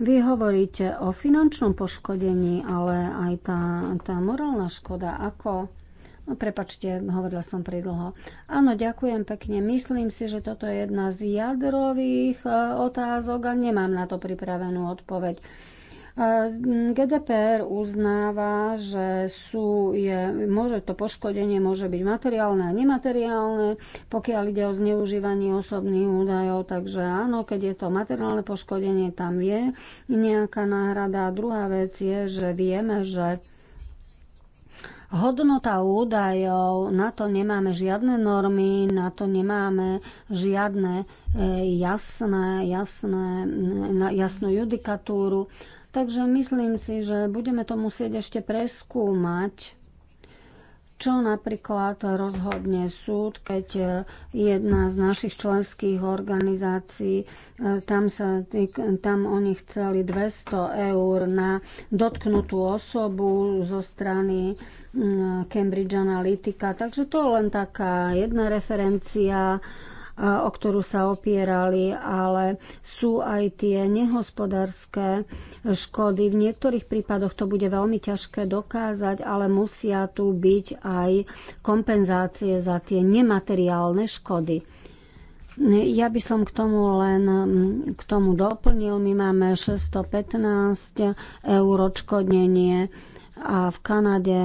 Vy hovoríte o finančnom poškodení, ale aj tá, tá morálna škoda, ako No, prepačte, hovorila som pridlho. Áno, ďakujem pekne. Myslím si, že toto je jedna z jadrových eh, otázok a nemám na to pripravenú odpoveď. GDPR uznáva, že sú, je, môže to poškodenie môže byť materiálne a nemateriálne, pokiaľ ide o zneužívanie osobných údajov, takže áno, keď je to materiálne poškodenie, tam je nejaká náhrada. A druhá vec je, že vieme, že hodnota údajov, na to nemáme žiadne normy, na to nemáme žiadne e, jasné, jasné, jasnú judikatúru. Takže myslím si, že budeme to musieť ešte preskúmať, čo napríklad rozhodne súd, keď jedna z našich členských organizácií, e, tam, sa, tam oni chceli 200 eur na dotknutú osobu zo strany mm, Cambridge Analytica. Takže to je len taká jedna referencia o ktorú sa opierali, ale sú aj tie nehospodárske škody. V niektorých prípadoch to bude veľmi ťažké dokázať, ale musia tu byť aj kompenzácie za tie nemateriálne škody. Ja by som k tomu len k tomu doplnil. My máme 615 eur odškodnenie a v Kanade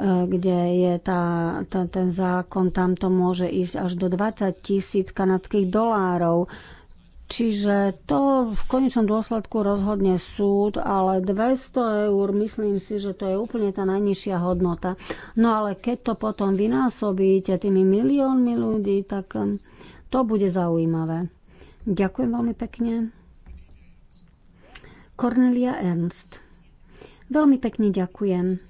kde je tá, tá, ten zákon, tam to môže ísť až do 20 tisíc kanadských dolárov. Čiže to v konečnom dôsledku rozhodne súd, ale 200 eur, myslím si, že to je úplne tá najnižšia hodnota. No ale keď to potom vynásobíte tými miliónmi ľudí, tak um, to bude zaujímavé. Ďakujem veľmi pekne. Cornelia Ernst. Veľmi pekne ďakujem.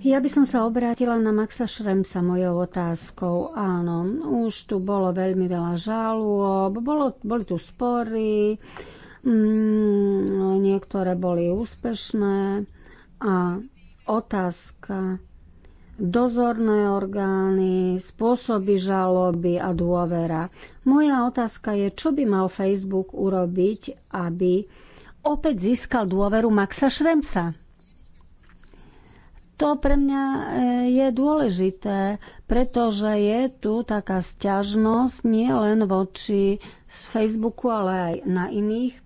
Ja by som sa obrátila na Maxa Šremsa mojou otázkou. Áno, už tu bolo veľmi veľa žalôb, bolo, boli tu spory, mm, niektoré boli úspešné a otázka dozorné orgány, spôsoby žaloby a dôvera. Moja otázka je, čo by mal Facebook urobiť, aby opäť získal dôveru Maxa Šremsa? To pre mňa e, je dôležité, pretože je tu taká sťažnosť nielen voči z Facebooku, ale aj na iných.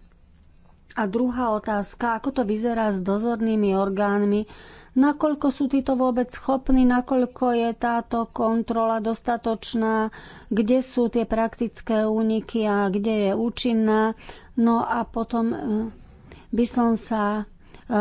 A druhá otázka, ako to vyzerá s dozornými orgánmi, nakoľko sú títo vôbec schopní, nakoľko je táto kontrola dostatočná, kde sú tie praktické úniky a kde je účinná. No a potom e, by som sa e,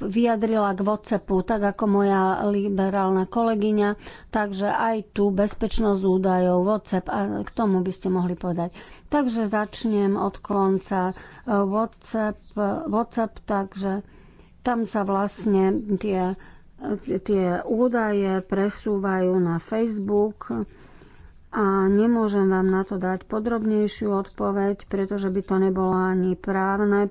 vyjadrila k WhatsAppu, tak ako moja liberálna kolegyňa. Takže aj tu bezpečnosť údajov, WhatsApp, a k tomu by ste mohli povedať. Takže začnem od konca. WhatsApp, WhatsApp takže tam sa vlastne tie, tie údaje presúvajú na Facebook a nemôžem vám na to dať podrobnejšiu odpoveď, pretože by to nebolo ani právne e,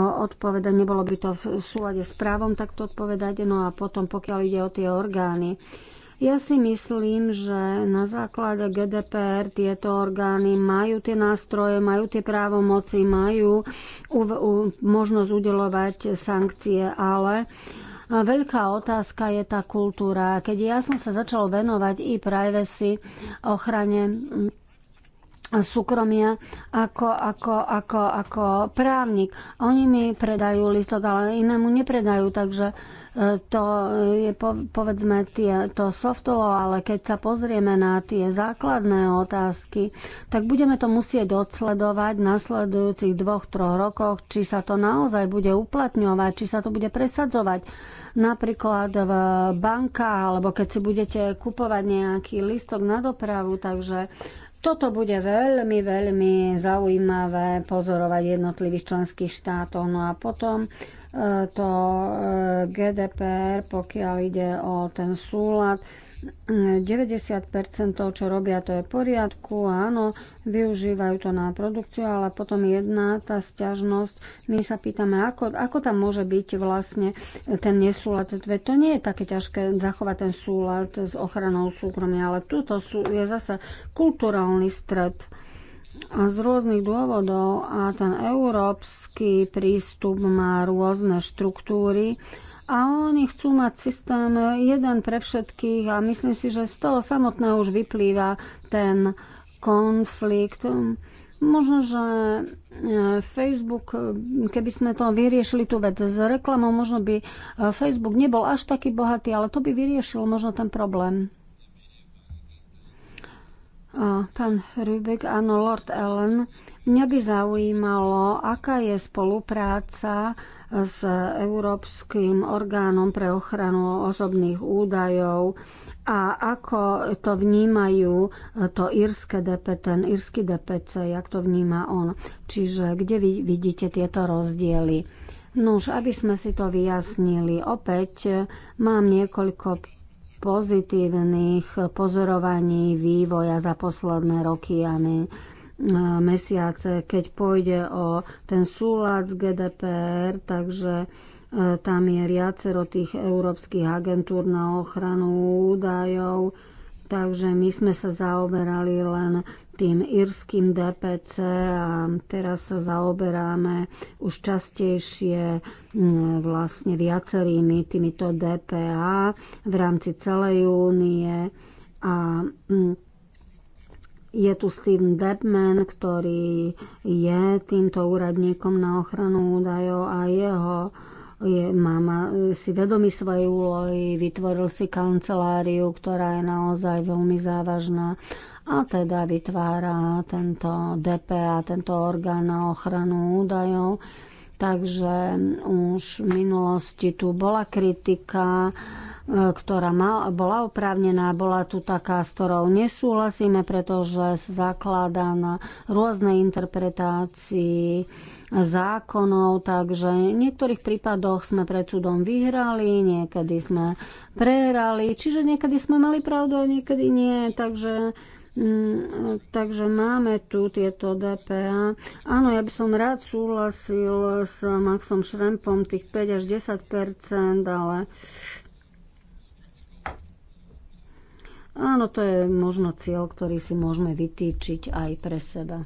odpovedať, nebolo by to v súlade s právom takto odpovedať, no a potom pokiaľ ide o tie orgány. Ja si myslím, že na základe GDPR tieto orgány majú tie nástroje, majú tie právomoci, majú možnosť udelovať sankcie, ale uh, Veľká otázka je tá kultúra. Keď ja som sa začal venovať i privacy, ochrane mm, súkromia ako, ako, ako, ako právnik. Oni mi predajú listok, ale inému nepredajú, takže uh, to je povedzme tie, to soft law, ale keď sa pozrieme na tie základné otázky, tak budeme to musieť odsledovať v nasledujúcich dvoch, troch rokoch, či sa to naozaj bude uplatňovať, či sa to bude presadzovať napríklad v bankách, alebo keď si budete kupovať nejaký listok na dopravu, takže toto bude veľmi, veľmi zaujímavé pozorovať jednotlivých členských štátov. No a potom to eh, GDPR, pokiaľ ide o ten súlad. 90% toho, čo robia, to je v poriadku, áno, využívajú to na produkciu, ale potom jedna tá sťažnosť, my sa pýtame, ako, ako tam môže byť vlastne ten nesúlad, to nie je také ťažké zachovať ten súlad s ochranou súkromia, ale tuto sú, je zase kulturálny stred z rôznych dôvodov a ten európsky prístup má rôzne štruktúry a oni chcú mať systém jeden pre všetkých a myslím si, že z toho samotného už vyplýva ten konflikt. Možno, že e, Facebook, keby sme to vyriešili tú vec s reklamou, možno by e, Facebook nebol až taký bohatý, ale to by vyriešilo možno ten problém. Pán Rubik, áno, Lord Allen, Mňa by zaujímalo, aká je spolupráca s Európskym orgánom pre ochranu osobných údajov a ako to vnímajú to írske DP, ten írsky DPC, jak to vníma on. Čiže kde vy vidíte tieto rozdiely? Nuž, aby sme si to vyjasnili, opäť mám niekoľko pozitívnych pozorovaní vývoja za posledné roky a my e, mesiace, keď pôjde o ten súlad s GDPR, takže e, tam je viacero tých európskych agentúr na ochranu údajov, takže my sme sa zaoberali len tým írským DPC a teraz sa zaoberáme už častejšie mm, vlastne viacerými týmito DPA v rámci celej únie a mm, je tu Steven Debman, ktorý je týmto úradníkom na ochranu údajov a jeho je, mama si vedomý svojej úlohy, vytvoril si kanceláriu, ktorá je naozaj veľmi závažná a teda vytvára tento DPA, tento orgán na ochranu údajov. Takže už v minulosti tu bola kritika, e, ktorá mal, bola oprávnená, bola tu taká, s ktorou nesúhlasíme, pretože sa zakladá na rôznej interpretácii zákonov, takže v niektorých prípadoch sme pred súdom vyhrali, niekedy sme prehrali, čiže niekedy sme mali pravdu a niekedy nie, takže Mm, takže máme tu tieto DPA. Áno, ja by som rád súhlasil s Maxom Šrempom tých 5 až 10 ale áno, to je možno cieľ, ktorý si môžeme vytýčiť aj pre seba.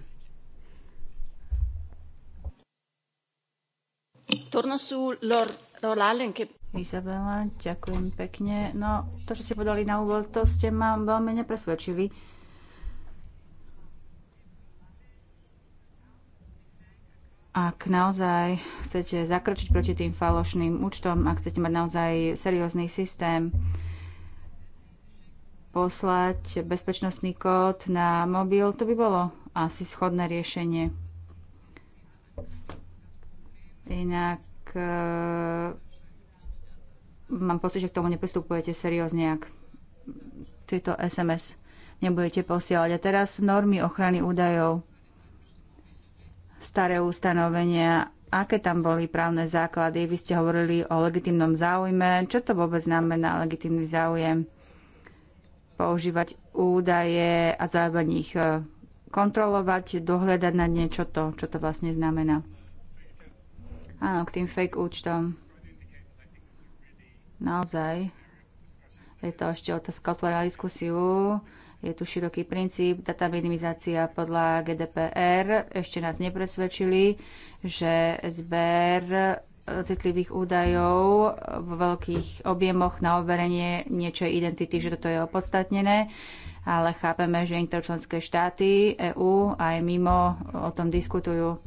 Izabela, ďakujem pekne. No, to, čo ste podali na úvod, to ste ma veľmi nepresvedčili ak naozaj chcete zakročiť proti tým falošným účtom, ak chcete mať naozaj seriózny systém, poslať bezpečnostný kód na mobil, to by bolo asi schodné riešenie. Inak e, mám pocit, že k tomu nepristupujete seriózne, ak tieto SMS nebudete posielať. A teraz normy ochrany údajov staré ustanovenia, aké tam boli právne základy. Vy ste hovorili o legitimnom záujme. Čo to vôbec znamená legitimný záujem? Používať údaje a zároveň ich e, kontrolovať, dohľadať na niečo to, čo to vlastne znamená. Áno, k tým fake účtom. Naozaj. Je to ešte otázka, otvorila diskusiu je tu široký princíp, data minimizácia podľa GDPR. Ešte nás nepresvedčili, že zber eh, citlivých údajov v veľkých objemoch na overenie niečej identity, že toto je opodstatnené, ale chápeme, že interčlenské štáty EÚ aj mimo eh, o tom diskutujú.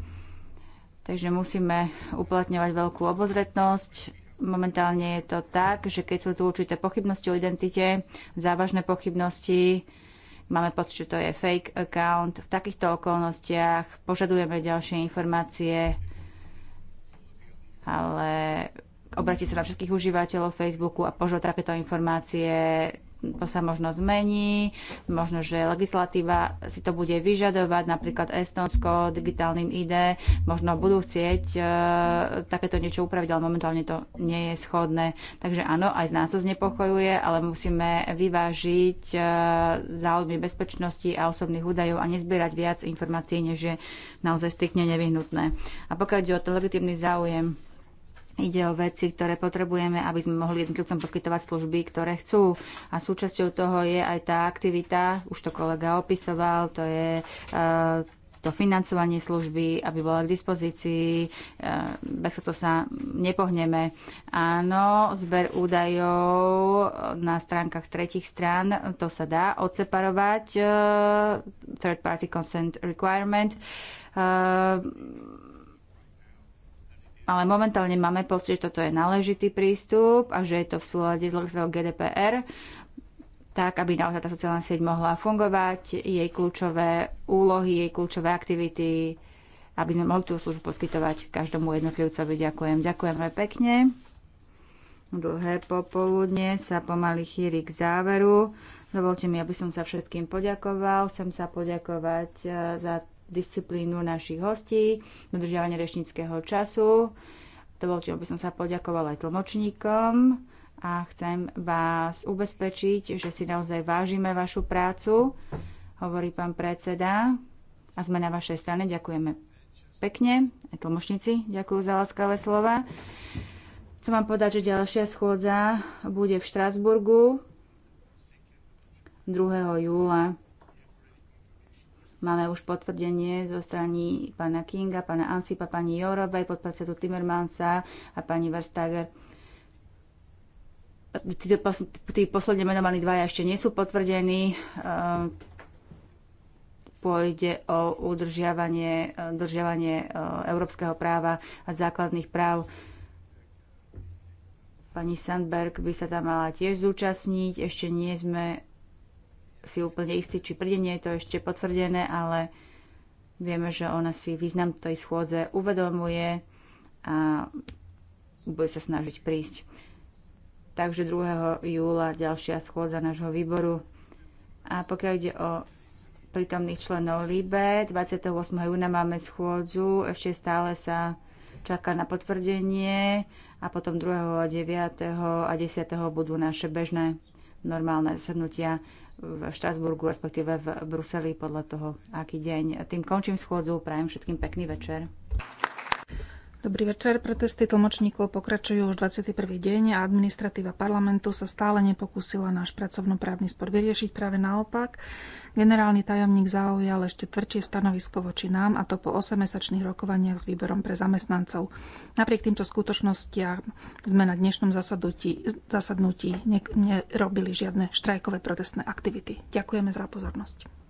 Takže musíme uplatňovať veľkú obozretnosť. Momentálne je to tak, že keď sú tu určité pochybnosti o identite, závažné pochybnosti, máme pocit, že to je fake account. V takýchto okolnostiach požadujeme ďalšie informácie, ale obrátiť sa na všetkých užívateľov Facebooku a požiadať takéto informácie to sa možno zmení, možno, že legislatíva si to bude vyžadovať, napríklad Estonsko digitálnym ID, možno budú chcieť e, takéto niečo upraviť, ale momentálne to nie je schodné. Takže áno, aj z nás to znepokojuje, ale musíme vyvážiť e, záujmy bezpečnosti a osobných údajov a nezbierať viac informácií, než je naozaj striktne nevyhnutné. A pokiaľ ide o ten legitímny záujem, Ide o veci, ktoré potrebujeme, aby sme mohli jednotlivcom poskytovať služby, ktoré chcú. A súčasťou toho je aj tá aktivita, už to kolega opisoval, to je uh, to financovanie služby, aby bola k dispozícii, eh, bez toho sa nepohneme. Áno, zber údajov na stránkach tretich strán, to sa dá odseparovať, eh, third party consent requirement ale momentálne máme pocit, že toto je náležitý prístup a že je to v súlade s legislatívou GDPR, tak aby naozaj tá sociálna sieť mohla fungovať, jej kľúčové úlohy, jej kľúčové aktivity, aby sme mohli tú službu poskytovať každomu jednotlivcovi. Ďakujem. Ďakujeme pekne. Dlhé popoludne sa pomaly chýri k záveru. Dovolte mi, aby som sa všetkým poďakoval. Chcem sa poďakovať eh, za disciplínu našich hostí, dodržiavanie rečníckého času. Dovolte, aby som sa poďakovala aj tlmočníkom a chcem vás ubezpečiť, že si naozaj vážime vašu prácu, hovorí pán predseda a sme na vašej strane. Ďakujeme pekne. Aj tlmočníci ďakujú za láskavé slova. Chcem vám povedať, že ďalšia schôdza bude v Štrasburgu 2. júla. Máme už potvrdenie zo strany pána Kinga, pána Ansipa, pani Jorovej, podpredsedu Timmermansa a pani Verstager. Tí, tí posledne menovaní dvaja ešte nie sú potvrdení. E, pôjde o udržiavanie, udržiavanie e, e, európskeho práva a základných práv. Pani Sandberg by sa tam mala tiež zúčastniť. Ešte nie sme si úplne istý, či príde, nie je to ešte potvrdené, ale vieme, že ona si význam tej schôdze uvedomuje a bude sa snažiť prísť. Takže 2. júla ďalšia schôdza nášho výboru. A pokiaľ ide o prítomných členov LIBE, 28. júna máme schôdzu, ešte stále sa čaká na potvrdenie a potom 2., 9. a 10. budú naše bežné normálne zasadnutia v Štrasburgu, respektíve v Bruseli podľa toho, aký deň. Tým končím schôdzu, prajem všetkým pekný večer. Dobrý večer. Protesty tlmočníkov pokračujú už 21. deň a administratíva parlamentu sa stále nepokúsila náš pracovnoprávny spor vyriešiť. Práve naopak, generálny tajomník zaujal ešte tvrdšie stanovisko voči nám a to po 8-mesačných rokovaniach s výberom pre zamestnancov. Napriek týmto skutočnostiam sme na dnešnom zasadnutí, zasadnutí nerobili žiadne štrajkové protestné aktivity. Ďakujeme za pozornosť.